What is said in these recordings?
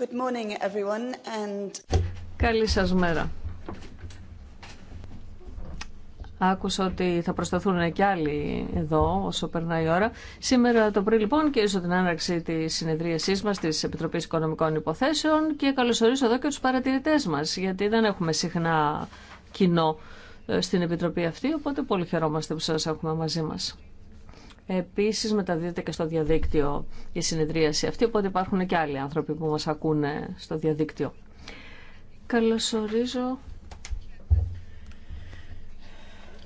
Good morning everyone and... Καλή σας μέρα. Άκουσα ότι θα προσταθούν και άλλοι εδώ όσο περνάει η ώρα. Σήμερα το πρωί λοιπόν κυρίσω την άναρξη τη συνεδρίασή μα τη Επιτροπή Οικονομικών Υποθέσεων και καλωσορίζω εδώ και του παρατηρητέ μα, γιατί δεν έχουμε συχνά κοινό ε, στην Επιτροπή αυτή, οπότε πολύ χαιρόμαστε που σα έχουμε μαζί μας. Επίσης μεταδίδεται και στο διαδίκτυο η συνεδρίαση αυτή, οπότε υπάρχουν και άλλοι άνθρωποι που μας ακούνε στο διαδίκτυο. Καλωσορίζω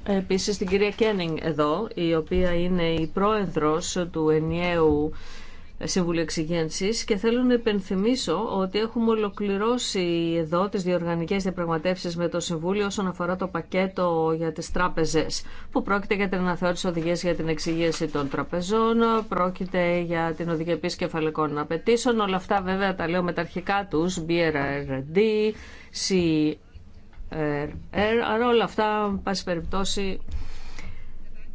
επίσης την κυρία Κένινγκ εδώ, η οποία είναι η πρόεδρος του ενιαίου Συμβούλιο Εξυγένσης και θέλω να υπενθυμίσω ότι έχουμε ολοκληρώσει εδώ τις διοργανικές διαπραγματεύσει με το Συμβούλιο όσον αφορά το πακέτο για τις τράπεζες που πρόκειται για την αναθεώρηση οδηγία για την εξυγίαση των τραπεζών, πρόκειται για την οδηγία επίσης κεφαλικών απαιτήσεων. Όλα αυτά βέβαια τα λέω με τα αρχικά τους, BRRD, CRR, αλλά όλα αυτά, πάση περιπτώσει,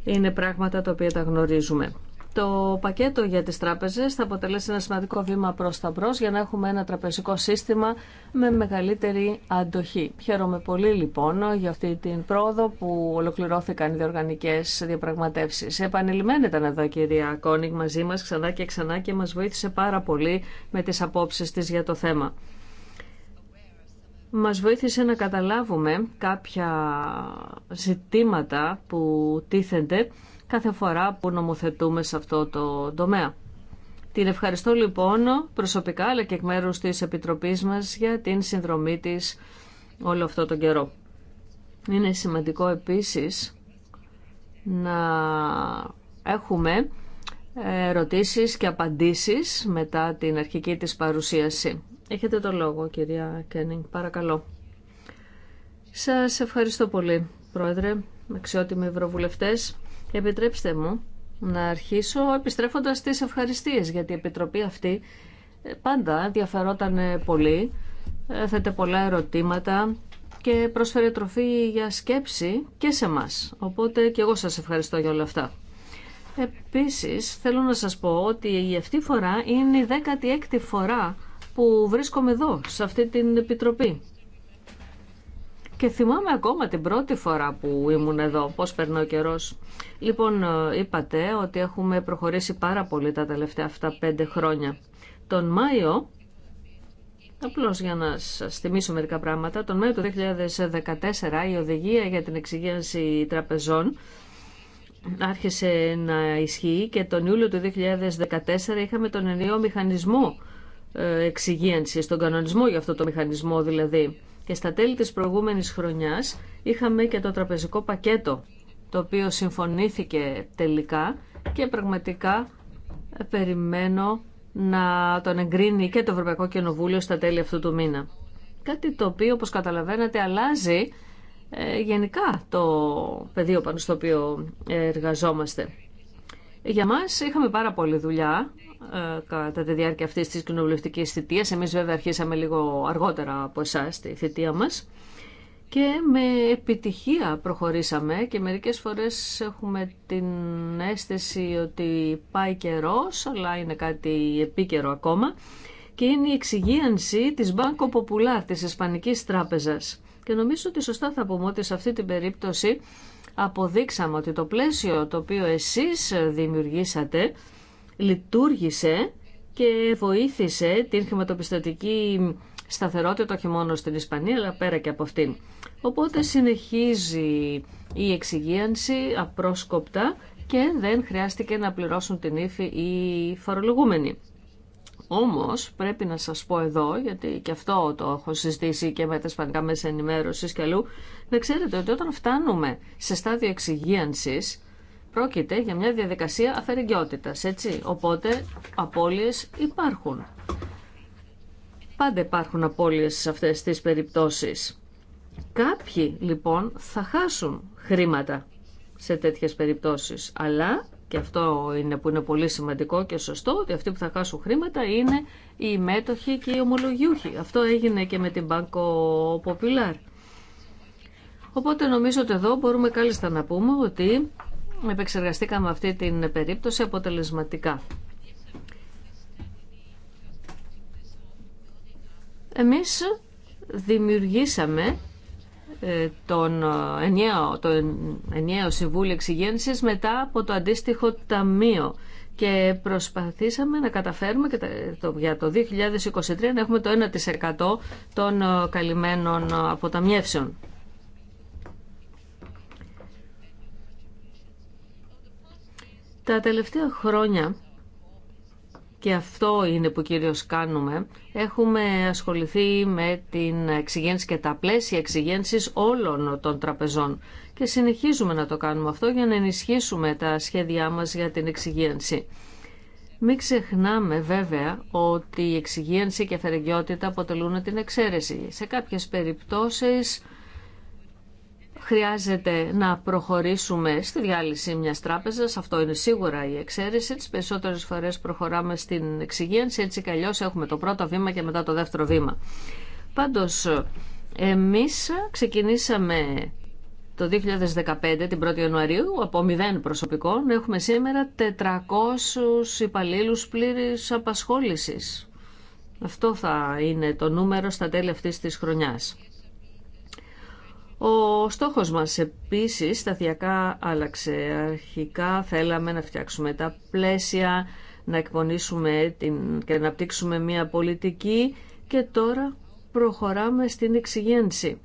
είναι πράγματα τα οποία τα γνωρίζουμε. Το πακέτο για τις τράπεζες θα αποτελέσει ένα σημαντικό βήμα προς τα μπρος για να έχουμε ένα τραπεζικό σύστημα με μεγαλύτερη αντοχή. Χαίρομαι πολύ λοιπόν για αυτή την πρόοδο που ολοκληρώθηκαν οι διοργανικές διαπραγματεύσεις. Επανειλημμένη ήταν εδώ η κυρία Κόνιγκ μαζί μας ξανά και ξανά και μας βοήθησε πάρα πολύ με τις απόψεις της για το θέμα. Μας βοήθησε να καταλάβουμε κάποια ζητήματα που τίθενται κάθε φορά που νομοθετούμε σε αυτό το τομέα. Την ευχαριστώ λοιπόν προσωπικά αλλά και εκ μέρους της Επιτροπής μας για την συνδρομή της όλο αυτό τον καιρό. Είναι σημαντικό επίσης να έχουμε ερωτήσεις και απαντήσεις μετά την αρχική της παρουσίαση. Έχετε το λόγο κυρία Κένινγκ, παρακαλώ. Σας ευχαριστώ πολύ Πρόεδρε, αξιότιμοι ευρωβουλευτές. Επιτρέψτε μου να αρχίσω επιστρέφοντας στις ευχαριστίες, γιατί η Επιτροπή αυτή ε, πάντα διαφερόταν πολύ, έθετε πολλά ερωτήματα και προσφέρει τροφή για σκέψη και σε μας. Οπότε και εγώ σας ευχαριστώ για όλα αυτά. Επίσης, θέλω να σας πω ότι η αυτή φορά είναι η 16η φορά που βρίσκομαι εδώ, σε αυτή την Επιτροπή. Και θυμάμαι ακόμα την πρώτη φορά που ήμουν εδώ, πώς περνά ο καιρός. Λοιπόν, ε, είπατε ότι έχουμε προχωρήσει πάρα πολύ τα τελευταία αυτά πέντε χρόνια. Τον Μάιο, απλώς για να σας θυμίσω μερικά πράγματα, τον Μάιο του 2014 η Οδηγία για την Εξυγίανση Τραπεζών άρχισε να ισχύει και τον Ιούλιο του 2014 είχαμε τον ενιαίο μηχανισμό ε, εξυγίανση, τον κανονισμό για αυτό το μηχανισμό δηλαδή και στα τέλη της προηγούμενης χρονιάς είχαμε και το τραπεζικό πακέτο, το οποίο συμφωνήθηκε τελικά και πραγματικά ε, περιμένω να τον εγκρίνει και το Ευρωπαϊκό Κοινοβούλιο στα τέλη αυτού του μήνα. Κάτι το οποίο, όπως καταλαβαίνετε, αλλάζει ε, γενικά το πεδίο πάνω στο οποίο εργαζόμαστε. Για μας είχαμε πάρα πολλή δουλειά ε, κατά τη διάρκεια αυτής της κοινοβουλευτικής θητείας. Εμείς βέβαια αρχίσαμε λίγο αργότερα από εσά τη θητεία μας και με επιτυχία προχωρήσαμε και μερικές φορές έχουμε την αίσθηση ότι πάει καιρό, αλλά είναι κάτι επίκαιρο ακόμα και είναι η εξυγίανση της Banco Popular, της Ισπανικής Τράπεζας. Και νομίζω ότι σωστά θα πούμε ότι σε αυτή την περίπτωση αποδείξαμε ότι το πλαίσιο το οποίο εσείς δημιουργήσατε λειτουργήσε και βοήθησε την χρηματοπιστωτική σταθερότητα όχι μόνο στην Ισπανία αλλά πέρα και από αυτήν. Οπότε συνεχίζει η εξυγίανση απρόσκοπτα και δεν χρειάστηκε να πληρώσουν την ύφη οι φορολογούμενοι. Όμως πρέπει να σας πω εδώ, γιατί και αυτό το έχω συζητήσει και με τα σπανικά μέσα ενημέρωσης και αλλού, να ξέρετε ότι όταν φτάνουμε σε στάδιο εξυγίανσης, Πρόκειται για μια διαδικασία αφαιρεγκαιότητας, έτσι. Οπότε απώλειες υπάρχουν. Πάντα υπάρχουν απώλειες σε αυτές τις περιπτώσεις. Κάποιοι λοιπόν θα χάσουν χρήματα σε τέτοιες περιπτώσεις, αλλά και αυτό είναι που είναι πολύ σημαντικό και σωστό, ότι αυτοί που θα χάσουν χρήματα είναι οι μέτοχοι και οι ομολογιούχοι. Αυτό έγινε και με την Banco Popular. Οπότε νομίζω ότι εδώ μπορούμε κάλλιστα να πούμε ότι επεξεργαστήκαμε αυτή την περίπτωση αποτελεσματικά. Εμείς δημιουργήσαμε ε, τον ε, ενιαίο, το ενιαίο Συμβούλιο Εξυγένσης μετά από το αντίστοιχο Ταμείο και προσπαθήσαμε να καταφέρουμε και το, για το 2023 να έχουμε το 1% των ε, καλυμμένων αποταμιεύσεων. Τα τελευταία χρόνια, και αυτό είναι που κυρίως κάνουμε, έχουμε ασχοληθεί με την εξυγένση και τα πλαίσια εξυγένσης όλων των τραπεζών. Και συνεχίζουμε να το κάνουμε αυτό για να ενισχύσουμε τα σχέδιά μας για την εξυγένση. Μην ξεχνάμε βέβαια ότι η εξυγίανση και η αποτελούν την εξαίρεση. Σε κάποιες περιπτώσεις χρειάζεται να προχωρήσουμε στη διάλυση μιας τράπεζας, αυτό είναι σίγουρα η εξαίρεση, τις περισσότερες φορές προχωράμε στην εξυγίανση, έτσι κι έχουμε το πρώτο βήμα και μετά το δεύτερο βήμα. Πάντως, εμείς ξεκινήσαμε το 2015, την 1η Ιανουαρίου, από μηδέν προσωπικών, έχουμε σήμερα 400 υπαλλήλους πλήρης απασχόλησης. Αυτό θα είναι το νούμερο στα τέλη αυτής της χρονιάς. Ο στόχος μας επίσης σταθιακά άλλαξε. Αρχικά θέλαμε να φτιάξουμε τα πλαίσια, να εκπονήσουμε την... και να πτύξουμε μια πολιτική και τώρα προχωράμε στην εξηγένση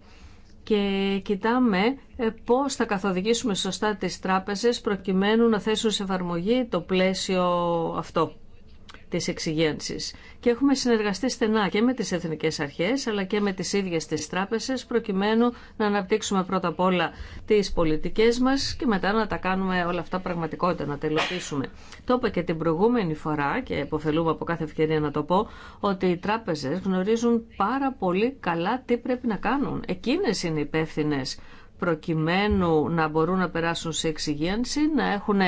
και κοιτάμε ε, πώς θα καθοδηγήσουμε σωστά τις τράπεζες προκειμένου να θέσουν σε εφαρμογή το πλαίσιο αυτό της εξυγένσης. Και έχουμε συνεργαστεί στενά και με τις εθνικές αρχές αλλά και με τις ίδιες τις τράπεζες προκειμένου να αναπτύξουμε πρώτα απ' όλα τις πολιτικές μας και μετά να τα κάνουμε όλα αυτά πραγματικότητα, να τελοποιήσουμε. Το είπα και την προηγούμενη φορά και υποφελούμε από κάθε ευκαιρία να το πω ότι οι τράπεζες γνωρίζουν πάρα πολύ καλά τι πρέπει να κάνουν. Εκείνες είναι υπεύθυνε προκειμένου να μπορούν να περάσουν σε εξυγένση, να έχουν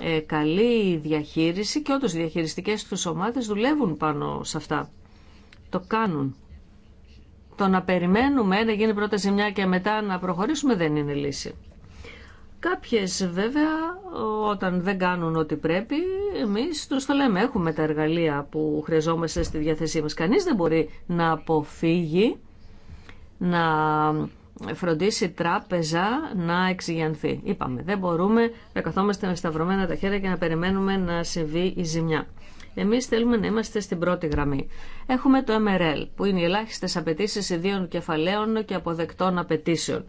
ε, καλή διαχείριση και όντως οι διαχειριστικές τους ομάδες δουλεύουν πάνω σε αυτά. Το κάνουν. Το να περιμένουμε να γίνει πρώτα ζημιά και μετά να προχωρήσουμε δεν είναι λύση. Κάποιες βέβαια όταν δεν κάνουν ό,τι πρέπει εμείς τους το λέμε έχουμε τα εργαλεία που χρειαζόμαστε στη διάθεσή μας. Κανείς δεν μπορεί να αποφύγει να φροντίσει τράπεζα να εξηγιανθεί. Είπαμε, δεν μπορούμε να καθόμαστε με σταυρωμένα τα χέρια και να περιμένουμε να συμβεί η ζημιά. Εμείς θέλουμε να είμαστε στην πρώτη γραμμή. Έχουμε το MRL, που είναι οι ελάχιστες απαιτήσει ιδίων κεφαλαίων και αποδεκτών απαιτήσεων.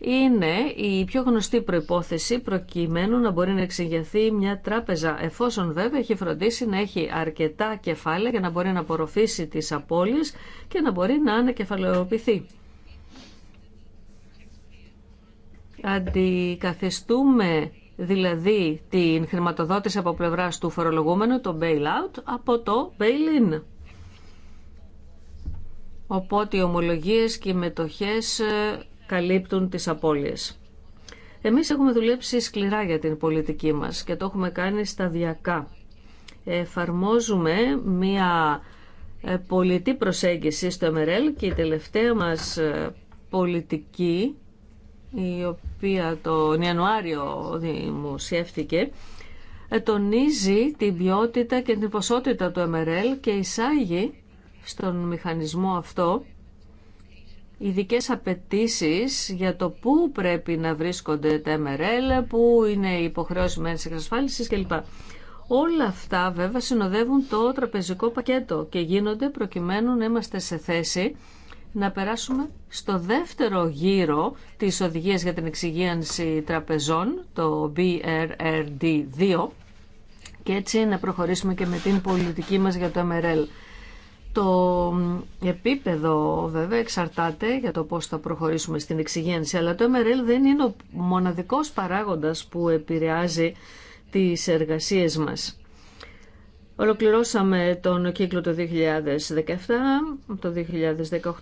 Είναι η πιο γνωστή προϋπόθεση προκειμένου να μπορεί να εξηγηθεί μια τράπεζα, εφόσον βέβαια έχει φροντίσει να έχει αρκετά κεφάλαια για να μπορεί να απορροφήσει τις απώλειες και να μπορεί να ανακεφαλαιοποιηθεί. Αντικαθιστούμε δηλαδή την χρηματοδότηση από πλευρά του φορολογούμενου, το bailout, από το bail-in. Οπότε οι ομολογίες και οι μετοχές ε, καλύπτουν τις απώλειες. Εμείς έχουμε δουλέψει σκληρά για την πολιτική μας και το έχουμε κάνει σταδιακά. Εφαρμόζουμε μία ε, πολιτή προσέγγιση στο MRL και η τελευταία μας ε, πολιτική η οποία τον Ιανουάριο δημοσιεύτηκε, ε, τονίζει την ποιότητα και την ποσότητα του MRL και εισάγει στον μηχανισμό αυτό ειδικέ απαιτήσει για το πού πρέπει να βρίσκονται τα MRL, πού είναι οι υποχρεώσει μέρε εξασφάλιση κλπ. Όλα αυτά βέβαια συνοδεύουν το τραπεζικό πακέτο και γίνονται προκειμένου να είμαστε σε θέση να περάσουμε στο δεύτερο γύρο της Οδηγίας για την Εξυγίανση Τραπεζών, το BRRD2, και έτσι να προχωρήσουμε και με την πολιτική μας για το MRL. Το επίπεδο βέβαια εξαρτάται για το πώς θα προχωρήσουμε στην εξυγίανση αλλά το MRL δεν είναι ο μοναδικός παράγοντας που επηρεάζει τις εργασίες μας. Ολοκληρώσαμε τον κύκλο το 2017, το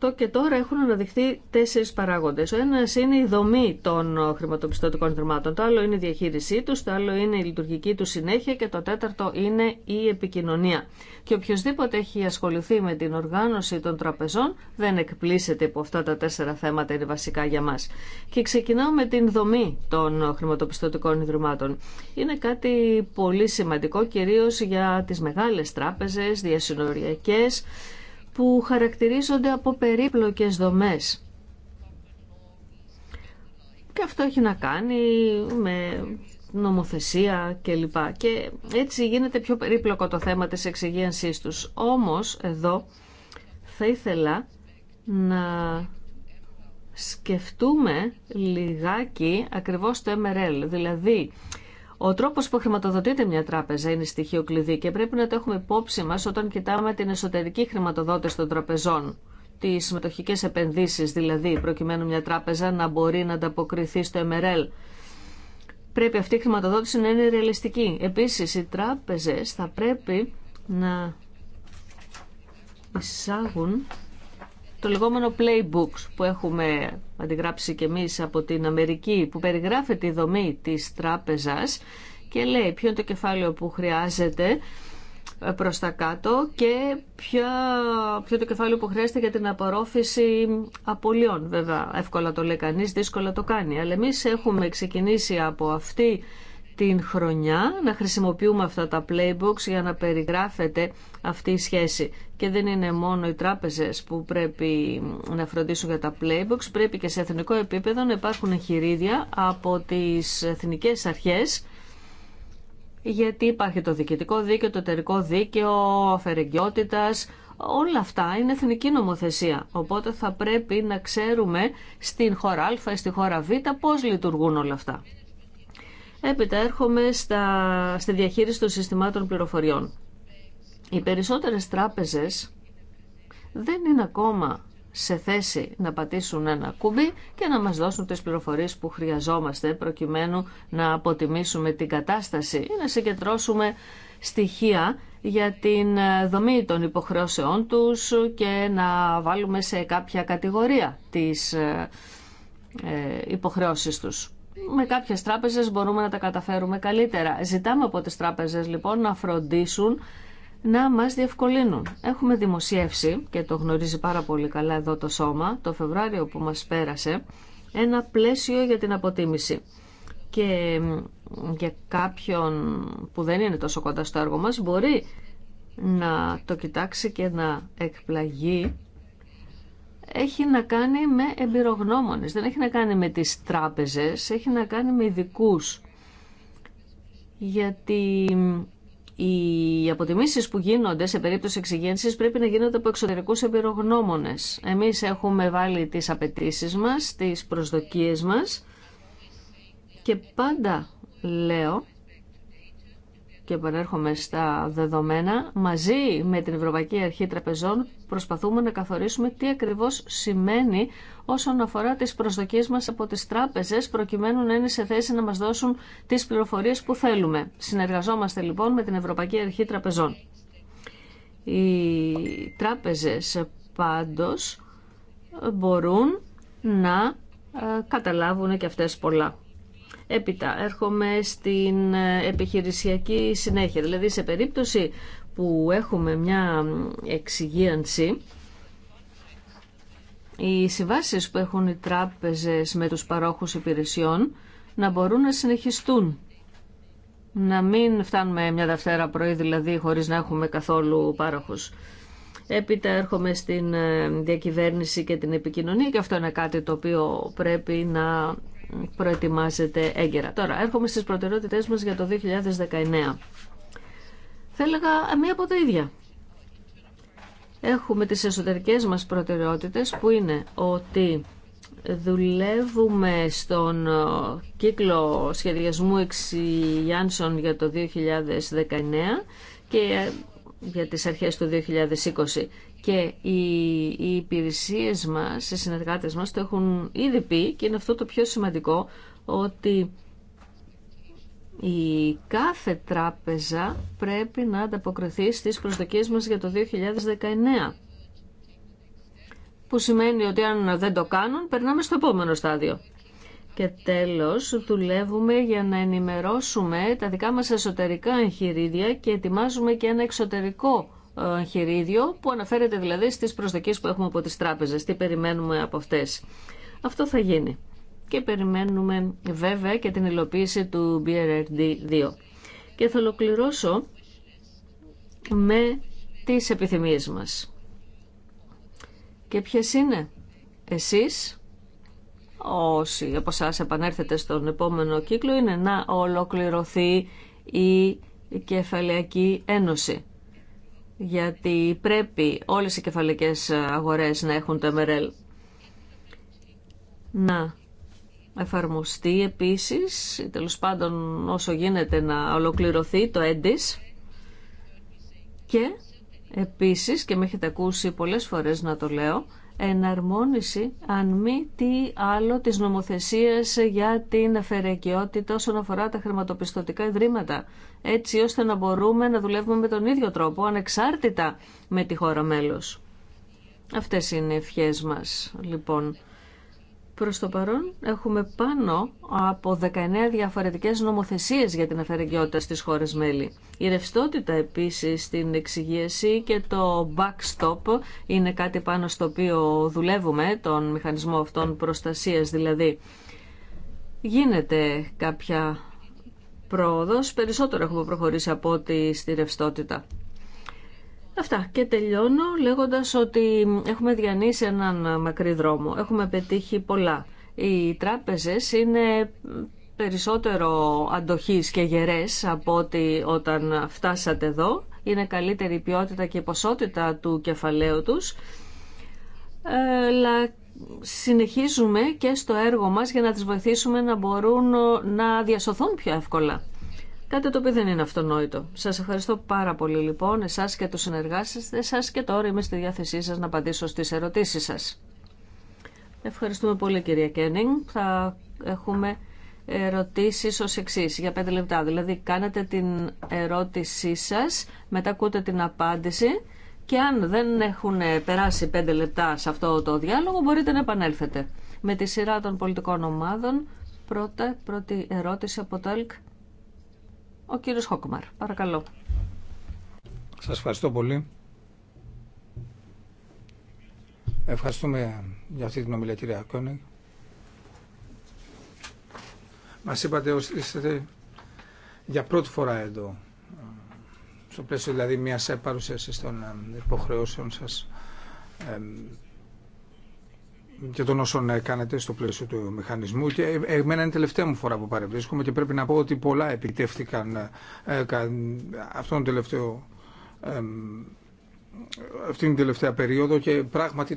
2018 και τώρα έχουν αναδειχθεί τέσσερις παράγοντες. Ο ένας είναι η δομή των χρηματοπιστωτικών ιδρυμάτων, το άλλο είναι η διαχείρισή τους, το άλλο είναι η λειτουργική του συνέχεια και το τέταρτο είναι η επικοινωνία. Και οποιοδήποτε έχει ασχοληθεί με την οργάνωση των τραπεζών δεν εκπλήσεται που αυτά τα τέσσερα θέματα είναι βασικά για μας. Και ξεκινάω με την δομή των χρηματοπιστωτικών ιδρυμάτων είναι κάτι πολύ σημαντικό κυρίως για τις μεγάλες τράπεζες διασυνοριακές που χαρακτηρίζονται από περίπλοκες δομές. Και αυτό έχει να κάνει με νομοθεσία κλπ. Και έτσι γίνεται πιο περίπλοκο το θέμα της εξυγίανσής τους. Όμως εδώ θα ήθελα να σκεφτούμε λιγάκι ακριβώς το MRL, δηλαδή ο τρόπο που χρηματοδοτείται μια τράπεζα είναι στοιχείο κλειδί και πρέπει να το έχουμε υπόψη μας όταν κοιτάμε την εσωτερική χρηματοδότηση των τραπεζών. Τι συμμετοχικέ επενδύσει δηλαδή, προκειμένου μια τράπεζα να μπορεί να ανταποκριθεί στο MRL. Πρέπει αυτή η χρηματοδότηση να είναι ρεαλιστική. Επίση, οι τράπεζε θα πρέπει να εισάγουν το λεγόμενο playbooks που έχουμε αντιγράψει και εμείς από την Αμερική που περιγράφει τη δομή της τράπεζας και λέει ποιο είναι το κεφάλαιο που χρειάζεται ε, προς τα κάτω και ποιο, ποιο είναι το κεφάλαιο που χρειάζεται για την απορρόφηση απολειών. Βέβαια, εύκολα το λέει κανείς, δύσκολα το κάνει. Αλλά εμείς έχουμε ξεκινήσει από αυτή την χρονιά να χρησιμοποιούμε αυτά τα playbooks για να περιγράφεται αυτή η σχέση. Και δεν είναι μόνο οι τράπεζες που πρέπει να φροντίσουν για τα playbooks, πρέπει και σε εθνικό επίπεδο να υπάρχουν εγχειρίδια από τις εθνικές αρχές, γιατί υπάρχει το διοικητικό δίκαιο, το εταιρικό δίκαιο, αφαιρεγγιότητας, όλα αυτά είναι εθνική νομοθεσία. Οπότε θα πρέπει να ξέρουμε στην χώρα Α, στη χώρα Β πώς λειτουργούν όλα αυτά. Έπειτα έρχομαι στα, στη διαχείριση των συστημάτων πληροφοριών. Οι περισσότερες τράπεζες δεν είναι ακόμα σε θέση να πατήσουν ένα κουμπί και να μας δώσουν τις πληροφορίες που χρειαζόμαστε προκειμένου να αποτιμήσουμε την κατάσταση ή να συγκεντρώσουμε στοιχεία για την ε, δομή των υποχρεώσεών τους και να βάλουμε σε κάποια κατηγορία τις ε, ε, υποχρεώσεις τους με κάποιε τράπεζε μπορούμε να τα καταφέρουμε καλύτερα. Ζητάμε από τι τράπεζε λοιπόν να φροντίσουν να μας διευκολύνουν. Έχουμε δημοσιεύσει, και το γνωρίζει πάρα πολύ καλά εδώ το σώμα, το Φεβράριο που μα πέρασε, ένα πλαίσιο για την αποτίμηση. Και για κάποιον που δεν είναι τόσο κοντά στο έργο μας μπορεί να το κοιτάξει και να εκπλαγεί έχει να κάνει με εμπειρογνώμονες, δεν έχει να κάνει με τις τράπεζες, έχει να κάνει με ειδικού. Γιατί οι αποτιμήσεις που γίνονται σε περίπτωση εξυγένσης πρέπει να γίνονται από εξωτερικούς εμπειρογνώμονες. Εμείς έχουμε βάλει τις απαιτήσει μας, τις προσδοκίες μας και πάντα λέω και επανέρχομαι στα δεδομένα, μαζί με την Ευρωπαϊκή Αρχή Τραπεζών προσπαθούμε να καθορίσουμε τι ακριβώς σημαίνει όσον αφορά τις προσδοκίες μας από τις τράπεζες προκειμένου να είναι σε θέση να μας δώσουν τις πληροφορίες που θέλουμε. Συνεργαζόμαστε λοιπόν με την Ευρωπαϊκή Αρχή Τραπεζών. Οι τράπεζες πάντως μπορούν να ε, καταλάβουν και αυτές πολλά. Έπειτα έρχομαι στην ε, επιχειρησιακή συνέχεια. Δηλαδή σε περίπτωση που έχουμε μια εξυγίανση, οι συμβάσεις που έχουν οι τράπεζες με τους παρόχους υπηρεσιών να μπορούν να συνεχιστούν. Να μην φτάνουμε μια Δευτέρα πρωί δηλαδή χωρίς να έχουμε καθόλου πάροχους. Έπειτα έρχομαι στην ε, διακυβέρνηση και την επικοινωνία και αυτό είναι κάτι το οποίο πρέπει να προετοιμάζεται έγκαιρα. Τώρα, έρχομαι στις προτεραιότητές μας για το 2019. Θα έλεγα ε, μία από τα ίδια. Έχουμε τις εσωτερικές μας προτεραιότητες που είναι ότι δουλεύουμε στον ε, κύκλο σχεδιασμού εξηγιάνσεων για το 2019 και ε, για τις αρχές του 2020 και οι, οι υπηρεσίες μας, οι συνεργάτες μας το έχουν ήδη πει και είναι αυτό το πιο σημαντικό ότι η κάθε τράπεζα πρέπει να ανταποκριθεί στις προσδοκίες μας για το 2019. Που σημαίνει ότι αν δεν το κάνουν, περνάμε στο επόμενο στάδιο. Και τέλος, δουλεύουμε για να ενημερώσουμε τα δικά μας εσωτερικά εγχειρίδια και ετοιμάζουμε και ένα εξωτερικό ε, που αναφέρεται δηλαδή στις προσδοκίες που έχουμε από τις τράπεζες, τι περιμένουμε από αυτές. Αυτό θα γίνει και περιμένουμε βέβαια και την υλοποίηση του BRRD2. Και θα ολοκληρώσω με τις επιθυμίες μας. Και ποιες είναι εσείς, όσοι από εσά επανέρθετε στον επόμενο κύκλο, είναι να ολοκληρωθεί η κεφαλαιακή ένωση γιατί πρέπει όλες οι κεφαλικές αγορές να έχουν το MRL. Να εφαρμοστεί επίσης, τέλος πάντων όσο γίνεται να ολοκληρωθεί το έντις και επίσης, και με έχετε ακούσει πολλές φορές να το λέω, εναρμόνιση, αν μη τι άλλο, της νομοθεσίας για την αφαιρεκαιότητα όσον αφορά τα χρηματοπιστωτικά ιδρύματα, έτσι ώστε να μπορούμε να δουλεύουμε με τον ίδιο τρόπο, ανεξάρτητα με τη χώρα μέλος. Αυτές είναι οι ευχές μας, λοιπόν. Προς το παρόν έχουμε πάνω από 19 διαφορετικές νομοθεσίες για την αφαιρεγκαιότητα στις χώρες μέλη. Η ρευστότητα επίσης στην εξυγίαση και το backstop είναι κάτι πάνω στο οποίο δουλεύουμε, τον μηχανισμό αυτών προστασίας δηλαδή. Γίνεται κάποια πρόοδος, περισσότερο έχουμε προχωρήσει από ό,τι στη ρευστότητα. Αυτά και τελειώνω λέγοντας ότι έχουμε διανύσει έναν μακρύ δρόμο. Έχουμε πετύχει πολλά. Οι τράπεζες είναι περισσότερο αντοχής και γερές από ότι όταν φτάσατε εδώ. Είναι καλύτερη η ποιότητα και η ποσότητα του κεφαλαίου τους. Αλλά συνεχίζουμε και στο έργο μας για να τις βοηθήσουμε να μπορούν να διασωθούν πιο εύκολα. Κάτι το οποίο δεν είναι αυτονόητο. Σας ευχαριστώ πάρα πολύ λοιπόν, εσάς και τους συνεργάσεις σα και τώρα είμαι στη διάθεσή σας να απαντήσω στις ερωτήσεις σας. Ευχαριστούμε πολύ κυρία Κένινγκ. Θα έχουμε ερωτήσεις ως εξή για πέντε λεπτά. Δηλαδή κάνετε την ερώτησή σας, μετά την απάντηση και αν δεν έχουν περάσει πέντε λεπτά σε αυτό το διάλογο μπορείτε να επανέλθετε. Με τη σειρά των πολιτικών ομάδων, πρώτα, πρώτη ερώτηση από το ΕΛΚ, ο κύριος Χόκμαρ, παρακαλώ. Σας ευχαριστώ πολύ. Ευχαριστούμε για αυτή την ομιλία κύριε Μα Μας είπατε ότι είστε για πρώτη φορά εδώ, στο πλαίσιο δηλαδή μιας παρουσίασης των ε, υποχρεώσεων σας ε, και των όσων κάνετε στο πλαίσιο του μηχανισμού. Και εμένα είναι η τελευταία μου φορά που παρευρίσκομαι και πρέπει να πω ότι πολλά επιτεύχθηκαν ε, αυτόν τον τελευταίο αυτήν την τελευταία περίοδο και πράγματι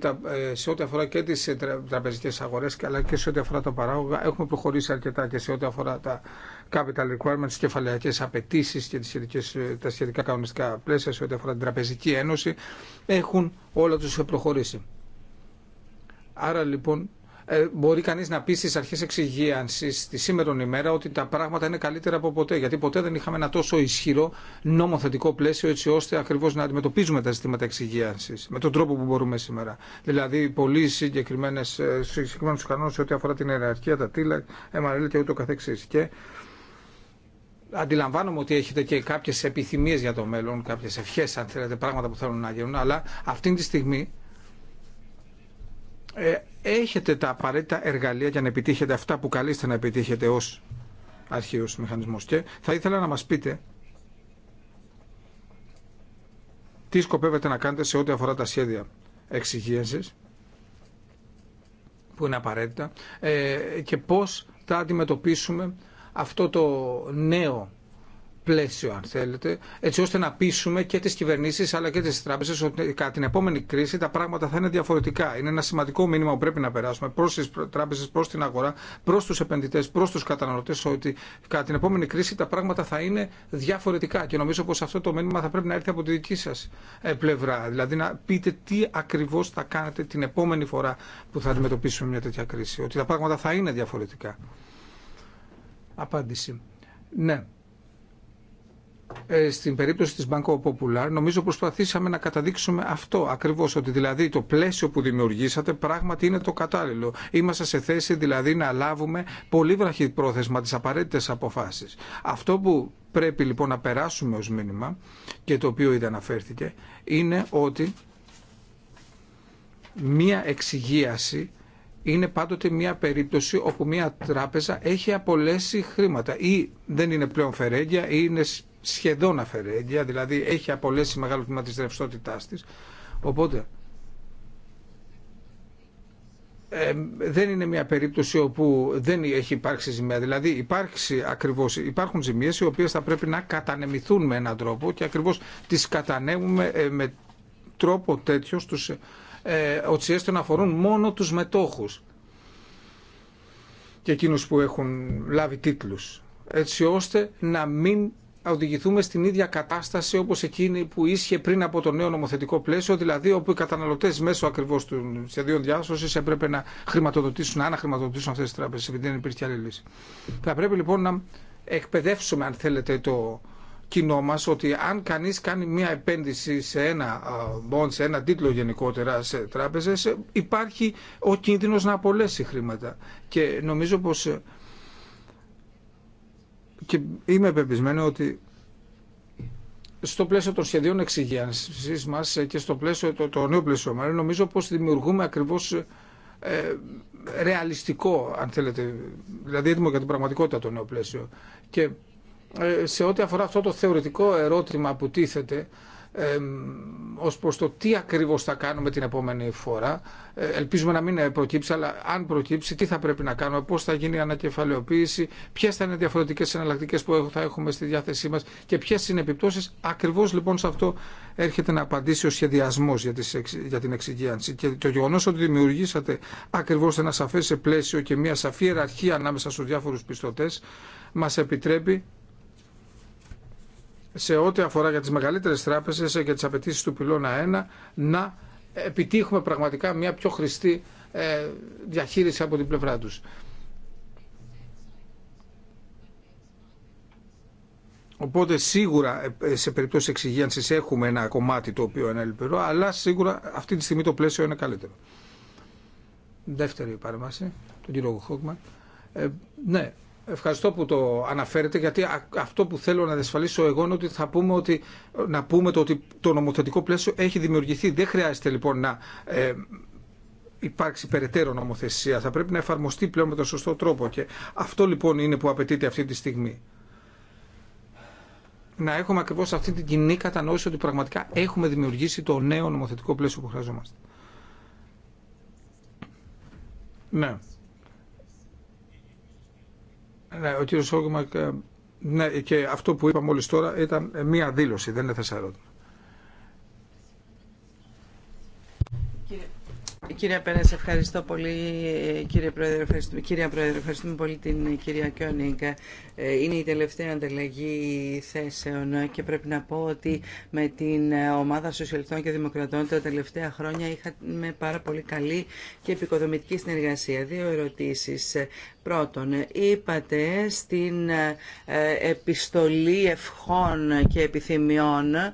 ε, σε ό,τι αφορά και τις ε, τραπεζικές αγορές αλλά και σε ό,τι αφορά τα παράγωγα έχουμε προχωρήσει αρκετά και σε ό,τι αφορά τα capital requirements, τις κεφαλαιακές απαιτήσεις και τις σχετικές, τα σχετικά κανονιστικά πλαίσια σε ό,τι αφορά την τραπεζική ένωση έχουν όλα τους προχωρήσει. Άρα λοιπόν ε, μπορεί κανείς να πει στις αρχές εξυγίανσης τη σήμερον ημέρα ότι τα πράγματα είναι καλύτερα από ποτέ γιατί ποτέ δεν είχαμε ένα τόσο ισχυρό νομοθετικό πλαίσιο έτσι ώστε ακριβώς να αντιμετωπίζουμε τα ζητήματα εξυγίανσης με τον τρόπο που μπορούμε σήμερα. Δηλαδή πολύ συγκεκριμένες, ε, συγκεκριμένους κανόνες ό,τι αφορά την ιεραρχία, τα τύλα, MRL και ούτω καθεξής. Και αντιλαμβάνομαι ότι έχετε και κάποιες επιθυμίες για το μέλλον, κάποιες ευχές αν θέλετε, πράγματα που θέλουν να γίνουν, αλλά αυτή τη στιγμή ε, έχετε τα απαραίτητα εργαλεία για να επιτύχετε αυτά που καλείστε να επιτύχετε ως αρχαίος μηχανισμός. Και θα ήθελα να μας πείτε τι σκοπεύετε να κάνετε σε ό,τι αφορά τα σχέδια εξυγίασης που είναι απαραίτητα ε, και πώς θα αντιμετωπίσουμε αυτό το νέο πλαίσιο αν θέλετε, έτσι ώστε να πείσουμε και τι κυβερνήσει αλλά και τι τράπεζε, ότι κατά την επόμενη κρίση τα πράγματα θα είναι διαφορετικά. Είναι ένα σημαντικό μήνυμα που πρέπει να περάσουμε προ τι τράπεζε, προ την αγορά, προ του επενδυτέ, προ του καταναλωτέ, ότι κατά την επόμενη κρίση τα πράγματα θα είναι διαφορετικά και νομίζω πω αυτό το μήνυμα θα πρέπει να έρθει από τη δική σα ε, πλευρά. Δηλαδή να πείτε τι ακριβώ θα κάνετε την επόμενη φορά που θα αντιμετωπίσουμε μια τέτοια κρίση, ότι τα πράγματα θα είναι διαφορετικά. Απάντηση. Ναι. Ε, στην περίπτωση της Banco Popular νομίζω προσπαθήσαμε να καταδείξουμε αυτό ακριβώς ότι δηλαδή το πλαίσιο που δημιουργήσατε πράγματι είναι το κατάλληλο. Είμαστε σε θέση δηλαδή να λάβουμε πολύ βραχή πρόθεσμα τις απαραίτητες αποφάσεις. Αυτό που πρέπει λοιπόν να περάσουμε ως μήνυμα και το οποίο ήδη αναφέρθηκε είναι ότι μία εξυγίαση είναι πάντοτε μια περίπτωση όπου μια τράπεζα έχει απολέσει χρήματα ή δεν είναι πλέον φερέγγια ή είναι σχεδόν αφαιρέγγια, δηλαδή έχει απολέσει μεγάλο τμήμα της ρευστότητάς της. Οπότε, ε, δεν είναι μια περίπτωση όπου δεν έχει υπάρξει ζημία. Δηλαδή υπάρξει, ακριβώς, υπάρχουν ζημίες οι οποίες θα πρέπει να κατανεμηθούν με έναν τρόπο και ακριβώς τις κατανέμουμε ε, με τρόπο τέτοιο στους ε, οτσιές αφορούν μόνο τους μετόχους και εκείνους που έχουν λάβει τίτλους έτσι ώστε να μην οδηγηθούμε στην ίδια κατάσταση όπω εκείνη που ίσχυε πριν από το νέο νομοθετικό πλαίσιο, δηλαδή όπου οι καταναλωτέ μέσω ακριβώ του σχεδίων διάσωσης έπρεπε να χρηματοδοτήσουν, να αναχρηματοδοτήσουν αυτέ τι τράπεζε, επειδή δεν υπήρχε άλλη λύση. Θα πρέπει λοιπόν να εκπαιδεύσουμε, αν θέλετε, το κοινό μα ότι αν κανεί κάνει μια επένδυση σε ένα σε ένα τίτλο γενικότερα σε τράπεζε, υπάρχει ο κίνδυνο να απολέσει χρήματα. Και νομίζω πω. Και είμαι πεπισμένο ότι στο πλαίσιο των σχεδίων εξυγίανση μας και στο πλαίσιο το, το νέο πλαίσιο μάλλον νομίζω πως δημιουργούμε ακριβώς ε, ρεαλιστικό αν θέλετε, δηλαδή έτοιμο για την πραγματικότητα το νέο πλαίσιο. Και ε, σε ό,τι αφορά αυτό το θεωρητικό ερώτημα που τίθεται, ως προς το τι ακριβώς θα κάνουμε την επόμενη φορά. Ε, ελπίζουμε να μην προκύψει, αλλά αν προκύψει, τι θα πρέπει να κάνουμε, πώς θα γίνει η ανακεφαλαιοποίηση, ποιες θα είναι διαφορετικές εναλλακτικέ που θα έχουμε στη διάθεσή μας και ποιε είναι οι επιπτώσεις. Ακριβώς λοιπόν σε αυτό έρχεται να απαντήσει ο σχεδιασμός για την εξυγίανση. Και το γεγονό ότι δημιουργήσατε ακριβώς ένα σαφές πλαίσιο και μια σαφή ιεραρχία ανάμεσα στους διάφορους πιστωτές μας επιτρέπει σε ό,τι αφορά για τις μεγαλύτερες τράπεζες και τις απαιτήσει του πυλώνα 1 να επιτύχουμε πραγματικά μια πιο χρηστή ε, διαχείριση από την πλευρά τους. Οπότε σίγουρα ε, ε, σε περίπτωση εξυγίανσης έχουμε ένα κομμάτι το οποίο είναι ελπιρό, αλλά σίγουρα αυτή τη στιγμή το πλαίσιο είναι καλύτερο. Δεύτερη παρέμβαση, τον κύριο Χόγκμαν. ναι, Ευχαριστώ που το αναφέρετε, γιατί αυτό που θέλω να διασφαλίσω εγώ είναι ότι θα πούμε ότι, να πούμε το ότι το νομοθετικό πλαίσιο έχει δημιουργηθεί. Δεν χρειάζεται λοιπόν να ε, υπάρξει περαιτέρω νομοθεσία. Θα πρέπει να εφαρμοστεί πλέον με τον σωστό τρόπο. Και αυτό λοιπόν είναι που απαιτείται αυτή τη στιγμή. Να έχουμε ακριβώ αυτή την κοινή κατανόηση ότι πραγματικά έχουμε δημιουργήσει το νέο νομοθετικό πλαίσιο που χρειαζόμαστε. Ναι. Ναι, ο κύριο Σόγκμακ. Ε, ναι, και αυτό που είπα μόλις τώρα ήταν μία δήλωση, δεν έθεσα ερώτημα. Κύριε Πέρας, ευχαριστώ πολύ. Κύριε Πρόεδρε, ευχαριστούμε, κύριε πολύ την κυρία Κιόνιγκ. Ε, είναι η τελευταία ανταλλαγή θέσεων και πρέπει να πω ότι με την ομάδα Σοσιαλιστών και Δημοκρατών τα τελευταία χρόνια είχαμε πάρα πολύ καλή και επικοδομητική συνεργασία. Δύο ερωτήσει. Πρώτον, είπατε στην ε, επιστολή ευχών και επιθυμιών ε,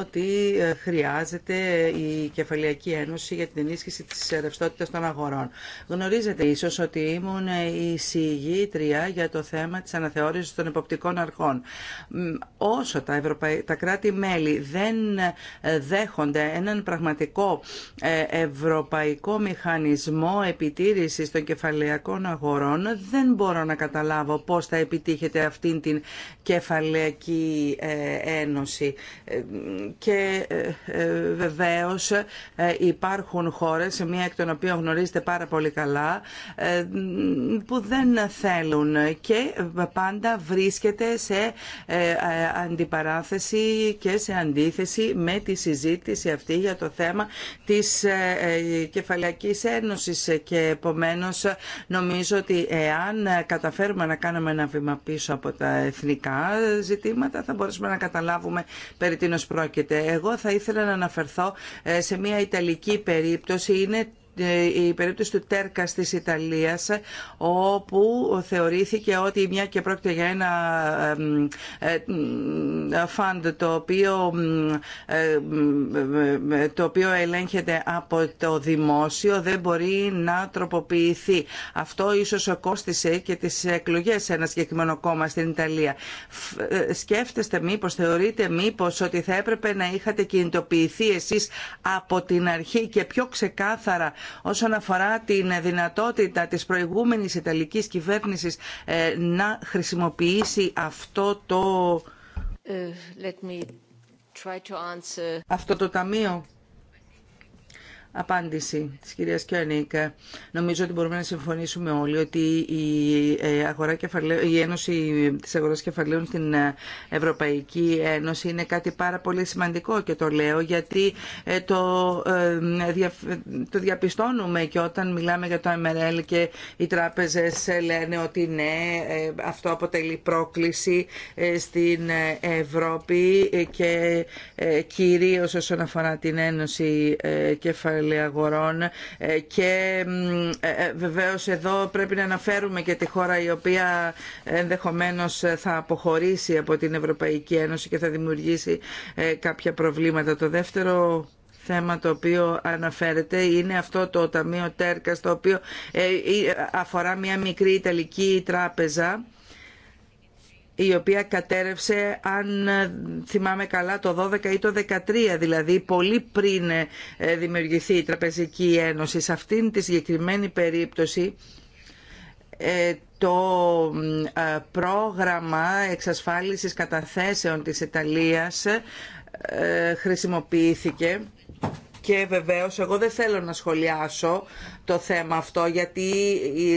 ότι ε, χρειάζεται η Κεφαλιακή Ένωση για την ενίσχυση της ρευστότητας των αγορών. Γνωρίζετε ίσως ότι ήμουν η συγγήτρια για το θέμα της αναθεώρησης των εποπτικών αρχών. Όσο τα, τα κράτη-μέλη δεν δέχονται έναν πραγματικό ευρωπαϊκό μηχανισμό επιτήρησης των κεφαλαιακών αγορών, δεν μπορώ να καταλάβω πώς θα επιτύχετε αυτήν την κεφαλαική ε, ένωση. Ε, και ε, βεβαίως υπάρχουν χώρες, μία εκ των οποίων γνωρίζετε πάρα πολύ καλά, που δεν θέλουν και πάντα βρίσκεται σε αντιπαράθεση και σε αντίθεση με τη συζήτηση αυτή για το θέμα της Κεφαλαϊκής Ένωσης και επομένως νομίζω ότι εάν ε, καταφέρουμε να κάνουμε ένα βήμα πίσω από τα εθνικά ζητήματα θα μπορέσουμε να καταλάβουμε περί τίνος πρόκειται. Εγώ θα ήθελα να αναφερθώ ε, σε μια ιταλική περίπτωση. Είναι ε, η περίπτωση του Τέρκα της Ιταλίας όπου θεωρήθηκε ότι μια και πρόκειται για ένα ε, ε, φαντ το οποίο, το οποίο ελέγχεται από το δημόσιο δεν μπορεί να τροποποιηθεί. Αυτό ίσως κόστησε και τις εκλογές σε ένα συγκεκριμένο κόμμα στην Ιταλία. Σκέφτεστε μήπως, θεωρείτε μήπως ότι θα έπρεπε να είχατε κινητοποιηθεί εσείς από την αρχή και πιο ξεκάθαρα όσον αφορά την δυνατότητα της προηγούμενης Ιταλικής κυβέρνησης ε, να χρησιμοποιήσει αυτό το, ε, αυτό το ταμείο απάντηση της κυρίας Κιονίκα. Νομίζω ότι μπορούμε να συμφωνήσουμε όλοι ότι η, ε, αγορά η Ένωση της Αγοράς Κεφαλαίων στην Ευρωπαϊκή Ένωση είναι κάτι πάρα πολύ σημαντικό και το λέω γιατί ε, το, ε, το διαπιστώνουμε και όταν μιλάμε για το MRL και οι τράπεζες λένε ότι ναι, αυτό αποτελεί πρόκληση στην Ευρώπη και κυρίως όσον αφορά την Ένωση Κεφαλαίων αγορών ε, και ε, ε, βεβαίως εδώ πρέπει να αναφέρουμε και τη χώρα η οποία ενδεχομένως θα αποχωρήσει από την Ευρωπαϊκή Ένωση και θα δημιουργήσει κάποια προβλήματα. Το δεύτερο θέμα το οποίο αναφέρεται είναι αυτό το Ταμείο Τέρκα, το οποίο αφορά μια μικρή Ιταλική τράπεζα η οποία κατέρευσε αν ε, θυμάμαι καλά το 12 ή το 13 δηλαδή πολύ πριν ε, δημιουργηθεί η Τραπεζική Ένωση. Σε αυτήν τη συγκεκριμένη περίπτωση ε, το πρόγραμμα εξασφάλισης καταθέσεων της Ιταλίας χρησιμοποιήθηκε και βεβαίως εγώ δεν θέλω να σχολιάσω το θέμα αυτό γιατί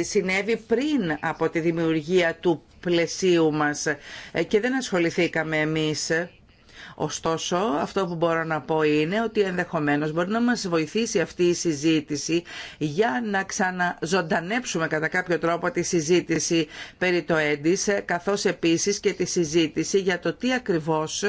συνέβη πριν από τη δημιουργία του πλαισίου μας ε, και δεν ασχοληθήκαμε εμείς Ωστόσο, αυτό που μπορώ να πω είναι ότι ενδεχομένως μπορεί να μας βοηθήσει αυτή η συζήτηση για να ξαναζωντανέψουμε κατά κάποιο τρόπο τη συζήτηση περί το έντισε, καθώς επίσης και τη συζήτηση για το τι ακριβώς,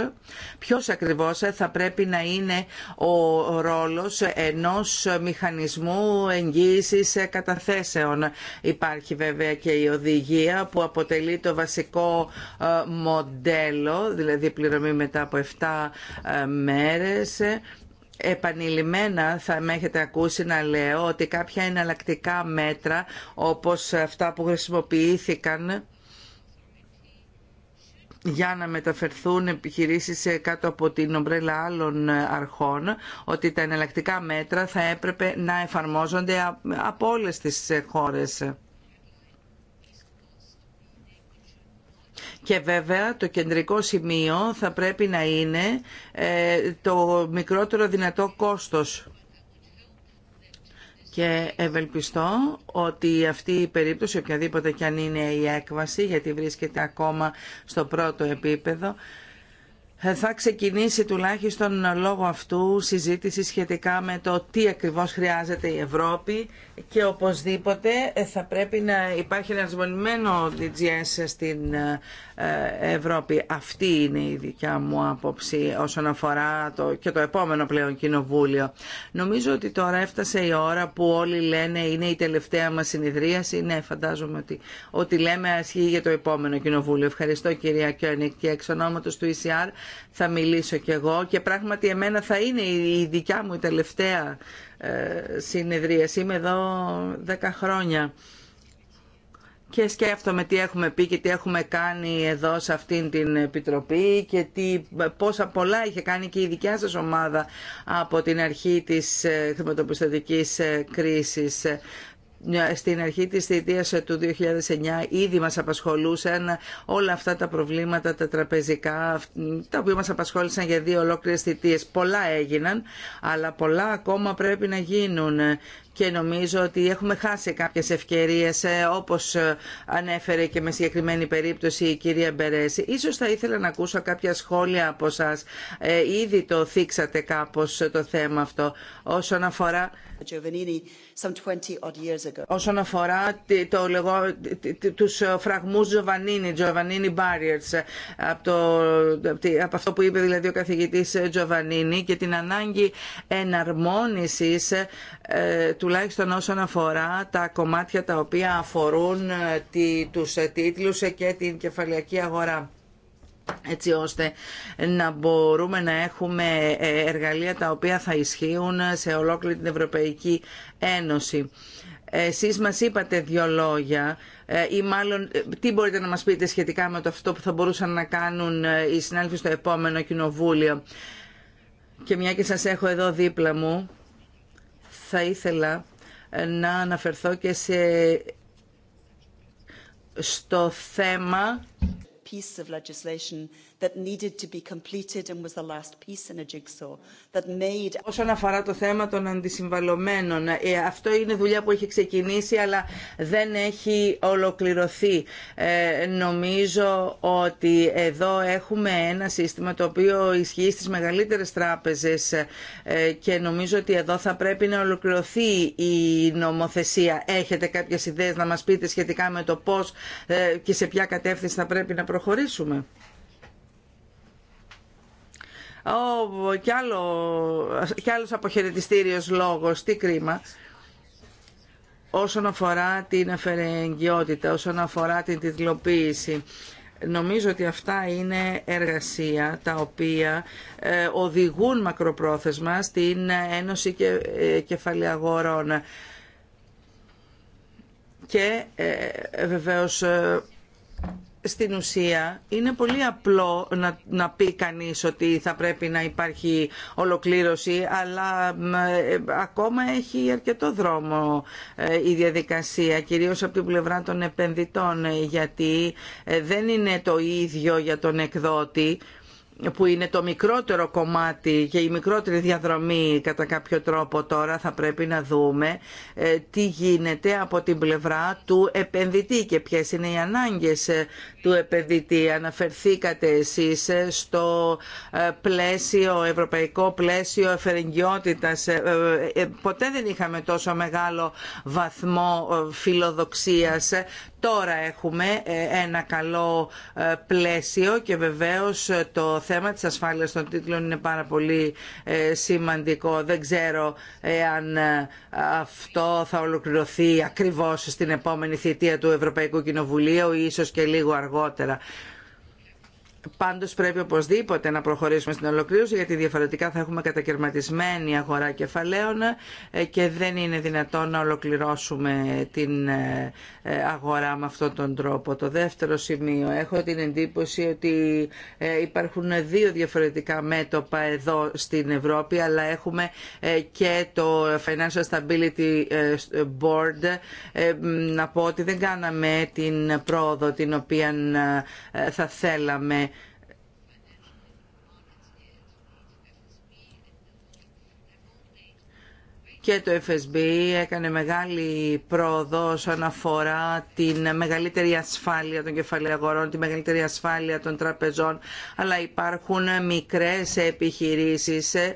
ποιος ακριβώς θα πρέπει να είναι ο ρόλος ενός μηχανισμού εγγύησης καταθέσεων. Υπάρχει βέβαια και η οδηγία που αποτελεί το βασικό ε, μοντέλο, δηλαδή πληρωμή μετά από 7 ε, μέρες επανειλημμένα θα με έχετε ακούσει να λέω ότι κάποια εναλλακτικά μέτρα όπως αυτά που χρησιμοποιήθηκαν για να μεταφερθούν επιχειρήσεις κάτω από την ομπρέλα άλλων αρχών, ότι τα εναλλακτικά μέτρα θα έπρεπε να εφαρμόζονται από όλες τις χώρες. Και βέβαια το κεντρικό σημείο θα πρέπει να είναι ε, το μικρότερο δυνατό κόστος και ευελπιστώ ότι αυτή η περίπτωση, οποιαδήποτε και αν είναι η έκβαση, γιατί βρίσκεται ακόμα στο πρώτο επίπεδο, ε, θα ξεκινήσει τουλάχιστον λόγω αυτού συζήτηση σχετικά με το τι ακριβώς χρειάζεται η Ευρώπη και οπωσδήποτε ε, θα πρέπει να υπάρχει ένα DGS στην ε, Ευρώπη. Αυτή είναι η δικιά μου άποψη όσον αφορά το, και το επόμενο πλέον κοινοβούλιο. Νομίζω ότι τώρα έφτασε η ώρα που όλοι λένε είναι η τελευταία μας συνεδρίαση. Ναι, φαντάζομαι ότι ό,τι λέμε ασχύει για το επόμενο κοινοβούλιο. Ευχαριστώ κυρία Κιόνικ και εξ ονόματος του ECR θα μιλήσω κι εγώ και πράγματι εμένα θα είναι η δικιά μου η τελευταία ε, συνεδρίαση. Είμαι εδώ 10 χρόνια και σκέφτομαι τι έχουμε πει και τι έχουμε κάνει εδώ σε αυτήν την Επιτροπή και τι, πόσα πολλά είχε κάνει και η δικιά σας ομάδα από την αρχή της ε, χρηματοπιστωτικής ε, κρίσης ε, στην αρχή της θητείας του 2009 ήδη μας απασχολούσαν όλα αυτά τα προβλήματα, τα τραπεζικά, τα οποία μας απασχόλησαν για δύο ολόκληρες θητείες. Πολλά έγιναν, αλλά πολλά ακόμα πρέπει να γίνουν και νομίζω ότι έχουμε χάσει κάποιες ευκαιρίες ε, όπως ε, ανέφερε και με συγκεκριμένη περίπτωση η κυρία Μπερέση. Ίσως θα ήθελα να ακούσω κάποια σχόλια από σας. Ε, ήδη το θίξατε κάπως το θέμα αυτό όσον αφορά όσον αφορά το λεγό, τους φραγμούς Τζοβανίνη, Τζοβανίνη Barriers, από, το, αυτό που είπε δηλαδή ο καθηγητής Τζοβανίνη και την ανάγκη εναρμόνισης τουλάχιστον όσον αφορά τα κομμάτια τα οποία αφορούν ε, τους ε, τίτλους ε, και την κεφαλιακή αγορά έτσι ώστε να μπορούμε να έχουμε εργαλεία τα οποία θα ισχύουν σε ολόκληρη την Ευρωπαϊκή Ένωση. Εσείς μας είπατε δύο λόγια ή μάλλον τι μπορείτε να μας πείτε σχετικά με το αυτό που θα μπορούσαν να κάνουν οι συνάδελφοι στο επόμενο κοινοβούλιο. Και μια και σας έχω εδώ δίπλα μου, θα ήθελα ε, να αναφερθώ και σε... στο θέμα that needed to be Όσον αφορά το θέμα των αντισυμβαλωμένων, ε, αυτό είναι δουλειά που έχει ξεκινήσει αλλά δεν έχει ολοκληρωθεί. Ε, νομίζω ότι εδώ έχουμε ένα σύστημα το οποίο ισχύει στις μεγαλύτερες τράπεζες ε, και νομίζω ότι εδώ θα πρέπει να ολοκληρωθεί η νομοθεσία. Έχετε κάποιες ιδέες να μας πείτε σχετικά με το πώς και σε ποια κατεύθυνση θα πρέπει να προχωρήσουμε. Και κι, άλλο, κι άλλος αποχαιρετιστήριος λόγος, τι κρίμα όσον αφορά την αφαιρεγγιότητα, όσον αφορά την τιτλοποίηση. Νομίζω ότι αυτά είναι εργασία τα οποία ε, οδηγούν μακροπρόθεσμα στην Ένωση και, ε, Κεφαλαιαγορών. Και ε, ε βεβαίως στην ουσία είναι πολύ απλό να, να πει κανείς ότι θα πρέπει να υπάρχει ολοκλήρωση αλλά ε, ακόμα έχει αρκετό δρόμο ε, η διαδικασία κυρίως από την πλευρά των επενδυτών ε, γιατί δεν είναι το ίδιο για τον εκδότη που είναι το μικρότερο κομμάτι και η μικρότερη διαδρομή κατά κάποιο τρόπο τώρα θα πρέπει να δούμε τι γίνεται από την πλευρά του επενδυτή και ποιες είναι οι ανάγκες του επενδυτή. Αναφερθήκατε εσείς στο ε, πλαίσιο, ευρωπαϊκό πλαίσιο εφερεγγιότητας. Ε, ε, ποτέ δεν είχαμε τόσο μεγάλο βαθμό φιλοδοξίας. Τώρα έχουμε ένα καλό πλαίσιο και βεβαίως το θέμα της ασφάλειας των τίτλων είναι πάρα πολύ σημαντικό. Δεν ξέρω αν αυτό θα ολοκληρωθεί ακριβώς στην επόμενη θητεία του Ευρωπαϊκού Κοινοβουλίου ή ίσως και λίγο αργότερα αργότερα Πάντως πρέπει οπωσδήποτε να προχωρήσουμε στην ολοκλήρωση γιατί διαφορετικά θα έχουμε κατακαιρματισμένη αγορά κεφαλαίων ε, και δεν είναι δυνατόν να ολοκληρώσουμε την ε, ε, αγορά με αυτόν τον τρόπο. Το δεύτερο σημείο, έχω την εντύπωση ότι υπάρχουν δύο διαφορετικά μέτωπα εδώ στην Ευρώπη αλλά έχουμε και το Financial Stability Board να πω ότι δεν κάναμε την πρόοδο την οποία θα θέλαμε και το FSB έκανε μεγάλη πρόοδο όσον αφορά την μεγαλύτερη ασφάλεια των κεφαλαίων τη μεγαλύτερη ασφάλεια των τραπεζών, αλλά υπάρχουν μικρές επιχειρήσεις ε,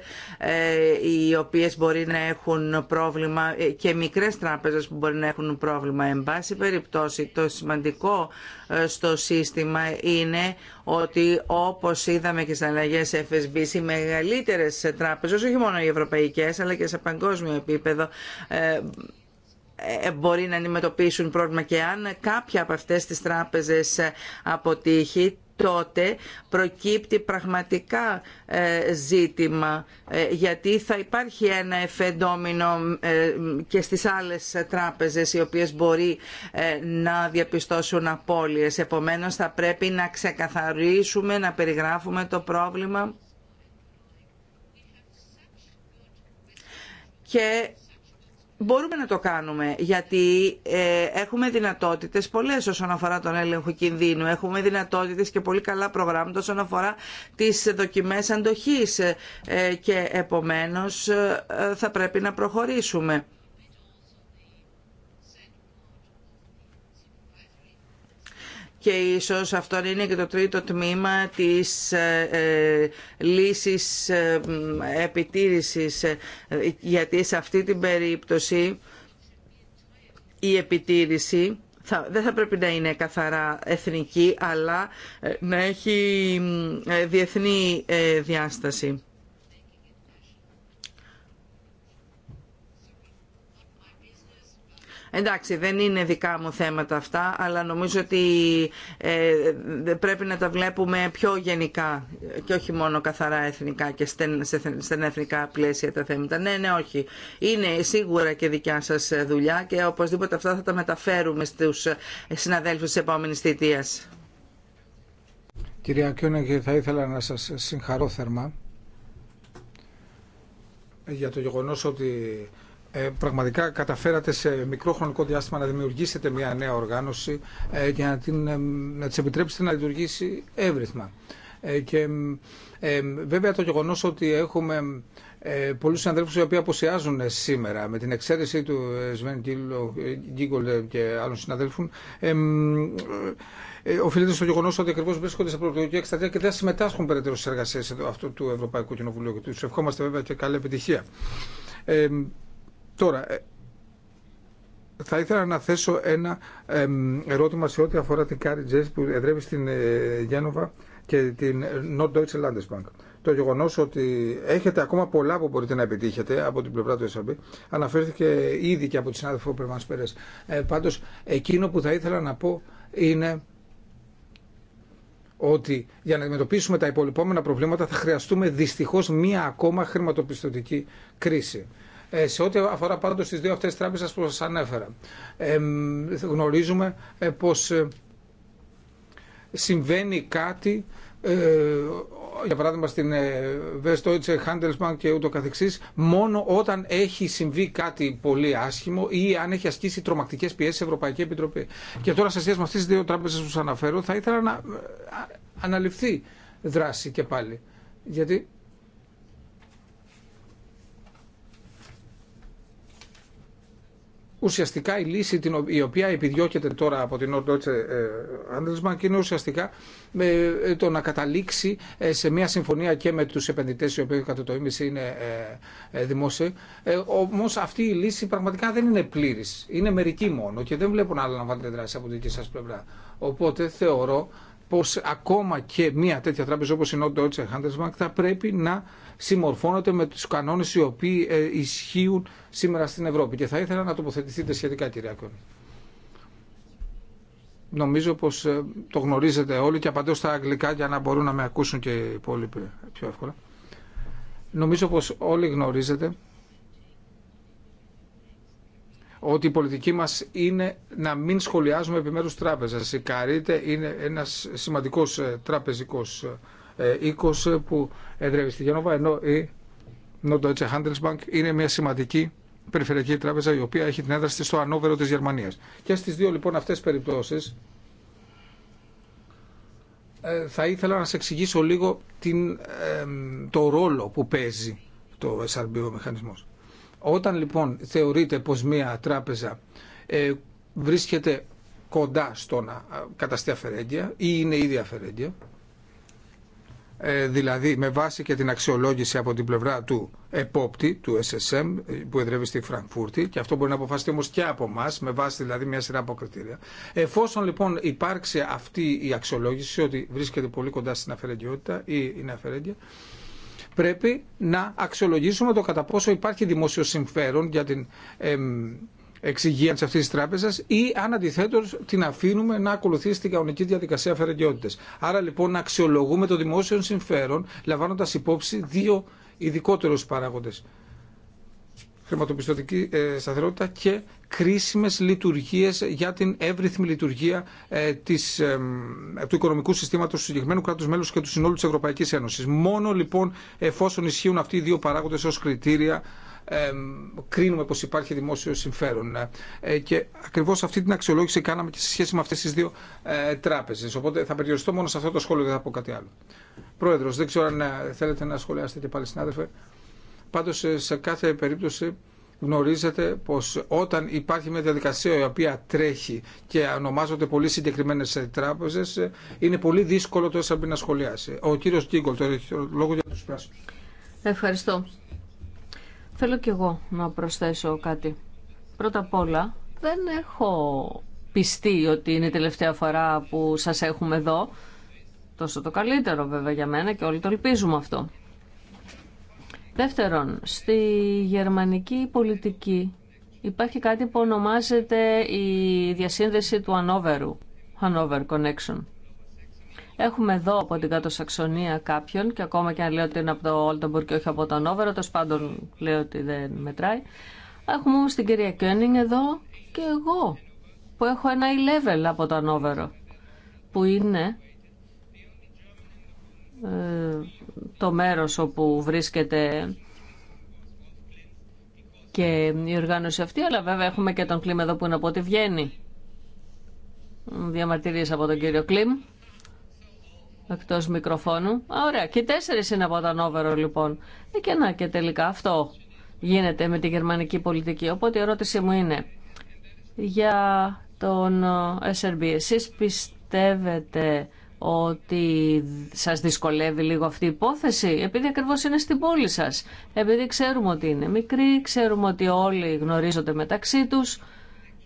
οι οποίες μπορεί να έχουν πρόβλημα ε, και μικρές τράπεζες που μπορεί να έχουν πρόβλημα. Εν πάση περιπτώσει, το σημαντικό ε, στο σύστημα είναι ότι όπως είδαμε και στις αλλαγές FSB, οι μεγαλύτερες τράπεζες, όχι μόνο οι ευρωπαϊκές αλλά και σε παγκόσμιο επίπεδο, ε, ε, μπορεί να αντιμετωπίσουν πρόβλημα και αν κάποια από αυτές τις τράπεζες αποτύχει τότε προκύπτει πραγματικά ε, ζήτημα ε, γιατί θα υπάρχει ένα εφεντόμινο ε, και στις άλλες τράπεζες οι οποίες μπορεί να διαπιστώσουν απώλειες. Επομένως θα πρέπει να ξεκαθαρίσουμε, να περιγράφουμε το πρόβλημα και Μπορούμε να το κάνουμε γιατί ε, έχουμε δυνατότητες πολλές όσον αφορά τον έλεγχο κινδύνου. Έχουμε δυνατότητες και πολύ καλά προγράμματα όσον αφορά τις δοκιμές αντοχής ε, ε, και επομένως θα πρέπει να προχωρήσουμε. και ίσως αυτό είναι και το τρίτο τμήμα της ε, ε, λύσης ε, επιτήρησης γιατί σε αυτή την περίπτωση η επιτήρηση θα, δεν θα πρέπει να είναι καθαρά εθνική αλλά να έχει διεθνή διάσταση. Εντάξει, δεν είναι δικά μου θέματα αυτά, αλλά νομίζω ότι ε, πρέπει να τα βλέπουμε πιο γενικά και όχι μόνο καθαρά εθνικά και στην εθνικά πλαίσια τα θέματα. Ναι, ναι, όχι. Είναι σίγουρα και δικιά σας δουλειά και οπωσδήποτε αυτά θα τα μεταφέρουμε στους συναδέλφου τη Επόμενη θητείας. Κυρία Κιόνεγε, θα ήθελα να σας συγχαρώ θερμά για το γεγονός ότι ε, πραγματικά καταφέρατε σε μικρό χρονικό διάστημα να δημιουργήσετε μια νέα οργάνωση ε, για να, την, ε, να της επιτρέψετε να λειτουργήσει εύρυθμα. Και βέβαια το γεγονός ότι έχουμε ε, πολλούς ανθρώπους οι οποίοι αποσιάζουν σήμερα με την εξαίρεση του Σβέν Γκίγκολ και άλλων συναδέλφων ε, ε, οφείλεται στο γεγονό ότι ακριβώς βρίσκονται σε προεκλογική εκστατεία και δεν συμμετάσχουν περαιτέρω στι εργασίε αυτού του Ευρωπαϊκού Κοινοβουλίου. Του ευχόμαστε βέβαια και καλή επιτυχία. Ε, Τώρα, ε, θα ήθελα να θέσω ένα ερώτημα σε ό,τι αφορά την Κάρι Τζέσ που εδρεύει στην ε, Γένοβα και την ε, Norddeutsche Landesbank. Το γεγονό ότι έχετε ακόμα πολλά που μπορείτε να επιτύχετε από την πλευρά του SRB αναφέρθηκε ήδη και από τη συνάδελφο Περμαν Πέρε. Πάντω, εκείνο που θα ήθελα να πω είναι ότι για να αντιμετωπίσουμε τα υπολοιπόμενα προβλήματα θα χρειαστούμε δυστυχώς μία ακόμα χρηματοπιστωτική κρίση. Ε, σε ό,τι αφορά πάντως τις δύο αυτές τράπεζες που σας ανέφερα. γνωρίζουμε ε, πως ε, συμβαίνει κάτι για παράδειγμα στην Westdeutsche Handelsbank και ούτω καθεξής, μόνο όταν έχει συμβεί κάτι πολύ άσχημο ή αν έχει ασκήσει τρομακτικές πιέσεις η Ευρωπαϊκή Επιτροπή. Και τώρα σε σχέση με αυτές τις δύο τράπεζες που σας αναφέρω, θα ήθελα να αναλυφθεί δράση και πάλι. Γιατί ουσιαστικά η λύση η οποία επιδιώκεται τώρα από την Norddeutsche ε, Handelsbank είναι ουσιαστικά ε, ε, το να καταλήξει σε μια συμφωνία και με τους επενδυτές οι οποίοι κατά το ίμιση είναι δημόσιοι. Όμως αυτή η λύση πραγματικά δεν είναι πλήρης. Είναι μερική μόνο και δεν βλέπω να αναλαμβάνετε δράση από την δική σας πλευρά. Οπότε θεωρώ πως ακόμα και μια τέτοια τράπεζα όπως η Norddeutsche Handelsbank θα πρέπει να συμμορφώνονται με τους κανόνες οι οποίοι ε, ισχύουν σήμερα στην Ευρώπη. Και θα ήθελα να τοποθετηθείτε σχετικά κυρία Κόνη. Νομίζω πως ε, το γνωρίζετε όλοι και απαντώ στα αγγλικά για να μπορούν να με ακούσουν και οι υπόλοιποι πιο εύκολα. Νομίζω πως όλοι γνωρίζετε ότι η πολιτική μας είναι να μην σχολιάζουμε επιμέρους τράπεζας. Η Καρίτε είναι ένας σημαντικός ε, τραπεζικός 20 που εδρεύει στη Γενόβα, ενώ η Norddeutsche Handelsbank είναι μια σημαντική περιφερειακή τράπεζα η οποία έχει την έδρα στο ανώβερο της Γερμανίας. Και στις δύο λοιπόν αυτές περιπτώσεις ε, θα ήθελα να σε εξηγήσω λίγο την, το ρόλο που παίζει το SRB ο μηχανισμός. Όταν λοιπόν θεωρείται πως μια τράπεζα ε, βρίσκεται κοντά στο να ε, καταστεί ή είναι ήδη αφαιρέντια ε, δηλαδή με βάση και την αξιολόγηση από την πλευρά του επόπτη, του SSM, ε, που εδρεύει στη Φραγκφούρτη, και αυτό μπορεί να αποφασιστεί όμω και από εμά, με βάση δηλαδή μια σειρά από κριτήρια. Εφόσον λοιπόν υπάρξει αυτή η αξιολόγηση, ότι βρίσκεται πολύ κοντά στην αφαιρεγκαιότητα ή είναι αφαιρέντια, πρέπει να αξιολογήσουμε το κατά πόσο υπάρχει δημόσιο συμφέρον για την τη αυτή τη τράπεζα ή αν αντιθέτω την αφήνουμε να ακολουθήσει την κανονική διαδικασία αφαιρετιότητε. Άρα λοιπόν να αξιολογούμε το δημόσιο συμφέρον λαμβάνοντα υπόψη δύο ειδικότερου παράγοντε. Χρηματοπιστωτική ε, σταθερότητα και κρίσιμε λειτουργίε για την εύρυθμη λειτουργία ε, της, του οικονομικού συστήματο του συγκεκριμένου κράτου μέλου και του συνόλου τη Ευρωπαϊκή Ένωση. Μόνο λοιπόν εφόσον ισχύουν αυτοί οι δύο παράγοντε ω κριτήρια κρίνουμε πως υπάρχει δημόσιο συμφέρον. Ε, και ακριβώς αυτή την αξιολόγηση κάναμε και σε σχέση με αυτές τις δύο ε, τράπεζες. Οπότε θα περιοριστώ μόνο σε αυτό το σχόλιο, δεν θα πω κάτι άλλο. Πρόεδρος, δεν ξέρω αν ε, θέλετε να σχολιάσετε και πάλι συνάδελφε. Πάντως σε κάθε περίπτωση γνωρίζετε πως όταν υπάρχει μια διαδικασία η οποία τρέχει και ονομάζονται πολύ συγκεκριμένε τράπεζε είναι πολύ δύσκολο το SRB να σχολιάσει. Ο κύριος Γκίγκολ, το λόγο για τους πράσινους. Ευχαριστώ. Θέλω κι εγώ να προσθέσω κάτι. Πρώτα απ' όλα, δεν έχω πιστεί ότι είναι η τελευταία φορά που σας έχουμε εδώ. Τόσο το καλύτερο βέβαια για μένα και όλοι το ελπίζουμε αυτό. Δεύτερον, στη γερμανική πολιτική υπάρχει κάτι που ονομάζεται η διασύνδεση του ανώβερου. Connection. Έχουμε εδώ από την κάτω Σαξονία κάποιον και ακόμα και αν λέω ότι είναι από το Oldenburg και όχι από τον Όβερο, τόσο πάντων λέω ότι δεν μετράει. Έχουμε όμως την κυρία Κιόνινγκ εδώ και εγώ που έχω ένα e-level από το Όβερο που είναι ε, το μέρος όπου βρίσκεται και η οργάνωση αυτή, αλλά βέβαια έχουμε και τον Κλίμ εδώ που είναι από τη Βιέννη. Διαμαρτυρίες από τον κύριο Κλίμ. Εκτό μικροφώνου. ωραία. Και τέσσερι είναι από τα Νόβερο, λοιπόν. Ε, και να και τελικά αυτό γίνεται με τη γερμανική πολιτική. Οπότε η ερώτηση μου είναι για τον ε, SRB. Εσείς πιστεύετε ότι σας δυσκολεύει λίγο αυτή η υπόθεση, επειδή ακριβώς είναι στην πόλη σας, επειδή ξέρουμε ότι είναι μικροί, ξέρουμε ότι όλοι γνωρίζονται μεταξύ τους.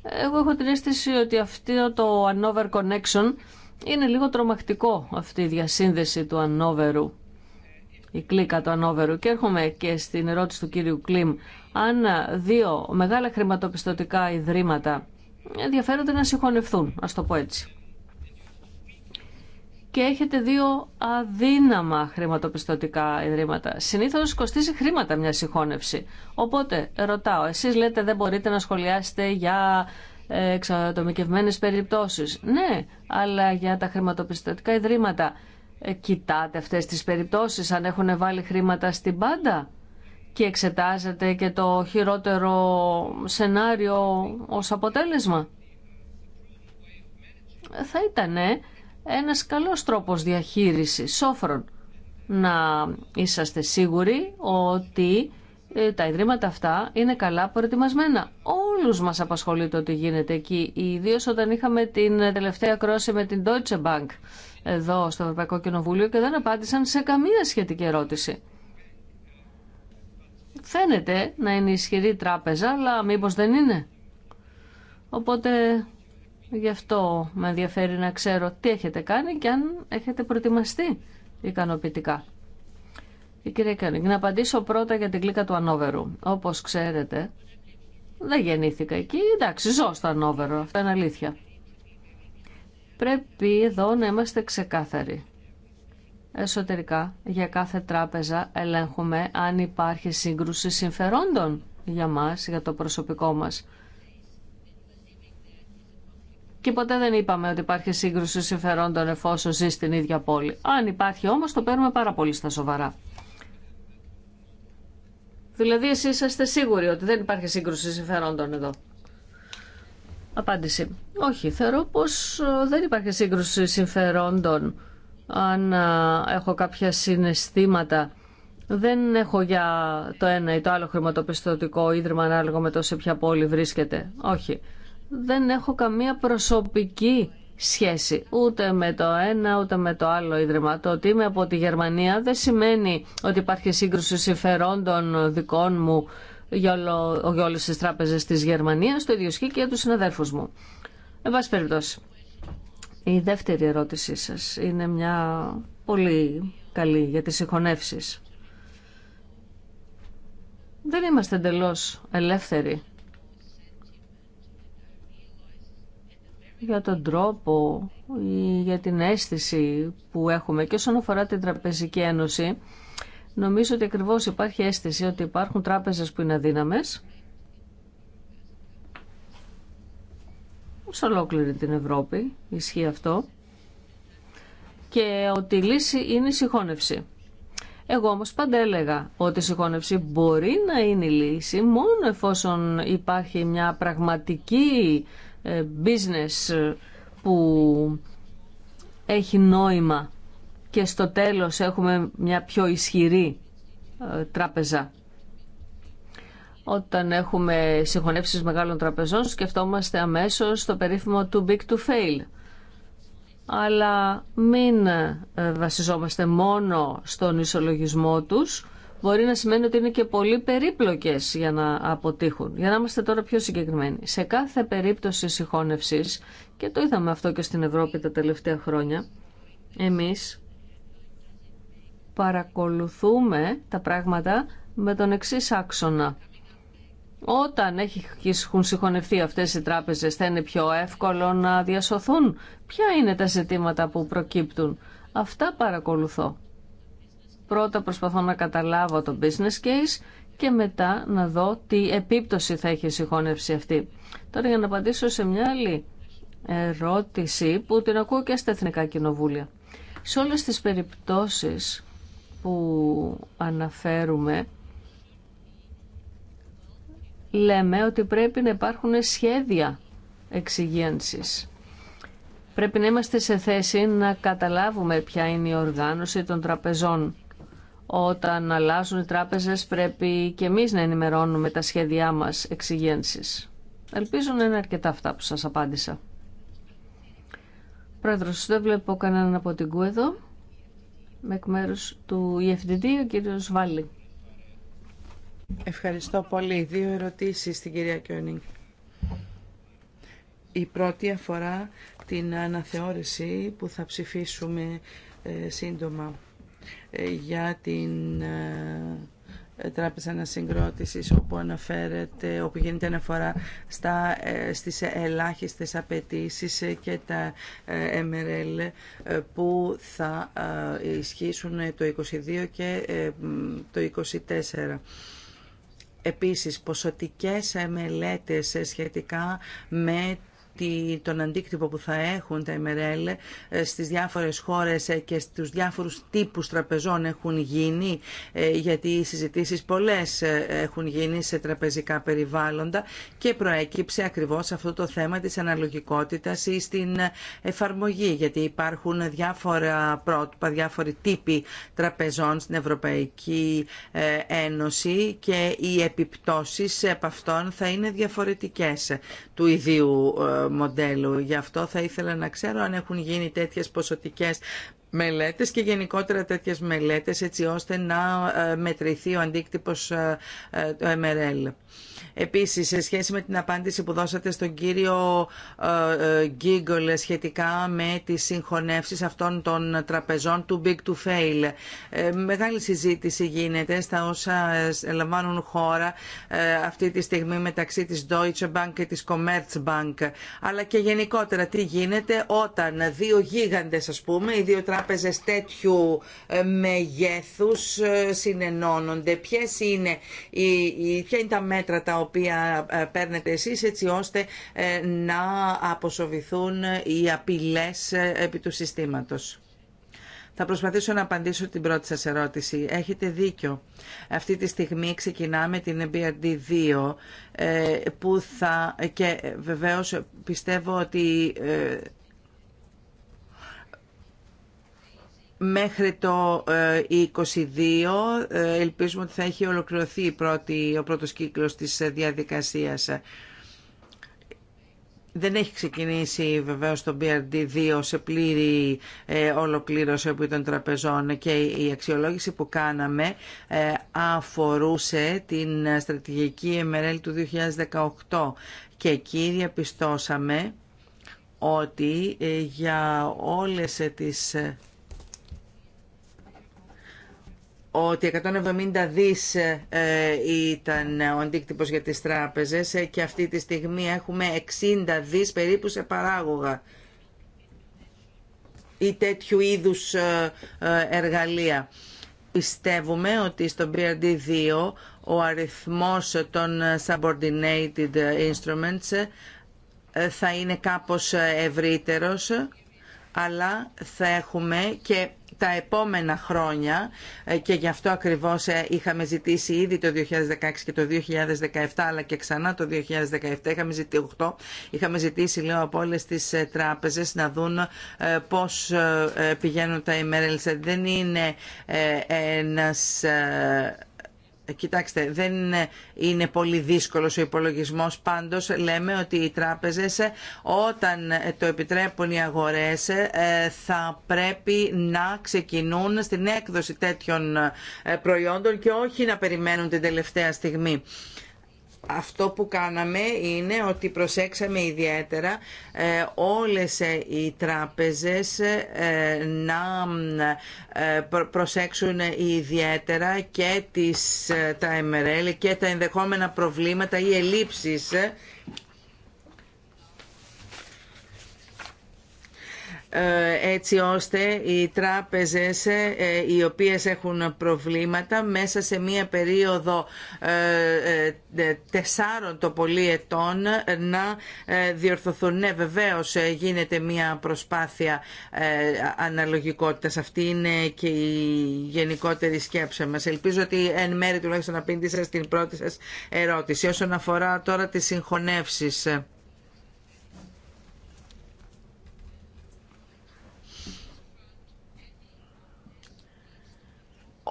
Εγώ έχω την αίσθηση ότι αυτό το Annover Connection είναι λίγο τρομακτικό αυτή η διασύνδεση του Ανόβερου, η κλίκα του Ανόβερου. Και έρχομαι και στην ερώτηση του κύριου Κλίμ. Αν δύο μεγάλα χρηματοπιστωτικά ιδρύματα ενδιαφέρονται να συγχωνευθούν, ας το πω έτσι. Και έχετε δύο αδύναμα χρηματοπιστωτικά ιδρύματα. Συνήθως κοστίζει χρήματα μια συγχώνευση. Οπότε ρωτάω, εσεί λέτε δεν μπορείτε να σχολιάσετε για εξατομικευμένες περιπτώσεις. Ναι, αλλά για τα χρηματοπιστωτικά ιδρύματα ε, κοιτάτε αυτές τις περιπτώσεις αν έχουν βάλει χρήματα στην πάντα και εξετάζεται και το χειρότερο σενάριο ως αποτέλεσμα. Θα ήταν ε, ένας καλός τρόπος διαχείρισης, σοφρών να είσαστε σίγουροι ότι ε, τα ιδρύματα αυτά είναι καλά προετοιμασμένα. Όλους μας απασχολεί το τι γίνεται εκεί, ιδίω όταν είχαμε την τελευταία κρόση με την Deutsche Bank εδώ στο Ευρωπαϊκό Κοινοβούλιο και δεν απάντησαν σε καμία σχετική ερώτηση. Φαίνεται να είναι ισχυρή τράπεζα, αλλά μήπως δεν είναι. Οπότε γι' αυτό με ενδιαφέρει να ξέρω τι έχετε κάνει και αν έχετε προετοιμαστεί ικανοποιητικά. Η ε, κυρία Κανίγκ, να απαντήσω πρώτα για την κλίκα του Ανόβερου. Όπω ξέρετε, δεν γεννήθηκα εκεί. Εντάξει, ζω στο Ανόβερο. Αυτό είναι αλήθεια. Πρέπει εδώ να είμαστε ξεκάθαροι. Εσωτερικά, για κάθε τράπεζα ελέγχουμε αν υπάρχει σύγκρουση συμφερόντων για μας, για το προσωπικό μας. Και ποτέ δεν είπαμε ότι υπάρχει σύγκρουση συμφερόντων εφόσον ζει στην ίδια πόλη. Αν υπάρχει όμως το παίρνουμε πάρα πολύ στα σοβαρά. Δηλαδή εσείς είστε σίγουροι ότι δεν υπάρχει σύγκρουση συμφερόντων εδώ. Απάντηση. Όχι, θεωρώ πως ε, δεν υπάρχει σύγκρουση συμφερόντων αν ε, έχω κάποια συναισθήματα. Δεν έχω για το ένα ή το άλλο χρηματοπιστωτικό ίδρυμα ανάλογα με το σε ποια πόλη βρίσκεται. Όχι. Δεν έχω καμία προσωπική σχέση ούτε με το ένα ούτε με το άλλο ίδρυμα. Το ότι είμαι από τη Γερμανία δεν σημαίνει ότι υπάρχει σύγκρουση συμφερόντων δικών μου για, όλο, για όλες τις τράπεζες της Γερμανίας, το ίδιο για τους συναδέρφους μου. Εν πάση περιπτώσει, η δεύτερη ερώτησή σας είναι μια πολύ καλή για τις συγχωνεύσεις. Δεν είμαστε εντελώ ελεύθεροι για τον τρόπο ή για την αίσθηση που έχουμε και όσον αφορά την Τραπεζική Ένωση νομίζω ότι ακριβώ υπάρχει αίσθηση ότι υπάρχουν τράπεζες που είναι αδύναμες σε ολόκληρη την Ευρώπη ισχύει αυτό και ότι η λύση είναι η συγχώνευση. Εγώ όμως πάντα έλεγα ότι η συγχώνευση μπορεί να είναι η λύση μόνο εφόσον υπάρχει μια πραγματική business ε, που έχει νόημα και στο τέλος έχουμε μια πιο ισχυρή ε, τράπεζα. Όταν έχουμε συγχωνεύσεις μεγάλων τραπεζών σκεφτόμαστε αμέσως το περίφημο too big to fail. Αλλά μην ε, βασιζόμαστε μόνο στον ισολογισμό τους μπορεί να σημαίνει ότι είναι και πολύ περίπλοκες για να αποτύχουν. Για να είμαστε τώρα πιο συγκεκριμένοι. Σε κάθε περίπτωση συγχώνευσης, και το είδαμε αυτό και στην Ευρώπη τα τελευταία χρόνια, εμείς παρακολουθούμε τα πράγματα με τον εξή άξονα. Όταν έχουν συγχωνευτεί αυτές οι τράπεζες θα είναι πιο εύκολο να διασωθούν. Ποια είναι τα ζητήματα που προκύπτουν. Αυτά παρακολουθώ. Πρώτα προσπαθώ να καταλάβω το business case και μετά να δω τι επίπτωση θα έχει η συγχώνευση αυτή. Τώρα για να απαντήσω σε μια άλλη ερώτηση που την ακούω και στα Εθνικά Κοινοβούλια. Σε όλες τις περιπτώσεις που αναφέρουμε λέμε ότι πρέπει να υπάρχουν σχέδια εξυγένσης. Πρέπει να είμαστε σε θέση να καταλάβουμε ποια είναι η οργάνωση των τραπεζών όταν αλλάζουν οι τράπεζες πρέπει και εμείς να ενημερώνουμε τα σχέδιά μας εξηγένσεις. Ελπίζω να είναι αρκετά αυτά που σας απάντησα. Πρόεδρος, δεν βλέπω κανέναν από την ΚΟΥ Με εκ μέρους του EFDD, ο κύριος Βάλλη. Ευχαριστώ πολύ. Δύο ερωτήσεις στην κυρία Κιόνινγκ. Η πρώτη αφορά την αναθεώρηση που θα ψηφίσουμε ε, σύντομα ε, για την ε, Τράπεζα Ανασυγκρότησης όπου αναφέρεται, όπου γίνεται αναφορά στα, ε, στις ελάχιστες απαιτήσει και τα MRL που θα ισχύσουν το 22 και το 24. Επίσης, ποσοτικές μελέτες σχετικά με τον αντίκτυπο που θα έχουν τα MRL ε, στις διάφορες χώρες ε, και στους διάφορους τύπους τραπεζών έχουν γίνει, ε, γιατί οι συζητήσεις πολλές έχουν γίνει σε τραπεζικά περιβάλλοντα και προέκυψε ακριβώς αυτό το θέμα της αναλογικότητας ή στην εφαρμογή, γιατί υπάρχουν διάφορα πρότυπα, διάφοροι τύποι τραπεζών στην Ευρωπαϊκή Ένωση και οι επιπτώσεις από αυτών θα είναι διαφορετικές του ιδίου μοντέλου. Γι' αυτό θα ήθελα να ξέρω αν έχουν γίνει τέτοιες ποσοτικές μελέτες και γενικότερα τέτοιες μελέτες έτσι ώστε να ε, μετρηθεί ο αντίκτυπος ε, ε, του MRL. Επίσης, σε σχέση με την απάντηση που δώσατε στον κύριο Γκίγκολ σχετικά με τις συγχωνεύσεις αυτών των τραπεζών του Big to Fail, μεγάλη συζήτηση γίνεται στα όσα λαμβάνουν χώρα αυτή τη στιγμή μεταξύ της Deutsche Bank και της Commerzbank, αλλά και γενικότερα τι γίνεται όταν δύο γίγαντες, ας πούμε, οι δύο τράπεζες τράπεζες τέτοιου ε, μεγέθους ε, συνενώνονται, ποιες είναι, ποια είναι τα μέτρα τα οποία ε, παίρνετε εσείς έτσι ώστε να αποσοβηθούν οι απειλές επί του συστήματος. Θα προσπαθήσω να απαντήσω την πρώτη σας ερώτηση. Έχετε δίκιο. Αυτή τη στιγμή ξεκινάμε την BRD2 που θα και βεβαίως πιστεύω ότι Μέχρι το 22 ε, ε, ελπίζουμε ότι θα έχει ολοκληρωθεί ο πρώτος κύκλος της ε, διαδικασίας. Δεν έχει ξεκινήσει βεβαίως το BRD2 σε πλήρη ολοκλήρωση από των τραπεζών και η αξιολόγηση που κάναμε αφορούσε την στρατηγική MRL του 2018 και εκεί διαπιστώσαμε ότι για όλες τις ότι 170 δις ε, ήταν ο αντίκτυπος για τις τράπεζες ε, και αυτή τη στιγμή έχουμε 60 δις περίπου σε παράγωγα ή τέτοιου είδους ε, εργαλεία. Πιστεύουμε ότι στο BRD2 ο αριθμός των subordinated instruments θα είναι κάπως ευρύτερος αλλά θα έχουμε και τα επόμενα χρόνια ε, και γι' αυτό ακριβώς ε, είχαμε ζητήσει ήδη το 2016 και το 2017 αλλά και ξανά το 2017 είχαμε ζητήσει, 8, είχαμε ζητήσει λέω από όλε τις ε, τράπεζες να δουν πώς πηγαίνουν τα ημέρα. Δεν είναι ένας ε, κοιτάξτε, δεν είναι πολύ δύσκολος ο υπολογισμός, πάντως λέμε ότι οι τράπεζες όταν το επιτρέπουν οι αγορές ε, θα πρέπει να ξεκινούν στην έκδοση τέτοιων ε, προϊόντων και όχι να περιμένουν την τελευταία στιγμή αυτό που κάναμε είναι ότι προσέξαμε ιδιαίτερα ε, όλες ε, οι τράπεζες ε, να προσέξουν ιδιαίτερα και τις, τα MRL και τα ενδεχόμενα προβλήματα ή ελλείψεις Ε, έτσι ώστε οι τράπεζες ε, οι οποίες έχουν προβλήματα μέσα σε μία περίοδο ε, τεσσάρων το πολύ ετών να διορθωθούν. Ναι, βεβαίως γίνεται μία προσπάθεια αναλογικότητας. Αυτή είναι και η γενικότερη σκέψη μας. Ελπίζω ότι εν μέρη τουλάχιστον απήντησα στην πρώτη σας ερώτηση. Όσον αφορά τώρα τις συγχωνεύσεις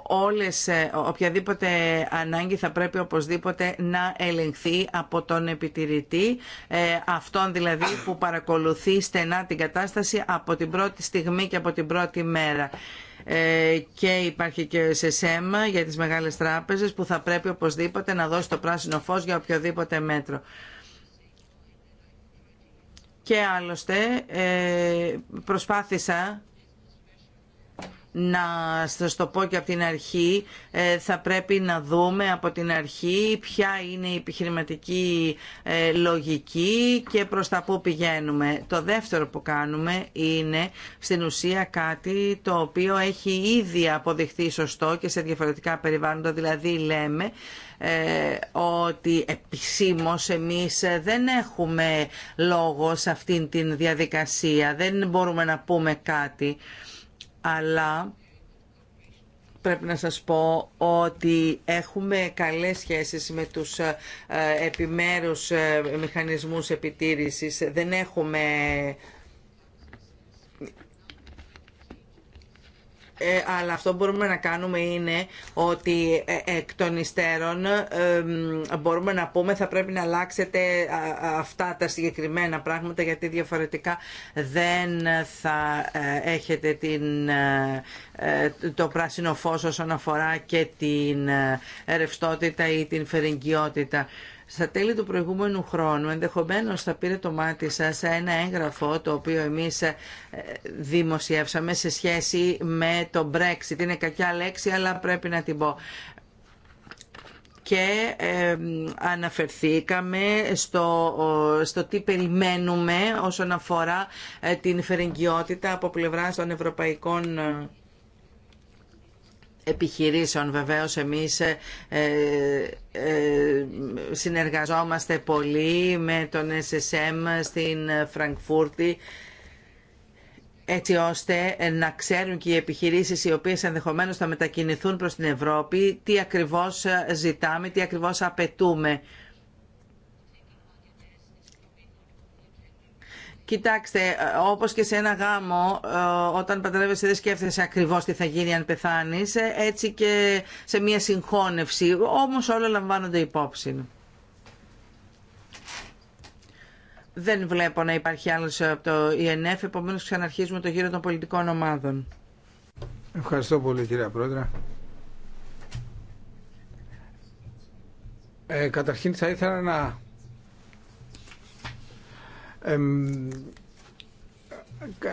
όλες, ε, οποιαδήποτε ανάγκη θα πρέπει οπωσδήποτε να ελεγχθεί από τον επιτηρητή, ε, αυτόν δηλαδή που παρακολουθεί στενά την κατάσταση από την πρώτη στιγμή και από την πρώτη μέρα ε, και υπάρχει και ο σέμα για τις μεγάλες τράπεζες που θα πρέπει οπωσδήποτε να δώσει το πράσινο φως για οποιοδήποτε μέτρο. Και άλλωστε προσπάθησα να σας το πω και από την αρχή, ε, θα πρέπει να δούμε από την αρχή ποια είναι η επιχειρηματική ε, λογική και προς τα πού πηγαίνουμε. Το δεύτερο που κάνουμε είναι στην ουσία κάτι το οποίο έχει ήδη αποδειχθεί σωστό και σε διαφορετικά περιβάλλοντα, δηλαδή λέμε ε, ότι επισήμως εμείς δεν έχουμε λόγο σε αυτήν την διαδικασία, δεν μπορούμε να πούμε κάτι αλλά πρέπει να σας πω ότι έχουμε καλές σχέσεις με τους ε, επιμέρους ε, μηχανισμούς επιτήρησης. Δεν έχουμε Ε, αλλά αυτό που μπορούμε να κάνουμε είναι ότι ε, εκ των υστέρων μπορούμε να πούμε θα πρέπει να αλλάξετε αυτά τα συγκεκριμένα πράγματα γιατί διαφορετικά δεν θα ε, έχετε το πράσινο φως όσον αφορά και την ρευστότητα ή την φερεγγιότητα. Στα τέλη του προηγούμενου χρόνου ενδεχομένως θα πήρε το μάτι σας ένα έγγραφο το οποίο εμείς ε, δημοσιεύσαμε σε σχέση με το Brexit. Είναι κακιά λέξη αλλά πρέπει να την πω και αναφερθήκαμε στο, στο τι περιμένουμε όσον αφορά ε, την φερεγγιότητα από πλευράς των ευρωπαϊκών ε, επιχειρήσεων. Βεβαίως εμείς ε, ε, ε, συνεργαζόμαστε πολύ με τον SSM στην Φραγκφούρτη έτσι ώστε να ξέρουν και οι επιχειρήσεις οι οποίες ενδεχομένως θα μετακινηθούν προς την Ευρώπη τι ακριβώς ζητάμε, τι ακριβώς απαιτούμε. Κοιτάξτε, ε, όπως και σε ένα γάμο, ε, όταν παντρεύεσαι δεν σκέφτεσαι ακριβώς τι θα γίνει αν πεθάνεις, ε, έτσι και σε μια συγχώνευση. Όμως όλα λαμβάνονται υπόψη. Δεν βλέπω να υπάρχει άλλο από το ΙΕΝΕΦ, e επομένως ξαναρχίζουμε το γύρο των πολιτικών ομάδων. Ευχαριστώ πολύ κυρία Πρόεδρε. Ε, καταρχήν θα ήθελα να εμ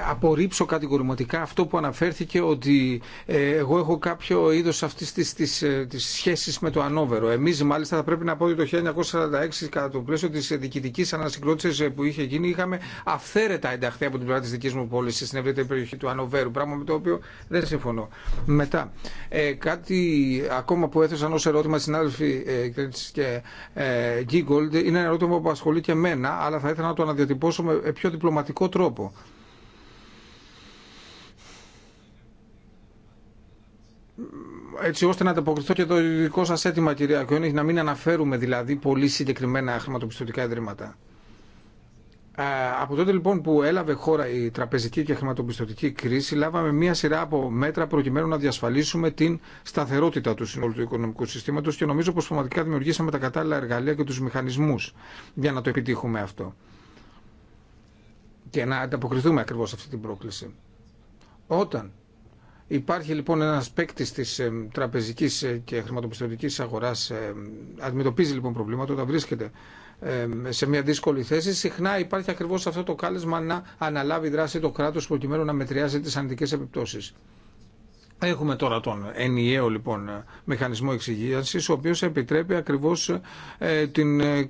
απορρίψω κατηγορηματικά αυτό που αναφέρθηκε ότι ε, εγώ έχω κάποιο είδος αυτής της, της, ε, της σχέσης με το ανώβερο. Εμείς μάλιστα θα πρέπει να πω ότι το 1946 κατά το πλαίσιο της ε, διοικητικής ανασυγκρότησης που είχε γίνει είχαμε αυθαίρετα ενταχθεί από την πλευρά της δικής μου πόλης στην ευρύτερη περιοχή του ανώβερου, πράγμα με το οποίο δεν συμφωνώ. Μετά, ε, κάτι ακόμα που έθεσαν ως ερώτημα συνάδελφοι ε, και ε, είναι ένα ερώτημα που απασχολεί και εμένα, αλλά θα ήθελα να το αναδιατυπώσω με πιο διπλωματικό τρόπο. έτσι ώστε να ανταποκριθώ και το δικό σα αίτημα κυρία Κιόνιχ, να μην αναφέρουμε δηλαδή πολύ συγκεκριμένα χρηματοπιστωτικά ιδρύματα. Ε, από τότε λοιπόν που έλαβε χώρα η τραπεζική και χρηματοπιστωτική κρίση, λάβαμε μία σειρά από μέτρα προκειμένου να διασφαλίσουμε την σταθερότητα του συνόλου του οικονομικού συστήματο και νομίζω πω πραγματικά δημιουργήσαμε τα κατάλληλα εργαλεία και του μηχανισμού για να το επιτύχουμε αυτό. Και να ανταποκριθούμε ακριβώ αυτή την πρόκληση. Όταν Υπάρχει λοιπόν ένα παίκτη τη τραπεζική ε, και χρηματοπιστωτική αγορά, αντιμετωπίζει λοιπόν προβλήματα όταν βρίσκεται σε μια δύσκολη θέση. Συχνά υπάρχει ακριβώ αυτό το κάλεσμα να αναλάβει δράση το κράτο προκειμένου να μετριάζει τι αντικέ επιπτώσει. Έχουμε τώρα τον ενιαίο λοιπόν μηχανισμό ο οποίο επιτρέπει ακριβώς ε, την ε,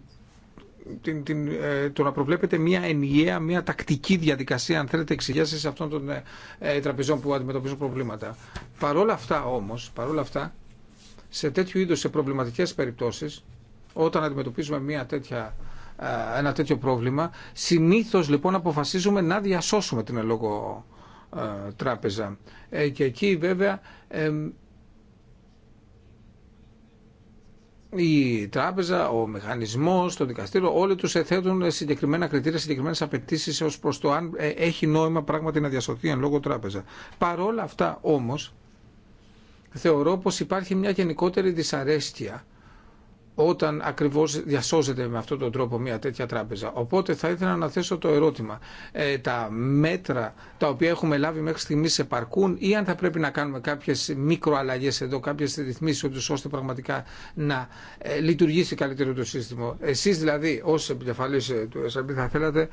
την, την, ε, το να προβλέπετε μια ενιαία, μια τακτική διαδικασία, αν θέλετε, σε αυτών των ε, ε, τραπεζών που αντιμετωπίζουν προβλήματα. Παρόλα αυτά όμως, παρόλα αυτά, σε τέτοιου είδου σε προβληματικές περιπτώσεις, όταν αντιμετωπίζουμε μια τέτοια ένα τέτοιο πρόβλημα. Συνήθως λοιπόν αποφασίζουμε να διασώσουμε την ελόγω τράπεζα. Και εκεί βέβαια η τράπεζα, ο μηχανισμό, το δικαστήριο, όλοι του θέτουν συγκεκριμένα κριτήρια, συγκεκριμένε απαιτήσει ω προ το αν ε, έχει νόημα πράγματι να διασωθεί εν λόγω τράπεζα. Παρόλα αυτά όμω, θεωρώ πω υπάρχει μια γενικότερη δυσαρέσκεια όταν ακριβώς διασώζεται με αυτόν τον τρόπο μια τέτοια τράπεζα. Οπότε θα ήθελα να θέσω το ερώτημα. Ε, τα μέτρα τα οποία έχουμε λάβει μέχρι στιγμής επαρκούν ή αν θα πρέπει να κάνουμε κάποιες μικροαλλαγές εδώ, κάποιες ρυθμίσεις ώστε πραγματικά να ε, λειτουργήσει καλύτερο το σύστημα. Εσείς δηλαδή ω επικεφαλής ε, του ΕΣΑΠΗ, θα θέλατε...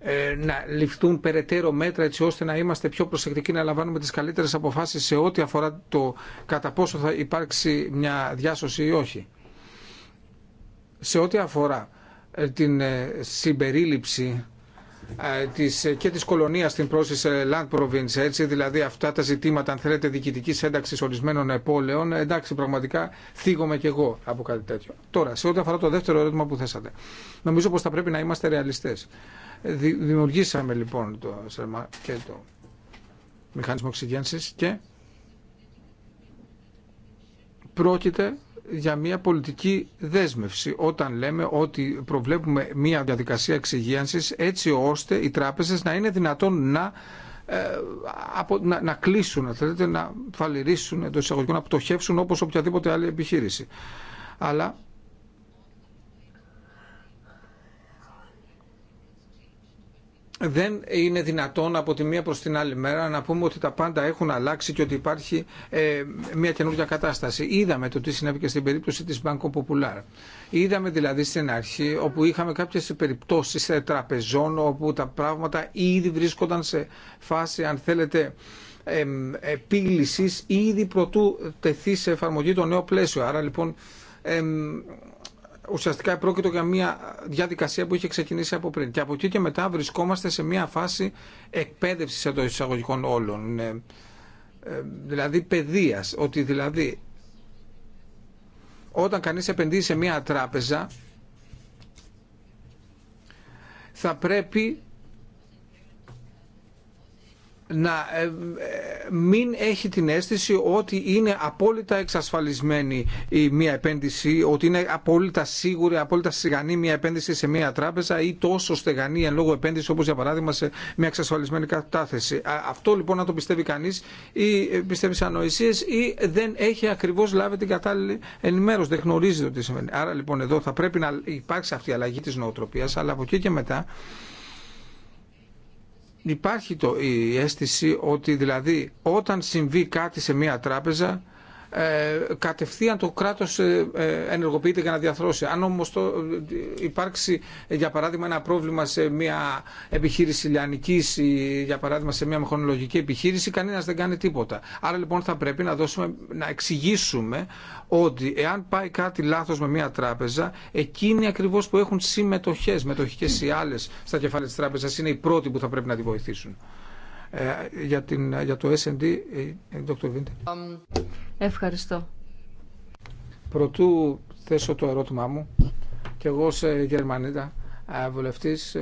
Ε, να ληφθούν περαιτέρω μέτρα έτσι ώστε να είμαστε πιο προσεκτικοί να λαμβάνουμε τις καλύτερες αποφάσεις σε ό,τι αφορά το κατά πόσο θα υπάρξει μια διάσωση ή όχι. Σε ό,τι αφορά ε, την ε, συμπερίληψη της, και της κολονίας στην πρόσης Land Province, έτσι, δηλαδή αυτά τα ζητήματα, αν θέλετε, διοικητικής ένταξης ορισμένων πόλεων, εντάξει, πραγματικά θίγομαι και εγώ από κάτι τέτοιο. Τώρα, σε ό,τι αφορά το δεύτερο ερώτημα που θέσατε, νομίζω πως θα πρέπει να είμαστε ρεαλιστές. Δημιουργήσαμε λοιπόν το και το μηχανισμό εξυγένσης και πρόκειται για μια πολιτική δέσμευση όταν λέμε ότι προβλέπουμε μια διαδικασία εξυγίανσης έτσι ώστε οι τράπεζες να είναι δυνατόν να, ε, απο, να, να, κλείσουν, θέλετε, να φαλυρίσουν, το εισαγωγικό, να πτωχεύσουν όπως οποιαδήποτε άλλη επιχείρηση. Αλλά δεν είναι δυνατόν από τη μία προς την άλλη μέρα να πούμε ότι τα πάντα έχουν αλλάξει και ότι υπάρχει ε, μια καινούργια κατάσταση. Είδαμε το τι συνέβη και στην περίπτωση της Banco Popular. Είδαμε δηλαδή στην αρχή όπου είχαμε κάποιες περιπτώσεις ε, τραπεζών όπου τα πράγματα ήδη βρίσκονταν σε φάση αν θέλετε επίλυσης ήδη προτού τεθεί σε εφαρμογή το νέο πλαίσιο. Άρα λοιπόν ουσιαστικά πρόκειται για μια διαδικασία που είχε ξεκινήσει από πριν. Και από εκεί και μετά βρισκόμαστε σε μια φάση εκπαίδευση εντό εισαγωγικών όλων. Ε, ε, δηλαδή παιδεία. ότι δηλαδή όταν κανείς επενδύει σε μια τράπεζα θα πρέπει να ε, μην έχει την αίσθηση ότι είναι απόλυτα εξασφαλισμένη η μία επένδυση, ότι είναι απόλυτα σίγουρη, απόλυτα σιγανή μία επένδυση σε μία τράπεζα ή τόσο στεγανή εν λόγω επένδυση όπως για παράδειγμα σε μία εξασφαλισμένη κατάθεση. Αυτό λοιπόν να το πιστεύει κανείς ή ε, πιστεύει σε ανοησίες ή δεν έχει ακριβώς λάβει την κατάλληλη ενημέρωση, δεν γνωρίζει το τι συμβαίνει. Άρα λοιπόν εδώ θα πρέπει να υπάρξει αυτή η αλλαγή της νοοτροπίας, αλλά από εκεί και μετά υπάρχει το, η αίσθηση ότι δηλαδή όταν συμβεί κάτι σε μια τράπεζα ε, κατευθείαν το κράτος ε, ε, ενεργοποιείται για να διαθρώσει. Αν όμω υπάρξει για παράδειγμα ένα πρόβλημα σε μια επιχείρηση λιανικής ή για παράδειγμα σε μια μηχανολογική επιχείρηση κανένα δεν κάνει τίποτα. Άρα λοιπόν θα πρέπει να, δώσουμε, να εξηγήσουμε ότι εάν πάει κάτι λάθος με μια τράπεζα εκείνοι ακριβώ που έχουν συμμετοχές, μετοχικές ή αλλε στα κεφάλαια τη τραπεζα είναι οι πρώτοι που θα πρέπει να τη βοηθήσουν. Ε, για, την, για το S&D, ε, Dr. Βίντε. Ευχαριστώ. Προτού θέσω το ερώτημά μου, και εγώ σε Γερμανίδα ε, βουλευτής,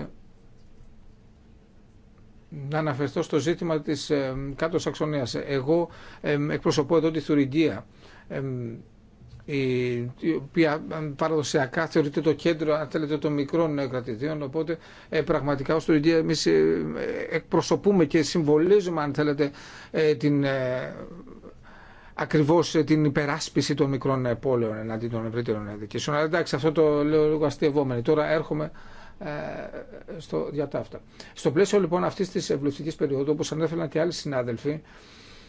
να αναφερθώ στο ζήτημα της κάτω Σαξονίας. Εγώ εκπροσωπώ εδώ τη Θουριγκία η οποία παραδοσιακά θεωρείται το κέντρο αν θέλετε, των μικρών κρατηδίων οπότε ε, πραγματικά ως Τουρκία εμείς ε, εκπροσωπούμε και συμβολίζουμε αν θέλετε ε, την, ακριβώς την υπεράσπιση των μικρών πόλεων εναντί των ευρύτερων δικαιωμάτων. αλλά εντάξει αυτό το λέω λίγο αστευόμενο τώρα έρχομαι στο διατάφτα. Στο πλαίσιο λοιπόν αυτή της ευλογικής περίοδου όπως ανέφεραν και άλλοι συνάδελφοι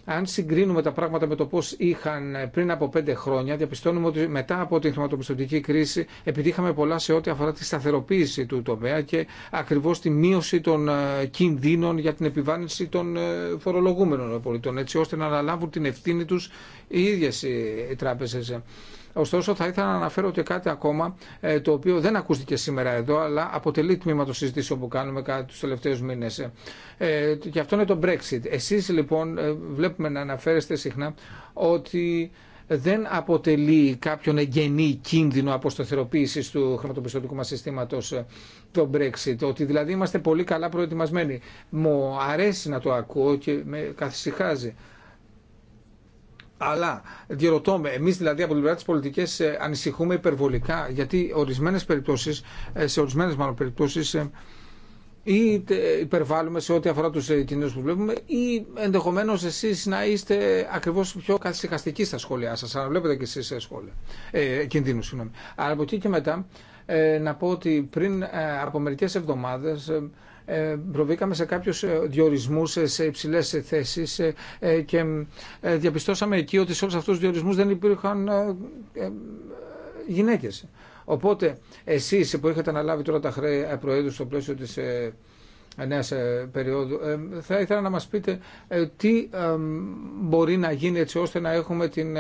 αν συγκρίνουμε τα πράγματα με το πώ είχαν πριν από πέντε χρόνια, διαπιστώνουμε ότι μετά από την χρηματοπιστωτική κρίση επιτύχαμε πολλά σε ό,τι αφορά τη σταθεροποίηση του τομέα και ακριβώ τη μείωση των ε, κινδύνων για την επιβάλληση των ε, φορολογούμενων πολιτών, έτσι ώστε να αναλάβουν την ευθύνη του οι ίδιε οι τράπεζε. Ωστόσο, θα ήθελα να αναφέρω και κάτι ακόμα ε, το οποίο δεν ακούστηκε σήμερα εδώ, αλλά αποτελεί τμήμα των συζητήσεων που κάνουμε κατά του τελευταίου μήνε. Ε, ε, και αυτό είναι το Brexit. Εσεί λοιπόν βλέπουμε να αναφέρεστε συχνά ότι δεν αποτελεί κάποιον εγγενή κίνδυνο αποσταθεροποίηση του χρηματοπιστωτικού μα συστήματο το Brexit. Ότι δηλαδή είμαστε πολύ καλά προετοιμασμένοι. Μου αρέσει να το ακούω και με καθησυχάζει. Αλλά διερωτώ με, εμεί δηλαδή από την πλευρά τη πολιτική ε, ανησυχούμε υπερβολικά, γιατί ορισμένε περιπτώσει, ε, σε ορισμένε μάλλον περιπτώσει, ε, ή υπερβάλλουμε σε ό,τι αφορά τους κινδύνου που βλέπουμε ή ενδεχομένως εσείς να είστε ακριβώς πιο καθησυχαστικοί στα σχόλιά σας αλλά βλέπετε και εσείς σε σχόλια ε, αλλά από εκεί και μετά ε, να πω ότι πριν ε, από εβδομάδες ε, προβήκαμε σε κάποιους ε, διορισμούς ε, σε υψηλές θέσεις και διαπιστώσαμε εκεί ότι σε όλους αυτούς τους διορισμούς δεν υπήρχαν γυναίκες. Οπότε εσείς που είχατε αναλάβει τώρα τα χρέη προέδρου στο πλαίσιο της νέας περίοδου. Θα ήθελα να μας πείτε τι μπορεί να γίνει έτσι ώστε να έχουμε την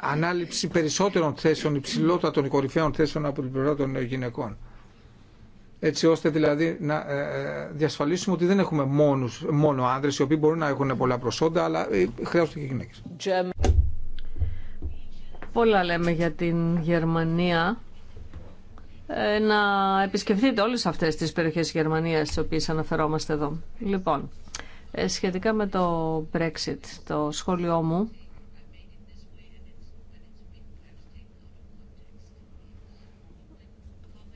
ανάληψη περισσότερων θέσεων, υψηλότατων κορυφαίων θέσεων από την πλευρά των γυναικών έτσι ώστε δηλαδή να ε, ε, διασφαλίσουμε ότι δεν έχουμε μόνους, μόνο άνδρες οι οποίοι μπορούν να έχουν πολλά προσόντα, αλλά ε, χρειάζονται και γυναίκες. Πολλά λέμε για την Γερμανία. να επισκεφτείτε όλες αυτές τις περιοχές της Γερμανίας τις οποίες αναφερόμαστε εδώ. Λοιπόν, σχετικά με το Brexit, το σχόλιο μου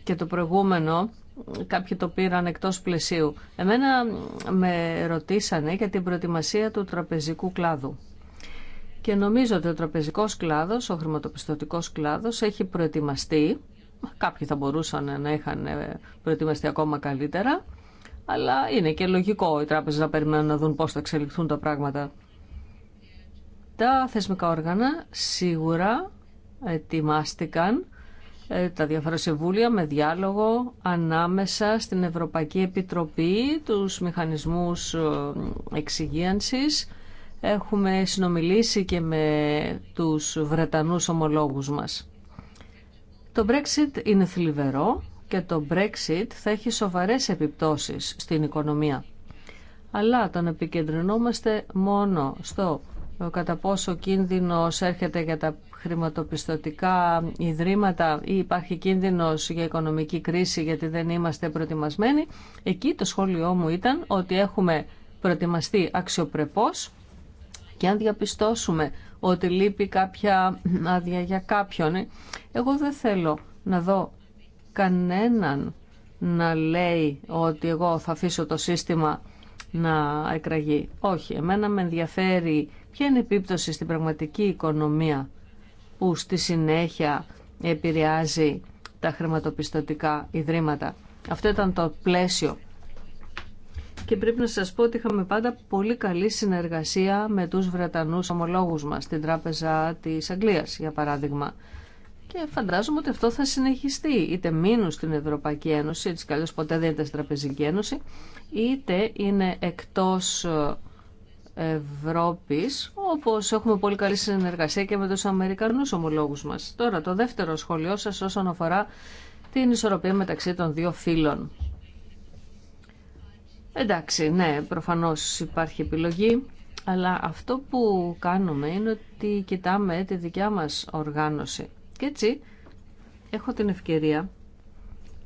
και το προηγούμενο κάποιοι το πήραν εκτός πλαισίου. Εμένα με ρωτήσανε για την προετοιμασία του τραπεζικού κλάδου. Και νομίζω ότι ο τραπεζικός κλάδος, ο χρηματοπιστωτικός κλάδος έχει προετοιμαστεί. Κάποιοι θα μπορούσαν να είχαν ε, προετοιμαστεί ακόμα καλύτερα. Αλλά είναι και λογικό οι τράπεζες να περιμένουν να δουν πώς θα εξελιχθούν τα πράγματα. Τα θεσμικά όργανα σίγουρα ετοιμάστηκαν ε, τα διάφορα συμβούλια με διάλογο ανάμεσα στην Ευρωπαϊκή Επιτροπή, τους μηχανισμούς ε, εξυγίανσης. Έχουμε συνομιλήσει και με τους Βρετανούς ομολόγους μας. Το Brexit είναι θλιβερό και το Brexit θα έχει σοβαρές επιπτώσεις στην οικονομία. Αλλά τον επικεντρωνόμαστε μόνο στο κατά πόσο κίνδυνος έρχεται για τα χρηματοπιστωτικά ιδρύματα ή υπάρχει κίνδυνος για οικονομική κρίση γιατί δεν είμαστε προετοιμασμένοι, εκεί το σχόλιο μου ήταν ότι έχουμε προετοιμαστεί αξιοπρεπώς και αν διαπιστώσουμε ότι λείπει κάποια άδεια για κάποιον, εγώ δεν θέλω να δω κανέναν να λέει ότι εγώ θα αφήσω το σύστημα να εκραγεί. Όχι, εμένα με ενδιαφέρει ποια είναι η επίπτωση στην πραγματική οικονομία που στη συνέχεια επηρεάζει τα χρηματοπιστωτικά ιδρύματα. Αυτό ήταν το πλαίσιο. Και πρέπει να σας πω ότι είχαμε πάντα πολύ καλή συνεργασία με τους Βρετανούς ομολόγους μας, την Τράπεζα της Αγγλίας, για παράδειγμα. Και φαντάζομαι ότι αυτό θα συνεχιστεί, είτε μείνουν στην Ευρωπαϊκή Ένωση, έτσι καλώς ποτέ δεν ήταν στην Τραπεζική Ένωση, είτε είναι εκτός Ευρώπης, όπως έχουμε πολύ καλή συνεργασία και με τους Αμερικανούς ομολόγους μας. Τώρα, το δεύτερο σχόλιο σας όσον αφορά την ισορροπία μεταξύ των δύο φύλων. Εντάξει, ναι, προφανώς υπάρχει επιλογή, αλλά αυτό που κάνουμε είναι ότι κοιτάμε τη δικιά μας οργάνωση. Και έτσι έχω την ευκαιρία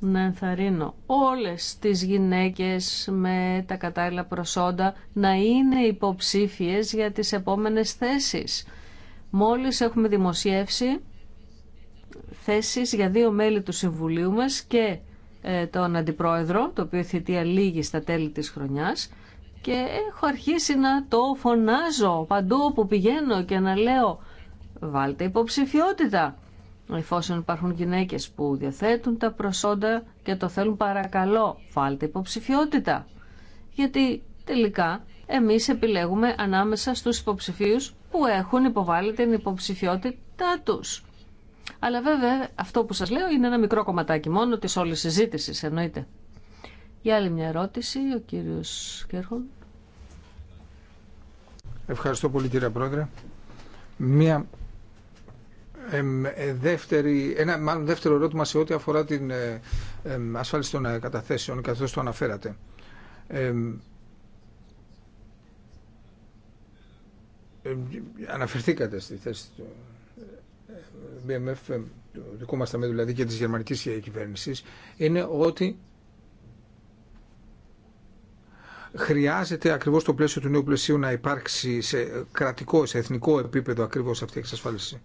να ενθαρρύνω όλες τις γυναίκες με τα κατάλληλα προσόντα να είναι υποψήφιες για τις επόμενες θέσεις. Μόλις έχουμε δημοσιεύσει θέσεις για δύο μέλη του Συμβουλίου μας και ε, τον Αντιπρόεδρο, το οποίο θητεία λίγη στα τέλη της χρονιάς και έχω αρχίσει να το φωνάζω παντού όπου πηγαίνω και να λέω βάλτε υποψηφιότητα Εφόσον υπάρχουν γυναίκες που διαθέτουν τα προσόντα και το θέλουν παρακαλώ βάλτε υποψηφιότητα. Γιατί τελικά εμείς επιλέγουμε ανάμεσα στους υποψηφίους που έχουν υποβάλει την υποψηφιότητά τους. Αλλά βέβαια αυτό που σας λέω είναι ένα μικρό κομματάκι μόνο της όλης συζήτηση εννοείται. Για άλλη μια ερώτηση, ο κύριος Κέρχον. Ευχαριστώ πολύ κύριε Πρόεδρε. Μία ε, δεύτερη, ένα μάλλον δεύτερο ερώτημα σε ό,τι αφορά την ε, ασφάλιση των ε, καταθέσεων, καθώς το αναφέρατε. αναφερθήκατε στη θέση του BMF, του δικού μας ταμείου δηλαδή και της γερμανικής κυβέρνησης, είναι ότι χρειάζεται ακριβώ το πλαίσιο του νέου πλαισίου να υπάρξει σε κρατικό, σε εθνικό επίπεδο ακριβώ αυτή η εξασφάλιση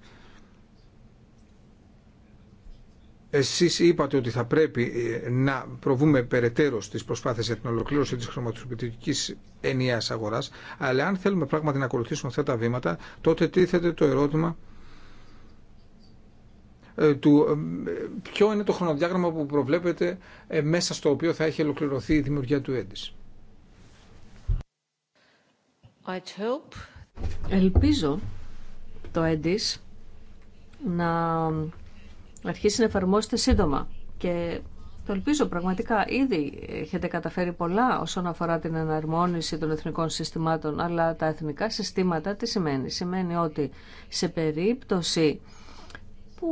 Εσεί είπατε ότι θα πρέπει ε, να προβούμε περαιτέρω στις προσπάθειες για την ολοκλήρωση τη χρηματοποιητική ενιαία αγορά, αλλά αν θέλουμε πράγματι να ακολουθήσουμε αυτά τα βήματα, τότε τίθεται το ερώτημα ε, του ε, ποιο είναι το χρονοδιάγραμμα που προβλέπετε μέσα στο οποίο θα έχει ολοκληρωθεί η δημιουργία του έντις. Ελπίζω το έντις να αρχίσει να εφαρμόζεται σύντομα. Και το ελπίζω πραγματικά. Ήδη έχετε καταφέρει πολλά όσον αφορά την εναρμόνιση των εθνικών συστημάτων, αλλά τα εθνικά συστήματα τι σημαίνει. Σημαίνει ότι σε περίπτωση που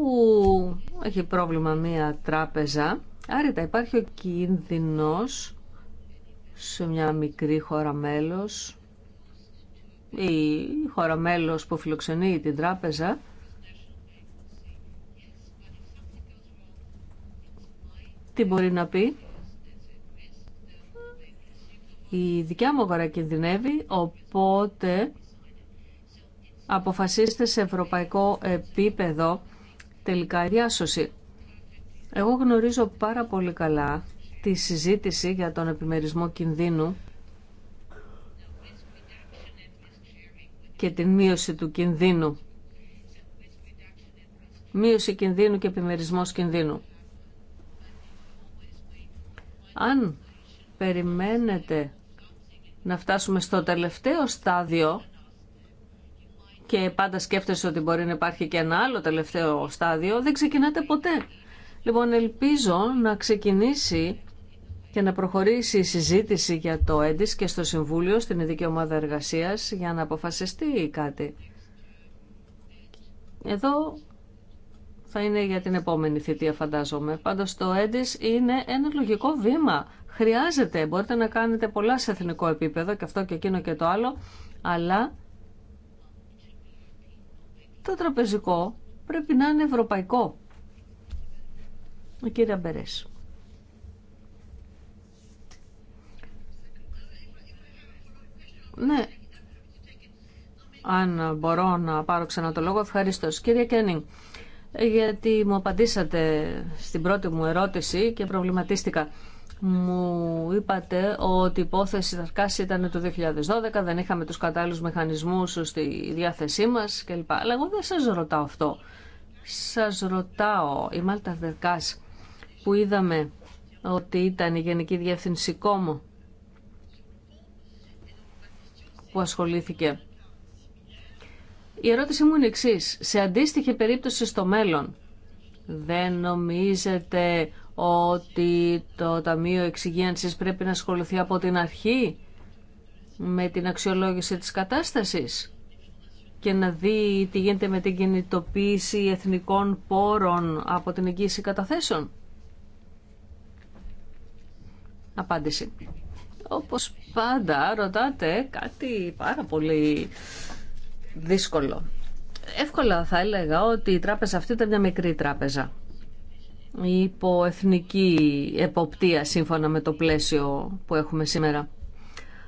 έχει πρόβλημα μία τράπεζα, άρρητα υπάρχει ο κίνδυνος σε μια μικρή χώρα μέλος ή χώρα μέλος που φιλοξενεί την τράπεζα τι μπορεί να πει. Η δικιά μου αγορά κινδυνεύει, οπότε αποφασίστε σε ευρωπαϊκό επίπεδο τελικά η διάσωση. Εγώ γνωρίζω πάρα πολύ καλά τη συζήτηση για τον επιμερισμό κινδύνου και την μείωση του κινδύνου. Μείωση κινδύνου και επιμερισμός κινδύνου. Αν περιμένετε να φτάσουμε στο τελευταίο στάδιο και πάντα σκέφτεσαι ότι μπορεί να υπάρχει και ένα άλλο τελευταίο στάδιο, δεν ξεκινάτε ποτέ. Λοιπόν, ελπίζω να ξεκινήσει και να προχωρήσει η συζήτηση για το ΕΝΤΙΣ και στο Συμβούλιο, στην Ειδική Ομάδα Εργασίας, για να αποφασιστεί κάτι. Εδώ θα είναι για την επόμενη θητεία φαντάζομαι. Πάντως το έντις είναι ένα λογικό βήμα. Χρειάζεται, μπορείτε να κάνετε πολλά σε εθνικό επίπεδο και αυτό και εκείνο και το άλλο, αλλά το τραπεζικό πρέπει να είναι ευρωπαϊκό. Ο κύριε Μπερές. Ναι, αν μπορώ να πάρω ξανά το λόγο, ευχαριστώ. Κύριε Κένινγκ, ε, γιατί μου απαντήσατε στην πρώτη μου ερώτηση και προβληματίστηκα. Μου είπατε ότι η υπόθεση Δαρκάς ήταν το 2012, δεν είχαμε τους κατάλληλους μηχανισμούς στη διάθεσή μας κλπ. Αλλά εγώ δεν σας ρωτάω αυτό. Σας ρωτάω, η Μάλτα Δερκάς που είδαμε ότι ήταν η Γενική Διεύθυνση Κόμου που ασχολήθηκε η ερώτησή μου είναι εξή. Σε αντίστοιχη περίπτωση στο μέλλον, δεν νομίζετε ότι το Ταμείο Εξυγίανσης πρέπει να ασχοληθεί από την αρχή με την αξιολόγηση της κατάστασης και να δει τι γίνεται με την κινητοποίηση εθνικών πόρων από την εγγύηση καταθέσεων. Απάντηση. Όπως πάντα ρωτάτε κάτι πάρα πολύ δύσκολο. Εύκολα θα έλεγα ότι η τράπεζα αυτή ήταν μια μικρή τράπεζα. Υπό εθνική εποπτεία σύμφωνα με το πλαίσιο που έχουμε σήμερα.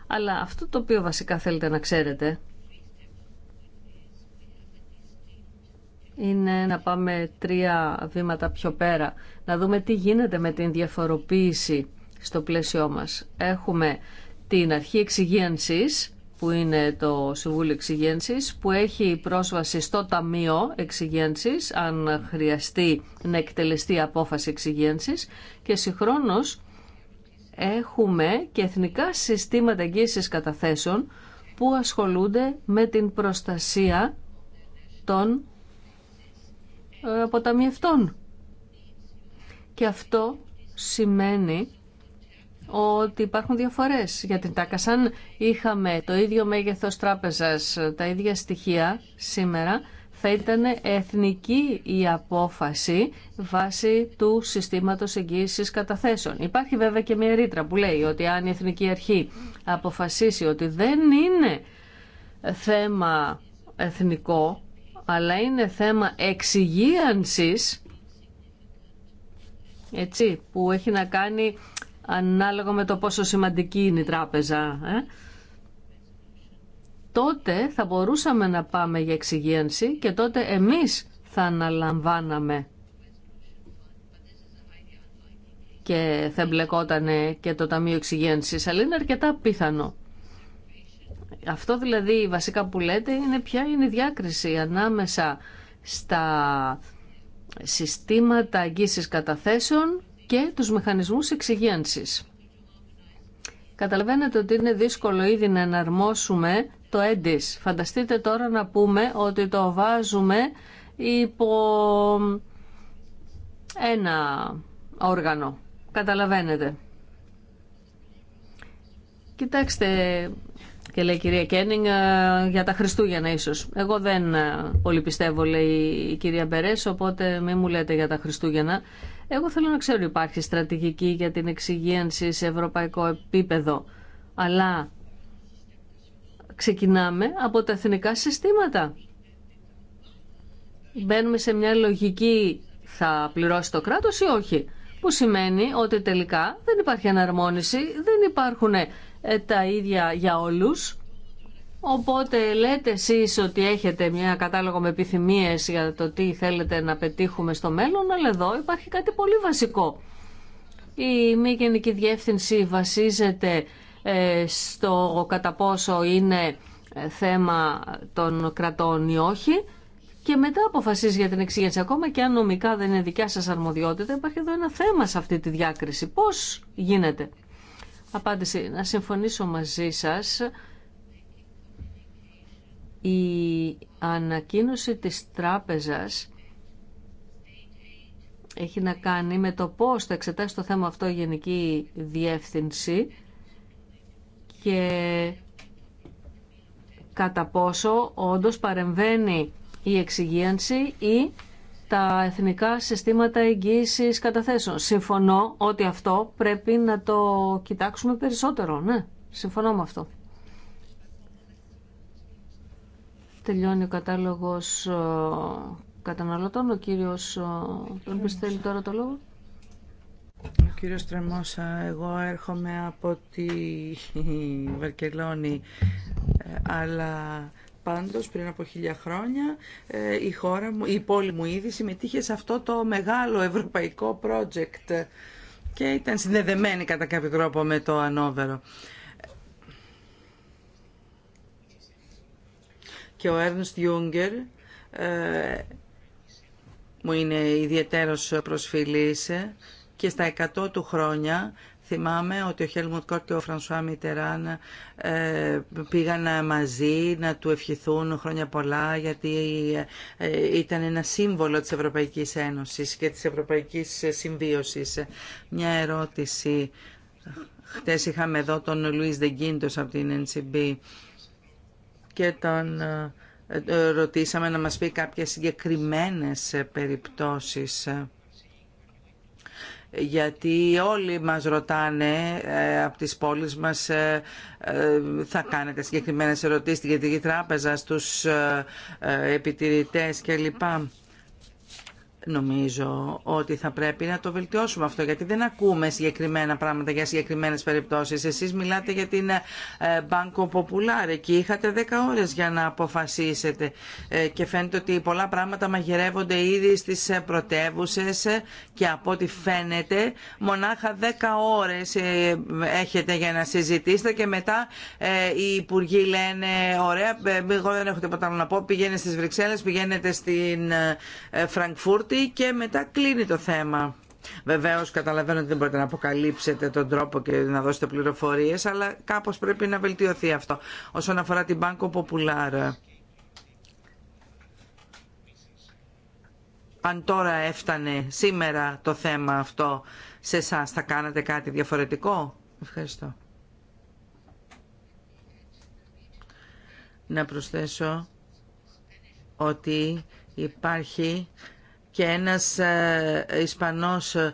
Αλλά αυτό το οποίο βασικά θέλετε να ξέρετε είναι να πάμε τρία βήματα πιο πέρα, να δούμε τι γίνεται με την διαφοροποίηση στο πλαίσιό μας. Έχουμε την αρχή εξυγίανσης, που είναι το Συμβούλιο Εξυγένση, που έχει πρόσβαση στο Ταμείο Εξυγένση, αν χρειαστεί να εκτελεστεί απόφαση εξυγένση. και συγχρόνως έχουμε και εθνικά συστήματα εγγύησης καταθέσεων που ασχολούνται με την προστασία των ε, αποταμιευτών. Και αυτό σημαίνει ότι υπάρχουν διαφορές. Για την τάκα, είχαμε το ίδιο μέγεθος τράπεζας, τα ίδια στοιχεία σήμερα, θα ήταν εθνική η απόφαση βάσει του συστήματος εγγύησης καταθέσεων. Υπάρχει βέβαια και μια ρήτρα που λέει ότι αν η Εθνική Αρχή αποφασίσει ότι δεν είναι θέμα εθνικό, αλλά είναι θέμα εξυγίανσης, έτσι, που έχει να κάνει ανάλογα με το πόσο σημαντική είναι η τράπεζα, ε. τότε θα μπορούσαμε να πάμε για εξυγίανση και τότε εμείς θα αναλαμβάναμε και θα εμπλεκόταν και το Ταμείο Εξυγένσης, αλλά είναι αρκετά πιθανό. Αυτό δηλαδή βασικά που λέτε είναι ποια είναι η διάκριση ανάμεσα στα συστήματα αγγίσης καταθέσεων και τους μηχανισμούς εξυγίανσης. Καταλαβαίνετε ότι είναι δύσκολο ήδη να εναρμόσουμε το έντις. Φανταστείτε τώρα να πούμε ότι το βάζουμε υπό ένα όργανο. Καταλαβαίνετε. Κοιτάξτε, και λέει η κυρία Κένινγκ, ε, για τα Χριστούγεννα ίσως. Εγώ δεν ε, πολύ πιστεύω, λέει η κυρία Μπερές, οπότε μην μου λέτε για τα Χριστούγεννα. Εγώ θέλω να ξέρω υπάρχει στρατηγική για την εξυγίανση σε ευρωπαϊκό επίπεδο, αλλά ξεκινάμε από τα εθνικά συστήματα. Μπαίνουμε σε μια λογική θα πληρώσει το κράτος ή όχι, που σημαίνει ότι τελικά δεν υπάρχει αναρμόνιση, δεν υπάρχουν ε, τα ίδια για όλους Οπότε λέτε εσείς ότι έχετε μια κατάλογο με επιθυμίες για το τι θέλετε να πετύχουμε στο μέλλον, αλλά εδώ υπάρχει κάτι πολύ βασικό. Η μη γενική διεύθυνση βασίζεται ε, στο κατά πόσο είναι ε, θέμα των κρατών ή όχι και μετά αποφασίζει για την εξήγηση ακόμα και αν νομικά δεν είναι δικιά σας αρμοδιότητα υπάρχει εδώ ένα θέμα σε αυτή τη διάκριση. Πώς γίνεται. Απάντηση. Να συμφωνήσω μαζί σας η ανακοίνωση της τράπεζας έχει να κάνει με το πώς θα εξετάσει το θέμα αυτό η Γενική Διεύθυνση και κατά πόσο όντως παρεμβαίνει η εξυγίανση ή τα εθνικά συστήματα εγγύησης καταθέσεων. Συμφωνώ ότι αυτό πρέπει να το κοιτάξουμε περισσότερο, ναι. Συμφωνώ με αυτό. τελειώνει ο κατάλογος ε, καταναλωτών. Ο κύριος ε, θέλει τώρα το λόγο. Ο κύριος Τρεμόσα, εγώ έρχομαι από τη Βαρκελόνη, ε, αλλά πάντως πριν από χίλια χρόνια η, χώρα μου, η πόλη μου ήδη συμμετείχε σε αυτό το μεγάλο ευρωπαϊκό project και ήταν συνδεδεμένη κατά κάποιο τρόπο με το ανώβερο. και ο Έρνστ Ιούγκερ μου είναι ιδιαίτερος προσφυλής ε, και στα 100 του χρόνια θυμάμαι ότι ο Χέλμουντ Κόρ και ο Φρανσουά Μιτεράν ε, πήγαν μαζί να του ευχηθούν χρόνια πολλά γιατί ε, ήταν ένα σύμβολο της Ευρωπαϊκής Ένωσης και της Ευρωπαϊκής Συμβίωσης. Μια ερώτηση. Χτες είχαμε εδώ τον Λουίς Δεγκίντος από την NCB και τον ε, ε, ρωτήσαμε να μας πει κάποιες συγκεκριμένες ε, περιπτώσεις γιατί όλοι μας ρωτάνε από τις πόλεις μας θα κάνετε συγκεκριμένες ερωτήσεις για τη τράπεζα, στους επιτηρητές κλπ νομίζω ότι θα πρέπει να το βελτιώσουμε αυτό, γιατί δεν ακούμε συγκεκριμένα πράγματα για συγκεκριμένες περιπτώσεις. Εσείς μιλάτε για την ε, Banco Popular εκεί είχατε 10 ώρες για να αποφασίσετε ε, και φαίνεται ότι πολλά πράγματα μαγειρεύονται ήδη στις πρωτεύουσε και από ό,τι φαίνεται μονάχα 10 ώρες ε, έχετε για να συζητήσετε και μετά οι υπουργοί λένε ωραία, εγώ δεν έχω τίποτα να πω, πηγαίνετε στις Βρυξέλλες, πηγαίνετε στην Φραγκφούρτη και μετά κλείνει το θέμα. Βεβαίω καταλαβαίνω ότι δεν μπορείτε να αποκαλύψετε τον τρόπο και να δώσετε πληροφορίε, αλλά κάπω πρέπει να βελτιωθεί αυτό. Όσον αφορά την Banco Popular, αν τώρα έφτανε σήμερα το θέμα αυτό σε εσά, θα κάνατε κάτι διαφορετικό. Ευχαριστώ. Να προσθέσω ότι υπάρχει και ένας ε, Ισπανός ε,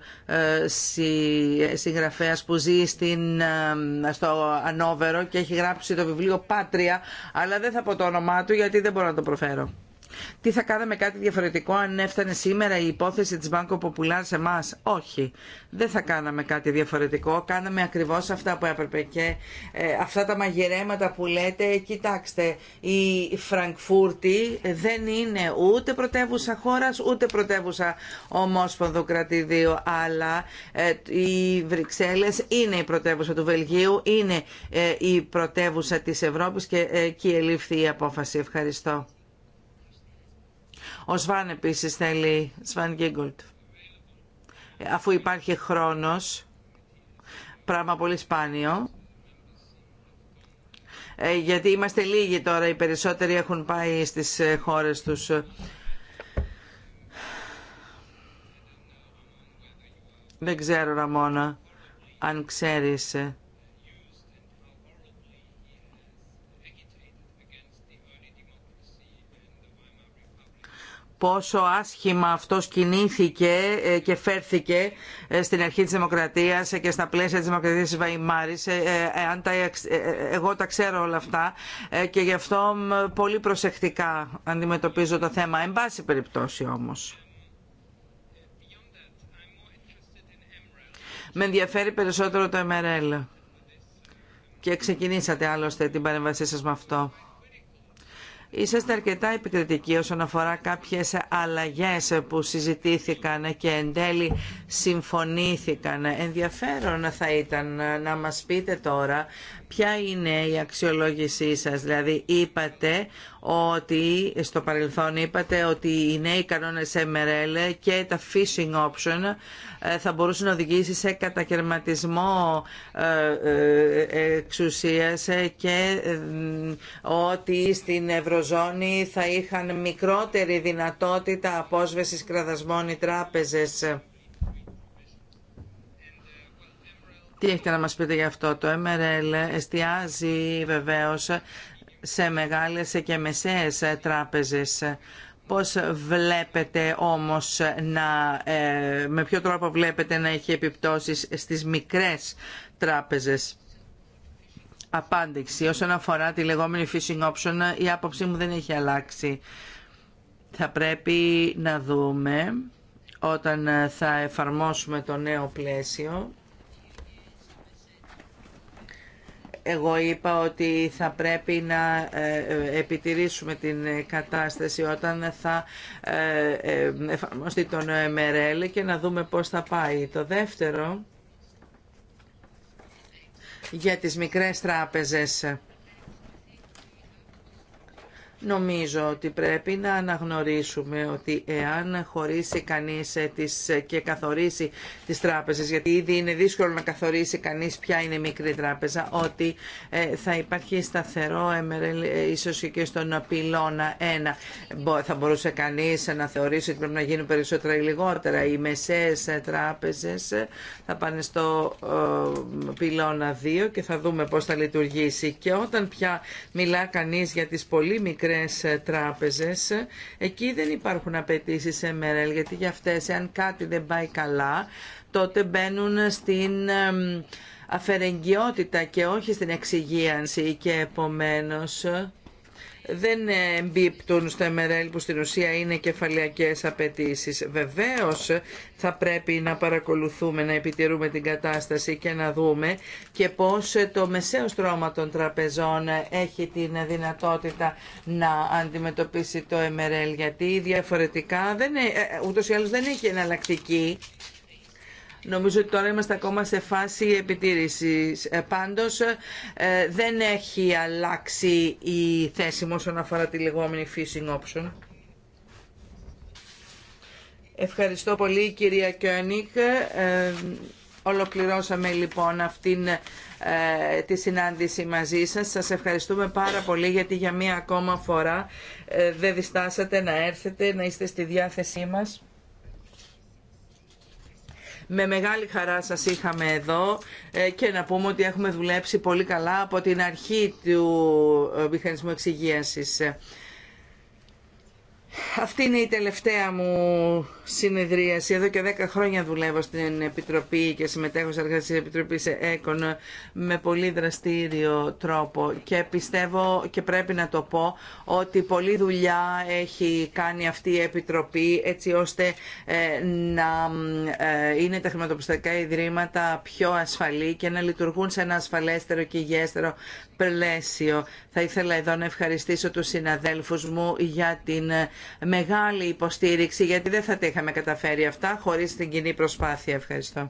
συγγραφέας που ζει στην, ε, στο Ανόβερο και έχει γράψει το βιβλίο «Πάτρια», αλλά δεν θα πω το όνομά του γιατί δεν μπορώ να το προφέρω. Τι θα κάναμε κάτι διαφορετικό αν έφτανε σήμερα η υπόθεση της Banco Popular σε εμά. Όχι, δεν θα κάναμε κάτι διαφορετικό. Κάναμε ακριβώς αυτά που έπρεπε και ε, αυτά τα μαγειρέματα που λέτε. Ε, κοιτάξτε, η Φραγκφούρτη δεν είναι ούτε πρωτεύουσα χώρας ούτε πρωτεύουσα ομόσπονδου κρατηδίου, αλλά ε, οι Βρυξέλλες είναι η πρωτεύουσα του Βελγίου, είναι ε, η πρωτεύουσα της Ευρώπης και εκεί ελήφθη η απόφαση. Ευχαριστώ. Ο Σβάν επίση θέλει, Σβάν ε, αφού υπάρχει χρόνος, πράγμα πολύ σπάνιο, ε, γιατί είμαστε λίγοι τώρα, οι περισσότεροι έχουν πάει στις ε, χώρες τους. Δεν ξέρω, Ραμόνα, αν ξέρεις πόσο άσχημα αυτό κινήθηκε ε, και φέρθηκε ε, στην αρχή της δημοκρατίας ε, και στα πλαίσια της δημοκρατίας της Βαϊμάρης. εγώ τα ξέρω όλα αυτά και γι' αυτό πολύ προσεκτικά αντιμετωπίζω το θέμα. Εν πάση περιπτώσει όμως. Με ενδιαφέρει περισσότερο το MRL. Και ξεκινήσατε άλλωστε την παρέμβασή σας με αυτό. Είσαστε αρκετά επικριτικοί όσον αφορά κάποιες αλλαγές που συζητήθηκαν και εν τέλει συμφωνήθηκαν. Ενδιαφέρον θα ήταν να μας πείτε τώρα Ποια είναι η αξιολόγησή σας, δηλαδή είπατε ότι στο παρελθόν είπατε ότι οι νέοι κανόνες MRL και τα phishing option ε, θα μπορούσαν να οδηγήσει σε κατακαιρματισμό ε, ε, εξουσίας και ότι στην Ευρωζώνη θα είχαν μικρότερη δυνατότητα απόσβεσης κραδασμών οι τράπεζες. Τι έχετε να μας πείτε για αυτό. Το MRL εστιάζει βεβαίως σε μεγάλες και μεσαίες τράπεζες. Πώς βλέπετε όμως να, ε, με ποιο τρόπο βλέπετε να έχει επιπτώσεις στις μικρές τράπεζες. Απάντηξη. Όσον αφορά τη λεγόμενη phishing option, η άποψή μου δεν έχει αλλάξει. Θα πρέπει να δούμε όταν θα εφαρμόσουμε το νέο πλαίσιο εγώ είπα ότι θα πρέπει να ε, ε, επιτηρήσουμε την κατάσταση όταν θα ε, εφαρμοστεί το MRL και να δούμε πώς θα πάει. Το δεύτερο για τις μικρές τράπεζες. Νομίζω ότι πρέπει να αναγνωρίσουμε ότι εάν χωρίσει κανείς ε, τις, ε, και καθορίσει τις τράπεζες, γιατί ήδη είναι δύσκολο να καθορίσει κανείς ποια είναι η μικρή τράπεζα, ότι ε, θα υπάρχει σταθερό MRL ίσως και στον πυλώνα 1. Θα μπορούσε κανείς να θεωρήσει ότι πρέπει να γίνουν περισσότερα ή λιγότερα. Οι μεσαίες τράπεζες θα πάνε στο πυλώνα 2 και θα δούμε πώς θα λειτουργήσει. Και όταν πια μιλά κανείς για τις πολύ μικρές μικρές ε, τράπεζες. Εκεί δεν υπάρχουν απαιτήσει MRL, γιατί για αυτές, αν κάτι δεν πάει καλά, τότε μπαίνουν στην αφαιρεγγιότητα και όχι στην εξυγίανση και επομένως δεν εμπίπτουν στο MRL που στην ουσία είναι κεφαλιακές απαιτήσεις. Βεβαίως θα πρέπει να παρακολουθούμε, να επιτηρούμε την κατάσταση και να δούμε και πώς το μεσαίο στρώμα των τραπεζών έχει την δυνατότητα να αντιμετωπίσει το MRL γιατί διαφορετικά δεν, ε, ε, ούτως ή άλλως δεν έχει εναλλακτική Νομίζω ότι τώρα είμαστε ακόμα σε φάση επιτήρησης. Ε, πάντως ε, δεν έχει αλλάξει η θέση μου όσον αφορά τη λεγόμενη fishing option. Ευχαριστώ πολύ κυρία Κιόνικ. Ε, ολοκληρώσαμε λοιπόν αυτήν τη συνάντηση μαζί σας. Σας ευχαριστούμε πάρα πολύ γιατί για μία ακόμα φορά δεν διστάσατε να έρθετε, να είστε στη διάθεσή μας. Με μεγάλη χαρά σας είχαμε εδώ ε, και να πούμε ότι έχουμε δουλέψει πολύ καλά από την αρχή του ε, μηχανισμού εξυγίασης. Αυτή είναι η τελευταία μου συνεδρίαση. Εδώ και 10 χρόνια δουλεύω στην Επιτροπή και συμμετέχω σε εργασία της Επιτροπής ΕΚΟΝ με πολύ δραστήριο τρόπο και πιστεύω και πρέπει να το πω ότι πολλή δουλειά έχει κάνει αυτή η Επιτροπή έτσι ώστε ε, να ε, είναι τα χρηματοπιστωτικά ιδρύματα πιο ασφαλή και να λειτουργούν σε ένα ασφαλέστερο και υγιέστερο πλαίσιο. Θα ήθελα εδώ να ευχαριστήσω τους συναδέλφους μου για την μεγάλη υποστήριξη γιατί δεν θα τα είχαμε καταφέρει αυτά χωρίς την κοινή προσπάθεια. Ευχαριστώ.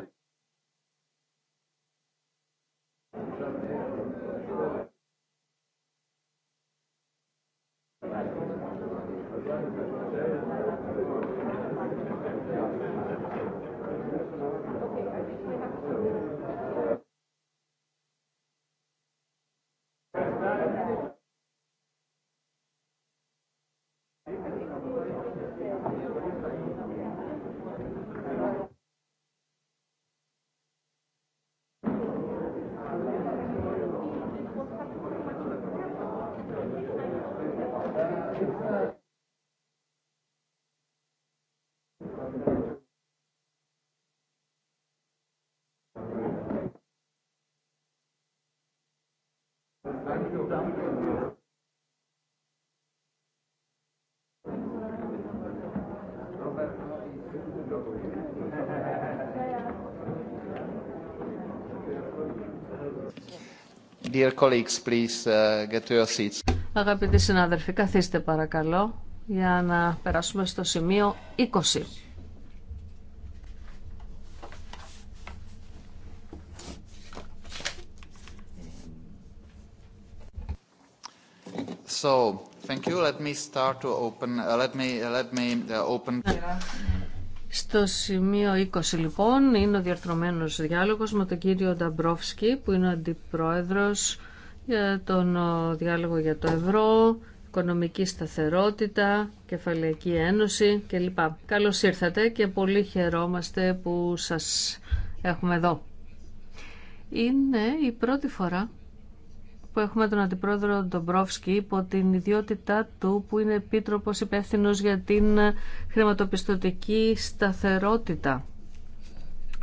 Uh, Αγαπητοί συνάδελφοι, καθίστε παρακαλώ για να περάσουμε στο σημείο 20. Στο σημείο 20 λοιπόν είναι ο διαρθρωμένος διάλογος με τον κύριο Νταμπρόφσκι που είναι ο αντιπρόεδρος για τον διάλογο για το ευρώ, οικονομική σταθερότητα, κεφαλαιακή ένωση κλπ. Καλώς ήρθατε και πολύ χαιρόμαστε που σας έχουμε εδώ. Είναι η πρώτη φορά που έχουμε τον Αντιπρόεδρο Ντομπρόφσκι υπό την ιδιότητά του που είναι επίτροπος υπεύθυνος για την χρηματοπιστωτική σταθερότητα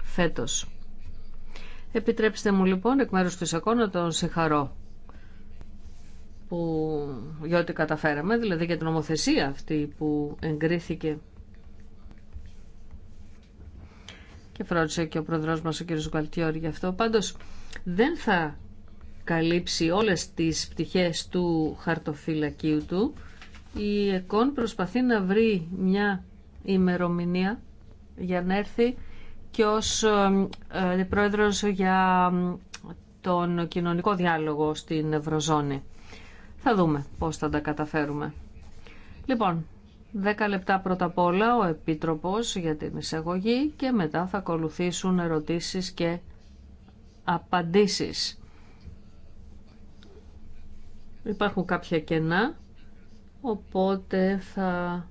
φέτος. Επιτρέψτε μου λοιπόν εκ μέρους του Ισακό να τον συγχαρώ που, για ό,τι καταφέραμε, δηλαδή για την νομοθεσία αυτή που εγκρίθηκε και φρόντισε και ο πρόεδρος μας ο κ. Γκαλτιόρη γι' αυτό. Πάντως δεν θα καλύψει όλες τις πτυχές του χαρτοφυλακίου του, η ΕΚΟΝ προσπαθεί να βρει μια ημερομηνία για να έρθει και ως ε, πρόεδρος για τον κοινωνικό διάλογο στην Ευρωζώνη. Θα δούμε πώς θα τα καταφέρουμε. Λοιπόν, 10 λεπτά πρώτα απ' όλα ο Επίτροπος για την εισαγωγή και μετά θα ακολουθήσουν ερωτήσεις και απαντήσεις. Υπάρχουν κάποια κενά, οπότε θα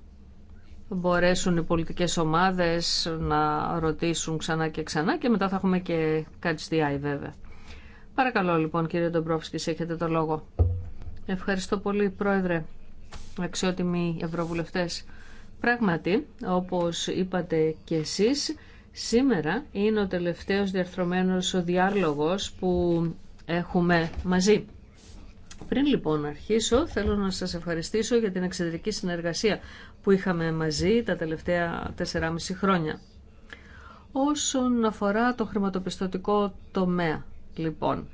μπορέσουν οι πολιτικές ομάδες να ρωτήσουν ξανά και ξανά και μετά θα έχουμε και κάτι βέβαια. Παρακαλώ λοιπόν κύριε Ντομπρόφσκης, έχετε το λόγο. Ευχαριστώ πολύ πρόεδρε, αξιότιμοι ευρωβουλευτές. Πράγματι, όπως είπατε και εσείς, σήμερα είναι ο τελευταίος διαρθρωμένος διάλογος που έχουμε μαζί. Πριν λοιπόν αρχίσω, θέλω να σας ευχαριστήσω για την εξαιρετική συνεργασία που είχαμε μαζί τα τελευταία 4,5 χρόνια. Όσον αφορά το χρηματοπιστωτικό τομέα, λοιπόν,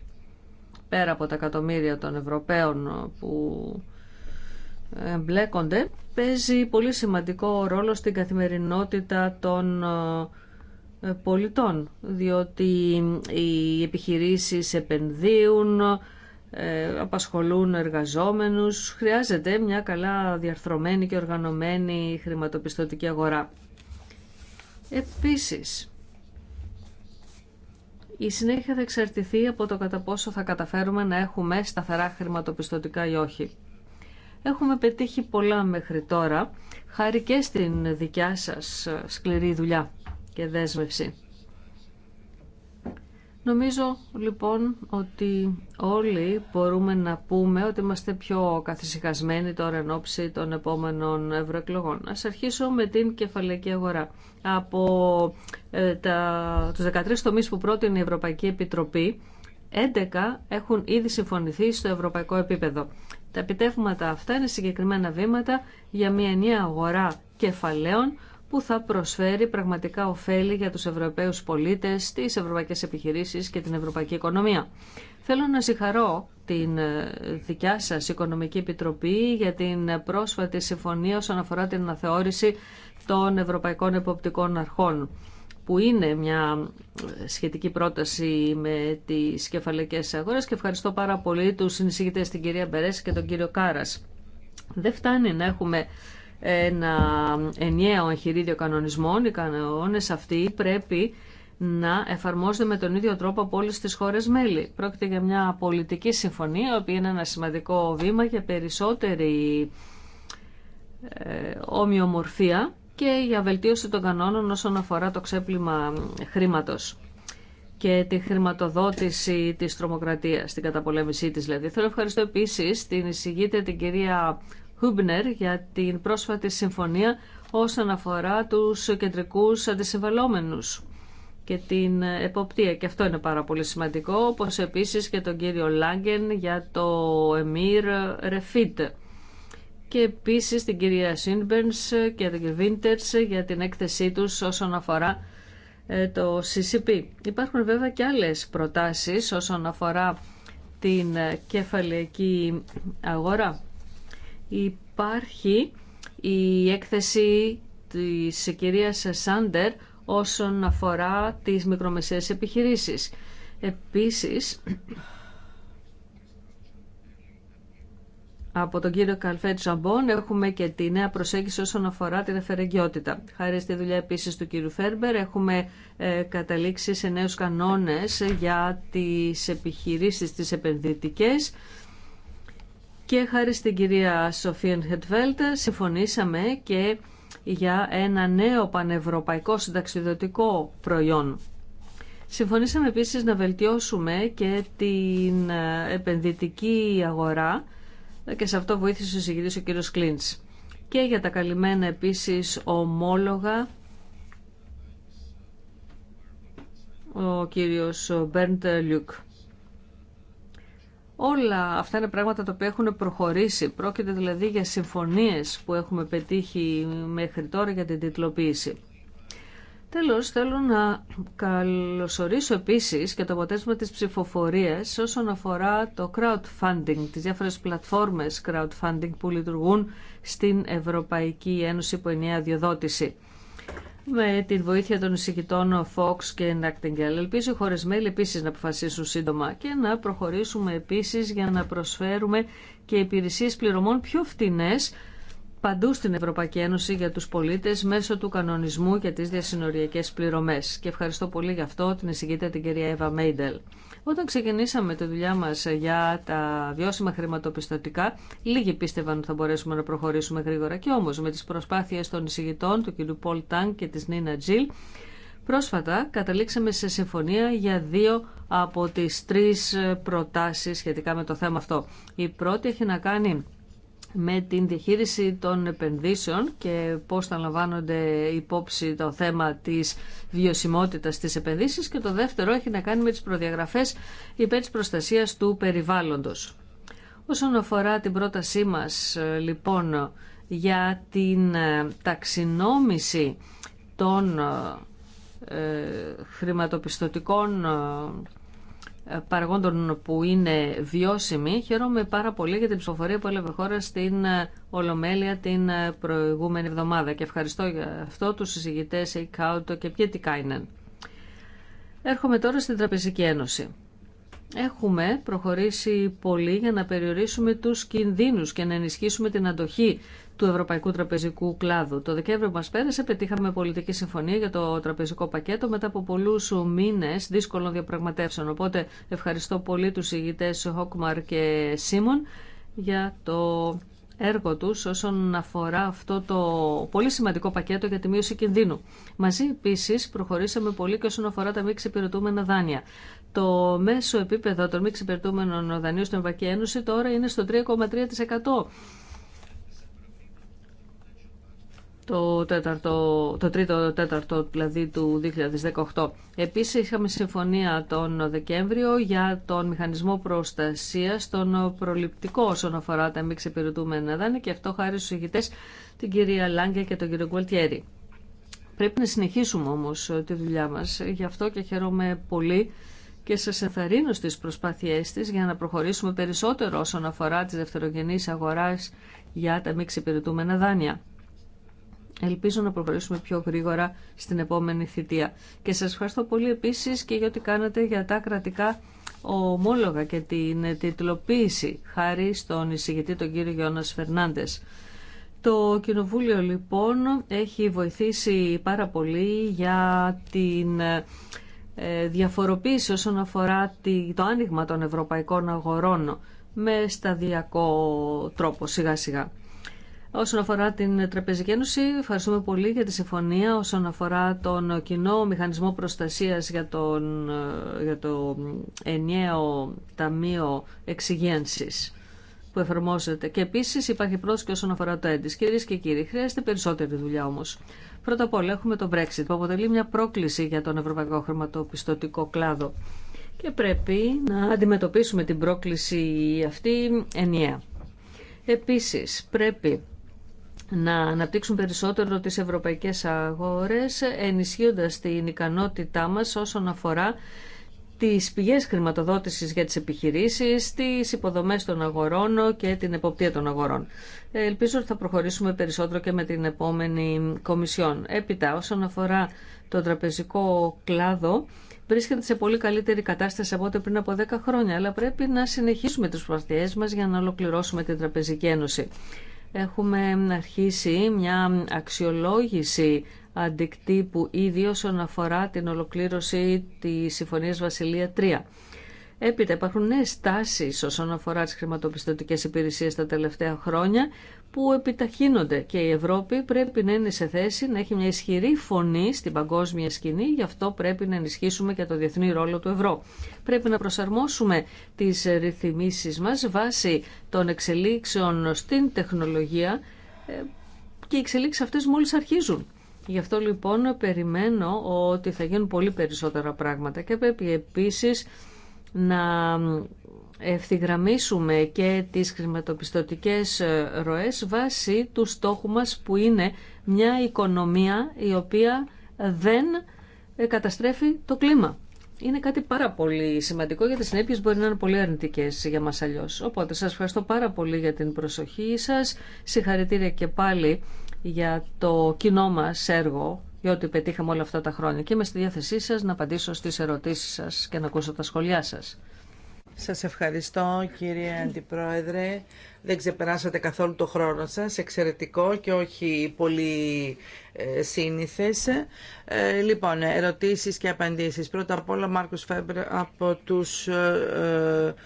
πέρα από τα εκατομμύρια των Ευρωπαίων που εμπλέκονται, παίζει πολύ σημαντικό ρόλο στην καθημερινότητα των ε, πολιτών, διότι οι επιχειρήσεις επενδύουν, ε, απασχολούν εργαζόμενους. Χρειάζεται μια καλά διαρθρωμένη και οργανωμένη χρηματοπιστωτική αγορά. Επίσης, η συνέχεια θα εξαρτηθεί από το κατά πόσο θα καταφέρουμε να έχουμε σταθερά χρηματοπιστωτικά ή όχι. Έχουμε πετύχει πολλά μέχρι τώρα, χάρη και στην δικιά σας σκληρή δουλειά και δέσμευση. Νομίζω λοιπόν ότι όλοι μπορούμε να πούμε ότι είμαστε πιο καθησυχασμένοι τώρα εν ώψη των επόμενων ευρωεκλογών. Ας αρχίσω με την κεφαλαϊκή αγορά. Από ε, τα, τους 13 τομείς που πρότεινε η Ευρωπαϊκή Επιτροπή, 11 έχουν ήδη συμφωνηθεί στο ευρωπαϊκό επίπεδο. Τα επιτεύγματα αυτά είναι συγκεκριμένα βήματα για μια νέα αγορά κεφαλαίων που θα προσφέρει πραγματικά ωφέλη για τους Ευρωπαίους πολίτες, τις ευρωπαϊκές επιχειρήσεις και την ευρωπαϊκή οικονομία. Θέλω να συγχαρώ την ε, δικιά σας Οικονομική Επιτροπή για την πρόσφατη συμφωνία όσον αφορά την αναθεώρηση των Ευρωπαϊκών Εποπτικών Αρχών που είναι μια ε, σχετική πρόταση με τις κεφαλαικές αγορές και ευχαριστώ πάρα πολύ τους συνεισηγητές την κυρία Μπερέση και τον κύριο Κάρας. Δεν φτάνει να έχουμε ένα ενιαίο εγχειρίδιο κανονισμών. Οι κανόνες αυτοί πρέπει να εφαρμόζονται με τον ίδιο τρόπο από όλες τις χώρες μέλη. Πρόκειται για μια πολιτική συμφωνία, η οποία είναι ένα σημαντικό βήμα για περισσότερη ε, ομοιομορφία και για βελτίωση των κανόνων όσον αφορά το ξέπλυμα χρήματος και τη χρηματοδότηση της τρομοκρατίας, την καταπολέμησή της δηλαδή. Θέλω ευχαριστώ επίσης την εισηγήτρια την κυρία Χούμπνερ για την πρόσφατη συμφωνία όσον αφορά τους κεντρικούς αντισυμβαλόμενους και την εποπτεία. Και αυτό είναι πάρα πολύ σημαντικό, όπως επίσης και τον κύριο Λάγκεν για το Εμμύρ Ρεφίτ. Και επίσης την κυρία Σίνμπερνς και τον κύριο Βίντερς για την έκθεσή τους όσον αφορά ε, το CCP. Υπάρχουν βέβαια και άλλες προτάσεις όσον αφορά την ε, κεφαλαϊκή αγορά. Υπάρχει η έκθεση της κυρίας Σάντερ όσον αφορά τις μικρομεσαίες επιχειρήσεις. Επίσης, από τον κύριο Καλφέτ Σαμπόν έχουμε και τη νέα προσέγγιση όσον αφορά την αφαιρεγγιότητα. Χάρη στη δουλειά επίσης του κύριου Φέρμπερ έχουμε ε, καταλήξει σε νέους κανόνες για τις επιχειρήσεις τις επενδυτικές και χάρη στην κυρία Σοφία Χετβέλτ συμφωνήσαμε και για ένα νέο πανευρωπαϊκό συνταξιδοτικό προϊόν. Συμφωνήσαμε επίσης να βελτιώσουμε και την ε, επενδυτική αγορά και σε αυτό βοήθησε ο συγκεκριτής ο κύριος Κλίντς. Και για τα καλυμμένα επίσης ομόλογα ο κύριος Μπέρντ Λιουκ. Όλα αυτά είναι πράγματα τα οποία έχουν προχωρήσει. Πρόκειται δηλαδή για συμφωνίες που έχουμε πετύχει μέχρι τώρα για την τιτλοποίηση. Τέλος, θέλω να καλωσορίσω επίσης και το αποτέλεσμα της ψηφοφορίας όσον αφορά το crowdfunding, τις διάφορες πλατφόρμες crowdfunding που λειτουργούν στην Ευρωπαϊκή Ένωση που ενιαία διοδότηση με την βοήθεια των εισηγητών Fox και Νακτιγκέλ. Ελπίζω οι χώρες μέλη επίσης να αποφασίσουν σύντομα και να προχωρήσουμε επίσης για να προσφέρουμε και υπηρεσίες πληρωμών πιο φτηνές παντού στην Ευρωπαϊκή Ένωση για τους πολίτες μέσω του κανονισμού για τις διασυνοριακές πληρωμές. Και ευχαριστώ πολύ γι' αυτό την εισηγήτρια την κυρία Εύα Μέιντελ. Όταν ξεκινήσαμε τη δουλειά μας για τα βιώσιμα χρηματοπιστωτικά, λίγοι πίστευαν ότι θα μπορέσουμε να προχωρήσουμε γρήγορα και όμως με τις προσπάθειες των εισηγητών, του κ. Πολ Τάν και της Νίνα Τζιλ, Πρόσφατα καταλήξαμε σε συμφωνία για δύο από τις τρεις προτάσεις σχετικά με το θέμα αυτό. Η πρώτη έχει να κάνει με την διαχείριση των επενδύσεων και πώς θα λαμβάνονται υπόψη το θέμα της βιωσιμότητας της επενδύσεις και το δεύτερο έχει να κάνει με τις προδιαγραφές υπέρ της προστασίας του περιβάλλοντος. Όσον αφορά την πρότασή μας λοιπόν για την ε, ταξινόμηση των ε, ε, χρηματοπιστωτικών παραγόντων που είναι βιώσιμοι. Χαίρομαι πάρα πολύ για την ψηφοφορία που έλαβε χώρα στην ε, Ολομέλεια την ε, προηγούμενη εβδομάδα και ευχαριστώ για αυτό τους συζητητές ΕΚΑΟΤΟ και τι Κάινεν. Έρχομαι τώρα στην Τραπεζική Ένωση. Έχουμε προχωρήσει πολύ για να περιορίσουμε τους κινδύνους και να ενισχύσουμε την αντοχή του Ευρωπαϊκού Τραπεζικού Κλάδου. Το Δεκέμβριο που μας πέρασε πετύχαμε πολιτική συμφωνία για το τραπεζικό πακέτο μετά από πολλού μήνε δύσκολων διαπραγματεύσεων. Οπότε ευχαριστώ πολύ του ηγητέ Χόκμαρ και Σίμων για το έργο τους όσον αφορά αυτό το πολύ σημαντικό πακέτο για τη μείωση κινδύνου. Μαζί επίσης προχωρήσαμε πολύ και όσον αφορά τα μη ξεπηρετούμενα δάνεια. Το μέσο επίπεδο των μη ξεπηρετούμενων δανείων στην Ευρωπαϊκή Ένωση τώρα είναι στο 3,3% το, τέταρτο, το τρίτο τέταρτο δηλαδή του 2018. Επίσης είχαμε συμφωνία τον Δεκέμβριο για τον μηχανισμό προστασίας των προληπτικό όσον αφορά τα μη ξεπηρετούμενα δάνεια και αυτό χάρη στους ηγητές την κυρία Λάγκια και τον κύριο Γκουαλτιέρη. Πρέπει να συνεχίσουμε όμως ε, τη δουλειά μας, γι' αυτό και χαίρομαι πολύ και σας ενθαρρύνω στις προσπάθειές της για να προχωρήσουμε περισσότερο όσον αφορά τις δευτερογενείς αγοράς για τα μη ξεπηρετούμενα δάνεια. Ελπίζω να προχωρήσουμε πιο γρήγορα στην επόμενη θητεία. Και σας ευχαριστώ πολύ επίσης και για ό,τι κάνατε για τα κρατικά ομόλογα και την τιτλοποίηση χάρη στον εισηγητή τον κύριο Γιώνας Φερνάντες. Το Κοινοβούλιο λοιπόν έχει βοηθήσει πάρα πολύ για την ε, διαφοροποίηση όσον αφορά το άνοιγμα των ευρωπαϊκών αγορών με σταδιακό τρόπο σιγά σιγά. Όσον αφορά την Τραπεζική Ένωση, ευχαριστούμε πολύ για τη συμφωνία. Όσον αφορά τον κοινό μηχανισμό προστασίας για, για το ενιαίο Ταμείο Εξυγένσης που εφαρμόζεται. Και επίση υπάρχει πρόσκληση όσον αφορά το έντυπο. Κυρίε και κύριοι, χρειάζεται περισσότερη δουλειά όμω. Πρώτα απ' όλα έχουμε το Brexit που αποτελεί μια πρόκληση για τον ευρωπαϊκό χρηματοπιστωτικό κλάδο. Και πρέπει να αντιμετωπίσουμε την πρόκληση αυτή ενιαία. Επίσης, πρέπει να αναπτύξουν περισσότερο τις ευρωπαϊκές αγορές, ενισχύοντας την ικανότητά μας όσον αφορά τις πηγές χρηματοδότησης για τις επιχειρήσεις, τις υποδομές των αγορών και την εποπτεία των αγορών. Ελπίζω ότι θα προχωρήσουμε περισσότερο και με την επόμενη Κομισιόν. Έπειτα, όσον αφορά το τραπεζικό κλάδο, βρίσκεται σε πολύ καλύτερη κατάσταση από ό,τι πριν από 10 χρόνια, αλλά πρέπει να συνεχίσουμε τις προσπαθειές μας για να ολοκληρώσουμε την Τραπεζική Ένωση έχουμε αρχίσει μια αξιολόγηση αντικτύπου ήδη όσον αφορά την ολοκλήρωση της Συμφωνίας Βασιλεία 3. Έπειτα υπάρχουν νέες τάσεις όσον αφορά τις χρηματοπιστωτικές υπηρεσίες τα τελευταία χρόνια που επιταχύνονται και η Ευρώπη πρέπει να είναι σε θέση να έχει μια ισχυρή φωνή στην παγκόσμια σκηνή, γι' αυτό πρέπει να ενισχύσουμε και το διεθνή ρόλο του ευρώ. Πρέπει να προσαρμόσουμε τις ρυθμίσεις μας βάσει των εξελίξεων στην τεχνολογία ε, και οι εξελίξεις αυτές μόλις αρχίζουν. Γι' αυτό λοιπόν περιμένω ότι θα γίνουν πολύ περισσότερα πράγματα και πρέπει επίσης να ευθυγραμμίσουμε και τις χρηματοπιστωτικές ροές βάσει του στόχου μας που είναι μια οικονομία η οποία δεν καταστρέφει το κλίμα. Είναι κάτι πάρα πολύ σημαντικό γιατί οι συνέπειες μπορεί να είναι πολύ αρνητικές για μας αλλιώς. Οπότε σας ευχαριστώ πάρα πολύ για την προσοχή σας. Συγχαρητήρια και πάλι για το κοινό μας έργο για ό,τι πετύχαμε όλα αυτά τα χρόνια και είμαι στη διάθεσή σας να απαντήσω στις ερωτήσεις σας και να ακούσω τα σχολιά σας. Σας ευχαριστώ κύριε Αντιπρόεδρε. Δεν ξεπεράσατε καθόλου το χρόνο σας. Εξαιρετικό και όχι πολύ ε, σύνηθες. Ε, λοιπόν, ερωτήσεις και απαντήσεις. Πρώτα απ' όλα, Μάρκος Φέμπρε από, τους, ε, ε,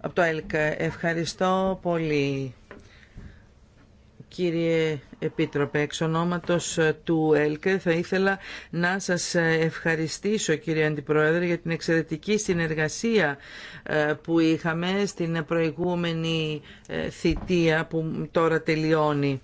από το ΕΛΚ. Ευχαριστώ πολύ. Κύριε Επίτροπε, εξ ονόματος ε, του ΕΛΚΕ θα ήθελα να σας ε, ευχαριστήσω κύριε Αντιπρόεδρε για την εξαιρετική συνεργασία ε, που είχαμε στην προηγούμενη θητεία που τώρα τελειώνει.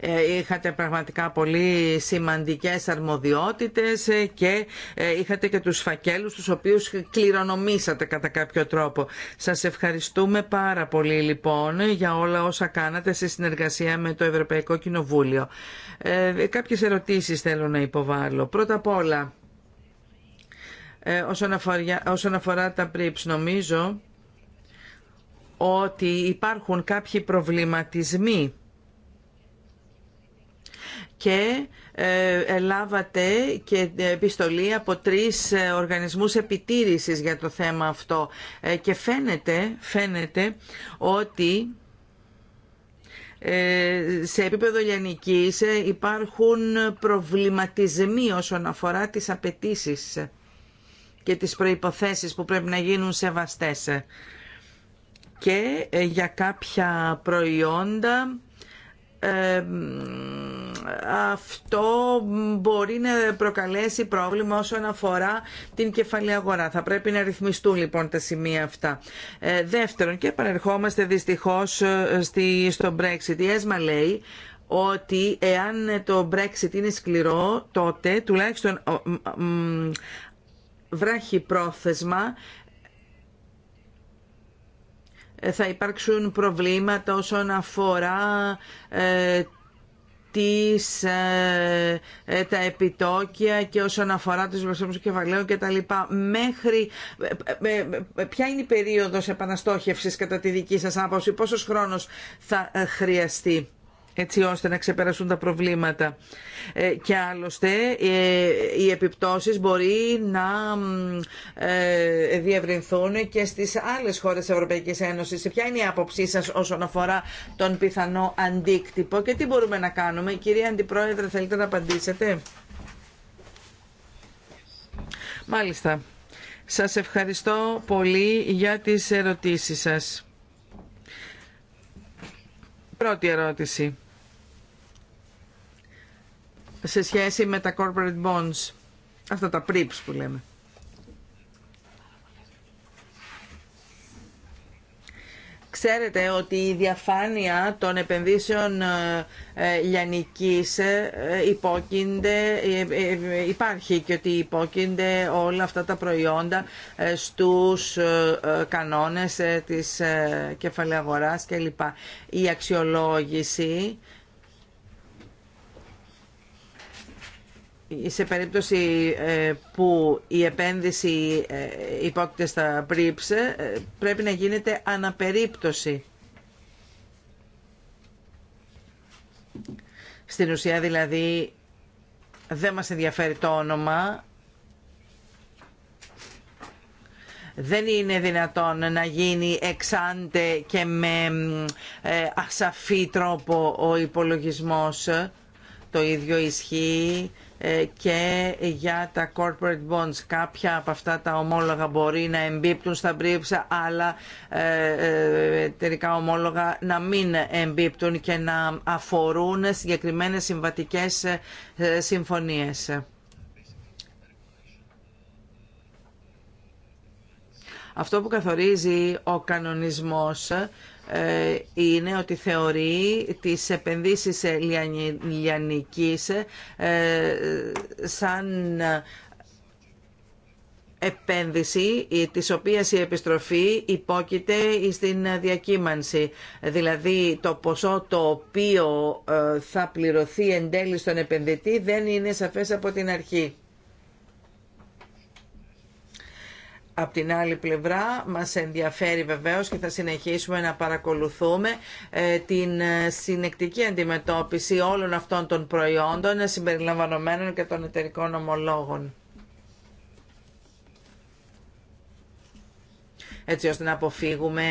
Ε, είχατε πραγματικά πολύ σημαντικές αρμοδιότητες ε, και ε, είχατε και τους φακέλους τους οποίους κληρονομήσατε κατά κάποιο τρόπο. Σας ευχαριστούμε πάρα πολύ λοιπόν για όλα όσα κάνατε σε συνεργασία με το Ευρωπαϊκό Κοινοβούλιο. Ε, κάποιες ερωτήσεις θέλω να υποβάλω. Πρώτα απ' όλα, ε, όσον, αφορά, όσον αφορά τα πρίψ, νομίζω ότι υπάρχουν κάποιοι προβληματισμοί και ε, λάβατε και ε, επιστολή από τρεις ε, οργανισμούς επιτήρησης για το θέμα αυτό και φαίνεται, φαίνεται ότι σε επίπεδο λιανικής υπάρχουν προβληματισμοί όσον αφορά τις απαιτήσει και τις προϋποθέσεις που πρέπει να γίνουν σεβαστές και για κάποια προϊόντα αυτό μπορεί να προκαλέσει πρόβλημα όσον αφορά την κεφαλή αγορά. Θα πρέπει να ρυθμιστούν λοιπόν τα σημεία αυτά. Ε, δεύτερον, και επανερχόμαστε δυστυχώς ε, στη, στο Brexit. Η ΕΣΜΑ λέει ότι εάν το Brexit είναι σκληρό, τότε τουλάχιστον βράχει πρόθεσμα ε, θα υπάρξουν προβλήματα όσον αφορά ε, τις, ε, τα επιτόκια και όσον αφορά τους βασίλους κεφαλαίου και τα λοιπά. Μέχρι, ποια είναι η περίοδος επαναστόχευσης κατά τη δική σας άποψη, πόσος χρόνος θα χρειαστεί έτσι ώστε να ξεπερασούν τα προβλήματα. Ε, και άλλωστε ε, οι επιπτώσεις μπορεί να ε, διευρυνθούν και στις άλλες χώρες της Ευρωπαϊκής Ένωσης. Ποια είναι η άποψή σας όσον αφορά τον πιθανό αντίκτυπο και τι μπορούμε να κάνουμε. Κυρία Αντιπρόεδρε, θέλετε να απαντήσετε. Μάλιστα. Σας ευχαριστώ πολύ για τις ερωτήσεις σας. Πρώτη ερώτηση σε σχέση με τα corporate bonds, αυτά τα PRIPS που λέμε. Ξέρετε ότι η διαφάνεια των επενδύσεων ε, ε, λιανικής ε, υπάρχει και ότι υπόκεινται όλα αυτά τα προϊόντα στους κανόνες της κεφαλαίου αγοράς κλπ. Η αξιολόγηση σε περίπτωση ε, που η επένδυση ε, υπόκειται στα πρίψ, ε, πρέπει να γίνεται αναπερίπτωση. Στην ουσία δηλαδή δεν μας ενδιαφέρει το όνομα, δεν είναι δυνατόν να γίνει εξάντε και με ασαφή τρόπο ο υπολογισμός το ίδιο ισχύει ε, και για τα corporate bonds. Κάποια από αυτά τα ομόλογα μπορεί να εμπίπτουν στα μπρίψα, αλλά εταιρικά ε, ομόλογα να μην εμπίπτουν και να αφορούν συγκεκριμένες συμβατικές ε, συμφωνίες. Αυτό που καθορίζει ο κανονισμός ε, είναι ότι θεωρεί τις επενδύσεις λιανικής ε, σαν επένδυση της οποίας η επιστροφή υπόκειται στην διακύμανση. Δηλαδή το ποσό το οποίο ε, θα πληρωθεί εν τέλει στον επενδυτή δεν είναι σαφές από την αρχή. Απ' την άλλη πλευρά μας ενδιαφέρει βεβαίως και θα συνεχίσουμε να παρακολουθούμε ε, την ε, συνεκτική αντιμετώπιση όλων αυτών των προϊόντων συμπεριλαμβανομένων και των εταιρικών ομολόγων. έτσι ώστε να αποφύγουμε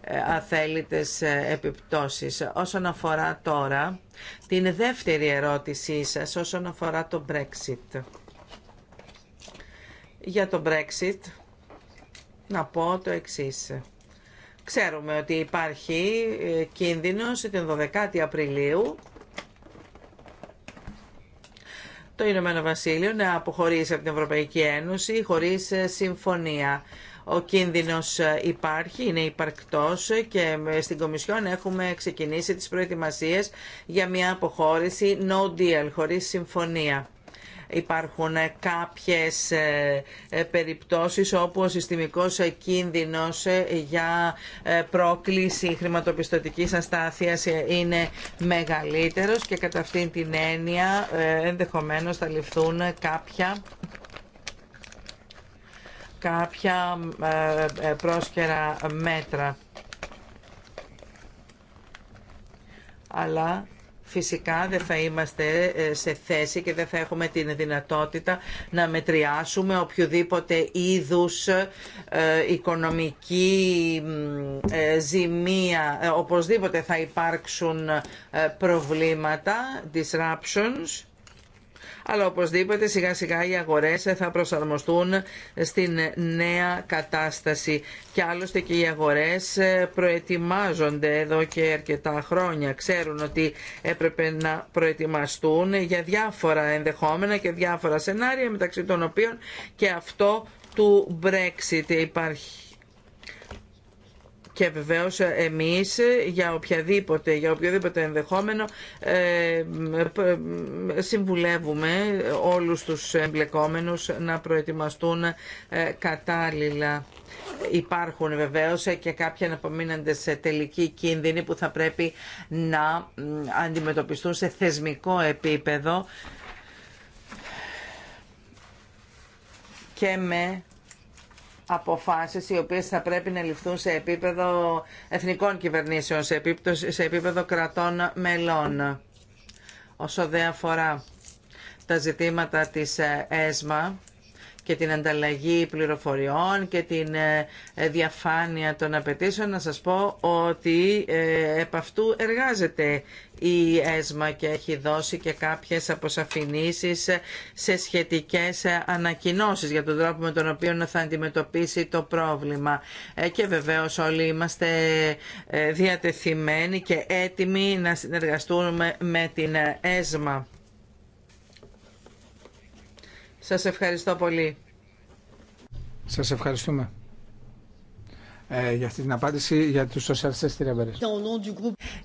ε, αθέλητες επιπτώσεις. Όσον αφορά τώρα την δεύτερη ερώτησή σας, όσον αφορά το Brexit. Για το Brexit, να πω το εξής. Ξέρουμε ότι υπάρχει ε, κίνδυνος την 12η Απριλίου το Ηνωμένο Βασίλειο να αποχωρήσει από την Ευρωπαϊκή Ένωση χωρίς ε, συμφωνία. Ο κίνδυνος ε, υπάρχει, είναι υπαρκτός και στην Κομισιόν έχουμε ξεκινήσει τις προετοιμασίες για μια αποχώρηση no deal, χωρίς συμφωνία υπάρχουν κάποιες ε, ε, περιπτώσεις όπου ο συστημικός κίνδυνος ε, για πρόκληση χρηματοπιστωτικής αστάθειας είναι μεγαλύτερος και κατά αυτήν την έννοια ενδεχομένως θα ληφθούν κάποια κάποια πρόσκαιρα μέτρα. Αλλά φυσικά δεν θα είμαστε ε, σε θέση και δεν θα έχουμε την δυνατότητα να μετριάσουμε οποιοδήποτε είδους ε, οικονομική ε, ζημία. Οπωσδήποτε θα υπάρξουν προβλήματα, disruptions αλλά οπωσδήποτε σιγά σιγά οι αγορές θα προσαρμοστούν στην νέα κατάσταση και άλλωστε και οι αγορές προετοιμάζονται εδώ και αρκετά χρόνια ξέρουν ότι έπρεπε να προετοιμαστούν για διάφορα ενδεχόμενα και διάφορα σενάρια μεταξύ των οποίων και αυτό του Brexit υπάρχει και βεβαίως ε, εμείς για, οποιαδήποτε, για οποιοδήποτε ενδεχόμενο ε, συμβουλεύουμε όλους τους εμπλεκόμενους να προετοιμαστούν ε, κατάλληλα. Υπάρχουν βεβαίως και κάποια σε τελική κινδύνη που θα πρέπει να αντιμετωπιστούν σε θεσμικό επίπεδο και με αποφάσεις οι οποίες θα πρέπει να ληφθούν σε επίπεδο εθνικών κυβερνήσεων, σε επίπεδο, σε επίπεδο κρατών μελών. Όσο δε αφορά τα ζητήματα της ε, ΕΣΜΑ, και την ανταλλαγή πληροφοριών και την ε, ε, διαφάνεια των απαιτήσεων να σας πω ότι ε, επ' αυτού εργάζεται η ΕΣΜΑ και έχει δώσει και κάποιες αποσαφηνήσεις σε σχετικές ανακοινώσεις για τον τρόπο με τον οποίο θα αντιμετωπίσει το πρόβλημα. Και βεβαίως όλοι είμαστε διατεθειμένοι και έτοιμοι να συνεργαστούμε με την ΕΣΜΑ. Σας ευχαριστώ πολύ. Σας ευχαριστούμε. Ε, για αυτή την απάντηση για τους σοσιαλιστές τη Μπερές.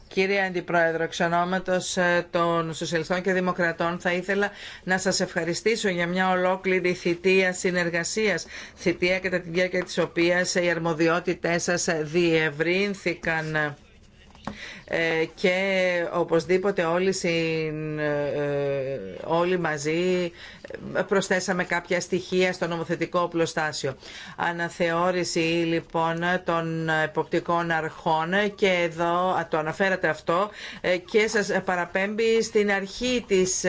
Κύριε Αντιπρόεδρο, εξ ονόματος ε, των Σοσιαλιστών και Δημοκρατών θα ήθελα να σας ευχαριστήσω για μια ολόκληρη θητεία συνεργασίας, θητεία κατά τη διάρκεια της οποίας οι αρμοδιότητές σας διευρύνθηκαν ε, και οπωσδήποτε όλοι, συν, ε, όλοι μαζί προσθέσαμε κάποια στοιχεία στο νομοθετικό οπλοστάσιο. Αναθεώρηση λοιπόν των εποπτικών αρχών και εδώ το αναφέρατε αυτό ε, και σας παραπέμπει στην αρχή της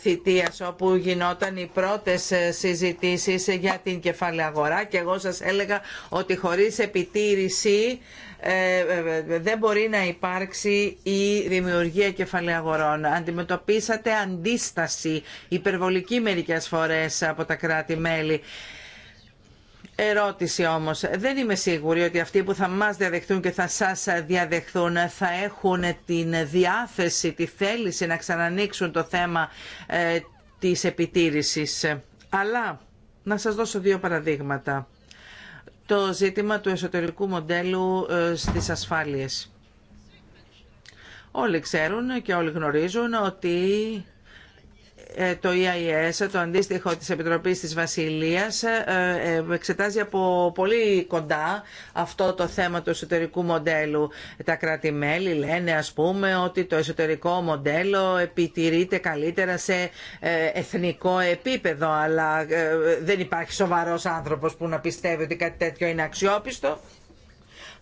θητείας όπου γινόταν οι πρώτες συζητήσεις για την κεφάλαια αγορά και εγώ σας έλεγα ότι χωρίς επιτήρηση ε, ε, δεν μπορεί να υπάρξει η δημιουργία κεφαλαίου αγορών. Αντιμετωπίσατε αντίσταση υπερβολική μερικές φορές από τα κράτη-μέλη. Ερώτηση όμως. Δεν είμαι σίγουρη ότι αυτοί που θα μας διαδεχθούν και θα σας διαδεχθούν θα έχουν την διάθεση, τη θέληση να ξανανοίξουν το θέμα ε, της επιτήρησης. Αλλά να σας δώσω δύο παραδείγματα το ζήτημα του εσωτερικού μοντέλου ε, στις ασφάλειες. Όλοι ξέρουν και όλοι γνωρίζουν ότι ε, το EIS, το αντίστοιχο της Επιτροπής της Βασιλείας, ε, ε, εξετάζει από πολύ κοντά αυτό το θέμα του εσωτερικού μοντέλου. Τα κράτη-μέλη λένε, ας πούμε, ότι το εσωτερικό μοντέλο επιτηρείται καλύτερα σε εθνικό επίπεδο, αλλά δεν υπάρχει σοβαρός άνθρωπος που να πιστεύει ότι κάτι τέτοιο είναι αξιόπιστο.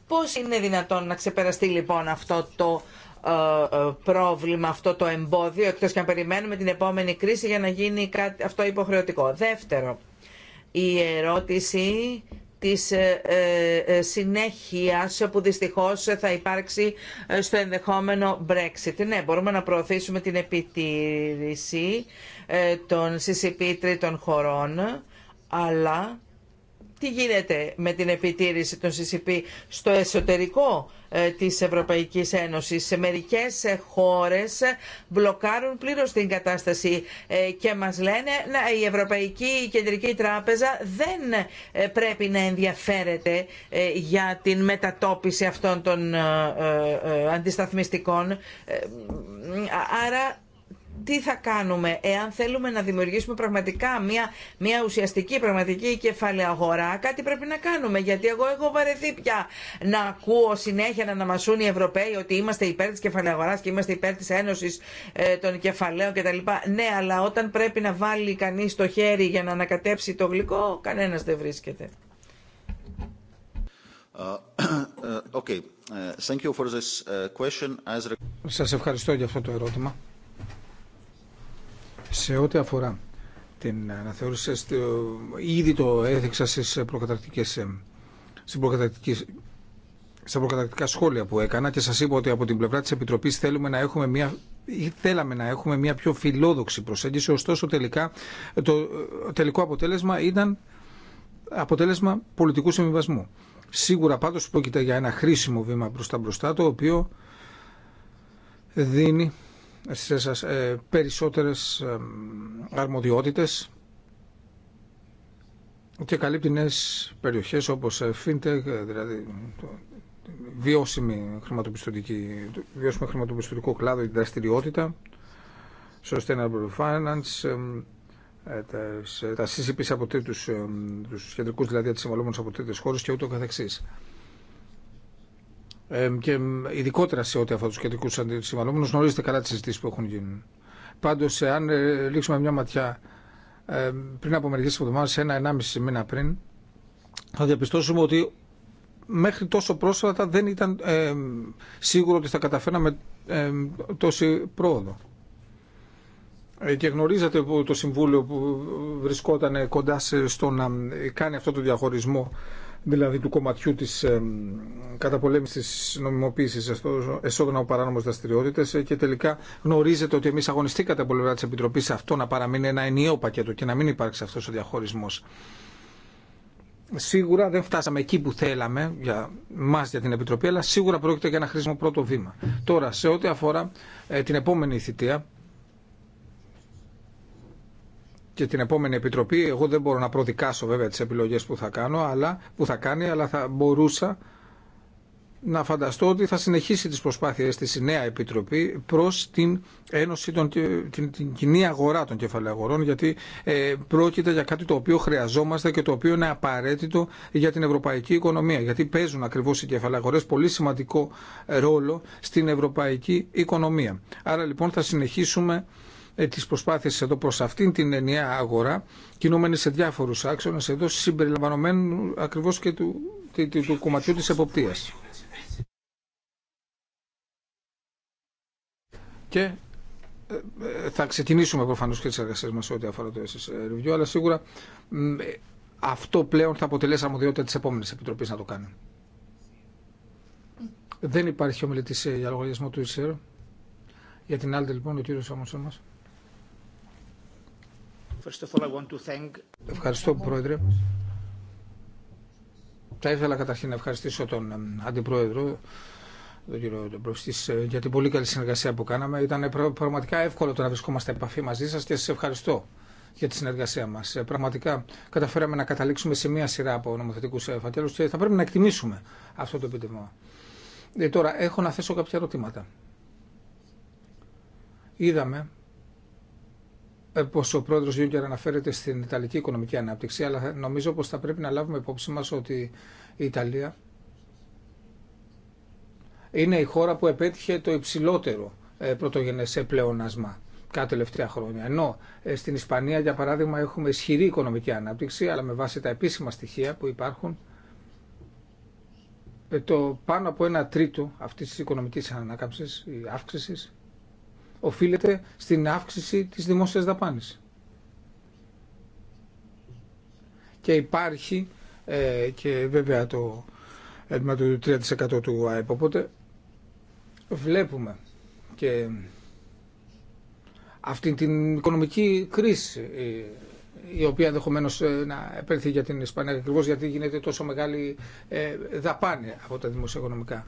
Πώς είναι δυνατόν να ξεπεραστεί λοιπόν αυτό το ε, ε, πρόβλημα, αυτό το εμπόδιο, εκτός και αν περιμένουμε την επόμενη κρίση για να γίνει αυτό υποχρεωτικό. Δεύτερο, η ερώτηση της ε, συνέχειας που δυστυχώς θα υπάρξει στο ενδεχόμενο Brexit. Ναι, μπορούμε να προωθήσουμε την επιτήρηση των CCP τρίτων χωρών, αλλά τι γίνεται με την επιτήρηση των CCP στο εσωτερικό ε, της Ευρωπαϊκής Ένωσης. Σε μερικές ε, χώρες μπλοκάρουν πλήρως την κατάσταση ε, και μας λένε να, η Ευρωπαϊκή Κεντρική Τράπεζα δεν πρέπει να ενδιαφέρεται για την μετατόπιση αυτών των αντισταθμιστικών. Άρα τι θα κάνουμε εάν θέλουμε να δημιουργήσουμε πραγματικά μια, μια ουσιαστική πραγματική κεφαλαία αγορά, κάτι πρέπει να κάνουμε. Γιατί εγώ έχω βαρεθεί πια να ακούω συνέχεια να αναμασούν οι Ευρωπαίοι ότι είμαστε υπέρ τη κεφαλαία αγορά και είμαστε υπέρ τη ένωση ε, των κεφαλαίων κτλ. Ναι, αλλά όταν πρέπει να βάλει κανεί το χέρι για να ανακατέψει το γλυκό, κανένα δεν βρίσκεται. Uh, uh, okay. Uh, thank you for this question. Σας ευχαριστώ για αυτό το ερώτημα. Σε ό,τι αφορά την αναθεώρηση, ήδη το έδειξα στις προκαταρκτικές, ε, στην προκαταρκτική στα προκατακτικά σχόλια που έκανα και σας είπα ότι από την πλευρά της Επιτροπής θέλουμε να έχουμε μια ή θέλαμε να έχουμε μια πιο φιλόδοξη προσέγγιση, ωστόσο τελικά το ε, τελικό αποτέλεσμα ήταν αποτέλεσμα πολιτικού συμβιβασμού. Σίγουρα πάντως πρόκειται για ένα χρήσιμο βήμα προς τα μπροστά, το οποίο δίνει στις σας ε, περισσότερες αρμοδιότητες και καλύπτει νέες περιοχές όπως ε, fintech, ε, δηλαδή βιώσιμη χρηματοπιστωτική, βιώσιμο χρηματοπιστωτικό κλάδο, η δραστηριότητα, sustainable finance, τα, τα CCP από τρίτους, τους κεντρικούς δηλαδή από τρίτες χώρες και ούτω καθεξής και ειδικότερα σε ό,τι αφορά του κεντρικού αντισυμβαλόμενου. Γνωρίζετε καλά τι συζητήσει που έχουν γίνει. Πάντω, ε, αν ε, ρίξουμε μια ματιά ε, πριν από μερικέ εβδομάδε, ένα-ενάμιση μήνα πριν, θα διαπιστώσουμε ότι μέχρι τόσο πρόσφατα δεν ήταν σίγουρο ότι θα καταφέραμε ε, τόση πρόοδο. Και γνωρίζατε που το Συμβούλιο που βρισκόταν κοντά στο να κάνει αυτό το διαχωρισμό δηλαδή του κομματιού της καταπολέμησης της νομιμοποίησης εσόδων από παράνομες δραστηριότητες ε, και τελικά γνωρίζετε ότι εμείς αγωνιστήκατε από πλευρά της Επιτροπής αυτό να παραμείνει ένα ενιαίο πακέτο και να μην υπάρξει αυτός ο διαχωρισμός. Σίγουρα δεν φτάσαμε εκεί που θέλαμε για μας για την Επιτροπή, αλλά σίγουρα πρόκειται για ένα χρήσιμο πρώτο βήμα. Τώρα, σε ό,τι αφορά ε, την επόμενη θητεία, και την επόμενη επιτροπή. Εγώ δεν μπορώ να προδικάσω βέβαια τι επιλογέ που θα, κάνω, αλλά, που θα κάνει, αλλά θα μπορούσα να φανταστώ ότι θα συνεχίσει τις προσπάθειες της νέα επιτροπή προς την, ένωση των, την, την κοινή αγορά των κεφαλαίων γιατί ε, πρόκειται για κάτι το οποίο χρειαζόμαστε και το οποίο είναι απαραίτητο για την ευρωπαϊκή οικονομία γιατί παίζουν ακριβώς οι κεφαλαίων πολύ σημαντικό ε, ρόλο στην ευρωπαϊκή οικονομία. Άρα λοιπόν θα συνεχίσουμε τις προσπάθειες εδώ προς αυτήν την ενιαία αγορά κινούμενη σε διάφορους άξονες εδώ συμπεριλαμβανομένου ακριβώς και του, του, κομματιού της εποπτείας. Και θα ξεκινήσουμε προφανώς και τις εργασίες μας ό,τι αφορά το SS Review, αλλά σίγουρα αυτό πλέον θα αποτελέσει αρμοδιότητα της επόμενης επιτροπής να το κάνει. Δεν υπάρχει ομιλητή για λογαριασμό του ΙΣΕΡ. Για την άλλη, λοιπόν, ο κύριο Σάμονσον Ευχαριστώ, Πρόεδρε. Θα ήθελα καταρχήν να ευχαριστήσω τον Αντιπρόεδρο, τον κύριο Ντομπροφστή, ε, για την πολύ καλή συνεργασία που κάναμε. Ήταν πραγματικά εύκολο το να βρισκόμαστε επαφή μαζί σα και σα ευχαριστώ για τη συνεργασία μα. Ε, πραγματικά καταφέραμε να καταλήξουμε σε μία σειρά από νομοθετικού ε, φατέλου και θα πρέπει να εκτιμήσουμε αυτό το επιτευγμα. τώρα, έχω να θέσω κάποια ερωτήματα. Είδαμε ε, πω ο πρόεδρο Γιούγκερ αναφέρεται στην Ιταλική οικονομική ανάπτυξη, αλλά νομίζω πω θα πρέπει να λάβουμε υπόψη μα ότι η Ιταλία είναι η χώρα που επέτυχε το υψηλότερο ε, πρωτογενές πλεονάσμα τα τελευταία χρόνια. Ενώ ε, στην Ισπανία, για παράδειγμα, έχουμε ισχυρή οικονομική ανάπτυξη, αλλά με βάση τα επίσημα στοιχεία που υπάρχουν, το πάνω από ένα τρίτο αυτής της οικονομικής ανάκαμψης, η αύξησης, οφείλεται στην αύξηση της δημόσιας δαπάνης. Και υπάρχει ε, και βέβαια το έτοιμα του 3% του ΑΕΠ. Οπότε βλέπουμε και αυτή την οικονομική κρίση ε, η οποία ενδεχομένω ε, να επέλθει για την Ισπανία ακριβώ γιατί γίνεται τόσο μεγάλη δαπάνη από τα δημοσιοοικονομικά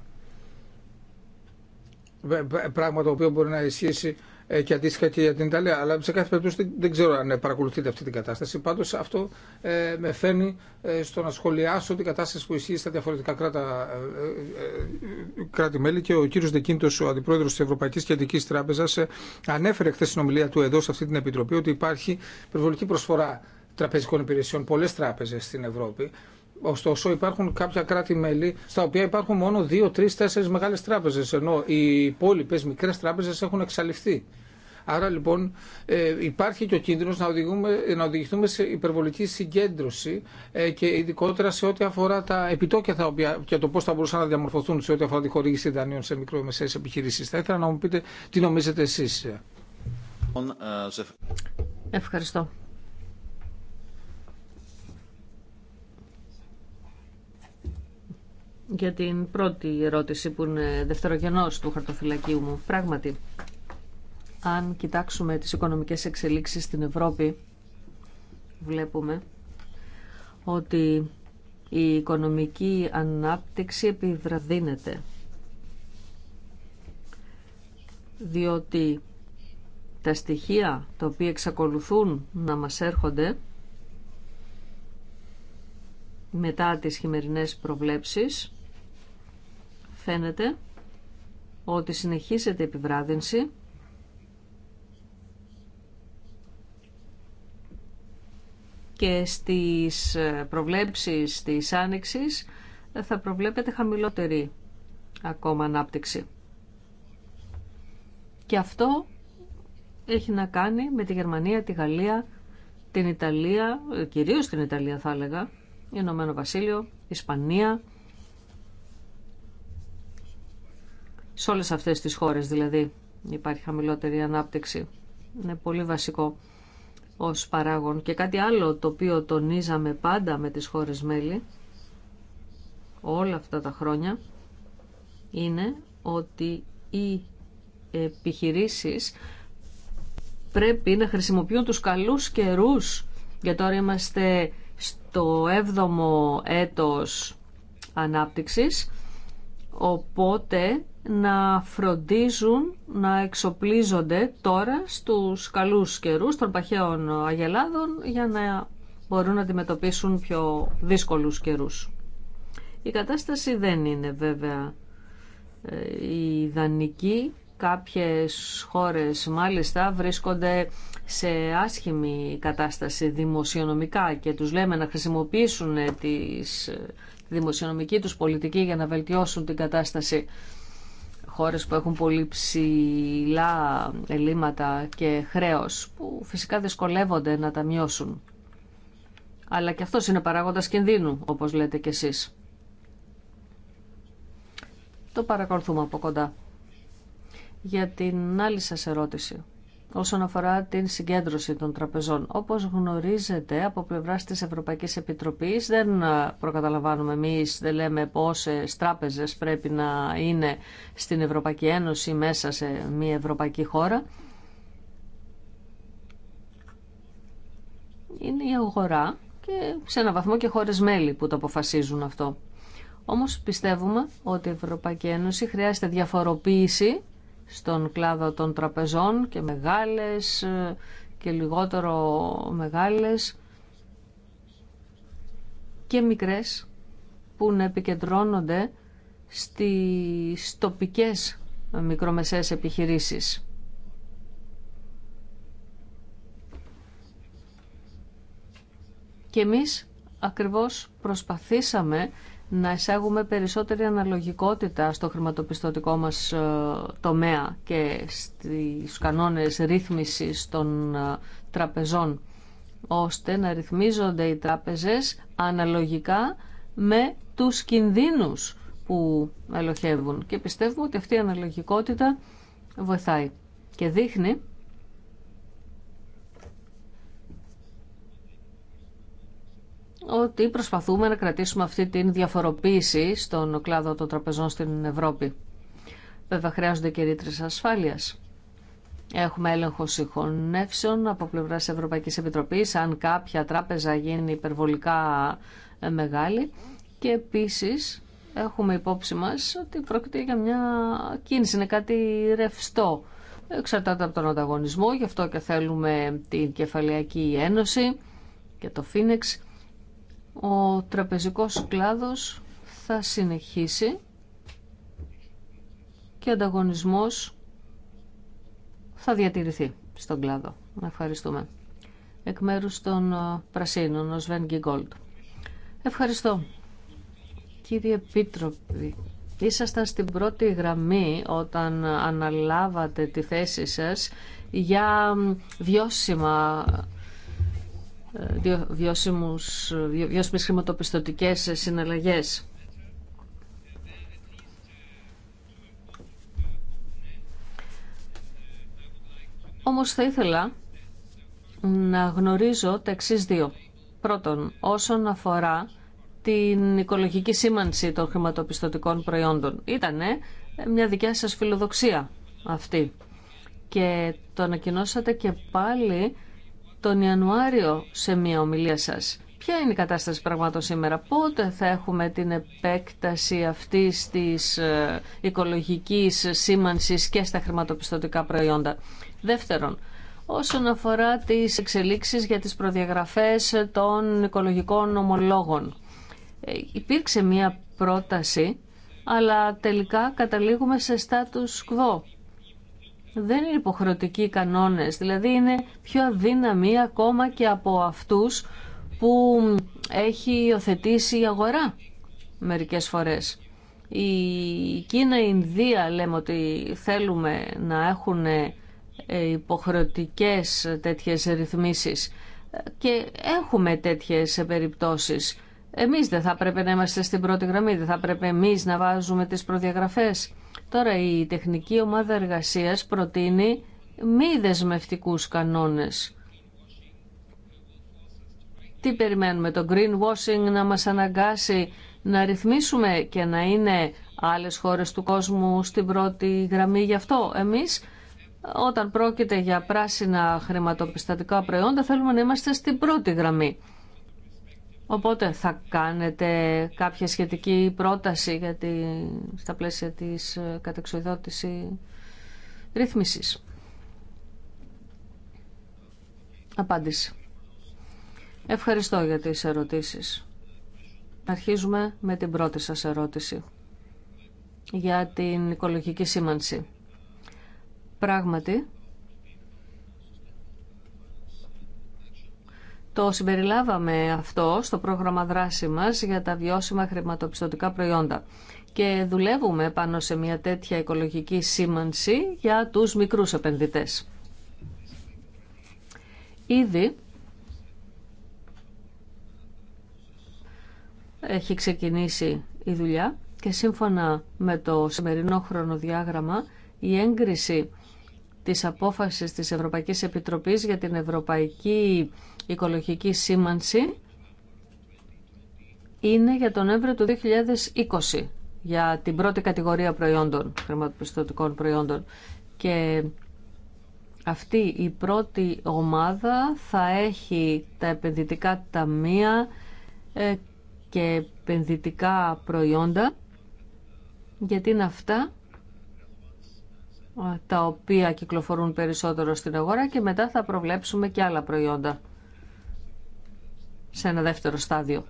πράγμα το οποίο μπορεί να ισχύσει ε, και αντίστοιχα και για την Ιταλία. Αλλά σε κάθε περίπτωση δεν ξέρω αν ε, παρακολουθείτε αυτή την κατάσταση. Πάντω αυτό ε, με φέρνει στο να σχολιάσω την κατάσταση που ισχύει στα διαφορετικά κράτη-μέλη και ο κύριο Δεκίνητο, ο αντιπρόεδρο τη Ευρωπαϊκή Κεντρική Τράπεζα, ανέφερε χθε στην ομιλία του εδώ σε αυτή την επιτροπή ότι υπάρχει περιβολική προσφορά τραπεζικών υπηρεσιών, πολλέ τράπεζε στην Ευρώπη Ωστόσο υπάρχουν κάποια κράτη-μέλη στα οποία υπάρχουν μόνο δύο, τρει, 4 μεγάλε τράπεζε ενώ οι υπόλοιπε μικρέ τράπεζε έχουν εξαλειφθεί. Άρα λοιπόν ε, υπάρχει και ο κίνδυνο να, να οδηγηθούμε σε υπερβολική συγκέντρωση ε, και ειδικότερα σε ό,τι αφορά τα επιτόκια τα οποία, και το πώ θα μπορούσαν να διαμορφωθούν σε ό,τι αφορά τη χορήγηση δανείων σε μικρομεσαίες επιχειρήσει. Θα ήθελα να μου πείτε τι νομίζετε εσεί. Ε, Ευχαριστώ. για την πρώτη ερώτηση που είναι δευτερογενός του χαρτοφυλακίου μου. Πράγματι, αν κοιτάξουμε τις οικονομικές εξελίξεις στην Ευρώπη, βλέπουμε ότι η οικονομική ανάπτυξη επιβραδύνεται. Διότι τα στοιχεία τα οποία εξακολουθούν να μας έρχονται μετά τις χειμερινές προβλέψεις φαίνεται ότι συνεχίζεται η επιβράδυνση και στις ε, προβλέψεις της άνοιξης ε, θα προβλέπεται χαμηλότερη ακόμα ανάπτυξη. Και αυτό έχει να κάνει με τη Γερμανία, τη Γαλλία, την Ιταλία, ε, κυρίως την Ιταλία θα έλεγα, Ηνωμένο Βασίλειο, Ισπανία, Σε όλες αυτές τις χώρες δηλαδή υπάρχει χαμηλότερη ανάπτυξη. Είναι πολύ βασικό ως παράγον. Και κάτι άλλο το οποίο τονίζαμε πάντα με τις χώρες μέλη όλα αυτά τα χρόνια είναι ότι οι επιχειρήσεις πρέπει να χρησιμοποιούν τους καλούς καιρούς. Για τώρα είμαστε στο 7ο έτος ανάπτυξης, οπότε να φροντίζουν να εξοπλίζονται τώρα στους καλούς καιρούς των παχαίων αγελάδων για να μπορούν να αντιμετωπίσουν πιο δύσκολους καιρούς. Η κατάσταση δεν είναι βέβαια ε, η ιδανική. Κάποιες χώρες μάλιστα βρίσκονται σε άσχημη κατάσταση δημοσιονομικά και τους λέμε να χρησιμοποιήσουν τις, ε, τη δημοσιονομική τους πολιτική για να βελτιώσουν την κατάσταση χώρες που έχουν πολύ ψηλά ελλείμματα και χρέος, που φυσικά δυσκολεύονται να τα μειώσουν. Αλλά και αυτός είναι παράγοντας κινδύνου, όπως λέτε κι εσείς. Το παρακολουθούμε από κοντά. Για την άλλη σας ερώτηση όσον αφορά την συγκέντρωση των τραπεζών. Όπως γνωρίζετε από πλευράς της Ευρωπαϊκής Επιτροπής δεν προκαταλαμβάνουμε εμείς, δεν λέμε πόσες τράπεζες πρέπει να είναι στην Ευρωπαϊκή Ένωση μέσα σε μια ευρωπαϊκή χώρα. Είναι η αγορά και σε ένα βαθμό και χώρες μέλη που το αποφασίζουν αυτό. Όμως πιστεύουμε ότι η Ευρωπαϊκή Ένωση χρειάζεται διαφοροποίηση στον κλάδο των τραπεζών και μεγάλες ε, και λιγότερο μεγάλες και μικρές που να επικεντρώνονται στις τοπικές μικρομεσαίες επιχειρήσεις. Και εμείς ακριβώς προσπαθήσαμε να εισάγουμε περισσότερη αναλογικότητα στο χρηματοπιστωτικό μας ε, τομέα και στις κανόνες ρύθμισης των ε, τραπεζών, ώστε να ρυθμίζονται οι τράπεζες αναλογικά με τους κινδύνους που ελοχεύουν. Και πιστεύουμε ότι αυτή η αναλογικότητα βοηθάει και δείχνει ότι προσπαθούμε να κρατήσουμε αυτή την διαφοροποίηση στον κλάδο των τραπεζών στην Ευρώπη. Βέβαια χρειάζονται και ρήτρε ασφάλεια. Έχουμε έλεγχο συγχωνεύσεων από πλευρά τη Ευρωπαϊκή Επιτροπή, αν κάποια τράπεζα γίνει υπερβολικά ε, μεγάλη. Και επίση έχουμε υπόψη μα ότι πρόκειται για μια κίνηση, είναι κάτι ρευστό. Εξαρτάται από τον ανταγωνισμό, γι' αυτό και θέλουμε την Κεφαλαιακή Ένωση και το Φίνεξ ο τραπεζικός κλάδος θα συνεχίσει και ο ανταγωνισμός θα διατηρηθεί στον κλάδο. Ευχαριστούμε. Εκ μέρους των Πρασίνων, ο Σβέν Γκίγκολτ. Ευχαριστώ. Κύριε Επίτροπη, ήσασταν στην πρώτη γραμμή όταν αναλάβατε τη θέση σας για βιώσιμα βιώσιμους, χρηματοπιστωτικέ χρηματοπιστωτικές συναλλαγές. Όμως θα ήθελα να γνωρίζω τα εξή δύο. Πρώτον, όσον αφορά την οικολογική σήμανση των χρηματοπιστωτικών προϊόντων. Ήτανε μια δικιά σας φιλοδοξία αυτή. Και το ανακοινώσατε και πάλι τον Ιανουάριο σε μια ομιλία σας. Ποια είναι η κατάσταση πραγμάτων σήμερα, πότε θα έχουμε την επέκταση αυτής της ε, οικολογικής σήμανσης και στα χρηματοπιστωτικά προϊόντα. Δεύτερον, όσον αφορά τις εξελίξεις για τις προδιαγραφές των οικολογικών ομολόγων. Ε, υπήρξε μια πρόταση, αλλά τελικά καταλήγουμε σε status quo δεν είναι υποχρεωτικοί οι κανόνες, δηλαδή είναι πιο αδύναμοι ακόμα και από αυτούς που έχει υιοθετήσει η αγορά μερικές φορές. Η Κίνα, η Ινδία λέμε ότι θέλουμε να έχουν ε, υποχρεωτικές τέτοιες ρυθμίσεις και έχουμε τέτοιες περιπτώσεις. Εμείς δεν θα πρέπει να είμαστε στην πρώτη γραμμή, δεν θα πρέπει εμείς να βάζουμε τις προδιαγραφές. Τώρα η τεχνική ομάδα εργασίας προτείνει μη δεσμευτικούς κανόνες. Τι περιμένουμε, το greenwashing να μας αναγκάσει να ρυθμίσουμε και να είναι άλλες χώρες του κόσμου στην πρώτη γραμμή γι' αυτό. Εμείς όταν πρόκειται για πράσινα χρηματοπιστωτικά προϊόντα θέλουμε να είμαστε στην πρώτη γραμμή. Οπότε θα κάνετε κάποια σχετική πρόταση για τη, στα πλαίσια της ε, κατεξοδότηση ρύθμισης. Απάντηση. Ευχαριστώ για τις ερωτήσεις. Αρχίζουμε με την πρώτη σας ερώτηση για την οικολογική σήμανση. Πράγματι, Το συμπεριλάβαμε αυτό στο πρόγραμμα δράση μας για τα βιώσιμα χρηματοπιστωτικά προϊόντα και δουλεύουμε πάνω σε μια τέτοια οικολογική σήμανση για τους μικρούς επενδυτές. Ήδη έχει ξεκινήσει η δουλειά και σύμφωνα με το σημερινό χρονοδιάγραμμα η έγκριση της απόφασης της Ευρωπαϊκής Επιτροπής για την Ευρωπαϊκή οικολογική σήμανση είναι για τον Νοέμβριο του 2020 για την πρώτη κατηγορία προϊόντων, χρηματοπιστωτικών προϊόντων. Και αυτή η πρώτη ομάδα θα έχει τα επενδυτικά ταμεία ε, και επενδυτικά προϊόντα, γιατί είναι αυτά ε, τα οποία κυκλοφορούν περισσότερο στην αγορά και μετά θα προβλέψουμε και άλλα προϊόντα σε ένα δεύτερο στάδιο.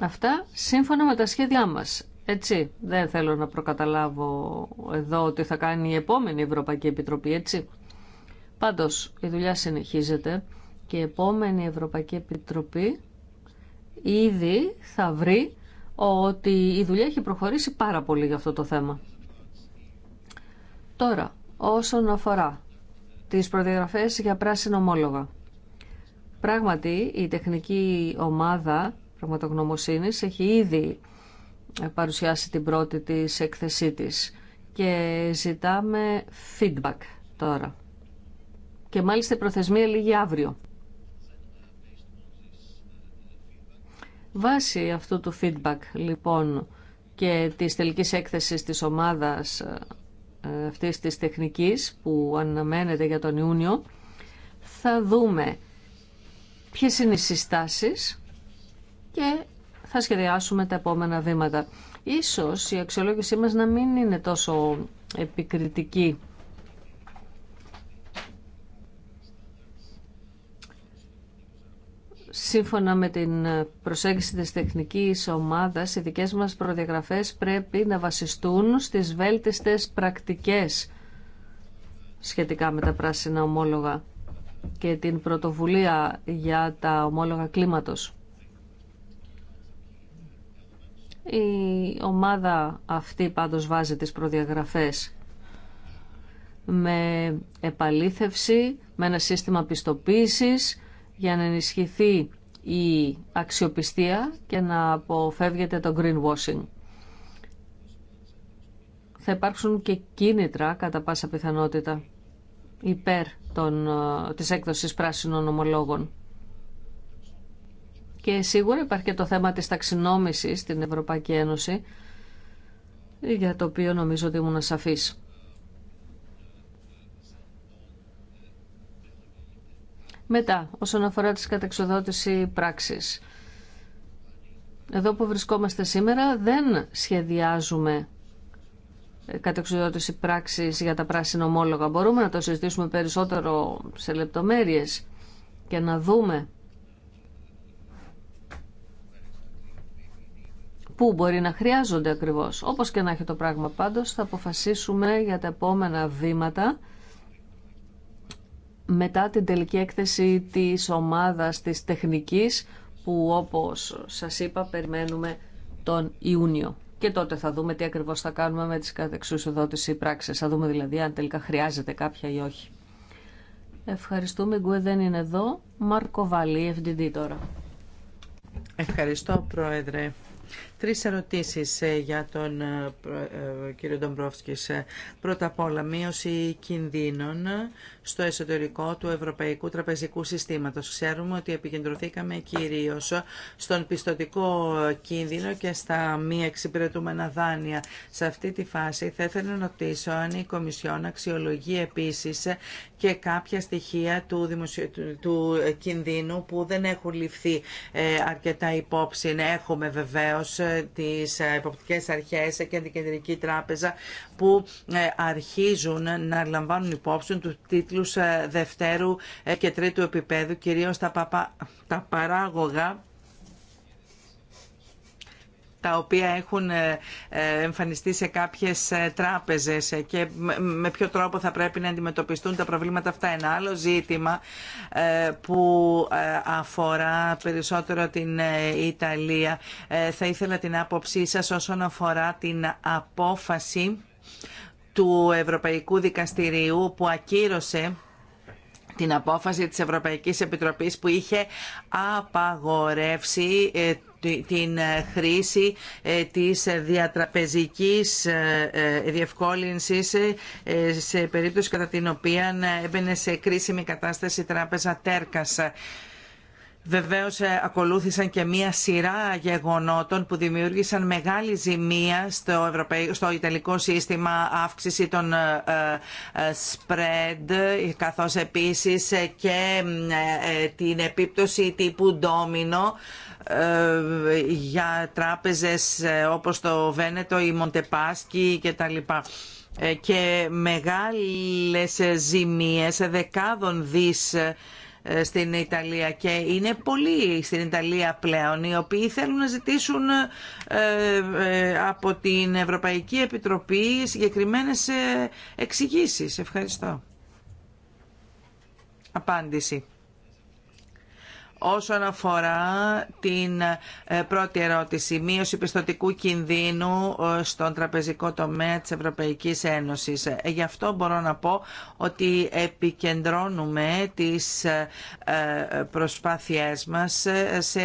Αυτά σύμφωνα με τα σχέδιά μας. Έτσι, δεν θέλω να προκαταλάβω εδώ ότι θα κάνει η επόμενη Ευρωπαϊκή Επιτροπή, έτσι. Πάντως, η δουλειά συνεχίζεται και η επόμενη Ευρωπαϊκή Επιτροπή ήδη θα βρει ότι η δουλειά έχει προχωρήσει πάρα πολύ για αυτό το θέμα. Τώρα, όσον αφορά τις προδιαγραφές για πράσινο ομόλογα. Πράγματι, η τεχνική ομάδα πραγματογνωμοσύνης έχει ήδη παρουσιάσει την πρώτη της έκθεσή της και ζητάμε feedback τώρα. Και μάλιστα η προθεσμία λίγη αύριο. Βάσει αυτού του feedback λοιπόν και της τελικής έκθεσης της ομάδας αυτής της τεχνικής που αναμένεται για τον Ιούνιο θα δούμε ποιες είναι οι συστάσεις και θα σχεδιάσουμε τα επόμενα βήματα. Ίσως η αξιολόγησή μας να μην είναι τόσο επικριτική Σύμφωνα με την προσέγγιση της τεχνικής ομάδας, οι δικές μας προδιαγραφές πρέπει να βασιστούν στις βέλτιστες πρακτικές σχετικά με τα πράσινα ομόλογα και την πρωτοβουλία για τα ομόλογα κλίματος. Η ομάδα αυτή πάντως βάζει τις προδιαγραφές με επαλήθευση, με ένα σύστημα πιστοποίησης για να ενισχυθεί η αξιοπιστία και να αποφεύγεται το greenwashing. Θα υπάρξουν και κίνητρα κατά πάσα πιθανότητα υπέρ των, ε, της έκδοσης πράσινων ομολόγων. Και σίγουρα υπάρχει και το θέμα της ταξινόμησης στην Ευρωπαϊκή Ένωση, για το οποίο νομίζω ότι ήμουν σαφής. Μετά, όσον αφορά τις κατεξοδότηση πράξης. Εδώ που βρισκόμαστε σήμερα δεν σχεδιάζουμε ε, κατεξοδότηση πράξης για τα πράσινα ομόλογα. Μπορούμε να το συζητήσουμε περισσότερο σε λεπτομέρειες και να δούμε πού μπορεί να χρειάζονται ακριβώς. Όπως και να έχει το πράγμα πάντως θα αποφασίσουμε για τα επόμενα βήματα μετά την τελική έκθεση της ομάδας της τεχνικής που όπως σας είπα περιμένουμε τον Ιούνιο. Και τότε θα δούμε τι ακριβώς θα κάνουμε με τις κατεξουσιοδότηση πράξεις. Θα δούμε δηλαδή αν τελικά χρειάζεται κάποια ή όχι. Ευχαριστούμε. Γκουέ δεν είναι εδώ. Μάρκο FDD τώρα. Ευχαριστώ, Πρόεδρε. Τρεις ερωτήσεις ε, για τον ε, ε, κύριο Ντομπρόφσκης. Πρώτα απ' όλα, μείωση κινδύνων στο εσωτερικό του Ευρωπαϊκού Τραπεζικού Συστήματος. Ξέρουμε ότι επικεντρωθήκαμε κυρίως στον πιστοτικό κίνδυνο και στα μη εξυπηρετούμενα δάνεια. Σε αυτή τη φάση θα ήθελα να ρωτήσω αν η Κομισιόν αξιολογεί επίσης και κάποια στοιχεία του, του κινδύνου που δεν έχουν ληφθεί αρκετά υπόψη. Έχουμε βεβαίως τις εποπτικές αρχές και την Κεντρική Τράπεζα που ε, αρχίζουν να λαμβάνουν υπόψη του τίτλους ε, δευτέρου ε, και τρίτου επίπεδου, κυρίως τα, τα παράγωγα τα οποία έχουν ε, ε, εμφανιστεί σε κάποιες ε, τράπεζες και με ποιο τρόπο θα πρέπει να αντιμετωπιστούν τα προβλήματα αυτά. Ένα άλλο ζήτημα που αφορά περισσότερο την Ιταλία. Θα ήθελα την άποψή σας όσον αφορά την απόφαση του Ευρωπαϊκού Δικαστηρίου που ακύρωσε την απόφαση της Ευρωπαϊκής Επιτροπής που είχε απαγορεύσει την ε, χρήση ε, της διατραπεζικής ε, διευκόλυνσης σε περίπτωση κατά την οποία έμπαινε σε κρίσιμη κατάσταση τράπεζα Τέρκας. Βεβαίως ακολούθησαν και μία σειρά γεγονότων που δημιούργησαν μεγάλη ζημία στο, στο ιταλικό σύστημα αύξηση των spread καθώς επίσης και την επίπτωση τύπου ντόμινο ε, για τράπεζες ε, όπως το Βένετο, η Μοντεπάσκι και τα λοιπά ε, και μεγάλες ζημίες δεκάδων δις στην Ιταλία και είναι πολλοί στην Ιταλία πλέον οι οποίοι θέλουν να ζητήσουν από την Ευρωπαϊκή Επιτροπή συγκεκριμένες εξηγήσεις. Ευχαριστώ. Απάντηση. Όσον αφορά την ε, πρώτη ερώτηση, μείωση πιστοτικού κινδύνου ε, στον τραπεζικό τομέα της Ευρωπαϊκής Ένωσης. Ε, γι' αυτό μπορώ να πω ότι επικεντρώνουμε τις προσπάθειές μας σε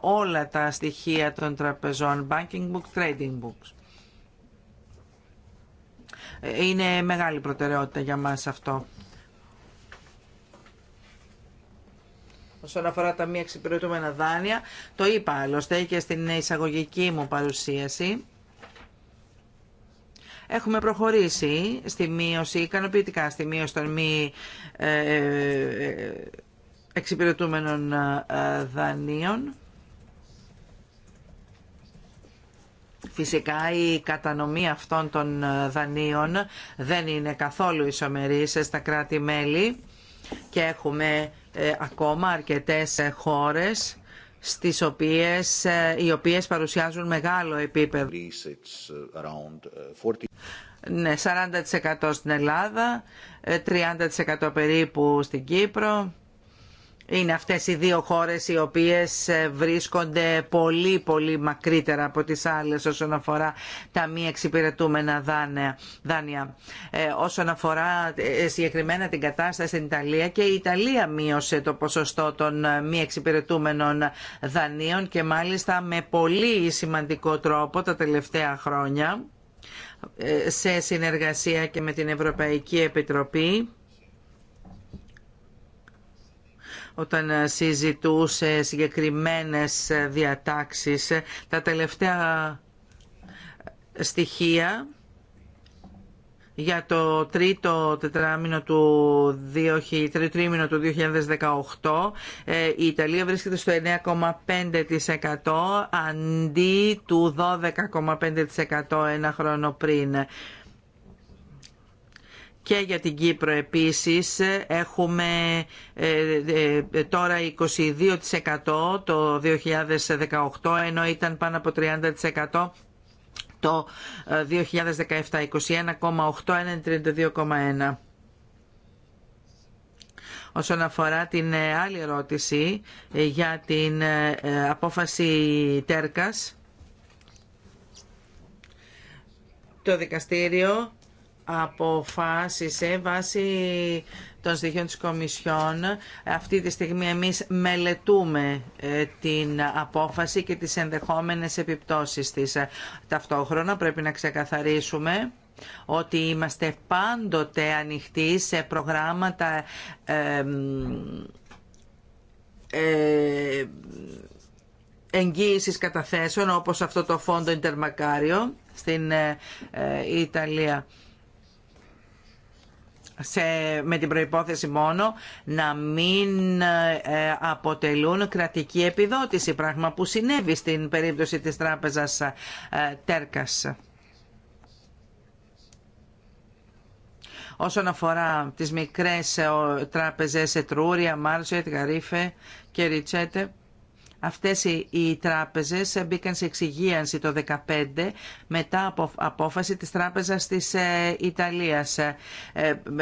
όλα τα στοιχεία των τραπεζών, banking books, trading books. Είναι μεγάλη προτεραιότητα για μας αυτό. όσον αφορά τα μη εξυπηρετούμενα δάνεια. Το είπα άλλωστε και στην εισαγωγική μου παρουσίαση. Έχουμε προχωρήσει στη μείωση, ικανοποιητικά στη μείωση των μη ε, ε, εξυπηρετούμενων ε, δανείων. Φυσικά η κατανομή αυτών των δανείων δεν είναι καθόλου ισομερής στα κράτη-μέλη και έχουμε ε, ακόμα αρκετές χώρες στις οποίες, ε, οι οποίες παρουσιάζουν μεγάλο επίπεδο. Ναι, 40% στην Ελλάδα, 30% ε, περίπου στην Κύπρο είναι αυτές οι δύο χώρες οι οποίες ε, βρίσκονται πολύ πολύ μακρύτερα από τις άλλες όσον αφορά τα μη εξυπηρετούμενα δάνεια. Ε, όσον αφορά ε, συγκεκριμένα την κατάσταση στην Ιταλία και η Ιταλία μείωσε το ποσοστό των μη εξυπηρετούμενων δανείων και μάλιστα με πολύ σημαντικό τρόπο τα τελευταία χρόνια σε συνεργασία και με την Ευρωπαϊκή Επιτροπή όταν συζητούσε συγκεκριμένες διατάξεις. Τα τελευταία στοιχεία για το τρίτο τετράμινο του, του 2018 ε, η Ιταλία βρίσκεται στο 9,5% αντί του 12,5% ένα χρόνο πριν και για την Κύπρο επίσης έχουμε ε, ε, ε, τώρα 22% το 2018 ενώ ήταν πάνω από 30% το 2017 21,8 32,1. Όσον αφορά την άλλη ερώτηση για την απόφαση Τέρκας, το δικαστήριο αποφάσισε βάσει των στοιχείων της Κομισιόν. Αυτή τη στιγμή εμείς μελετούμε ε, την απόφαση και τις ενδεχόμενες επιπτώσεις της. Ταυτόχρονα πρέπει να ξεκαθαρίσουμε ότι είμαστε πάντοτε ανοιχτοί σε προγράμματα ε, ε εγγύησης καταθέσεων όπως αυτό το φόντο Ιντερμακάριο στην ε, Ιταλία σε, με την προϋπόθεση μόνο να μην ε, αποτελούν κρατική επιδότηση, πράγμα που συνέβη στην περίπτωση της τράπεζας ε, Τέρκας. Όσον αφορά τις μικρές ε, τράπεζες Ετρούρια, Μάρσετ, Γαρίφε και Ριτσέτε, Αυτές οι τράπεζες μπήκαν σε εξυγίανση το 2015 μετά από απόφαση της τράπεζας της ε, Ιταλίας. Ε,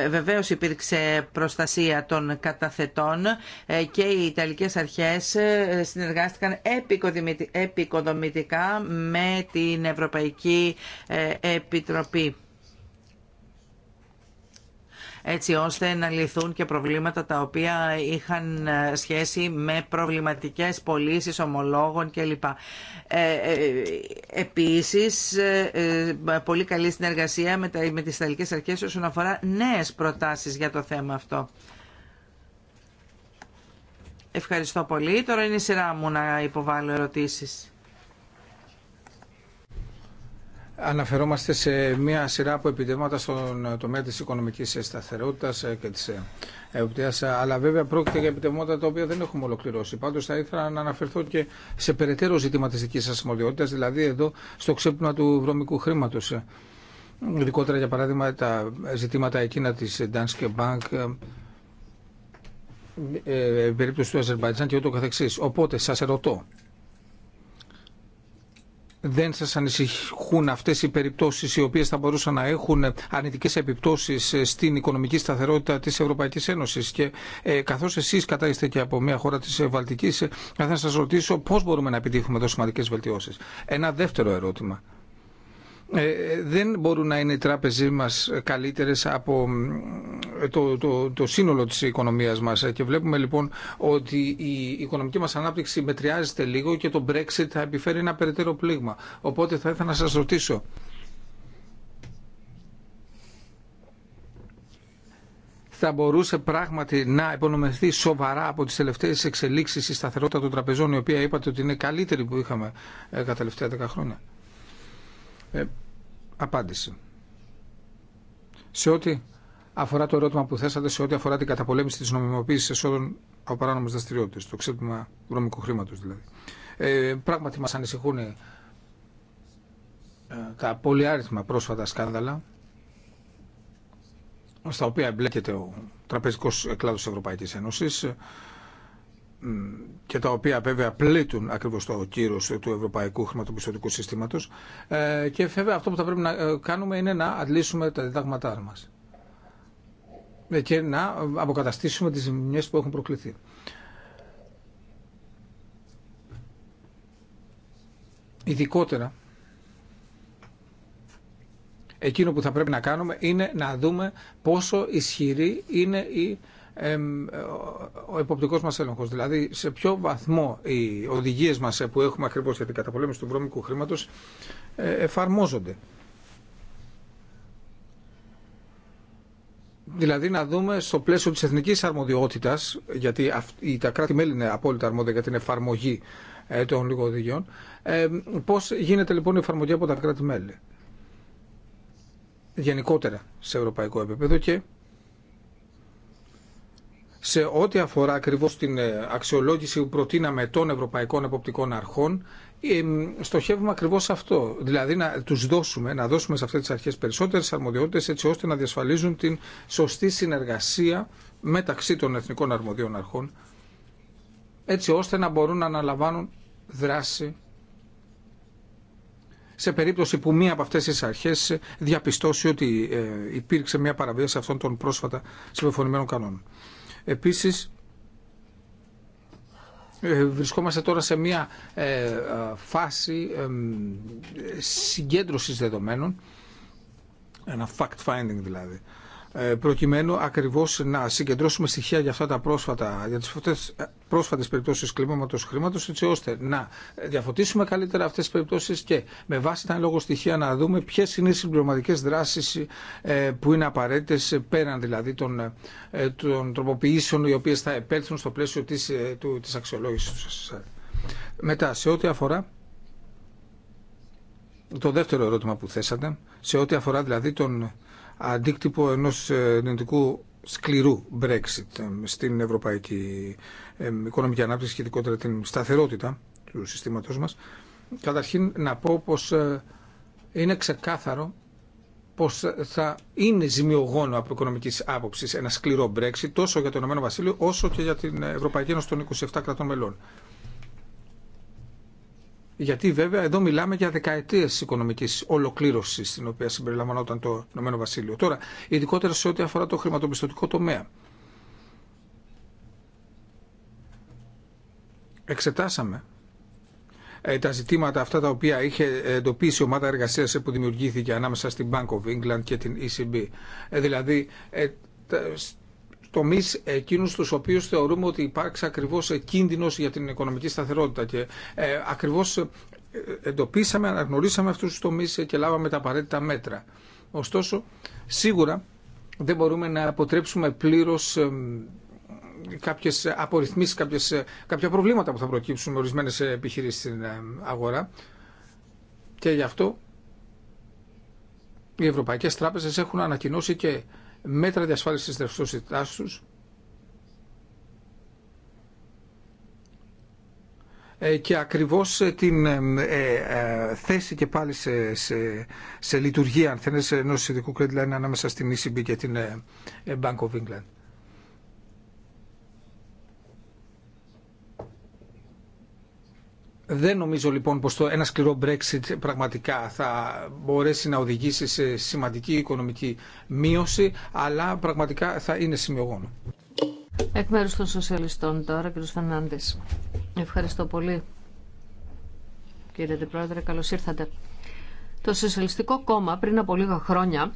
βεβαίως υπήρξε προστασία των καταθετών ε, και οι Ιταλικές αρχές συνεργάστηκαν επικοδομητικά με την Ευρωπαϊκή Επιτροπή έτσι ώστε να λυθούν και προβλήματα τα οποία είχαν ε, σχέση με προβληματικές πωλήσει ομολόγων κλπ. Ε, ε, επίσης, πολύ καλή συνεργασία με τις Ιταλικές Αρχές όσον αφορά νέες προτάσεις για το θέμα αυτό. Ευχαριστώ πολύ. Τώρα είναι η σειρά μου να υποβάλω ερωτήσεις. Αναφερόμαστε σε μια σειρά από επιτεύγματα στον τομέα της οικονομικής σταθερότητας και της εποπτείας, αλλά βέβαια πρόκειται για επιτεύγματα τα οποία δεν έχουμε ολοκληρώσει. Πάντως θα ήθελα να αναφερθώ και σε περαιτέρω ζήτημα της δικής σα δηλαδή εδώ στο ξέπνομα του βρώμικου χρήματος. Ειδικότερα για παράδειγμα τα ζητήματα εκείνα της Danske Bank, ε, ε, περίπτωση του Αζερβαϊτζάν και ούτω καθεξής. Οπότε σας ερωτώ, δεν σας ανησυχούν αυτές οι περιπτώσεις οι οποίες θα μπορούσαν να έχουν αρνητικές επιπτώσεις ε, στην οικονομική σταθερότητα της Ευρωπαϊκής Ένωσης και ε, καθώς εσείς κατάγεστε και από μια χώρα της ε, Βαλτικής ε, θα σας ρωτήσω πώς μπορούμε να επιτύχουμε εδώ σημαντικές βελτιώσεις. Ένα δεύτερο ερώτημα ε, δεν μπορούν να είναι οι τράπεζοί μας καλύτερες από το, το, το σύνολο της οικονομίας μας και βλέπουμε λοιπόν ότι η οικονομική μας ανάπτυξη μετριάζεται λίγο και το Brexit θα επιφέρει ένα περαιτέρω πλήγμα. Οπότε θα ήθελα να σας ρωτήσω θα μπορούσε πράγματι να υπονομευθεί σοβαρά από τις τελευταίες εξελίξεις η σταθερότητα των τραπεζών η οποία είπατε ότι είναι καλύτερη που είχαμε ε, κατά τα τελευταία 10 χρόνια. Ε, απάντηση. Σε ό,τι αφορά το ερώτημα που θέσατε, σε ό,τι αφορά την καταπολέμηση της νομιμοποίησης εσόδων από παράνομες δραστηριότητε, το ξέπλυμα βρώμικου χρήματο, δηλαδή. Ε, πράγματι μας ανησυχούν ε, τα πολυάριθμα πρόσφατα σκάνδαλα στα οποία εμπλέκεται ο τραπεζικός κλάδος της Ευρωπαϊκής Ένωσης και τα οποία βέβαια πλήττουν ακριβώ το κύρο του ευρωπαϊκού χρηματοπιστωτικού συστήματο. Ε, και βέβαια αυτό που θα πρέπει να ε, κάνουμε είναι να αντλήσουμε τα διδάγματά μα ε, και να αποκαταστήσουμε τις ζημιέ που έχουν προκληθεί. Ειδικότερα, εκείνο που θα πρέπει να κάνουμε είναι να δούμε πόσο ισχυρή είναι η ο εποπτικό μα έλεγχο. Δηλαδή, σε ποιο βαθμό οι οδηγίε μα που έχουμε ακριβώ για την καταπολέμηση του βρώμικου χρήματο ε, εφαρμόζονται. Δηλαδή να δούμε στο πλαίσιο της εθνικής αρμοδιότητας, γιατί τα κράτη-μέλη είναι απόλυτα αρμόδια για την εφαρμογή ε, των λίγων οδηγιών, πώς γίνεται λοιπόν η εφαρμογή από τα κράτη-μέλη. Γενικότερα σε ευρωπαϊκό επίπεδο και σε ό,τι αφορά ακριβώς την ε, αξιολόγηση που προτείναμε των Ευρωπαϊκών Εποπτικών Αρχών στοχεύουμε ακριβώ αυτό. Δηλαδή να τους δώσουμε, να δώσουμε σε αυτές τις αρχές περισσότερες αρμοδιότητες έτσι ώστε να διασφαλίζουν την σωστή συνεργασία μεταξύ των εθνικών αρμοδίων αρχών έτσι ώστε να μπορούν να αναλαμβάνουν δράση σε περίπτωση που μία από αυτές τις αρχές διαπιστώσει ότι ε, υπήρξε μία παραβίαση αυτών των πρόσφατα συμπεφωνημένων κανόνων. Επίσης, ε, βρισκόμαστε τώρα σε μια ε, φάση συγκέντρωσης δεδομένων, ένα fact-finding δηλαδή, ε, προκειμένου ακριβώς να συγκεντρώσουμε στοιχεία για αυτά τα πρόσφατα, για τις ε, πρόσφατες περιπτώσεις κλιμάματος χρήματος, έτσι ώστε να διαφωτίσουμε καλύτερα αυτές τις περιπτώσεις και με βάση τα λόγω στοιχεία να δούμε ποιε είναι οι συμπληρωματικές δράσεις ε, που είναι απαραίτητες πέραν δηλαδή των, των τροποποιήσεων οι οποίες θα επέλθουν στο πλαίσιο της, του, της αξιολόγησης Μετά, σε ό,τι αφορά το δεύτερο ερώτημα που θέσατε, σε ό,τι αφορά δηλαδή τον αντίκτυπο ενός ε, δυνητικού σκληρού Brexit στην ευρωπαϊκή οικονομική ανάπτυξη και ειδικότερα την σταθερότητα του συστήματος μας. Καταρχήν να πω πως ε, είναι ξεκάθαρο πως θα είναι ζημιογόνο από οικονομικής άποψης ένα σκληρό Brexit τόσο για το Ηνωμένο Βασίλειο όσο και για την Ευρωπαϊκή Ένωση των 27 κρατών μελών. Γιατί βέβαια εδώ μιλάμε για δεκαετίε οικονομική ολοκλήρωση στην οποία συμπεριλαμβανόταν το Ηνωμένο Βασίλειο. Τώρα, ειδικότερα σε ό,τι αφορά το χρηματοπιστωτικό τομέα. Εξετάσαμε ε, τα ζητήματα αυτά τα οποία είχε εντοπίσει η ομάδα εργασία που δημιουργήθηκε ανάμεσα στην Bank of England και την ECB. Ε, δηλαδή, ε, Τομεί εκείνου του οποίου θεωρούμε ότι υπάρξει ακριβώς κίνδυνο για την οικονομική σταθερότητα και ε, ακριβώς ε, εντοπίσαμε, αναγνωρίσαμε αυτού του τομεί και λάβαμε τα απαραίτητα μέτρα. Ωστόσο, σίγουρα δεν μπορούμε να αποτρέψουμε πλήρως ε, κάποιες απορριθμίσεις, κάποια προβλήματα που θα προκύψουν με ορισμένες επιχειρήσεις στην αγορά και γι' αυτό οι Ευρωπαϊκές Τράπεζες έχουν ανακοινώσει και μέτρα διασφάλισης ρευστότητάς τους ε, και ακριβώς ε, την ε, θέση και πάλι σε, σε, σε λειτουργία αν θέλετε ενός ειδικού credit line ανάμεσα στην ECB και την Bank of England. Δεν νομίζω λοιπόν πως το ένα σκληρό Brexit πραγματικά θα μπορέσει να οδηγήσει σε σημαντική οικονομική μείωση, αλλά πραγματικά θα είναι σημειογόνο. Εκ μέρους των σοσιαλιστών τώρα, κ. Φερνάνδης. Ευχαριστώ πολύ. Κύριε Πρόεδρε, καλώς ήρθατε. Το Σοσιαλιστικό Κόμμα πριν από λίγα χρόνια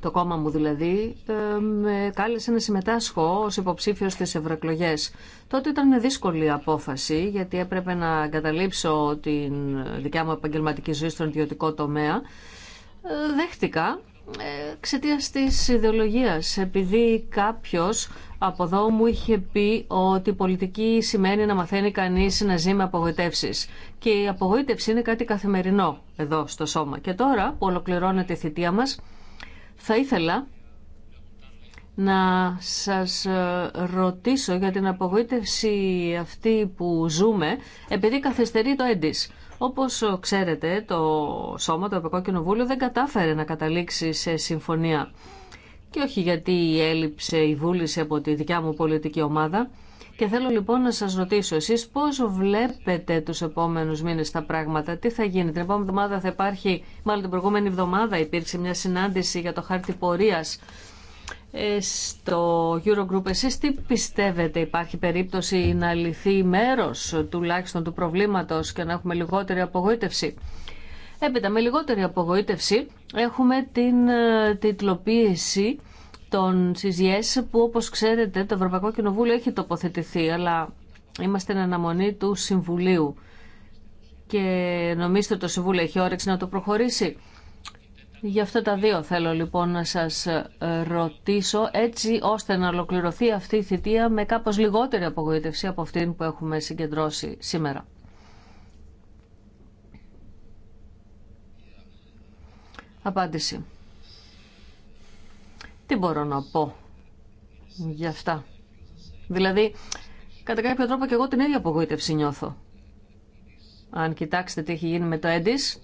το κόμμα μου δηλαδή, ε, με κάλεσε να συμμετάσχω ως υποψήφιο στις ευρωεκλογέ. Τότε ήταν δύσκολη απόφαση, γιατί έπρεπε να εγκαταλείψω την δικιά μου επαγγελματική ζωή στον ιδιωτικό τομέα. Ε, δέχτηκα ε, εξαιτία τη ιδεολογία. Επειδή κάποιο από εδώ μου είχε πει ότι η πολιτική σημαίνει να μαθαίνει κανεί να ζει με απογοητεύσει. Και η απογοήτευση είναι κάτι καθημερινό εδώ στο σώμα. Και τώρα που ολοκληρώνεται η θητεία μα, θα ήθελα να σας ε, ρωτήσω για την απογοήτευση αυτή που ζούμε, επειδή καθυστερεί το έντις. Όπως ξέρετε, το Σώμα, το Ευρωπαϊκό Κοινοβούλιο, δεν κατάφερε να καταλήξει σε συμφωνία. Και όχι γιατί έλειψε η βούληση από τη δικιά μου πολιτική ομάδα, και θέλω λοιπόν να σας ρωτήσω εσείς πώς βλέπετε τους επόμενους μήνες τα πράγματα, τι θα γίνει. Την επόμενη εβδομάδα θα υπάρχει, μάλλον την προηγούμενη εβδομάδα υπήρξε μια συνάντηση για το χάρτη πορείας ε, στο Eurogroup. Εσείς τι πιστεύετε, υπάρχει περίπτωση να λυθεί μέρος τουλάχιστον του προβλήματος και να έχουμε λιγότερη απογοήτευση. Έπειτα με λιγότερη απογοήτευση έχουμε την ε, τιτλοποίηση των ΣΥΖΙΕΣ που όπως ξέρετε το Ευρωπαϊκό Κοινοβούλιο έχει τοποθετηθεί αλλά είμαστε εν αναμονή του Συμβουλίου και νομίζετε το Συμβούλιο έχει όρεξη να το προχωρήσει. Γι' αυτό τα δύο θέλω λοιπόν να σας ε, ρωτήσω έτσι ώστε να ολοκληρωθεί αυτή η θητεία με κάπως λιγότερη απογοήτευση από αυτήν που έχουμε συγκεντρώσει σήμερα. Απάντηση. Τι μπορώ να πω για αυτά. Δηλαδή, κατά κάποιο τρόπο και εγώ την ίδια απογοήτευση νιώθω. Αν κοιτάξετε τι έχει γίνει με το έντις,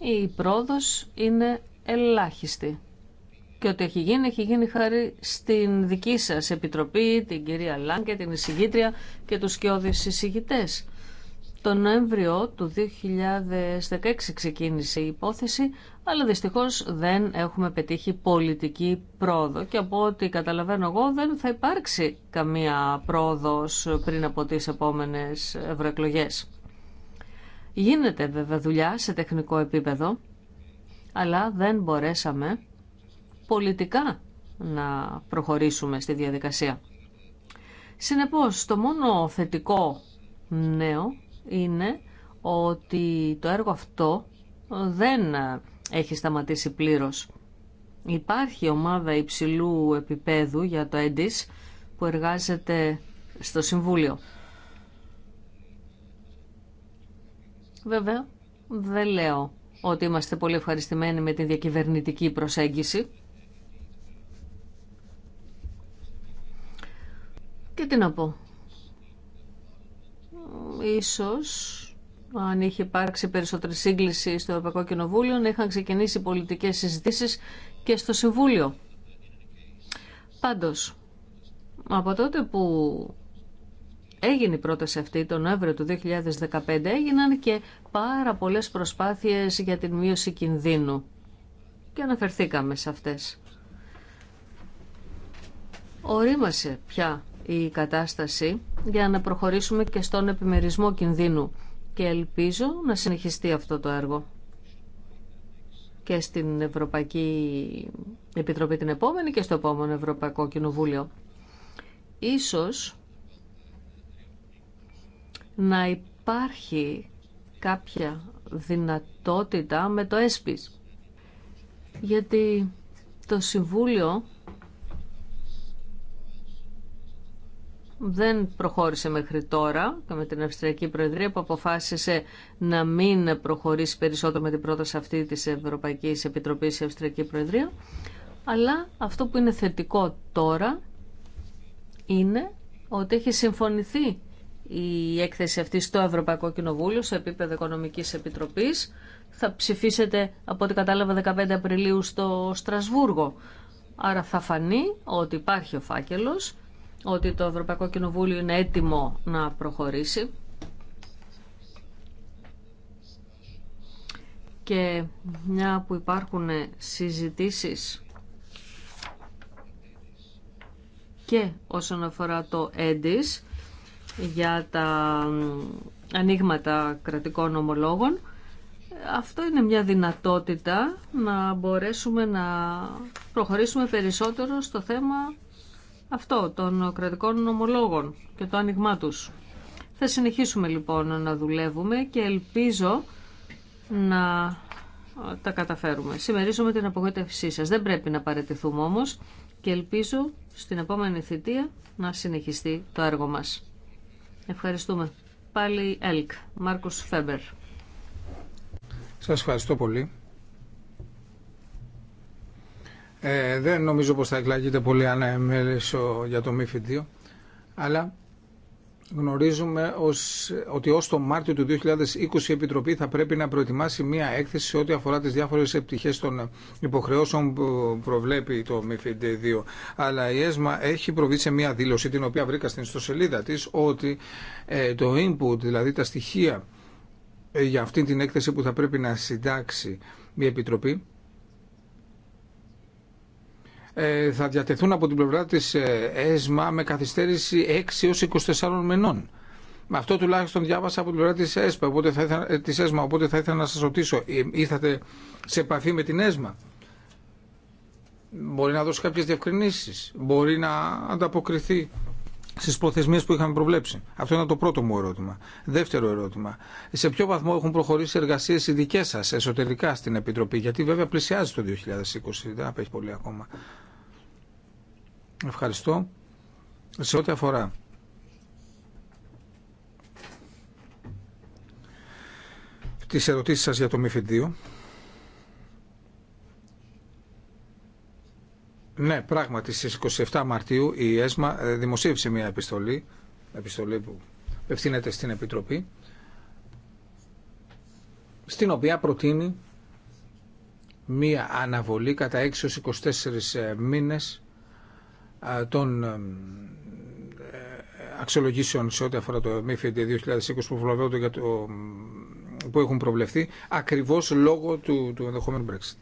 η πρόοδος είναι ελάχιστη. Και ό,τι έχει γίνει, έχει γίνει χάρη στην δική σας επιτροπή, την κυρία Λάγκε, την εισηγήτρια και τους σκιώδεις εισηγητές. Τον Νοέμβριο του 2016 ξεκίνησε η υπόθεση, αλλά δυστυχώς δεν έχουμε πετύχει πολιτική πρόοδο και από ό,τι καταλαβαίνω εγώ δεν θα υπάρξει καμία πρόοδος πριν από τις επόμενες ευρωεκλογέ. Γίνεται βέβαια δουλειά σε τεχνικό επίπεδο, αλλά δεν μπορέσαμε πολιτικά να προχωρήσουμε στη διαδικασία. Συνεπώς, το μόνο θετικό νέο είναι ότι το έργο αυτό δεν έχει σταματήσει πλήρως. Υπάρχει ομάδα υψηλού επίπεδου για το ΕΝΤΙΣ που εργάζεται στο Συμβούλιο. Βέβαια, δεν λέω ότι είμαστε πολύ ευχαριστημένοι με την διακυβερνητική προσέγγιση. Και τι να πω, ίσως αν είχε υπάρξει περισσότερη σύγκληση στο Ευρωπαϊκό Κοινοβούλιο να είχαν ξεκινήσει πολιτικές συζητήσεις και στο Συμβούλιο. Πάντως, από τότε που έγινε η πρόταση αυτή τον Νοέμβριο του 2015 έγιναν και πάρα πολλές προσπάθειες για την μείωση κινδύνου και αναφερθήκαμε σε αυτές. Ορίμασε πια η κατάσταση για να προχωρήσουμε και στον επιμερισμό κινδύνου και ελπίζω να συνεχιστεί αυτό το έργο και στην Ευρωπαϊκή Επιτροπή την επόμενη και στο επόμενο Ευρωπαϊκό Κοινοβούλιο. Ίσως να υπάρχει κάποια δυνατότητα με το ΕΣΠΙΣ. Γιατί το Συμβούλιο δεν προχώρησε μέχρι τώρα και με την Αυστριακή Προεδρία που αποφάσισε να μην προχωρήσει περισσότερο με την πρόταση αυτή της Ευρωπαϊκής Επιτροπής η Αυστριακή Προεδρία. Αλλά αυτό που είναι θετικό τώρα είναι ότι έχει συμφωνηθεί η έκθεση αυτή στο Ευρωπαϊκό Κοινοβούλιο σε επίπεδο Οικονομικής Επιτροπής. Θα ψηφίσετε από ό,τι κατάλαβα 15 Απριλίου στο Στρασβούργο. Άρα θα φανεί ότι υπάρχει ο φάκελος ότι το Ευρωπαϊκό Κοινοβούλιο είναι έτοιμο να προχωρήσει και μια που υπάρχουν συζητήσεις και όσον αφορά το έντις για τα ανοίγματα κρατικών ομολόγων αυτό είναι μια δυνατότητα να μπορέσουμε να προχωρήσουμε περισσότερο στο θέμα αυτό των κρατικών ομολόγων και το άνοιγμά τους. Θα συνεχίσουμε λοιπόν να δουλεύουμε και ελπίζω να ε, τα καταφέρουμε. Σημερίζουμε την απογοήτευσή σας. Δεν πρέπει να παραιτηθούμε όμως και ελπίζω στην επόμενη θητεία να συνεχιστεί το έργο μας. Ευχαριστούμε. Πάλι ΕΛΚ. Μάρκος Φέμπερ. Σας ευχαριστώ πολύ. Ε, δεν νομίζω πως θα εκλαγείτε πολύ αν για το ΜΥΦΙ 2, αλλά γνωρίζουμε ως, ότι ως το Μάρτιο του 2020 η Επιτροπή θα πρέπει να προετοιμάσει μία έκθεση σε ό,τι αφορά τις διάφορες επιτυχίες των υποχρεώσεων που προβλέπει το MIFID 2. Αλλά η ΕΣΜΑ έχει προβεί σε μία δήλωση, την οποία βρήκα στην ιστοσελίδα της, ότι ε, το input, δηλαδή τα στοιχεία ε, για αυτή την έκθεση που θα πρέπει να συντάξει η Επιτροπή, ε, θα διατεθούν από την πλευρά της ε, ΕΣΜΑ με καθυστέρηση 6 έως 24 μηνών. Αυτό τουλάχιστον διάβασα από την πλευρά της, ΕΣΠΑ, οπότε θα ήθελα, ε, ΕΣΜΑ, οπότε θα ήθελα να σας ρωτήσω, ήρθατε σε επαφή με την ΕΣΜΑ. Μπορεί να δώσει κάποιες διευκρινήσεις, μπορεί να ανταποκριθεί στι προθεσμίε που είχαμε προβλέψει. Αυτό είναι το πρώτο μου ερώτημα. Δεύτερο ερώτημα. Σε ποιο βαθμό έχουν προχωρήσει εργασίε οι δικέ σα εσωτερικά στην Επιτροπή, γιατί βέβαια πλησιάζει το 2020, δεν απέχει πολύ ακόμα. Ευχαριστώ. Σε ό,τι αφορά. Τις ερωτήσεις σας για το Μηφίδιο. Ναι, πράγματι στις 27 Μαρτίου η ΕΣΜΑ ε, δημοσίευσε μια επιστολή, επιστολή που ευθύνεται στην Επιτροπή, στην οποία προτείνει μία αναβολή κατά 6-24 ε, μήνες των ε, αξιολογήσεων σε ό,τι αφορά το MIFID 2020 που για το που έχουν προβλεφθεί ακριβώς λόγω του, του ενδεχόμενου Brexit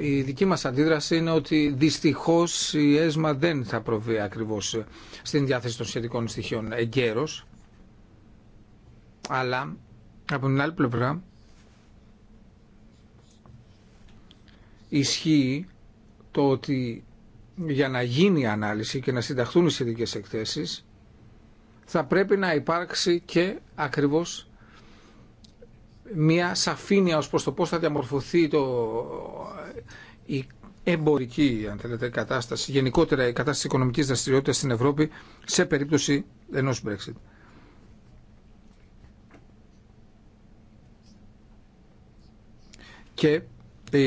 η δική μας αντίδραση είναι ότι δυστυχώς η ΕΣΜΑ δεν θα προβεί ακριβώς στην διάθεση των σχετικών στοιχείων εγκαίρως. Αλλά από την άλλη πλευρά ισχύει το ότι για να γίνει η ανάλυση και να συνταχθούν οι σχετικές εκθέσεις θα πρέπει να υπάρξει και ακριβώς μια σαφήνεια ως προς το πώς θα διαμορφωθεί το, η εμπορική αν θέλετε, κατάσταση, γενικότερα η κατάσταση οικονομικής δραστηριότητας στην Ευρώπη σε περίπτωση ενός Brexit. Και ε, ε,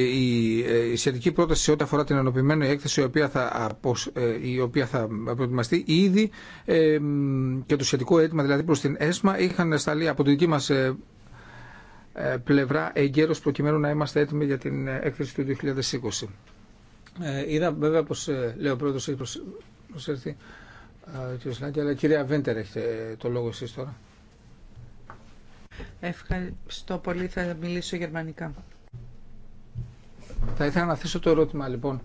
η σχετική πρόταση όταν ό,τι αφορά την ενοποιημένη έκθεση η οποία θα, αποσ... Ε, η οποία θα προετοιμαστεί ήδη και το σχετικό αίτημα δηλαδή προς την ΕΣΜΑ είχαν σταλεί από τη δική μας ε, πλευρά εγκαίρως προκειμένου να είμαστε έτοιμοι για την ε, έκθεση του 2020. Ε, είδα βέβαια πως, ο πρώτος, έχει προσέρθει ο κ. Λάγκη, αλλά κυρία Βέντερ έχετε το λόγο εσείς τώρα. Ευχαριστώ πολύ. Θα μιλήσω γερμανικά. Θα ήθελα να θέσω το ερώτημα λοιπόν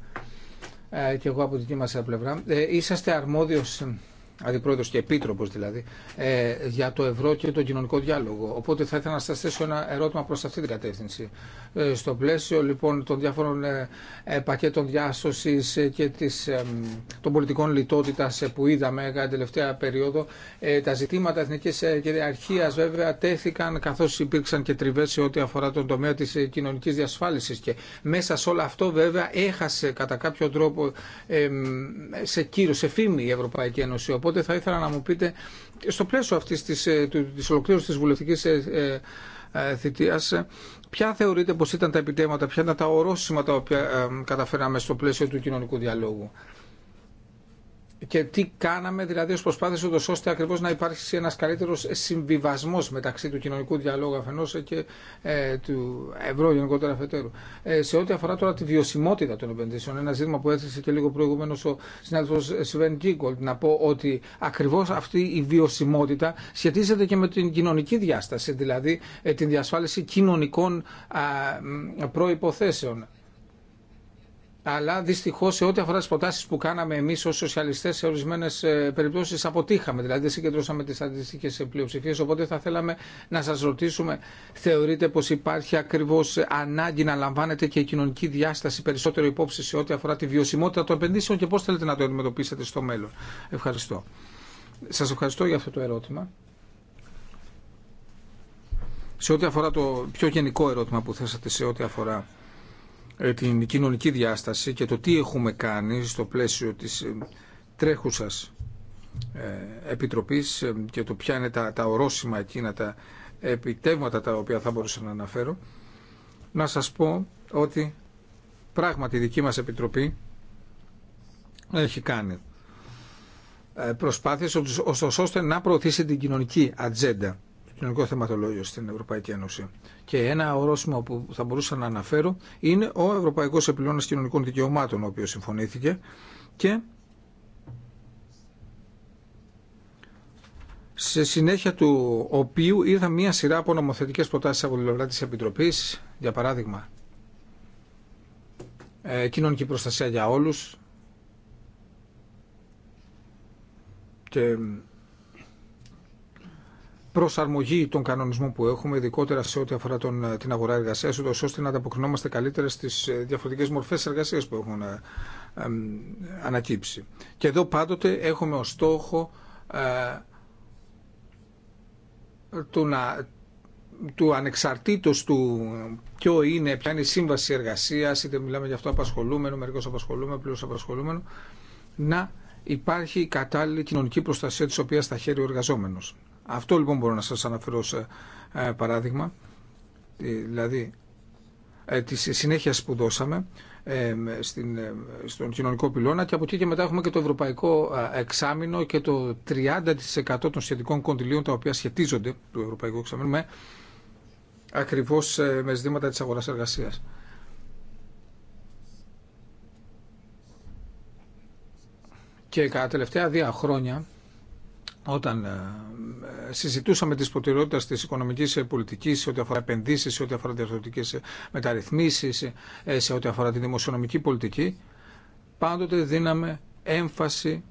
και εγώ από την δική μας πλευρά. Είσαστε αρμόδιος αντιπρόεδρο και επίτροπο δηλαδή, ε, για το ευρώ και τον κοινωνικό διάλογο. Οπότε θα ήθελα να σα θέσω ένα ερώτημα προ αυτή την κατεύθυνση. Ε, στο πλαίσιο λοιπόν των διάφορων ε, ε, πακέτων διάσωση και της, των πολιτικών λιτότητα που είδαμε κατά την τελευταία περίοδο, τα ζητήματα εθνική κυριαρχία βέβαια τέθηκαν καθώ υπήρξαν και τριβέ σε ό,τι αφορά τον τομέα τη κοινωνική διασφάλιση. Και μέσα σε όλο αυτό βέβαια έχασε κατά κάποιο τρόπο σε κύριο, σε φήμη η Ευρωπαϊκή Ένωση. Οπότε θα ήθελα να μου πείτε, στο πλαίσιο αυτή τη ε, ολοκλήρωση τη βουλευτική ε, ε, θητείας, ποια θεωρείτε πως ήταν τα επιτέματα, ποια ήταν τα ορόσημα τα οποία καταφέραμε στο πλαίσιο του κοινωνικού διαλόγου και τι κάναμε δηλαδή ω προσπάθειες ούτω ώστε ακριβώ να υπάρξει ένα καλύτερο συμβιβασμό μεταξύ του κοινωνικού διαλόγου Αφενό και ε, του ευρώ γενικότερα αφετέρου. Ε, σε ό,τι αφορά τώρα τη βιωσιμότητα των επενδύσεων, ένα ζήτημα που έθεσε και λίγο προηγουμένω ο συνάδελφο Σιβέν Γκίγκολτ, να πω ότι ακριβώ αυτή η βιωσιμότητα σχετίζεται και με την κοινωνική διάσταση, δηλαδή ε, την διασφάλιση κοινωνικών προϋποθέσεων αλλά δυστυχώ σε ό,τι αφορά τι προτάσει που κάναμε εμεί ω σοσιαλιστέ, σε ορισμένε περιπτώσει αποτύχαμε. Δηλαδή δεν συγκεντρώσαμε τι αντίστοιχε πλειοψηφίε. Οπότε θα θέλαμε να σα ρωτήσουμε, θεωρείτε πω υπάρχει ακριβώ ανάγκη να λαμβάνετε και η κοινωνική διάσταση περισσότερο υπόψη σε ό,τι αφορά τη βιωσιμότητα των επενδύσεων και πώ θέλετε να το αντιμετωπίσετε στο μέλλον. Ευχαριστώ. Σα ευχαριστώ για αυτό το ερώτημα. Σε ό,τι αφορά το πιο γενικό ερώτημα που θέσατε, σε ό,τι αφορά ε, την κοινωνική διάσταση και το τι έχουμε κάνει στο πλαίσιο της ε, τρέχουσας ε, επιτροπής και το ποια είναι τα, τα ορόσημα εκείνα, τα επιτεύγματα τα οποία θα μπορούσα να αναφέρω, να σας πω ότι πράγματι η δική μας επιτροπή έχει κάνει προσπάθειες ώστε να προωθήσει την κοινωνική ατζέντα κοινωνικό θεματολόγιο στην Ευρωπαϊκή Ένωση. Και ένα ορόσημο που θα μπορούσα να αναφέρω είναι ο Ευρωπαϊκός Επιλώνα Κοινωνικών Δικαιωμάτων, ο οποίος συμφωνήθηκε και σε συνέχεια του οποίου ήρθα μία σειρά από νομοθετικές προτάσεις από την πλευρά της Επιτροπής, για παράδειγμα, ε, κοινωνική προστασία για όλους και προσαρμογή των κανονισμών που έχουμε, ειδικότερα σε ό,τι αφορά τον, ε, την αγορά εργασία, ώστε να ανταποκρινόμαστε καλύτερα στι ε, διαφορετικέ μορφέ εργασία που έχουν ε, ανακύψει. Και εδώ πάντοτε έχουμε ως στόχο ε, του, να, του ανεξαρτήτως του ποιο είναι, ποια είναι η σύμβαση εργασίας, είτε μιλάμε για αυτό απασχολούμενο, μερικώς απασχολούμενο, πλήρως απασχολούμενο, να υπάρχει η κατάλληλη κοινωνική προστασία της οποίας θα χαίρει ο εργαζόμενος. Αυτό λοιπόν μπορώ να σας αναφέρω σε ε, παράδειγμα, ε, δηλαδή ε, τη συνέχεια που δώσαμε στον κοινωνικό πυλώνα και από εκεί και μετά έχουμε και το ευρωπαϊκό εξάμεινο και το 30% των σχετικών κοντιλίων τα οποία σχετίζονται του ευρωπαϊκού εξάμεινου με ακριβώς με ζητήματα της αγοράς εργασίας. Και κατά τελευταία δύο χρόνια όταν ε, ε, συζητούσαμε τις προτεραιότητες της οικονομικής ε, πολιτικής σε ό,τι αφορά επενδύσεις, σε ό,τι αφορά διαρθρωτικές μεταρρυθμίσεις, σε ό,τι αφορά τη δημοσιονομική πολιτική, πάντοτε δίναμε έμφαση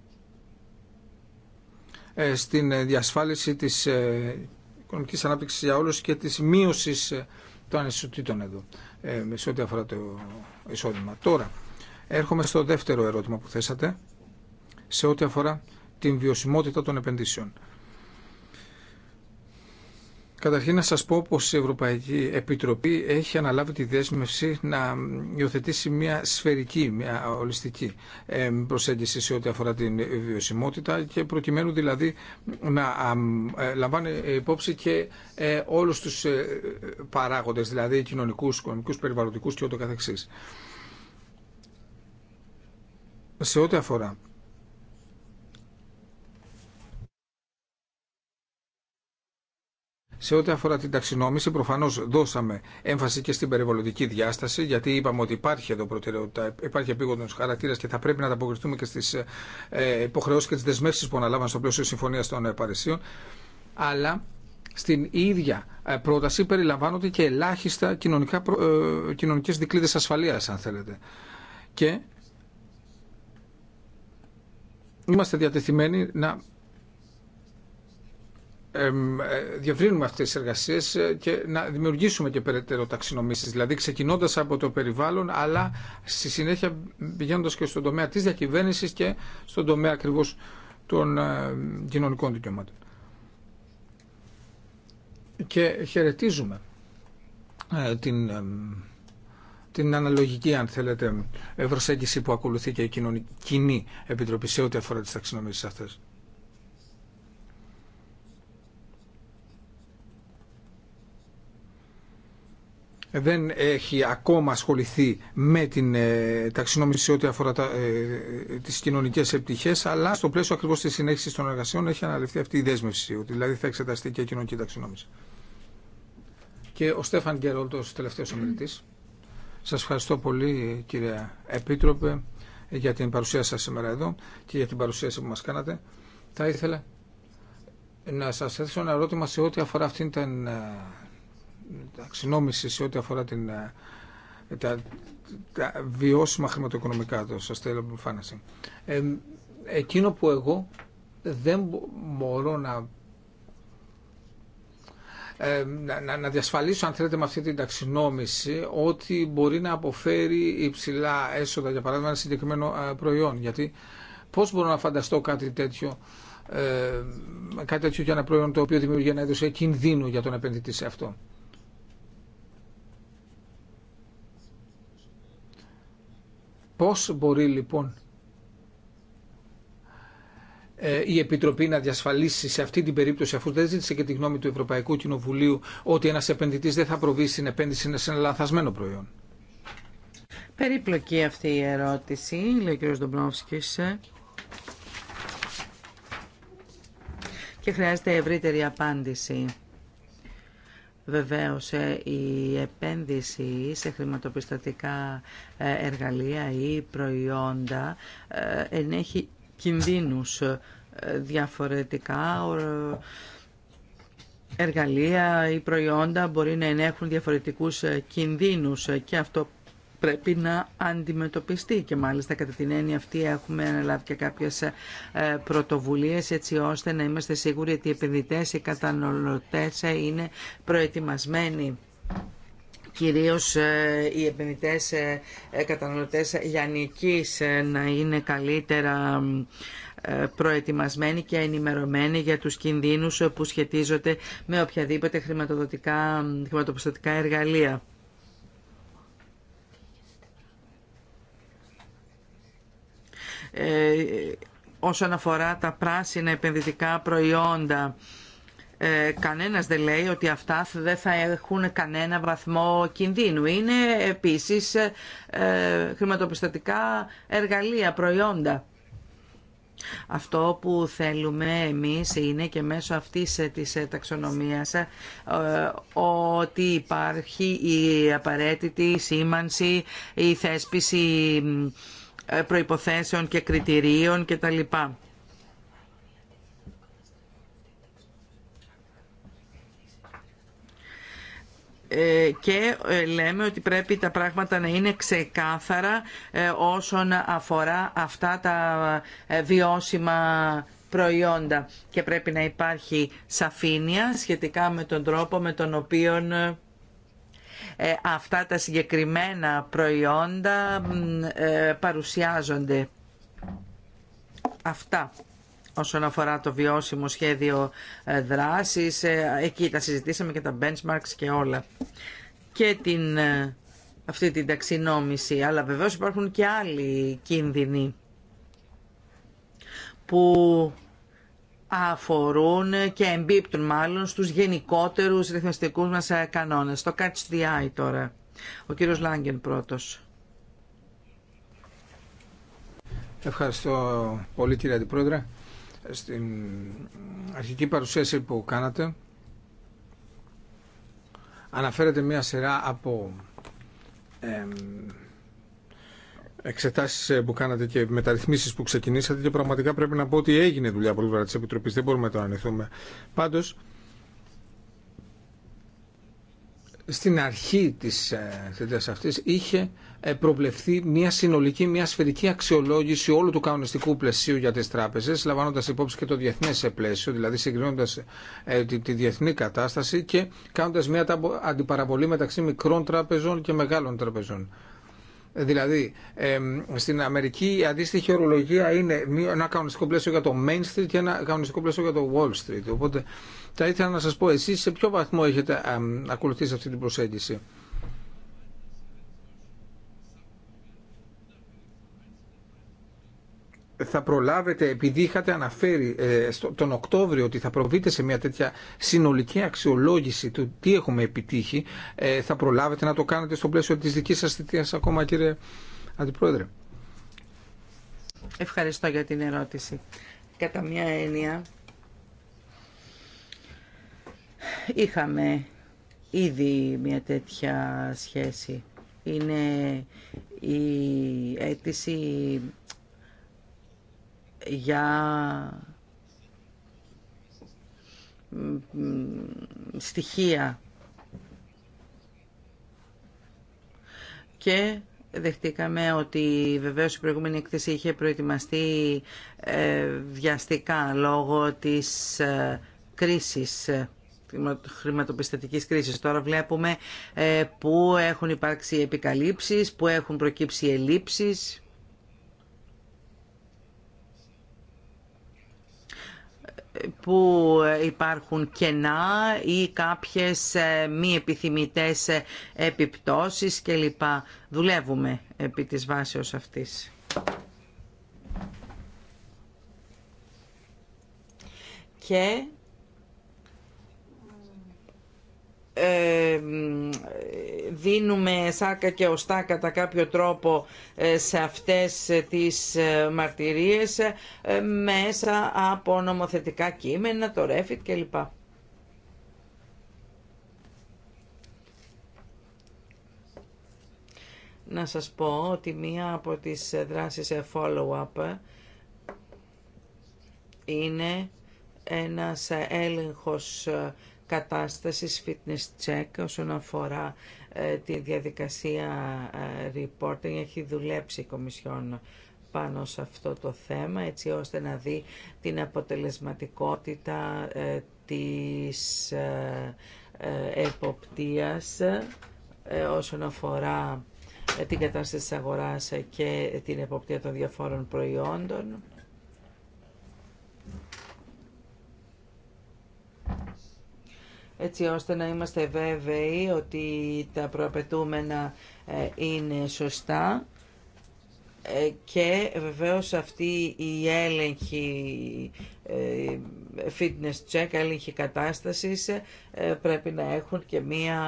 στην διασφάλιση της οικονομικής ανάπτυξης για όλους και της μείωσης των ανισοτήτων εδώ, σε ό,τι αφορά το εισόδημα. Τώρα, έρχομαι στο δεύτερο ερώτημα που θέσατε, σε ό,τι αφορά την βιωσιμότητα των επενδύσεων. Καταρχήν να σας πω πως η Ευρωπαϊκή Επιτροπή έχει αναλάβει τη δέσμευση να υιοθετήσει μια σφαιρική, μια ολιστική προσέγγιση σε ό,τι αφορά την βιωσιμότητα και προκειμένου δηλαδή να ε, λαμβάνει υπόψη και ε, όλους τους ε, παράγοντες, δηλαδή κοινωνικούς, οικονομικούς, περιβαλλοντικούς και ό,τι καθεξής. Σε ό,τι αφορά Σε ό,τι αφορά την ταξινόμηση, προφανώ δώσαμε έμφαση και στην περιβαλλοντική διάσταση, γιατί είπαμε ότι υπάρχει εδώ προτεραιότητα, υπάρχει επίγοντο χαρακτήρα και θα πρέπει να ανταποκριθούμε και στι ε, υποχρεώσει και τι δεσμεύσει που αναλάβαμε στο πλαίσιο Συμφωνία των ε, Παρισίων. Αλλά στην ίδια ε, πρόταση περιλαμβάνονται και ελάχιστα κοινωνικά, ε, κοινωνικές δικλείδες ασφαλείας, αν θέλετε. Και είμαστε διατεθειμένοι να ε, διευρύνουμε αυτές τις εργασίες ε, και να δημιουργήσουμε και περαιτέρω ταξινομήσεις. Δηλαδή ξεκινώντας από το περιβάλλον αλλά στη συνέχεια πηγαίνοντας και στον τομέα της διακυβέρνησης και στον τομέα ακριβώς των ε, κοινωνικών δικαιωμάτων. Και χαιρετίζουμε την, την αναλογική, αν θέλετε, ευρωσέγγιση που ακολουθεί και η κοινή επιτροπή σε ό,τι αφορά τις ταξινομήσεις αυτές. δεν έχει ακόμα ασχοληθεί με την ε, ταξινόμηση σε ό,τι αφορά τα, ε, τις κοινωνικές επιτυχίες, αλλά στο πλαίσιο ακριβώς της συνέχισης των εργασιών έχει αναλυφθεί αυτή η δέσμευση, ότι δηλαδή θα εξεταστεί και η κοινωνική ταξινόμηση. Και ο Στέφαν Γκέρολτος, τελευταίος ομιλητής. Σας ευχαριστώ πολύ κύριε Επίτροπε για την παρουσία σας σήμερα εδώ και για την παρουσίαση που μας κάνατε. Θα ήθελα να σας θέσω ένα ερώτημα σε ό,τι αφορά αυτήν την ε, ταξινόμηση σε ό,τι αφορά την, ε, τα, τα βιώσιμα χρηματοοικονομικά, το sustainable financing. Ε, εκείνο που εγώ δεν μπορώ να, να, να, διασφαλίσω, αν θέλετε, με αυτή την ταξινόμηση ότι μπορεί να αποφέρει υψηλά έσοδα, για παράδειγμα, ένα συγκεκριμένο ε, προϊόν. Γιατί πώς μπορώ να φανταστώ κάτι τέτοιο ε, κάτι τέτοιο για ένα προϊόν το οποίο δημιουργεί ένα είδο ε, κινδύνου για τον επενδυτή σε αυτό. Πώς μπορεί λοιπόν ε, η Επιτροπή να διασφαλίσει σε αυτή την περίπτωση, αφού δεν ζήτησε και τη γνώμη του Ευρωπαϊκού Κοινοβουλίου, ότι ένας επενδυτής δεν θα προβεί στην επένδυση σε ένα λανθασμένο προϊόν. Περίπλοκη αυτή η ερώτηση, λέει ο κ. Και χρειάζεται ευρύτερη απάντηση. Βεβαίως η επένδυση σε χρηματοπιστωτικά ε, εργαλεία ή προϊόντα ε, ενέχει κινδύνους ε, διαφορετικά εργαλεία ή προϊόντα μπορεί να ενέχουν διαφορετικούς κινδύνους και αυτό πρέπει να αντιμετωπιστεί και μάλιστα κατά την έννοια αυτή έχουμε αναλάβει και κάποιες ε, πρωτοβουλίες έτσι ώστε να είμαστε σίγουροι ότι οι επενδυτές, οι καταναλωτές ε, είναι προετοιμασμένοι κυρίως ε, οι επενδυτές καταναλωτές λιανικής να είναι καλύτερα προετοιμασμένοι και ενημερωμένοι για τους κινδύνους που σχετίζονται με οποιαδήποτε χρηματοδοτικά, χρηματοπιστωτικά εργαλεία. Ε, όσον αφορά τα πράσινα επενδυτικά προϊόντα. Ε, κανένας δεν λέει ότι αυτά δεν θα έχουν κανένα βαθμό κινδύνου. Είναι επίσης ε, χρηματοπιστωτικά εργαλεία, προϊόντα. Αυτό που θέλουμε εμείς είναι και μέσω αυτής ε, της ε, ταξονομίας ότι υπάρχει η απαραίτητη σήμανση, η θέσπιση ε, προϋποθέσεων και κριτηρίων κτλ. και ε, ε, λέμε ότι πρέπει τα πράγματα να είναι ξεκάθαρα όσον αφορά αυτά τα βιώσιμα προϊόντα και πρέπει να υπάρχει σαφήνεια σχετικά με τον τρόπο με τον οποίο ε, αυτά τα συγκεκριμένα προϊόντα ε, παρουσιάζονται. Αυτά όσον αφορά το βιώσιμο σχέδιο ε, δράσης. Εκεί τα συζητήσαμε και τα benchmarks και όλα. Και την, αυτή την ταξινόμηση. Αλλά βεβαίως υπάρχουν και άλλοι κίνδυνοι που αφορούν και εμπίπτουν μάλλον στους γενικότερους ρυθμιστικούς μας ε, κανόνες. Το Catch the Eye τώρα. Ο κύριος Λάγκεν πρώτος. Ευχαριστώ πολύ κύριε Αντιπρόεδρε. Στην αρχική παρουσίαση που κάνατε αναφέρεται μια σειρά από εξετάσει ε, που κάνατε και μεταρρυθμίσει που ξεκινήσατε και πραγματικά πρέπει να πω ότι έγινε δουλειά από πλευρά τη Επιτροπή. Δεν μπορούμε να το ανεχθούμε. Πάντω, στην αρχή τη ε, θέτια αυτής είχε ε, προβλεφθεί μια συνολική, μια σφαιρική αξιολόγηση όλου του κανονιστικού πλαισίου για τι τράπεζε, λαμβάνοντα υπόψη και το διεθνέ πλαίσιο, δηλαδή συγκρίνοντας τη, τη διεθνή κατάσταση και κάνοντα μια αντιπαραβολή μεταξύ μικρών τραπεζών και μεγάλων τραπεζών. Δηλαδή, στην Αμερική η αντίστοιχη ορολογία είναι ένα κανονιστικό πλαίσιο για το Main Street και ένα κανονιστικό πλαίσιο για το Wall Street. Οπότε θα ήθελα να σας πω εσείς σε ποιο βαθμό έχετε ακολουθήσει αυτή την προσέγγιση. θα προλάβετε, επειδή είχατε αναφέρει ε, τον Οκτώβριο ότι θα προβείτε σε μια τέτοια συνολική αξιολόγηση του τι έχουμε επιτύχει, ε, θα προλάβετε να το κάνετε στο πλαίσιο της δικής σας θητείας ακόμα κύριε Αντιπρόεδρε. Ευχαριστώ για την ερώτηση. Κατά μια έννοια, είχαμε ήδη μια τέτοια σχέση. Είναι η αίτηση για στοιχεία και δεχτήκαμε ότι βεβαίως η προηγούμενη εκθέση είχε προετοιμαστεί ε, βιαστικά λόγω της ε, κρίσης χρηματοπιστωτικής κρίσης. Τώρα βλέπουμε ε, που έχουν υπάρξει επικαλύψεις, που έχουν προκύψει ελλείψεις. που υπάρχουν κενά ή κάποιες ε, μη επιθυμητές ε, επιπτώσεις κλπ. Δουλεύουμε επί της βάσεως αυτής. Και δίνουμε σάκα και οστά κατά κάποιο τρόπο ε, σε αυτές τις ε, μαρτυρίες ε, μέσα από νομοθετικά κείμενα, το ρέφιτ κλπ. Να σας πω ότι μία από τις δράσεις follow-up είναι ένας έλεγχος κατάστασης fitness check όσον αφορά ε, τη διαδικασία ε, reporting. Έχει δουλέψει η Κομισιόν πάνω σε αυτό το θέμα έτσι ώστε να δει την αποτελεσματικότητα ε, της εποπτείας όσον αφορά την κατάσταση της αγοράς και την εποπτεία των διαφόρων προϊόντων έτσι ώστε να είμαστε βέβαιοι ότι τα προαπαιτούμενα ε, είναι σωστά ε, και βεβαίως αυτή η έλεγχη ε, fitness check, έλεγχη κατάστασης πρέπει να έχουν και μία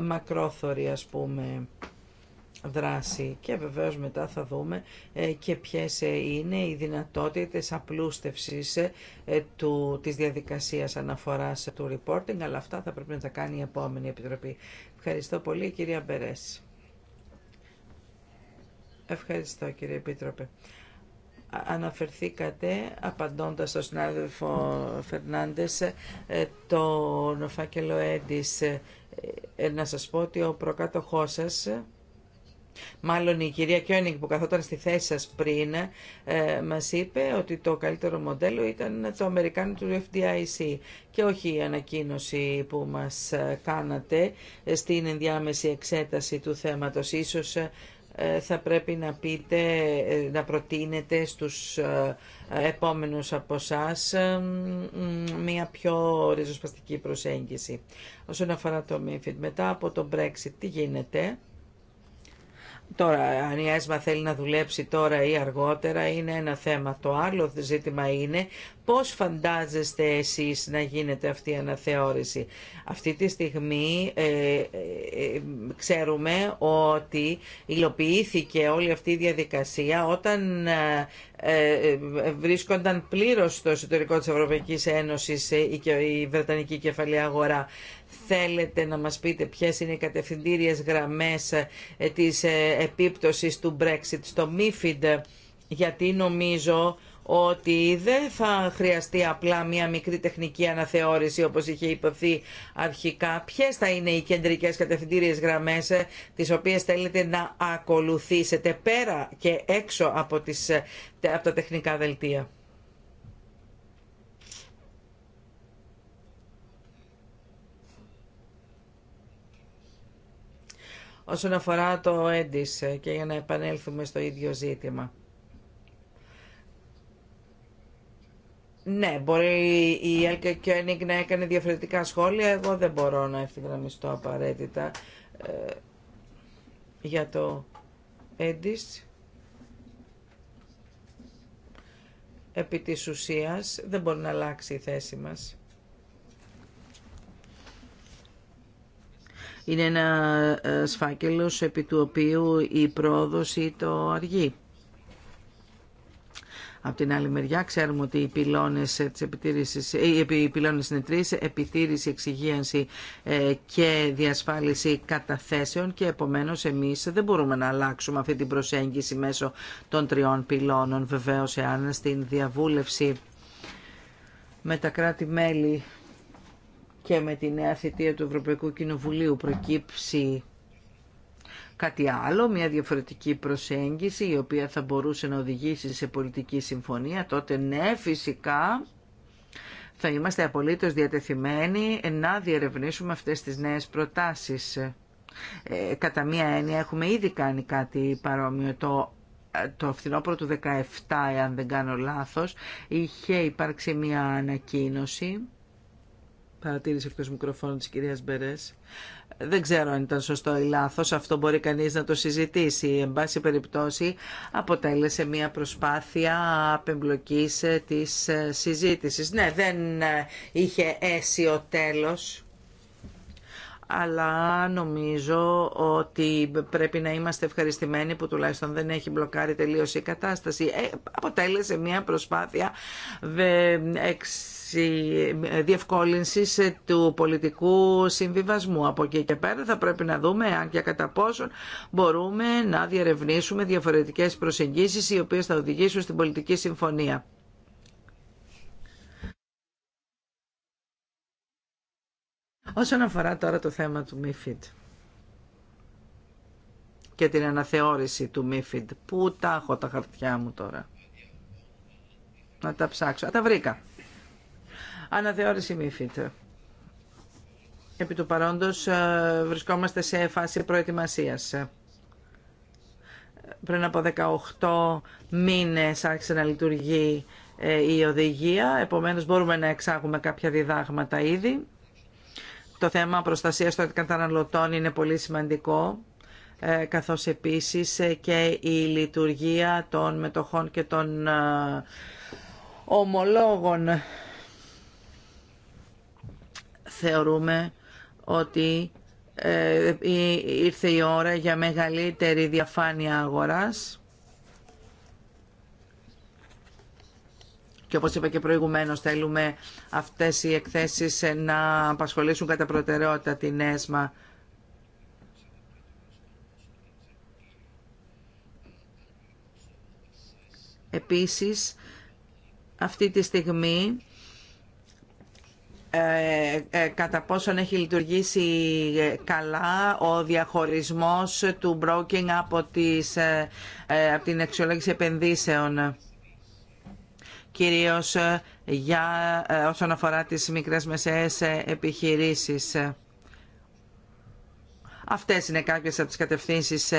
μακρόθωρη ας πούμε δράση και βεβαίως μετά θα δούμε ε, και ποιες ε, είναι οι δυνατότητες απλούστευσης ε, του, της διαδικασίας αναφοράς του reporting, αλλά αυτά θα πρέπει να τα κάνει η επόμενη Επιτροπή. Ευχαριστώ πολύ κυρία Μπερές. Ευχαριστώ κύριε Επίτροπε. Αναφερθήκατε, απαντώντας στον συνάδελφο Φερνάντες, τον φάκελο Έντις. Να σας πω ότι ο προκάτοχός σας Μάλλον η κυρία Κιόνιγκ που καθόταν στη θέση σας πριν ε, μας είπε ότι το καλύτερο μοντέλο ήταν το Αμερικάνο του FDIC και όχι η ανακοίνωση που μας ε, κάνατε στην ενδιάμεση εξέταση του θέματος. Ίσως ε, θα πρέπει να πείτε, ε, να προτείνετε στους επόμενους από εσά μια πιο ριζοσπαστική προσέγγιση. Όσον αφορά το MIFID, μετά από το Brexit, τι γίνεται. Τώρα, αν η ΕΣΜΑ θέλει να δουλέψει τώρα ή αργότερα είναι ένα θέμα. Το άλλο ζήτημα είναι πώς φαντάζεστε εσείς να γίνεται αυτή η αναθεώρηση. Αυτή τη στιγμή ε, ε ξέρουμε ότι υλοποιήθηκε όλη αυτή η διαδικασία όταν ε, ε, βρίσκονταν πλήρως στο εσωτερικό της Ευρωπαϊκής Ένωσης η, η Βρετανική Κεφαλή Αγορά θέλετε να μας πείτε ποιες είναι οι κατευθυντήριες γραμμές ε, της ε, επίπτωσης του Brexit στο MIFID, γιατί νομίζω ότι δεν θα χρειαστεί απλά μια μικρή τεχνική αναθεώρηση όπως είχε υποθεί αρχικά. Ποιες θα είναι οι κεντρικές κατευθυντήριες γραμμές ε, τις οποίες θέλετε να ακολουθήσετε πέρα και έξω από, τις, από τα τεχνικά δελτία. όσον αφορά το έντις ε, και για να επανέλθουμε στο ίδιο ζήτημα. Ναι, μπορεί η Έλκα να έκανε διαφορετικά σχόλια. Εγώ δεν μπορώ να ευθυγραμμιστώ απαραίτητα ε, για το έντις. Επί της ουσίας δεν μπορεί να αλλάξει η θέση μας. Είναι ένα ε, σφάκελος επί του οποίου η πρόοδος ή το αργεί. Από την άλλη μεριά ξέρουμε ότι οι πυλώνες, της επιτήρησης, ε, οι είναι επιτήρηση, εξυγίανση ε, και διασφάλιση καταθέσεων και επομένως εμείς δεν μπορούμε να αλλάξουμε αυτή την προσέγγιση μέσω των τριών πυλώνων βεβαίως εάν στην διαβούλευση με τα κράτη-μέλη και με τη νέα θητεία του Ευρωπαϊκού Κοινοβουλίου προκύψει κάτι άλλο, μια διαφορετική προσέγγιση η οποία θα μπορούσε να οδηγήσει σε πολιτική συμφωνία, τότε ναι φυσικά θα είμαστε απολύτως διατεθειμένοι να διερευνήσουμε αυτές τις νέες προτάσεις. Ε, κατά μία έννοια έχουμε ήδη κάνει κάτι παρόμοιο το το φθινόπωρο του 17, αν δεν κάνω λάθος, είχε υπάρξει μια ανακοίνωση παρατήρηση εκτό μικροφώνου τη κυρίας Μπερές. Δεν ξέρω αν ήταν σωστό ή λάθος, αυτό μπορεί κανείς να το συζητήσει. Εν πάση περιπτώσει αποτέλεσε μια προσπάθεια απεμπλοκή ε, τη ε, συζήτηση. Ναι, δεν ε, είχε αίσιο τέλος αλλά νομίζω ότι πρέπει να είμαστε ευχαριστημένοι που τουλάχιστον δεν έχει μπλοκάρει τελείως η κατάσταση. Ε, αποτέλεσε μια προσπάθεια διευκόλυνση του πολιτικού συμβιβασμού. Από εκεί και πέρα θα πρέπει να δούμε αν και κατά πόσον μπορούμε να διερευνήσουμε διαφορετικές προσεγγίσεις οι οποίες θα οδηγήσουν στην πολιτική συμφωνία. Όσον αφορά τώρα το θέμα του MIFID και την αναθεώρηση του MIFID, πού τα έχω τα χαρτιά μου τώρα. Να τα ψάξω. Α, τα βρήκα. Αναθεώρηση MIFID. Επί του παρόντος ε, βρισκόμαστε σε φάση προετοιμασίας. Πριν από 18 μήνες άρχισε να λειτουργεί ε, η οδηγία, επομένως μπορούμε να εξάγουμε κάποια διδάγματα ήδη. Το θέμα προστασίας των καταναλωτών είναι πολύ σημαντικό ε, καθώς επίσης ε, και η λειτουργία των μετοχών και των ε, ομολόγων. Θεωρούμε ότι ήρθε η ώρα για μεγαλύτερη διαφάνεια αγοράς και όπως είπα και προηγουμένως θέλουμε αυτές οι εκθέσεις να απασχολήσουν κατά προτεραιότητα την ΕΣΜΑ. Επίσης, αυτή τη στιγμή ε, ε, κατά πόσον έχει λειτουργήσει ε, καλά ο διαχωρισμός του broking από, τις, από την αξιολόγηση επενδύσεων κυρίως ε, για ε, όσον αφορά τις μικρές μεσαίες ε, επιχειρήσεις. Αυτές είναι κάποιες από τις κατευθύνσεις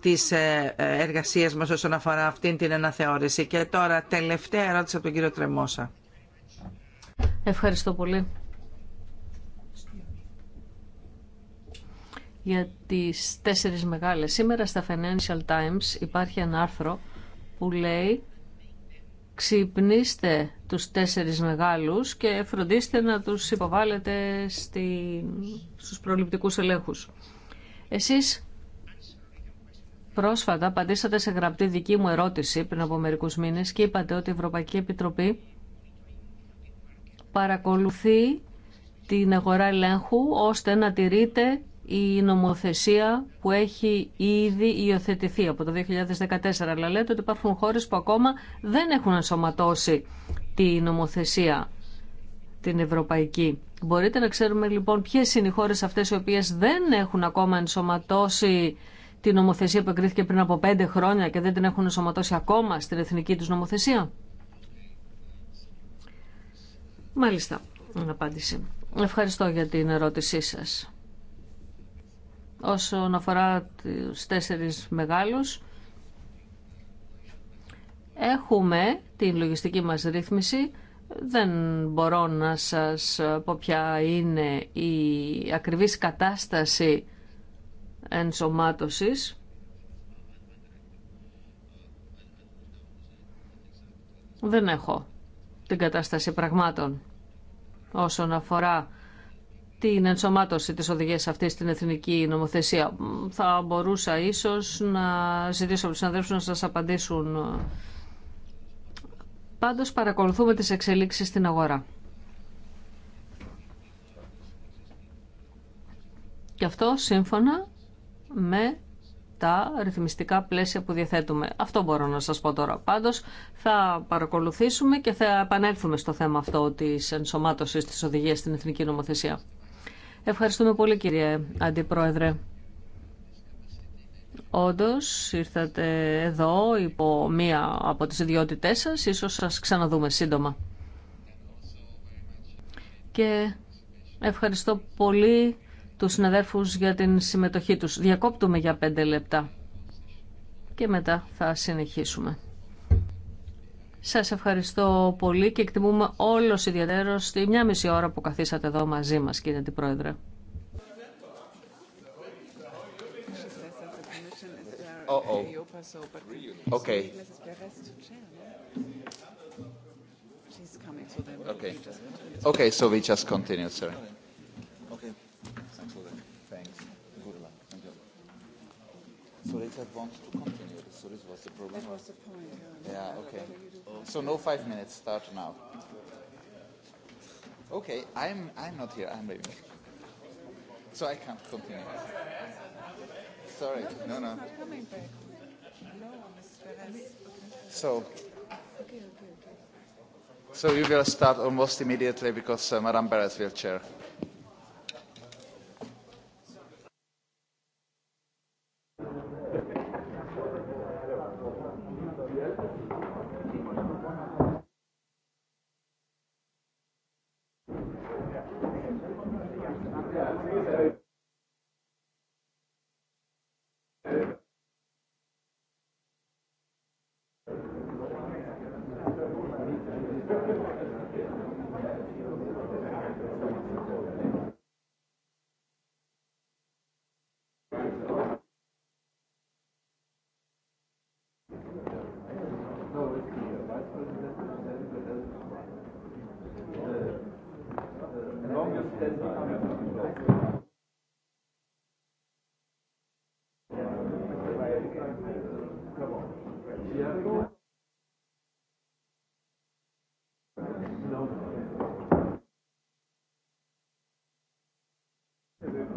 της εργασίας μας όσον αφορά αυτήν την αναθεώρηση. Και τώρα τελευταία ερώτηση από τον κύριο Τρεμόσα. Ευχαριστώ πολύ. Για τις τέσσερις μεγάλες. Σήμερα στα Financial Times υπάρχει ένα άρθρο που λέει ξυπνήστε τους τέσσερις μεγάλους και φροντίστε να τους υποβάλλετε στη... στους προληπτικούς ελέγχους. Εσείς πρόσφατα απαντήσατε σε γραπτή δική μου ερώτηση πριν από μερικούς μήνες και είπατε ότι η Ευρωπαϊκή Επιτροπή παρακολουθεί την αγορά ελέγχου ώστε να τηρείται η νομοθεσία που έχει ήδη υιοθετηθεί από το 2014. Αλλά λέτε ότι υπάρχουν χώρες που ακόμα δεν έχουν ενσωματώσει τη νομοθεσία την ευρωπαϊκή. Μπορείτε να ξέρουμε λοιπόν ποιες είναι οι χώρες αυτές οι οποίες δεν έχουν ακόμα ενσωματώσει την νομοθεσία που εγκρίθηκε πριν από πέντε χρόνια και δεν την έχουν ενσωματώσει ακόμα στην εθνική τους νομοθεσία. Μάλιστα, απάντηση. Ευχαριστώ για την ερώτησή σας. Όσον αφορά τους τέσσερις μεγάλους, έχουμε την λογιστική μας ρύθμιση. Δεν μπορώ να σας πω ποια είναι η ακριβής κατάσταση ενσωμάτωσης. Δεν έχω την κατάσταση πραγμάτων όσον αφορά την ενσωμάτωση της οδηγίας αυτής στην εθνική νομοθεσία. Θα μπορούσα ίσως να ζητήσω από τους συναδέλφους να σας απαντήσουν. Πάντως παρακολουθούμε τις εξελίξεις στην αγορά. Και αυτό σύμφωνα με τα ρυθμιστικά πλαίσια που διαθέτουμε. Αυτό μπορώ να σας πω τώρα. Πάντως θα παρακολουθήσουμε και θα επανέλθουμε στο θέμα αυτό της ενσωμάτωσης της οδηγίας στην Εθνική Νομοθεσία. Ευχαριστούμε πολύ κύριε Αντιπρόεδρε. Όντως ήρθατε εδώ υπό μία από τις ιδιότητές σας, ίσως σας ξαναδούμε σύντομα. Και ευχαριστώ πολύ τους συναδέρφους για την συμμετοχή τους. Διακόπτουμε για πέντε λεπτά και μετά θα συνεχίσουμε. Σας ευχαριστώ πολύ και εκτιμούμε όλο ιδιαίτερος τη μια μισή ώρα που καθίσατε εδώ μαζί μας κύριε Αντιπρόεδρε. Oh, oh. Okay. Okay. Okay, so we just continue, sir. Okay. Thanks. Good luck. So they said want to continue. So this was the problem. That was the point. Yeah, okay. So no five minutes. Start now. Okay, I'm I'm not here. I'm leaving. So I can't continue. Sorry. No, no. So. So you will start almost immediately because Madame Perez will chair.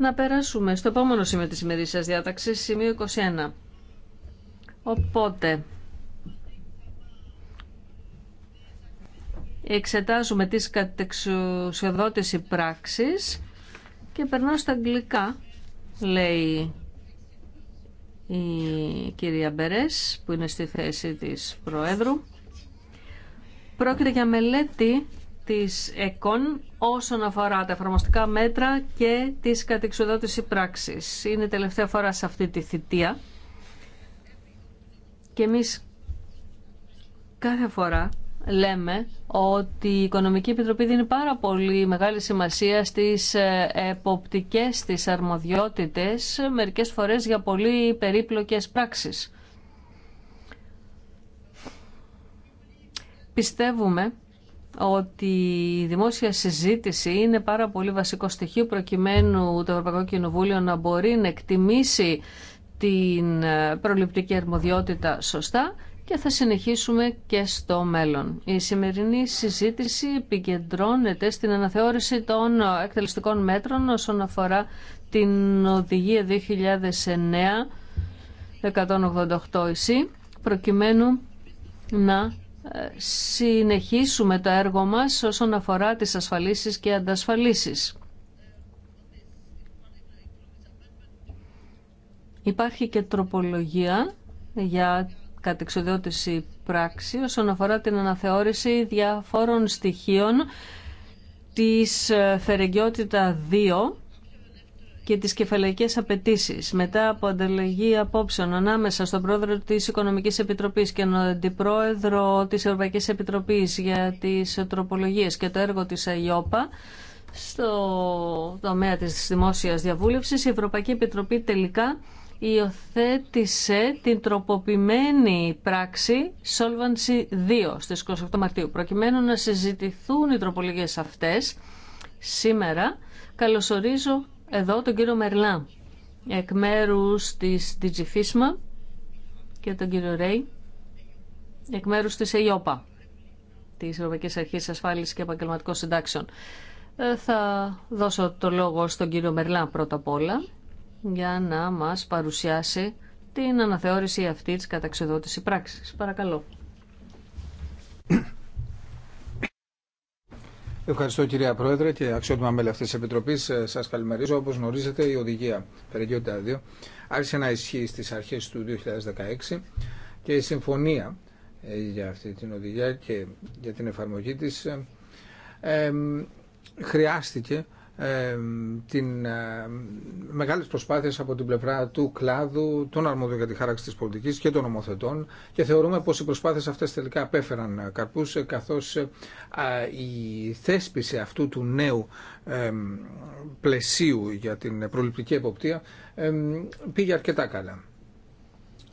Να περάσουμε στο επόμενο σημείο της σας διάταξης, σημείο 21. Οπότε, εξετάζουμε τις κατεξουσιοδότηση πράξεις και περνάω στα αγγλικά, λέει η κυρία Μπερές, που είναι στη θέση της Προέδρου. Πρόκειται για μελέτη της ΕΚΟΝ όσον αφορά τα εφαρμοστικά μέτρα και τις κατεξοδότηση πράξης. Είναι τελευταία φορά σε αυτή τη θητεία και εμείς κάθε φορά λέμε ότι η Οικονομική Επιτροπή δίνει πάρα πολύ μεγάλη σημασία στις ε, εποπτικές της αρμοδιότητες, μερικές φορές για πολύ περίπλοκες πράξεις. Πιστεύουμε ότι η δημόσια συζήτηση είναι πάρα πολύ βασικό στοιχείο προκειμένου το Ευρωπαϊκό Κοινοβούλιο να μπορεί να εκτιμήσει την ε, προληπτική αρμοδιότητα σωστά και θα συνεχίσουμε και στο μέλλον. Η σημερινή συζήτηση επικεντρώνεται στην αναθεώρηση των ε, εκτελεστικών μέτρων όσον αφορά την Οδηγία 2009-188 προκειμένου να συνεχίσουμε το έργο μας όσον αφορά τις ασφαλίσεις και αντασφαλίσεις. Υπάρχει και τροπολογία για κατεξοδότηση πράξη όσον αφορά την αναθεώρηση διαφόρων στοιχείων της ε, Φερεγγιότητα 2 και τις κεφαλαϊκές απαιτήσει μετά από ανταλλαγή απόψεων ανάμεσα στον πρόεδρο της Οικονομικής Επιτροπής και τον αντιπρόεδρο της Ευρωπαϊκής Επιτροπής για τις τροπολογίες και το έργο της ΑΙΟΠΑ στο τομέα της δημόσιας διαβούλευσης η Ευρωπαϊκή Επιτροπή τελικά υιοθέτησε την τροποποιημένη πράξη Solvency 2 στις 28 Μαρτίου προκειμένου να συζητηθούν οι τροπολογίες αυτές σήμερα καλωσορίζω εδώ τον κύριο Μερλά εκ μέρου της Digifisma και τον κύριο Ρέι εκ μέρου της ΕΙΟΠΑ της Ευρωπαϊκή Αρχής Ασφάλιση και Επαγγελματικών Συντάξεων. Ε, θα δώσω το λόγο στον κύριο Μερλά πρώτα απ' όλα για να μας παρουσιάσει την αναθεώρηση αυτή της καταξιδότηση πράξης. Παρακαλώ. Ευχαριστώ κυρία Πρόεδρε και αξιότιμα μέλη αυτή τη Επιτροπή. Ε, Σα καλημερίζω. Όπω γνωρίζετε, η οδηγία Περιγκιότητα 2 άρχισε να ισχύει στι αρχέ του 2016 και η συμφωνία ε, για αυτή την οδηγία και για την εφαρμογή της ε, χρειάστηκε την, μεγάλες προσπάθειες από την πλευρά του κλάδου, των αρμόδιων για τη χάραξη της πολιτικής και των νομοθετών και θεωρούμε πως οι προσπάθειες αυτές τελικά απέφεραν καρπούς καθώς ε, η θέσπιση αυτού του νέου πλαισίου για την προληπτική εποπτεία πήγε αρκετά καλά.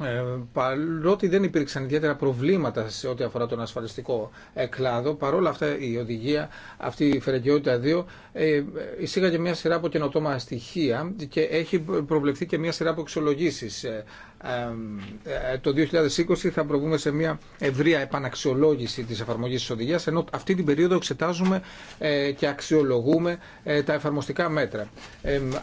Ε, παρότι δεν υπήρξαν ιδιαίτερα προβλήματα σε ό,τι αφορά τον ασφαλιστικό κλάδο, παρόλα αυτά η οδηγία, αυτή η Φερεγγιότητα 2, ε, εισήγαγε μια σειρά από καινοτόμα στοιχεία και έχει προβλεφθεί και μια σειρά από εξολογήσει ε, ε, ε, το 2020 θα προβούμε σε μια ευρεία επαναξιολόγηση της εφαρμογής της οδηγίας ενώ αυτή την περίοδο εξετάζουμε ε, και αξιολογούμε τα εφαρμοστικά μέτρα.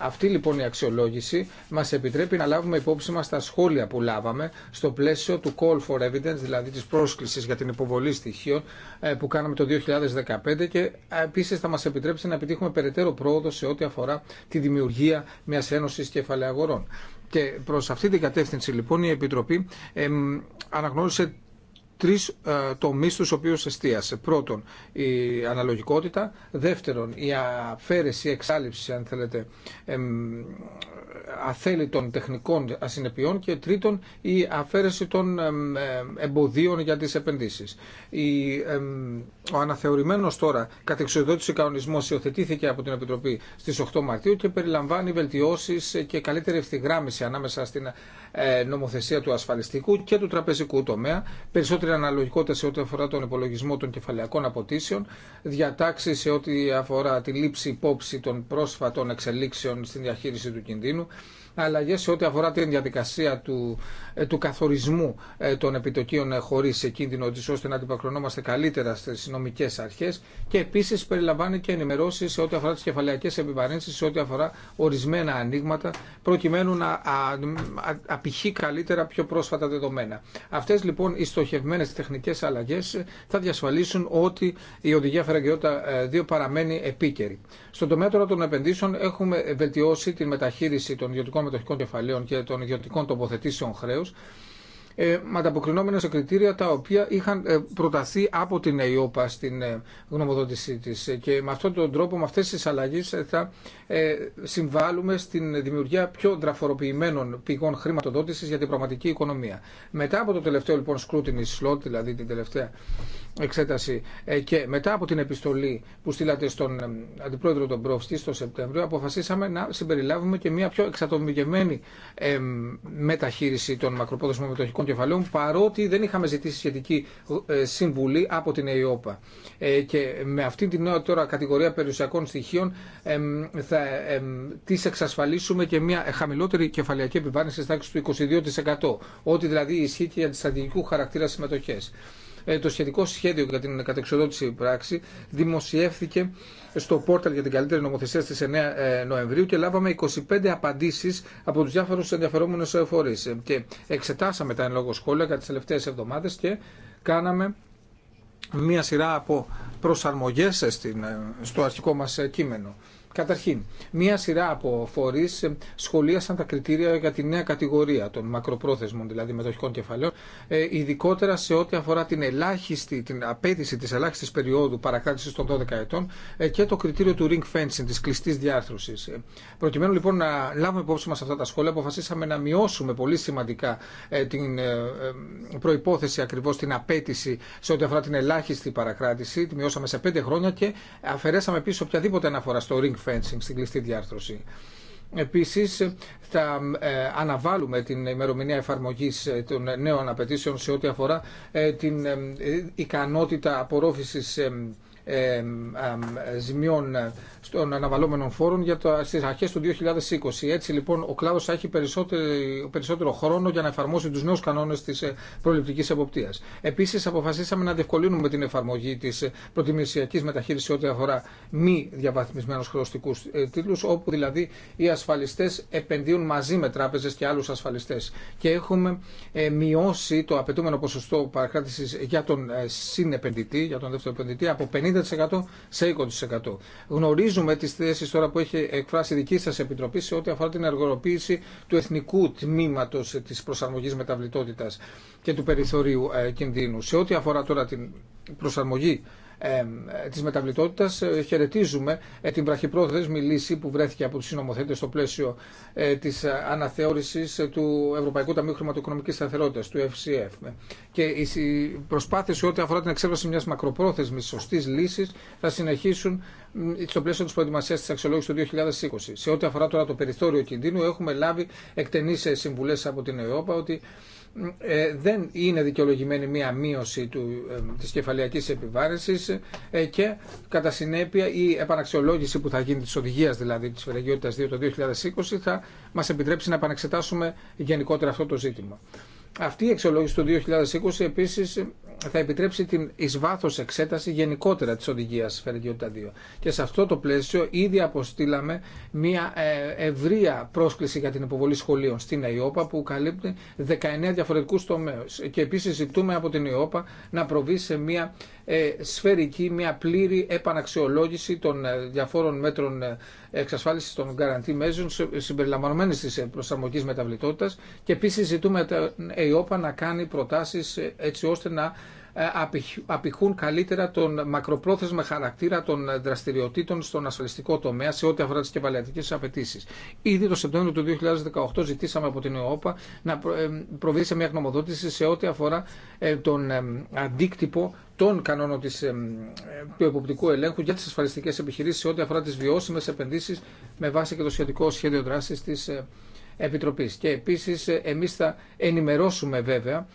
Αυτή λοιπόν η αξιολόγηση μας επιτρέπει να λάβουμε υπόψη μας τα σχόλια που λάβαμε στο πλαίσιο του Call for Evidence, δηλαδή της πρόσκλησης για την υποβολή στοιχείων που κάναμε το 2015 και επίσης θα μας επιτρέψει να επιτύχουμε περαιτέρω πρόοδο σε ό,τι αφορά τη δημιουργία μιας ένωσης κεφαλαίου αγορών. Και προς αυτή την κατεύθυνση λοιπόν η Επιτροπή αναγνώρισε τρεις ε, τομεί στους οποίους εστίασε. Πρώτον, η αναλογικότητα. Δεύτερον, η αφαίρεση, η εξάλληψη, αν θέλετε, αθέλητων τεχνικών ασυνεπιών και τρίτον, η αφαίρεση των εμποδίων για τις επενδύσεις. ο αναθεωρημένος τώρα κατεξοδότηση κανονισμός υιοθετήθηκε από την Επιτροπή στις 8 Μαρτίου και περιλαμβάνει βελτιώσεις και καλύτερη ευθυγράμμιση ανάμεσα στην ε, νομοθεσία του ασφαλιστικού και του τραπεζικού τομέα, περισσότερη αναλογικότητα σε ό,τι αφορά τον υπολογισμό των κεφαλαιακών αποτήσεων, διατάξει σε ό,τι αφορά τη λήψη υπόψη των πρόσφατων εξελίξεων στην διαχείριση του κινδύνου, αλλαγές σε ό,τι αφορά την διαδικασία του, ε, του καθορισμού ε, των επιτοκίων ε, χωρίς κίνδυνο της ώστε να αντιπακρονόμαστε καλύτερα στις νομικές αρχές και επίσης περιλαμβάνει και ενημερώσεις σε ό,τι αφορά τις κεφαλαιακές επιβαρύνσεις, σε ό,τι αφορά ορισμένα ανοίγματα προκειμένου να απηχεί καλύτερα πιο πρόσφατα δεδομένα. Αυτές λοιπόν οι στοχευμένες τεχνικές αλλαγές θα διασφαλίσουν ότι η οδηγία Φεραγκαιότητα 2 παραμένει επίκαιρη. Στον τομέα των επενδύσεων έχουμε βελτιώσει την μεταχείριση των ιδιωτικών μετοχικών κεφαλαίων και των ιδιωτικών τοποθετήσεων χρέου, ε, ανταποκρινόμενα σε κριτήρια τα οποία είχαν ε, προταθεί από την ΕΙΟΠΑ στην ε, γνωμοδότησή της. Και με αυτόν τον τρόπο, με αυτές τις αλλαγές ε, θα ε, συμβάλλουμε στην δημιουργία πιο δραφοροποιημένων πηγών χρήματοδότηση για την πραγματική οικονομία. Μετά από το τελευταίο λοιπόν scrutiny slot, δηλαδή την τελευταία εξέταση ε, και μετά από την επιστολή που στείλατε στον ε, Αντιπρόεδρο τον Πρόφστη στο Σεπτέμβριο αποφασίσαμε να συμπεριλάβουμε και μια πιο εξατομικευμένη μεταχείριση των μακροπρόθεσμων μετοχικών κεφαλαίων παρότι δεν είχαμε ζητήσει σχετική συμβουλή από την ΕΙΟΠΑ. και με αυτή την νέα τώρα κατηγορία περιουσιακών στοιχείων θα ε, τις εξασφαλίσουμε και μια χαμηλότερη κεφαλαιακή επιβάρυνση στις τάξη του 22%. Ό,τι δηλαδή ισχύει και για τις στρατηγικού χαρακτήρα συμμετοχές. Ε, το σχετικό σχέδιο για την κατεξοδότηση πράξη δημοσιεύθηκε στο πόρταλ για την καλύτερη νομοθεσία στις 9 ε, Νοεμβρίου και λάβαμε 25 απαντήσεις από τους διάφορους ενδιαφερόμενους φορείς. Ε, και εξετάσαμε τα εν λόγω σχόλια κατά τις τελευταίες εβδομάδες και κάναμε μία σειρά από προσαρμογές στην, στο αρχικό μας κείμενο. Καταρχήν, μία σειρά από φορεί ε, σχολίασαν τα κριτήρια για τη νέα κατηγορία των μακροπρόθεσμων, δηλαδή μετοχικών κεφαλαίων, ε, ειδικότερα σε ό,τι αφορά την, ελάχιστη, την απέτηση τη ελάχιστη περίοδου παρακράτηση των 12 ετών ε, και το κριτήριο του ring fencing, τη κλειστή διάρθρωση. Προκειμένου λοιπόν να λάβουμε υπόψη μα αυτά τα σχόλια, αποφασίσαμε να μειώσουμε πολύ σημαντικά την προπόθεση ακριβώ την απέτηση σε ό,τι αφορά την ελάχιστη παρακράτηση. Τη μειώσαμε σε 5 χρόνια και αφαιρέσαμε επίση οποιαδήποτε αναφορά στο ring fencing, στην κλειστή διάρθρωση. Επίσης θα ε, αναβάλουμε την ημερομηνία εφαρμογής ε, των νέων απαιτήσεων σε ό,τι αφορά ε, την ικανότητα απορρόφησης ζημιών των αναβαλόμενων φόρων για αρχέ στις αρχές του 2020. Έτσι λοιπόν ο κλάδος θα έχει περισσότερο, χρόνο για να εφαρμόσει τους νέους κανόνες της ε, προληπτικής εποπτείας. Επίσης αποφασίσαμε να διευκολύνουμε την εφαρμογή της ε, προτιμησιακής μεταχείρισης ό,τι αφορά μη διαβαθμισμένους χρωστικούς ε, τίτλους, όπου δηλαδή οι ασφαλιστές επενδύουν μαζί με τράπεζες και άλλους ασφαλιστές. Και έχουμε μειώσει το απαιτούμενο ποσοστό παρακράτησης για τον συνεπενδυτή, για τον δεύτερο επενδυτή, από 50% σε 20%. Γνωρίζουμε με τις θέσει τώρα που έχει εκφράσει η δική σα Επιτροπή σε ό,τι αφορά την εργοποίηση του εθνικού τμήματος της προσαρμογής μεταβλητότητας και του περιθωρίου ε, κινδύνου. Σε ό,τι αφορά τώρα την προσαρμογή ε, της μεταβλητότητας ε, χαιρετίζουμε ε, την βραχυπρόθεσμη λύση που βρέθηκε από τους συνομοθέτες στο πλαίσιο της αναθεώρησης του Ευρωπαϊκού Ταμείου Χρηματοοικονομικής Σταθερότητας, του FCF. Και η προσπάθεια ό,τι αφορά την εξέβραση μιας μακροπρόθεσμης σωστής λύσης θα συνεχίσουν στο πλαίσιο τη προετοιμασία τη αξιολόγηση του 2020. Σε ό,τι αφορά τώρα το περιθώριο κινδύνου, έχουμε λάβει εκτενεί συμβουλέ από την ΕΟΠΑ ότι ε, δεν είναι δικαιολογημένη μία μείωση του, ε, της κεφαλαιακής επιβάρησης ε, και κατά συνέπεια η επαναξιολόγηση που θα γίνει της οδηγίας δηλαδή της Φεραγιότητας 2 το 2020 θα μας επιτρέψει να επαναξετάσουμε γενικότερα αυτό το ζήτημα. Αυτή η αξιολόγηση του 2020 επίσης θα επιτρέψει την εις εξέταση γενικότερα τη οδηγία Φερεντιότητα 2. Και σε αυτό το πλαίσιο ήδη αποστήλαμε μια ε, ευρεία πρόσκληση για την υποβολή σχολείων στην ΕΙΟΠΑ που καλύπτει 19 διαφορετικού τομέου. Και επίση ζητούμε από την ΕΙΟΠΑ να προβεί σε μια ε, σφαιρική, μια πλήρη επαναξιολόγηση των ε, διαφόρων μέτρων εξασφάλιση των guarantee measures συμπεριλαμβανομένη τη προσαρμογή μεταβλητότητα και επίση ζητούμε την ΑΙΟΠΑ να κάνει προτάσει έτσι ώστε να ε, απηχούν καλύτερα τον μακροπρόθεσμο χαρακτήρα των δραστηριοτήτων στον ασφαλιστικό τομέα σε ό,τι αφορά τι κεφαλαιατικέ απαιτήσει. Ήδη το Σεπτέμβριο του 2018 ζητήσαμε από την ΕΟΠΑ να ε, προβεί σε μια γνωμοδότηση σε ό,τι αφορά ε, τον αντίκτυπο των κανόνων της, του εποπτικού ελέγχου για τι ασφαλιστικέ επιχειρήσει σε ό,τι αφορά τι βιώσιμε επενδύσει με βάση και το σχετικό σχέδιο δράσης τη Επιτροπής. Και επίσης εμείς θα ενημερώσουμε βέβαια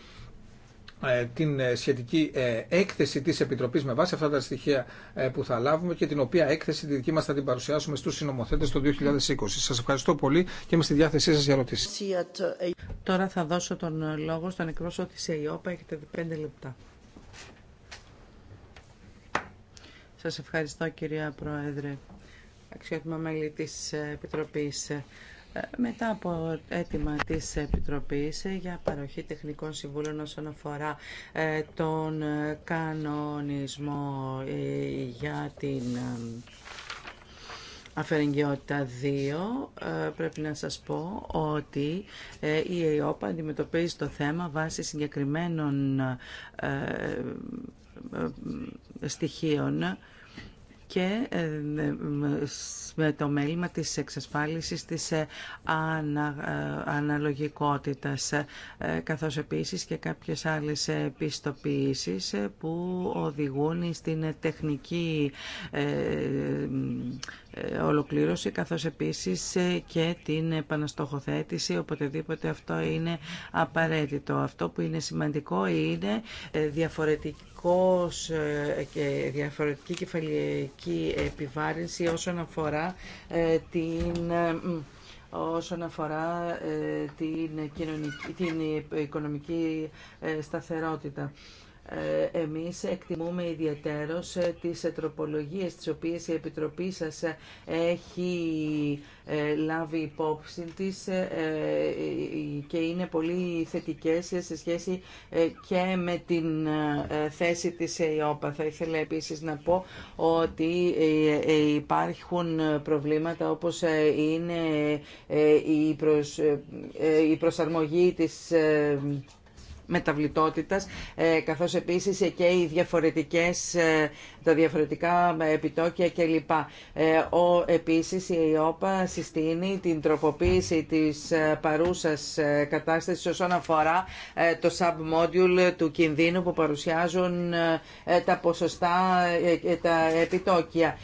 ε, την ε, σχετική ε, έκθεση της Επιτροπής με βάση αυτά τα στοιχεία που θα λάβουμε και την οποία έκθεση τη δική μας θα την παρουσιάσουμε στους συνομοθέτες το 2020. Σας ευχαριστώ πολύ και είμαι στη διάθεσή σας για ερωτήσεις. Τώρα θα δώσω τον λόγο στον εκπρόσωπο της ΕΙΟΠΑ. Έχετε 5 λεπτά. Σας ευχαριστώ κυρία Πρόεδρε, αξιότιμα μέλη της Επιτροπής μετά από αίτημα της Επιτροπής για παροχή τεχνικών συμβούλων όσον αφορά ε, τον ε, κανονισμό ε, για την Αφαιρεγγιότητα 2, πρέπει να σας πω ότι η ΕΟΠΑ αντιμετωπίζει το θέμα βάσει συγκεκριμένων στοιχείων και ε, με το μέλημα της εξασφάλισης της ε, ανα, ε, αναλογικότητας καθώς επίσης και κάποιες άλλες επιστοποιήσεις που οδηγούν στην τεχνική ε, ολοκλήρωση καθώς επίσης ε, και την επαναστοχοθέτηση οποτεδήποτε αυτό είναι απαραίτητο. Αυτό που είναι σημαντικό είναι ε, διαφορετική και διαφορετική κεφαλιακή επιβάρυνση όσον αφορά την όσον αφορά την, την οικονομική σταθερότητα. Ε, εμείς εκτιμούμε ιδιαίτερως ε, τις ε, τροπολογίες τις οποίες η Επιτροπή σας έχει λάβει υπόψη της και είναι πολύ θετικές σε σχέση και με την θέση της ΕΙΟΠΑ. Θα ήθελα επίσης να πω ότι υπάρχουν προβλήματα όπως είναι η, προσαρμογή της μεταβλητότητας, ε, καθώς επίσης και οι διαφορετικές, ε, τα διαφορετικά επιτόκια κλπ. Ε, ο, επίσης η ΕΟΠΑ συστήνει την τροποποίηση της παρούσας κατάστασης όσον αφορά το sub-module του κινδύνου που παρουσιάζουν τα ποσοστά, τα επιτόκια.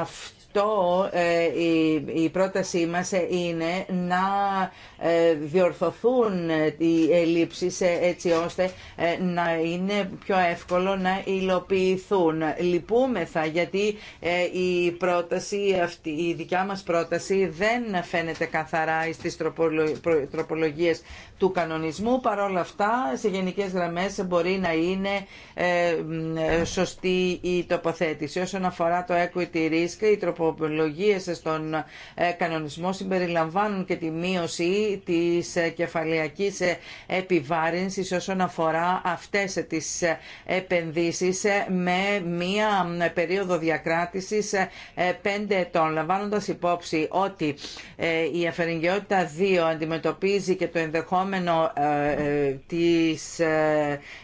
Αυτό η, η πρότασή μας είναι να ε, διορθωθούν ε, οι ελλείψεις ε, έτσι ώστε να είναι πιο εύκολο να υλοποιηθούν. Λυπούμεθα γιατί η πρόταση αυτή, η δικιά μας πρόταση δεν φαίνεται καθαρά στις τροπολογίες του κανονισμού. Παρόλα αυτά σε γενικές γραμμές μπορεί να είναι σωστή η τοποθέτηση. Όσον αφορά το equity risk, οι τροπολογίες στον κανονισμό συμπεριλαμβάνουν και τη μείωση της κεφαλιακής επιβάρυνσης όσον αφορά αυτές τις επενδύσεις με μία περίοδο διακράτησης 5 ετών. Λαμβάνοντας υπόψη ότι ε, η αφαιρεγγιότητα 2 αντιμετωπίζει και το ενδεχόμενο ε, ε, της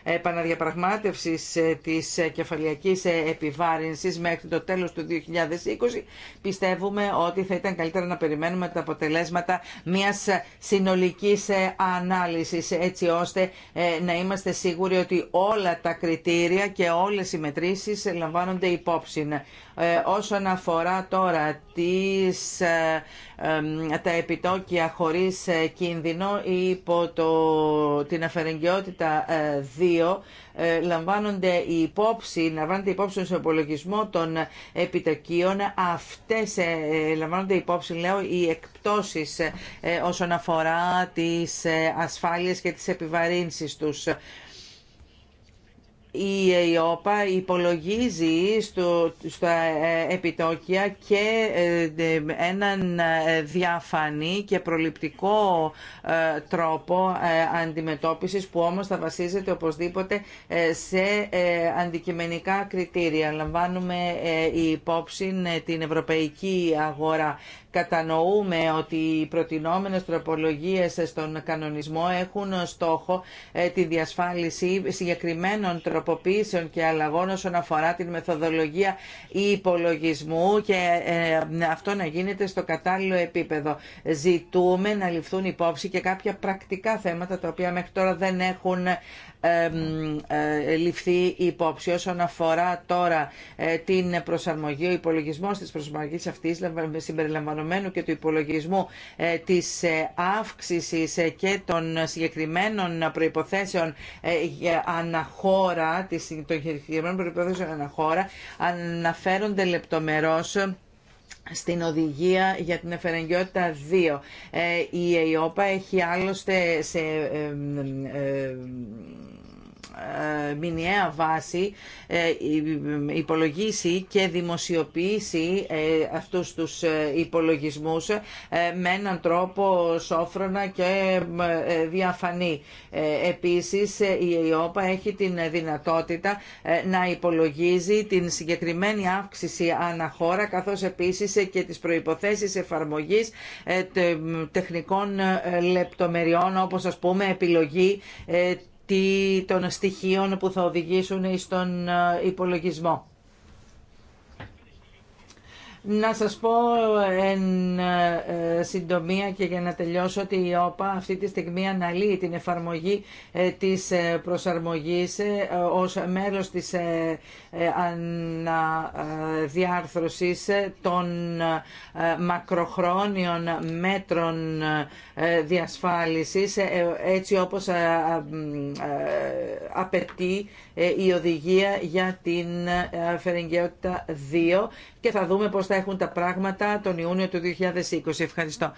επαναδιαπραγμάτευσης της κεφαλιακής επιβάρυνσης μέχρι το τέλος του 2020, πιστεύουμε ότι θα ήταν καλύτερα να περιμένουμε τα αποτελέσματα μιας συνολικής ε, ανάλυσης έτσι ώστε ε, να είμαστε σίγουροι ότι όλα τα κριτήρια και όλες οι μετρήσεις λαμβάνονται υπόψη. Ε, όσον αφορά τώρα τις, ε, τα επιτόκια χωρίς ε, κίνδυνο υπό το, την αφαιρεγγιότητα 2 λαμβάνονται υπόψη, λαμβάνονται υπόψη στον υπολογισμό των επιτοκίων. Αυτές λαμβάνονται υπόψη, λέω, οι εκπτώσεις όσον αφορά τις ασφάλειες και τις επιβαρύνσεις τους η ΕΙΟΠΑ υπολογίζει στο, στα ε, επιτόκια και ε, έναν ε, διαφανή και προληπτικό τρόπο αντιμετώπισης που όμως θα βασίζεται οπωσδήποτε σε αντικειμενικά κριτήρια. Λαμβάνουμε υπόψη την ευρωπαϊκή αγορά κατανοούμε ότι οι προτινόμενες τροπολογίες στον κανονισμό έχουν ως στόχο ε, τη διασφάλιση συγκεκριμένων τροποποίησεων και αλλαγών όσον αφορά την μεθοδολογία υπολογισμού και ε, αυτό να γίνεται στο κατάλληλο επίπεδο. Ζητούμε να ληφθούν υπόψη και κάποια πρακτικά θέματα τα οποία μέχρι τώρα δεν έχουν ε, ληφθεί υπόψη. Όσον αφορά τώρα ε, την προσαρμογή, ο υπολογισμός της προσαρμογής αυτής συμπεριλαμβανομένου και του υπολογισμού ε, της αύξησης και των συγκεκριμένων προϋποθέσεων αναχώρα, των συγκεκριμένων προποθέσεων αναχώρα αναφέρονται λεπτομερώ στην οδηγία για την εφερεγγιότητα 2. Ε, η ΕΙΟΠΑ έχει άλλωστε σε ε, μηνιαία βάση ε, υπολογίσει και δημοσιοποιήσει ε, αυτούς τους υπολογισμούς με έναν τρόπο σόφρονα και διαφανή. Επίσης η ΕΟΠΑ έχει την δυνατότητα να υπολογίζει την συγκεκριμένη αύξηση αναχώρα καθώς επίσης και τις προϋποθέσεις εφαρμογής τεχνικών λεπτομεριών όπως ας πούμε επιλογή των στοιχείων που θα οδηγήσουν στον ε, υπολογισμό. Να σας πω εν ε, συντομία και για να τελειώσω ότι η ΟΠΑ αυτή τη στιγμή αναλύει την εφαρμογή ε, της ε, προσαρμογής ως μέρος της αναδιάρθρωσης των μακροχρόνιων μέτρων διασφάλισης έτσι όπως απαιτεί ε, η οδηγία για την ε, αφαιρεγγιότητα 2 και θα δούμε πώς θα έχουν τα πράγματα τον Ιούνιο του 2020. Ευχαριστώ.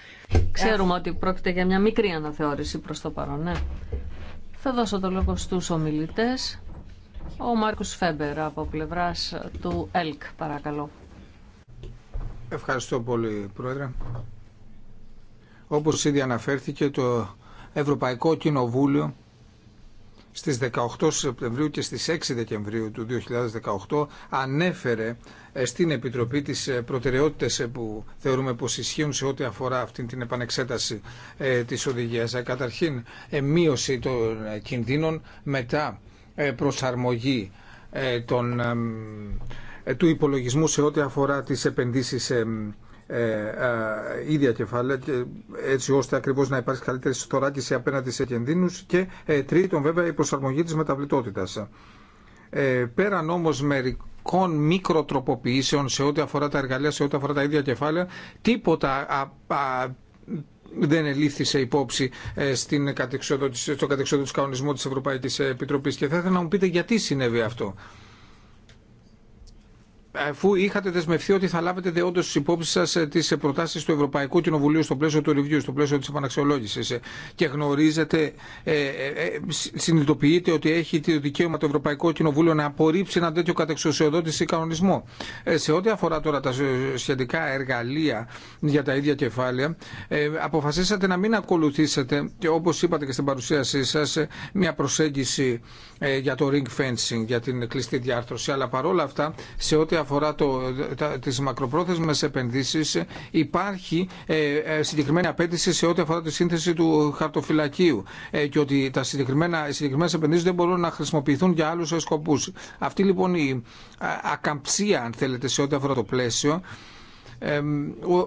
Ξέρουμε ότι πρόκειται για μια μικρή αναθεώρηση προς το παρόν. Ναι. Θα δώσω το λόγο στους ομιλητές. Ο Μάρκος Φέμπερ από πλευράς του ΕΛΚ, παρακαλώ. Ευχαριστώ πολύ, Πρόεδρε. Όπως ήδη αναφέρθηκε, το Ευρωπαϊκό Κοινοβούλιο στις 18 Σεπτεμβρίου και στις 6 Δεκεμβρίου του 2018 ανέφερε ε, στην Επιτροπή τις ε, προτεραιότητες ε, που θεωρούμε πως ισχύουν σε ό,τι αφορά αυτή την επανεξέταση της οδηγίας. Καταρχήν, μείωση των κινδύνων, μετά προσαρμογή των, του υπολογισμού σε ό,τι αφορά τις επενδύσεις ε, ίδια κεφάλαια έτσι ώστε ακριβώς να υπάρξει καλύτερη συστοράκηση απέναντι σε κινδύνους και ε, τρίτον βέβαια η προσαρμογή της μεταβλητότητας. Ε, πέραν όμως μερικών μικροτροποποιήσεων σε ό,τι αφορά τα εργαλεία, σε ό,τι αφορά τα ίδια κεφάλαια, τίποτα δεν ελήφθη σε υπόψη στην στον του κανονισμού της Ευρωπαϊκής Επιτροπής. Και θα ήθελα να μου πείτε γιατί συνέβη αυτό αφού είχατε δεσμευθεί ότι θα λάβετε δεόντω υπόψει σα ε, τι ε, προτάσει του Ευρωπαϊκού Κοινοβουλίου στο πλαίσιο του review, στο πλαίσιο τη επαναξιολόγηση ε, και γνωρίζετε, συνειδητοποιείτε ότι έχει το δικαίωμα το Ευρωπαϊκό Κοινοβούλιο να απορρίψει ένα τέτοιο κατεξουσιοδότηση κανονισμό. Σε ό,τι αφορά τώρα τα σχετικά εργαλεία για τα ίδια κεφάλαια, αποφασίσατε να μην ακολουθήσετε, όπω είπατε και στην παρουσίασή σα, μια προσέγγιση για το ring fencing, για την κλειστή διάρθρωση. Αλλά παρόλα αυτά, σε ό,τι αφορά αφορά το, τα, τις μακροπρόθεσμες επενδύσεις υπάρχει ε, ε, συγκεκριμένη απέτηση σε ό,τι αφορά τη σύνθεση του χαρτοφυλακίου ε, και ότι τα συγκεκριμένα, οι συγκεκριμένες επενδύσεις δεν μπορούν να χρησιμοποιηθούν για άλλους σκοπούς. Αυτή λοιπόν η ακαμψία αν θέλετε σε ό,τι αφορά το πλαίσιο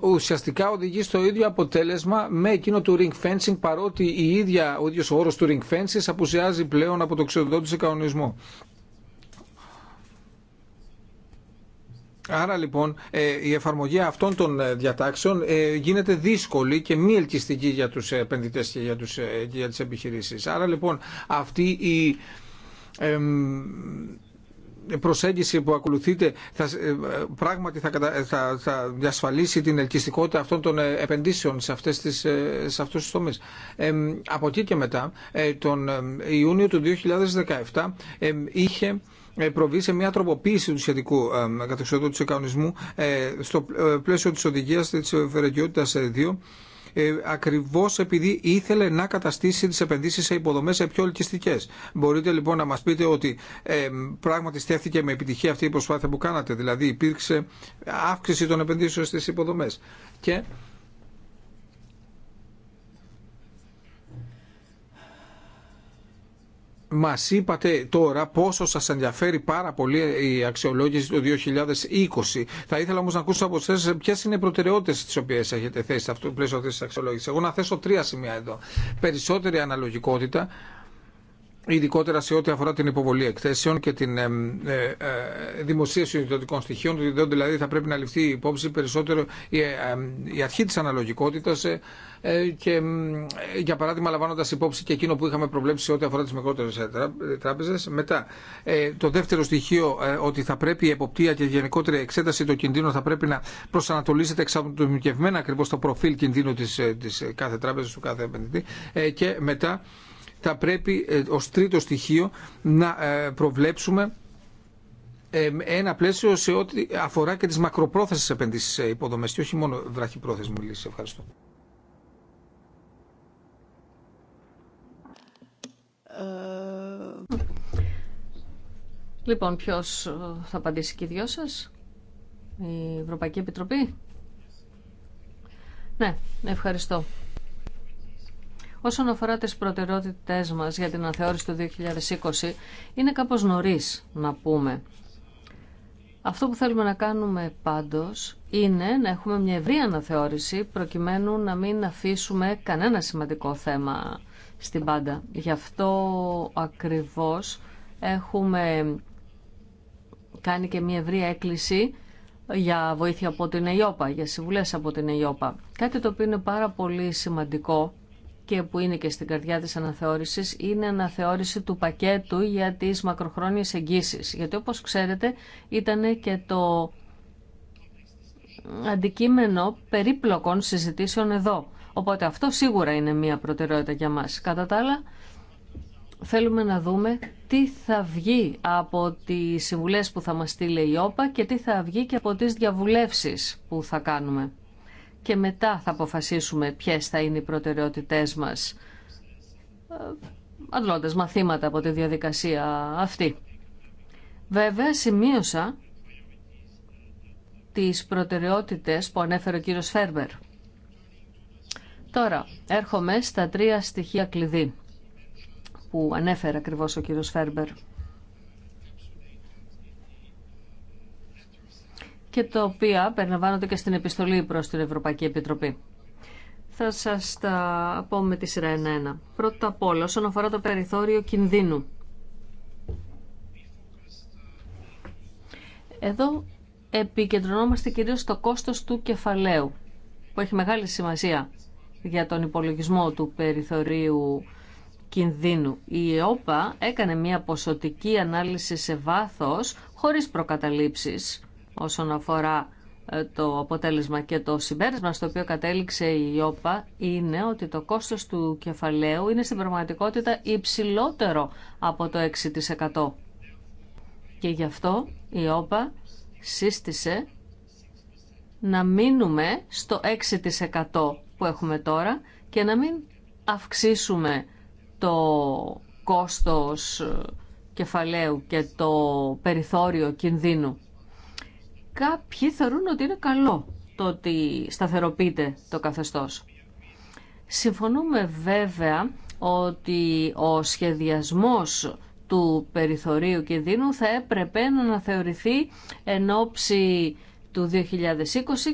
ουσιαστικά οδηγεί στο ίδιο αποτέλεσμα με εκείνο του ring fencing παρότι η ίδια, ο ίδιος ο όρος του ring fencing απουσιάζει πλέον από το ξεδόν του Άρα λοιπόν ε, η εφαρμογή αυτών των ε, διατάξεων ε, γίνεται δύσκολη και μη ελκυστική για τους επενδυτές και για, τους, για τις επιχειρήσεις. Άρα λοιπόν αυτή η προσέγγιση που ακολουθείτε πράγματι θα, θα, διασφαλίσει την ελκυστικότητα αυτών των επενδύσεων σε, αυτές τις, σε αυτούς τους τομείς. από εκεί και μετά, τον Ιούνιο του 2017 ε, είχε ε, προβεί σε μια τροποποίηση του σχετικού του κανονισμού ε, στο ε, πλαίσιο της οδηγίας της Φερεγγιότητας 2 ε, ακριβώ επειδή ήθελε να καταστήσει τι επενδύσει σε υποδομέ σε πιο ελκυστικέ. Μπορείτε λοιπόν να μα πείτε ότι πράγματι στέφθηκε με επιτυχία αυτή η προσπάθεια που κάνατε. Δηλαδή υπήρξε αύξηση των επενδύσεων στι υποδομέ. Και μας είπατε τώρα πόσο σας ενδιαφέρει πάρα πολύ η αξιολόγηση του 2020. Θα ήθελα όμως να ακούσω από εσάς ποιες είναι οι προτεραιότητες τις οποίες έχετε θέσει σε το πλαίσιο αυτής της αξιολόγησης. Εγώ να θέσω τρία σημεία εδώ. Περισσότερη αναλογικότητα, ειδικότερα σε ό,τι αφορά την υποβολή εκθέσεων και την ε, ε, ε δημοσίευση ιδιωτικών στοιχείων, δηλαδή θα πρέπει να ληφθεί υπόψη περισσότερο η, ε, ε, αρχή της αναλογικότητας και για παράδειγμα λαμβάνοντας υπόψη και εκείνο που είχαμε προβλέψει σε ό,τι αφορά τις μικρότερες τράπεζες. Μετά, το δεύτερο στοιχείο ότι θα πρέπει η εποπτεία και η γενικότερη εξέταση των κινδύνων θα πρέπει να προσανατολίζεται εξατομικευμένα ακριβώς το προφίλ κινδύνου της, της κάθε τράπεζας, του κάθε επενδυτή και μετά θα πρέπει ε, ω τρίτο στοιχείο να ε, προβλέψουμε ε, ένα πλαίσιο σε ό,τι αφορά και τις μακροπρόθεσμες επενδύσεις σε υποδομές και όχι μόνο βραχυπρόθεσμη λύση. Ευχαριστώ. Λοιπόν, ποιος θα απαντήσει και οι δυο σας, η Ευρωπαϊκή Επιτροπή. Ναι, ευχαριστώ. Όσον αφορά τις προτεραιότητές μας για την αναθεώρηση του 2020, είναι κάπως νωρίς να πούμε. Αυτό που θέλουμε να κάνουμε πάντως είναι να έχουμε μια ευρή αναθεώρηση προκειμένου να μην αφήσουμε κανένα σημαντικό θέμα στην πάντα. Γι' αυτό ακριβώς έχουμε κάνει και μια ευρία έκκληση για βοήθεια από την ΕΙΟΠΑ, για συμβουλές από την ΕΙΟΠΑ. Κάτι το οποίο είναι πάρα πολύ σημαντικό και που είναι και στην καρδιά της αναθεώρησης είναι αναθεώρηση του πακέτου για τις μακροχρόνιες εγγύσεις. Γιατί όπως ξέρετε ήταν και το αντικείμενο περίπλοκων συζητήσεων εδώ. Οπότε αυτό σίγουρα είναι μια προτεραιότητα για μας. Κατά τα άλλα, θέλουμε να δούμε τι θα βγει από τις συμβουλές που θα μας στείλει η ΟΠΑ και τι θα βγει και από τις διαβουλεύσεις που θα κάνουμε και μετά θα αποφασίσουμε ποιες θα είναι οι προτεραιότητές μας ε, αντλώντας μαθήματα από τη διαδικασία αυτή. Βέβαια σημείωσα τις προτεραιότητες που ανέφερε ο κύριος Φέρμπερ. Τώρα έρχομαι στα τρία στοιχεία κλειδί που ανέφερε ακριβώς ο κύριος Φέρμπερ. και τα οποία περιλαμβάνονται και στην επιστολή προς την Ευρωπαϊκή Επιτροπή. Θα σας τα πω με τη σειρά 1-1. Πρώτα απ' όλα, όσον αφορά το περιθώριο κινδύνου. Εδώ επικεντρωνόμαστε κυρίως στο κόστος του κεφαλαίου, που έχει μεγάλη σημασία για τον υπολογισμό του περιθωρίου κινδύνου. Η ΕΟΠΑ έκανε μια ποσοτική ανάλυση σε βάθος, χωρίς προκαταλήψεις, όσον αφορά ε, το αποτέλεσμα και το συμπέρασμα στο οποίο κατέληξε η ΟΠΑ είναι ότι το κόστος του κεφαλαίου είναι στην πραγματικότητα υψηλότερο από το 6%. Και γι' αυτό η ΟΠΑ σύστησε να μείνουμε στο 6% που έχουμε τώρα και να μην αυξήσουμε το κόστος ε, κεφαλαίου και το περιθώριο κινδύνου κάποιοι θεωρούν ότι είναι καλό το ότι σταθεροποιείται το καθεστώς. Συμφωνούμε βέβαια ότι ο σχεδιασμός του περιθωρίου κινδύνου θα έπρεπε να αναθεωρηθεί εν ώψη του 2020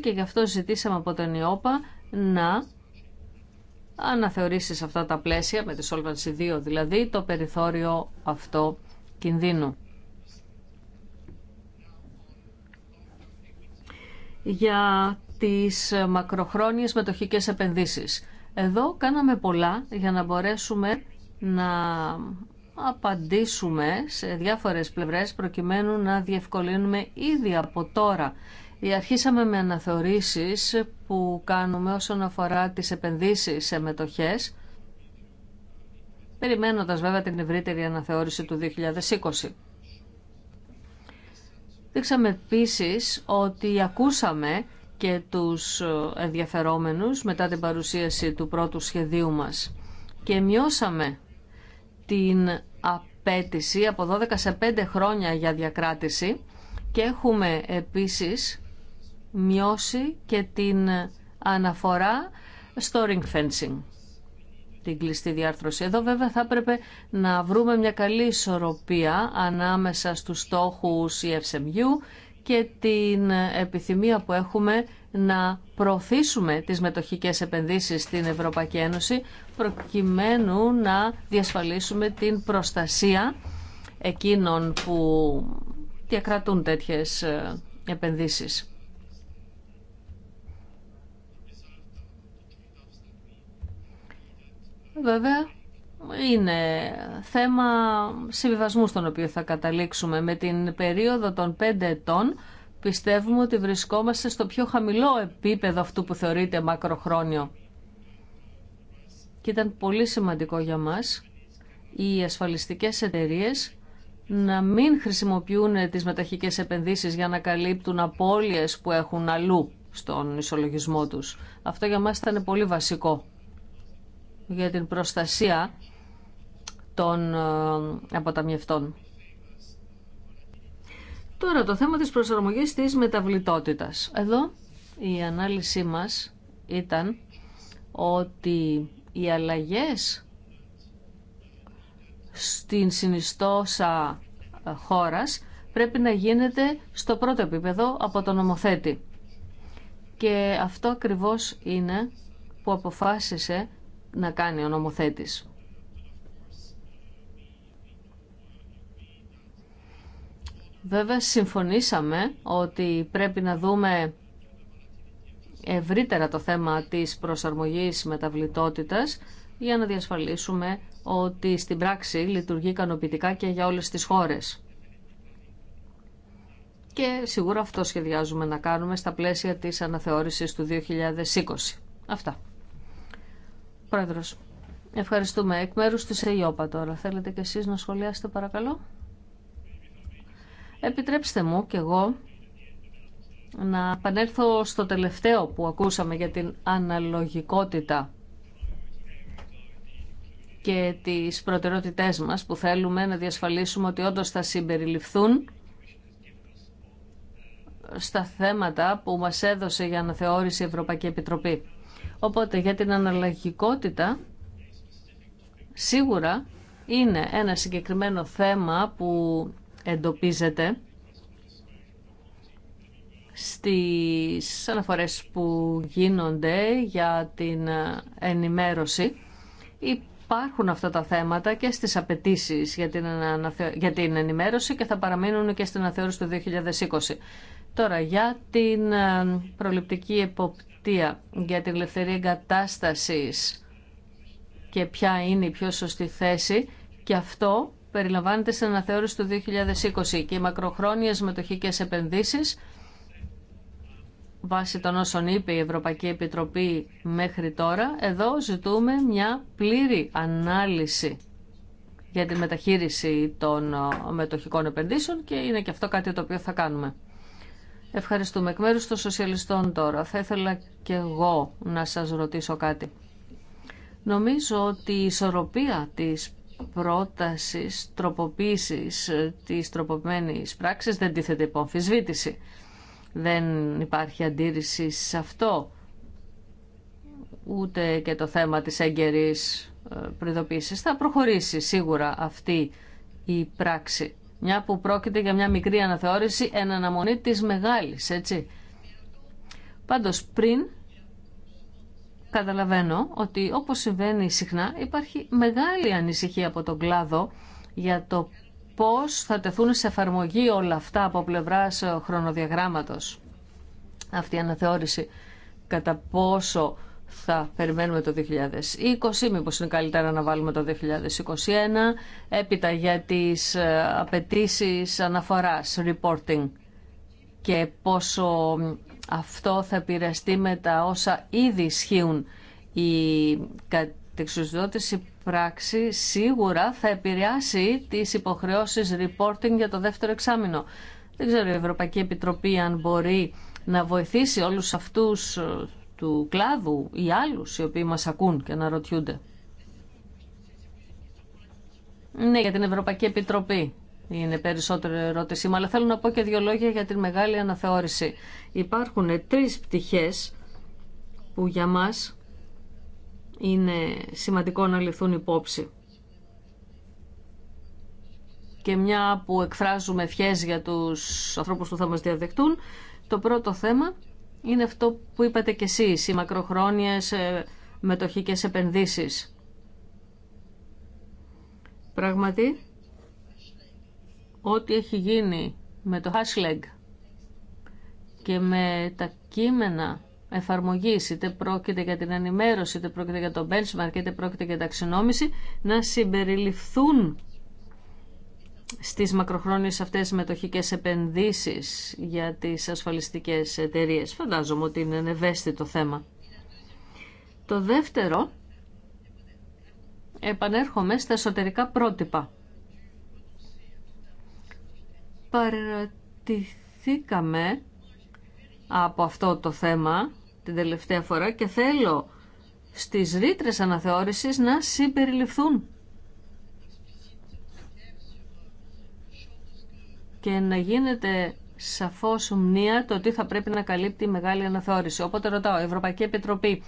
και γι' αυτό ζητήσαμε από τον ΙΟΠΑ να αναθεωρήσει σε αυτά τα πλαίσια, με τη Solvency 2 δηλαδή, το περιθώριο αυτό κινδύνου. για τις μακροχρόνιες μετοχικές επενδύσεις. Εδώ κάναμε πολλά για να μπορέσουμε να απαντήσουμε σε διάφορες πλευρές προκειμένου να διευκολύνουμε ήδη από τώρα. Ε, αρχίσαμε με αναθεωρήσεις που κάνουμε όσον αφορά τις επενδύσεις σε μετοχές, περιμένοντας βέβαια την ευρύτερη αναθεώρηση του 2020. Δείξαμε επίσης ότι ακούσαμε και τους ε, ενδιαφερόμενους μετά την παρουσίαση του πρώτου σχεδίου μας και μειώσαμε την απέτηση από 12 σε 5 χρόνια για διακράτηση και έχουμε επίσης μειώσει και την αναφορά στο ring fencing την κλειστή διάρθρωση. Εδώ βέβαια θα έπρεπε να βρούμε μια καλή ισορροπία ανάμεσα στους στόχους EFSMU και την επιθυμία που έχουμε να προωθήσουμε τις μετοχικές επενδύσεις στην Ευρωπαϊκή Ένωση προκειμένου να διασφαλίσουμε την προστασία εκείνων που διακρατούν τέτοιες ε, επενδύσεις. Βέβαια, είναι θέμα συμβιβασμού στον οποίο θα καταλήξουμε. Με την περίοδο των πέντε ετών πιστεύουμε ότι βρισκόμαστε στο πιο χαμηλό επίπεδο αυτού που θεωρείται μακροχρόνιο. Και ήταν πολύ σημαντικό για μας οι ασφαλιστικές εταιρείες να μην χρησιμοποιούν τις μεταχικές επενδύσεις για να καλύπτουν απώλειες που έχουν αλλού στον ισολογισμό τους. Αυτό για μας ήταν πολύ βασικό για την προστασία των ε, αποταμιευτών. Τώρα το θέμα της προσαρμογής της μεταβλητότητας. Εδώ η ανάλυση μας ήταν ότι οι αλλαγές στην συνιστόσα ε, χώρας πρέπει να γίνεται στο πρώτο επίπεδο από τον νομοθέτη. Και αυτό ακριβώς είναι που αποφάσισε να κάνει ο νομοθέτης. Βέβαια συμφωνήσαμε ότι πρέπει να δούμε ευρύτερα το θέμα της προσαρμογής μεταβλητότητας για να διασφαλίσουμε ότι στην πράξη λειτουργεί ικανοποιητικά και για όλες τις χώρες. Και σίγουρα αυτό σχεδιάζουμε να κάνουμε στα πλαίσια της αναθεώρησης του 2020. Αυτά. Πρόεδρος, ευχαριστούμε. Εκ μέρους τη ΕΙΟΠΑ τώρα. Θέλετε κι εσείς να σχολιάσετε παρακαλώ. Επιτρέψτε μου κι εγώ να επανέλθω στο τελευταίο που ακούσαμε για την αναλογικότητα και τις προτεραιότητές μας που θέλουμε να διασφαλίσουμε ότι όντως θα συμπεριληφθούν στα θέματα που μας έδωσε για αναθεώρηση η Ευρωπαϊκή Επιτροπή. Οπότε για την αναλλαγικότητα σίγουρα είναι ένα συγκεκριμένο θέμα που εντοπίζεται στις αναφορές που γίνονται για την ενημέρωση. Υπάρχουν αυτά τα θέματα και στις απαιτήσει για, την ενημέρωση και θα παραμείνουν και στην αναθεώρηση του 2020. Τώρα, για την ε, προληπτική εποπτεία για την ελευθερία εγκατάσταση και ποια είναι η πιο σωστή θέση και αυτό περιλαμβάνεται στην αναθεώρηση του 2020 και οι μακροχρόνιες μετοχικές επενδύσεις βάσει των όσων είπε η Ευρωπαϊκή Επιτροπή μέχρι τώρα, εδώ ζητούμε μια πλήρη ανάλυση για τη μεταχείριση των μετοχικών επενδύσεων και είναι και αυτό κάτι το οποίο θα κάνουμε. Ευχαριστούμε. Εκ μέρους των σοσιαλιστών τώρα, θα ήθελα και εγώ να σας ρωτήσω κάτι. Νομίζω ότι η ισορροπία της πρότασης τροποποίησης της τροποποιημένης πράξης δεν τίθεται υπό αμφισβήτηση. Δεν υπάρχει αντίρρηση σε αυτό, ούτε και το θέμα της έγκαιρης ε, προειδοποίησης. Θα προχωρήσει σίγουρα αυτή η πράξη. Μια που πρόκειται για μια μικρή αναθεώρηση εν αναμονή της μεγάλης, έτσι. Πάντως πριν καταλαβαίνω ότι όπως συμβαίνει συχνά υπάρχει μεγάλη ανησυχία από τον κλάδο για το πώς θα τεθούν σε εφαρμογή όλα αυτά από πλευράς ε, χρονοδιαγράμματος αυτή η αναθεώρηση κατά πόσο θα περιμένουμε το 2020, μήπως είναι καλύτερα να βάλουμε το 2021, έπειτα για τις ε, απαιτήσει αναφοράς, reporting και πόσο αυτό θα επηρεαστεί με τα όσα ήδη ισχύουν η κατεξουσδότηση πράξη σίγουρα θα επηρεάσει τις υποχρεώσεις reporting για το δεύτερο εξάμεινο. Δεν ξέρω η Ευρωπαϊκή Επιτροπή αν μπορεί να βοηθήσει όλους αυτούς ε, του κλάδου ή άλλους οι οποίοι μας ακούν και αναρωτιούνται. Ναι, για την Ευρωπαϊκή Επιτροπή είναι περισσότερο ερώτηση, αλλά θέλω να πω και δύο λόγια για την μεγάλη αναθεώρηση. Υπάρχουν τρεις πτυχές που για μας είναι σημαντικό να λυθούν υπόψη. Και μια που εκφράζουμε ευχές για τους ανθρώπους που θα μας διαδεχτούν. το πρώτο θέμα είναι αυτό που είπατε κι εσείς, οι μακροχρόνιες ε, μετοχικές επενδύσεις. Πράγματι, ό,τι έχει γίνει με το hashtag και με τα κείμενα εφαρμογή. είτε πρόκειται για την ενημέρωση, είτε πρόκειται για το benchmark, είτε πρόκειται για ταξινόμηση, να συμπεριληφθούν στις μακροχρόνιες αυτές μετοχικές επενδύσεις για τις ασφαλιστικές εταιρείες. Φαντάζομαι ότι είναι ευαίσθητο θέμα. Το δεύτερο, επανέρχομαι στα εσωτερικά πρότυπα. Παρατηθήκαμε από αυτό το θέμα την τελευταία φορά και θέλω στις ρήτρες αναθεώρησης να συμπεριληφθούν και να γίνεται σαφώς ομνία το ότι θα πρέπει να καλύπτει η μεγάλη αναθεώρηση. Οπότε ρωτάω, η Ευρωπαϊκή Επιτροπή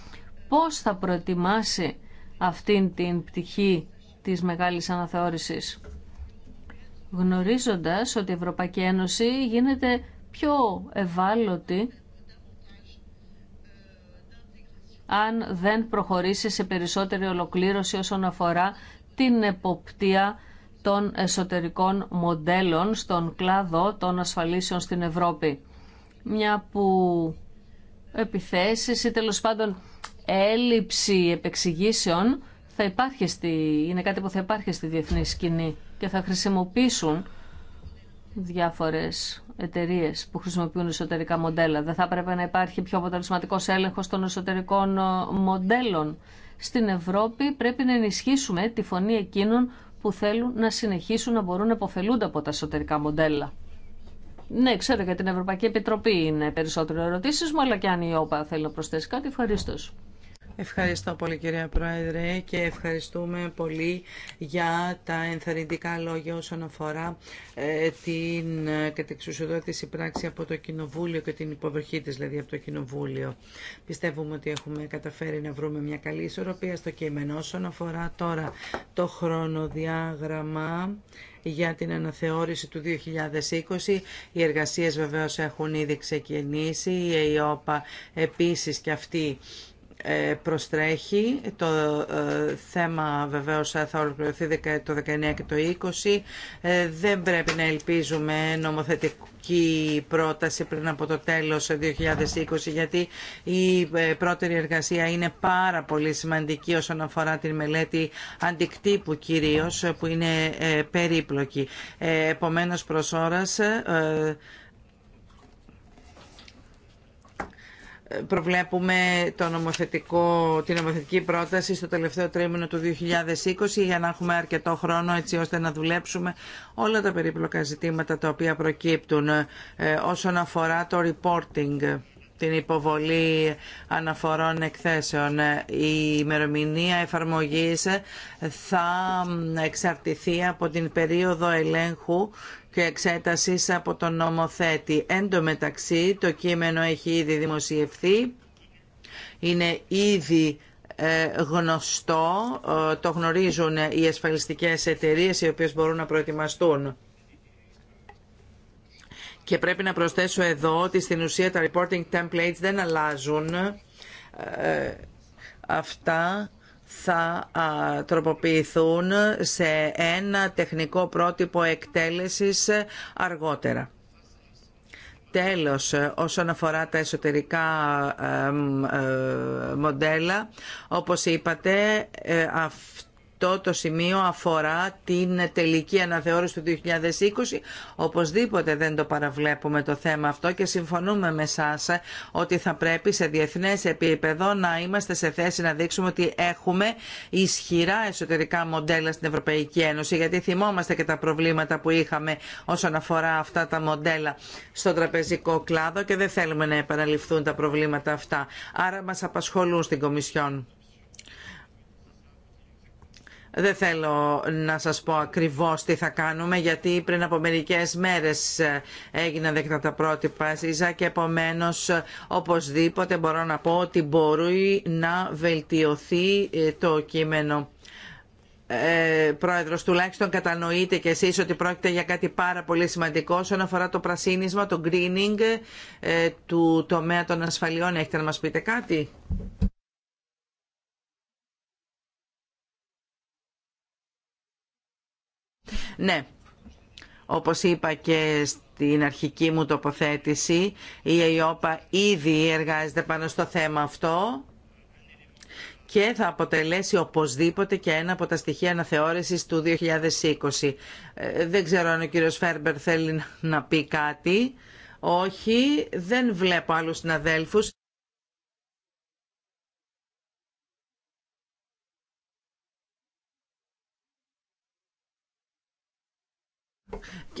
πώς θα προετοιμάσει αυτή την πτυχή της μεγάλης αναθεώρησης. Γνωρίζοντας ότι η Ευρωπαϊκή Ένωση γίνεται πιο ευάλωτη αν δεν προχωρήσει σε περισσότερη ολοκλήρωση όσον αφορά την εποπτεία των εσωτερικών μοντέλων στον κλάδο των ασφαλίσεων στην Ευρώπη. Μια που επιθέσεις ή τέλος πάντων έλλειψη επεξηγήσεων θα υπάρχει στη, είναι κάτι που θα υπάρχει στη διεθνή σκηνή και θα χρησιμοποιήσουν διάφορες εταιρείε που χρησιμοποιούν εσωτερικά μοντέλα. Δεν θα έπρεπε να υπάρχει πιο αποτελεσματικό έλεγχος των εσωτερικών ε, μοντέλων. Στην Ευρώπη πρέπει να ενισχύσουμε τη φωνή εκείνων που θέλουν να συνεχίσουν να μπορούν να υποφελούνται από τα εσωτερικά μοντέλα. Ναι, ξέρω για την Ευρωπαϊκή Επιτροπή είναι περισσότερο ερωτήσει μου, αλλά και αν η ΟΠΑ θέλει να προσθέσει κάτι, ευχαρίστω. Ευχαριστώ πολύ κυρία Πρόεδρε και ευχαριστούμε πολύ για τα ενθαρρυντικά λόγια όσον αφορά ε, την ε, κατεξουσιοδότηση πράξη από το Κοινοβούλιο και την υποδοχή της δηλαδή από το Κοινοβούλιο. Πιστεύουμε ότι έχουμε καταφέρει να βρούμε μια καλή ισορροπία στο κείμενο. Όσον αφορά τώρα το χρονοδιάγραμμα για την αναθεώρηση του 2020. Οι εργασίες βεβαίως έχουν ήδη ξεκινήσει. Η ΕΙΟΠΑ επίσης και αυτή ε, προστρέχει. Το ε, θέμα βεβαίως θα ολοκληρωθεί το 19 και το 20. Ε, δεν πρέπει να ελπίζουμε νομοθετική πρόταση πριν από το τέλος 2020 γιατί η πρώτερη εργασία είναι πάρα πολύ σημαντική όσον αφορά την μελέτη αντικτύπου κυρίως που είναι περίπλοκη. Επομένως προς ώρας προβλέπουμε το νομοθετικό, την νομοθετική πρόταση στο τελευταίο τρίμηνο του 2020 για να έχουμε αρκετό χρόνο έτσι ώστε να δουλέψουμε όλα τα περίπλοκα ζητήματα τα οποία προκύπτουν ε, όσον αφορά το reporting την υποβολή αναφορών εκθέσεων. Η ημερομηνία εφαρμογής θα εξαρτηθεί από την περίοδο ελέγχου και εξέταση από τον νομοθέτη. Εν τω μεταξύ το κείμενο έχει ήδη δημοσιευθεί, είναι ήδη ε, γνωστό, ε, το γνωρίζουν οι ασφαλιστικές εταιρείες οι οποίες μπορούν να προετοιμαστούν. Και πρέπει να προσθέσω εδώ ότι στην ουσία τα reporting templates δεν αλλάζουν. Ε, αυτά θα τροποποιηθούν σε ένα τεχνικό πρότυπο εκτέλεσης αργότερα. Τέλος, όσον αφορά τα εσωτερικά ε, μοντέλα, όπως είπατε, ε, αυτό αυτό το σημείο αφορά την τελική αναθεώρηση του 2020. Οπωσδήποτε δεν το παραβλέπουμε το θέμα αυτό και συμφωνούμε με εσά ότι θα πρέπει σε διεθνές επίπεδο να είμαστε σε θέση να δείξουμε ότι έχουμε ισχυρά εσωτερικά μοντέλα στην Ευρωπαϊκή Ένωση γιατί θυμόμαστε και τα προβλήματα που είχαμε όσον αφορά αυτά τα μοντέλα στον τραπεζικό κλάδο και δεν θέλουμε να επαναληφθούν τα προβλήματα αυτά. Άρα μα απασχολούν στην Κομισιόν. Δεν θέλω να σας πω ακριβώς τι θα κάνουμε, γιατί πριν από μερικές μέρες ε, έγιναν δεκτά τα πρότυπα ΣΥΖΑ και επομένως οπωσδήποτε μπορώ να πω ότι μπορεί να βελτιωθεί ε, το κείμενο. Ε, πρόεδρος, τουλάχιστον κατανοείτε και εσείς ότι πρόκειται για κάτι πάρα πολύ σημαντικό όσον αφορά το πρασίνισμα, το greening ε, του τομέα των ασφαλιών. Έχετε να μας πείτε κάτι. Ναι, όπως είπα και στην αρχική μου τοποθέτηση, η ΕΙΟΠΑ ήδη εργάζεται πάνω στο θέμα αυτό και θα αποτελέσει οπωσδήποτε και ένα από τα στοιχεία αναθεώρησης του 2020. Ε, δεν ξέρω αν ο κύριος Φέρμπερ θέλει να πει κάτι. Όχι, δεν βλέπω άλλους συναδέλφους.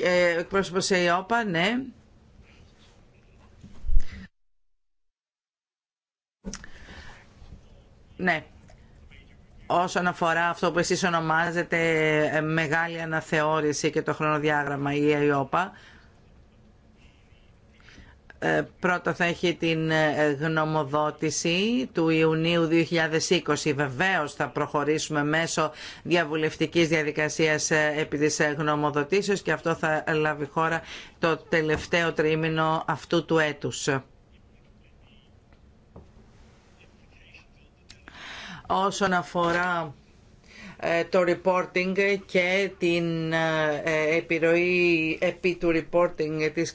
Ε, εκπρόσωπος ΕΙΟΠΑ, ναι. Ναι. Όσον αφορά αυτό που εσείς ονομάζετε ε, μεγάλη αναθεώρηση και το χρονοδιάγραμμα η ΕΙΟΠΑ, ε, πρώτο θα έχει την ε, γνωμοδότηση του Ιουνίου 2020. Βεβαίως θα προχωρήσουμε μέσω διαβουλευτικής διαδικασίας ε, επί της γνωμοδοτήσεως και αυτό θα λάβει χώρα το τελευταίο τρίμηνο αυτού του έτους. Όσον αφορά ε, το reporting και την ε, ε, επιρροή επί του reporting της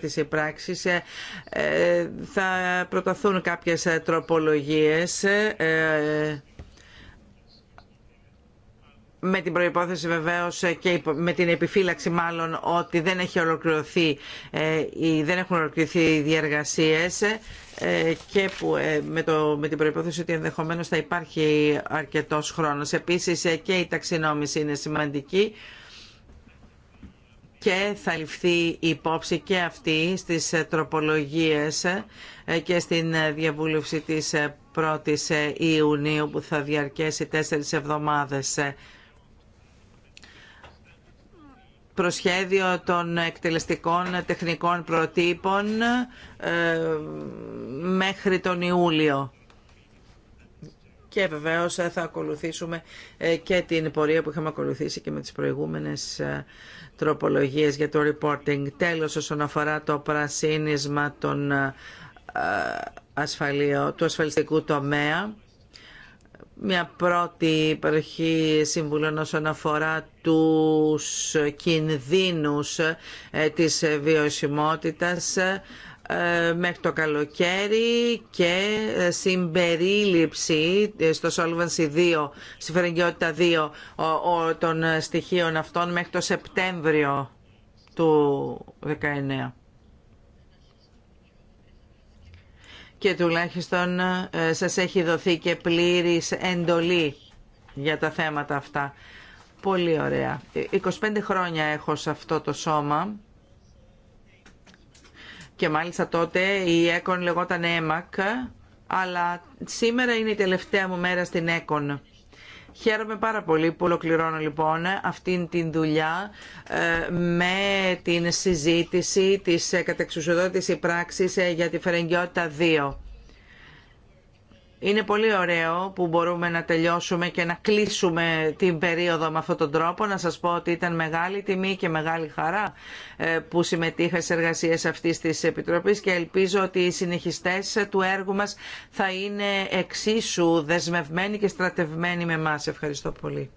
της πράξης θα προταθούν κάποιες τροπολογίες με την προϋπόθεση βεβαίως ε, και με την επιφύλαξη μάλλον ότι δεν, έχει ολοκληρωθεί, ε, δεν έχουν ολοκληρωθεί οι διεργασίες ε, και που, με, το, με την προϋπόθεση ότι ενδεχομένως θα υπάρχει αρκετός χρόνος. Επίσης και η ταξινόμηση είναι σημαντική και θα ληφθεί η υπόψη και αυτή στις τροπολογίες και στην διαβούλευση της 1ης Ιουνίου που θα διαρκέσει τέσσερις εβδομάδες προσχέδιο των εκτελεστικών τεχνικών προτύπων ε, μέχρι τον Ιούλιο. Και βεβαίως θα ακολουθήσουμε ε, και την πορεία που είχαμε ακολουθήσει και με τις προηγούμενες ε, τροπολογίες για το reporting. Τέλος, όσον αφορά το πρασίνισμα των ασφαλείο, του ασφαλιστικού τομέα, μια πρώτη υπαρχή συμβουλών όσον αφορά τους κινδύνους ε, της βιωσιμότητας ε, μέχρι το καλοκαίρι και ε, συμπερίληψη στο Solvency 2, στη 2 των στοιχείων αυτών μέχρι το Σεπτέμβριο του 19. και τουλάχιστον ε, σας έχει δοθεί και πλήρης εντολή για τα θέματα αυτά. Πολύ ωραία. 25 ε, χρόνια έχω σε αυτό το σώμα και μάλιστα τότε η ΕΚΟΝ λεγόταν ΕΜΑΚ αλλά σήμερα είναι η τελευταία μου μέρα στην ΕΚΟΝ. Χαίρομαι πάρα πολύ που ολοκληρώνω λοιπόν αυτήν την δουλειά ε, με την συζήτηση της ε, κατεξουσιοδότηση πράξης ε, για τη Φερεγγιότητα 2. Είναι πολύ ωραίο που μπορούμε να τελειώσουμε και να κλείσουμε την περίοδο με αυτόν τον τρόπο. Να σας πω ότι ήταν μεγάλη τιμή και μεγάλη χαρά ε, που συμμετείχα σε εργασίες αυτής της Επιτροπής και ελπίζω ότι οι συνεχιστές του έργου μας θα είναι εξίσου δεσμευμένοι και στρατευμένοι με εμάς. Ευχαριστώ πολύ.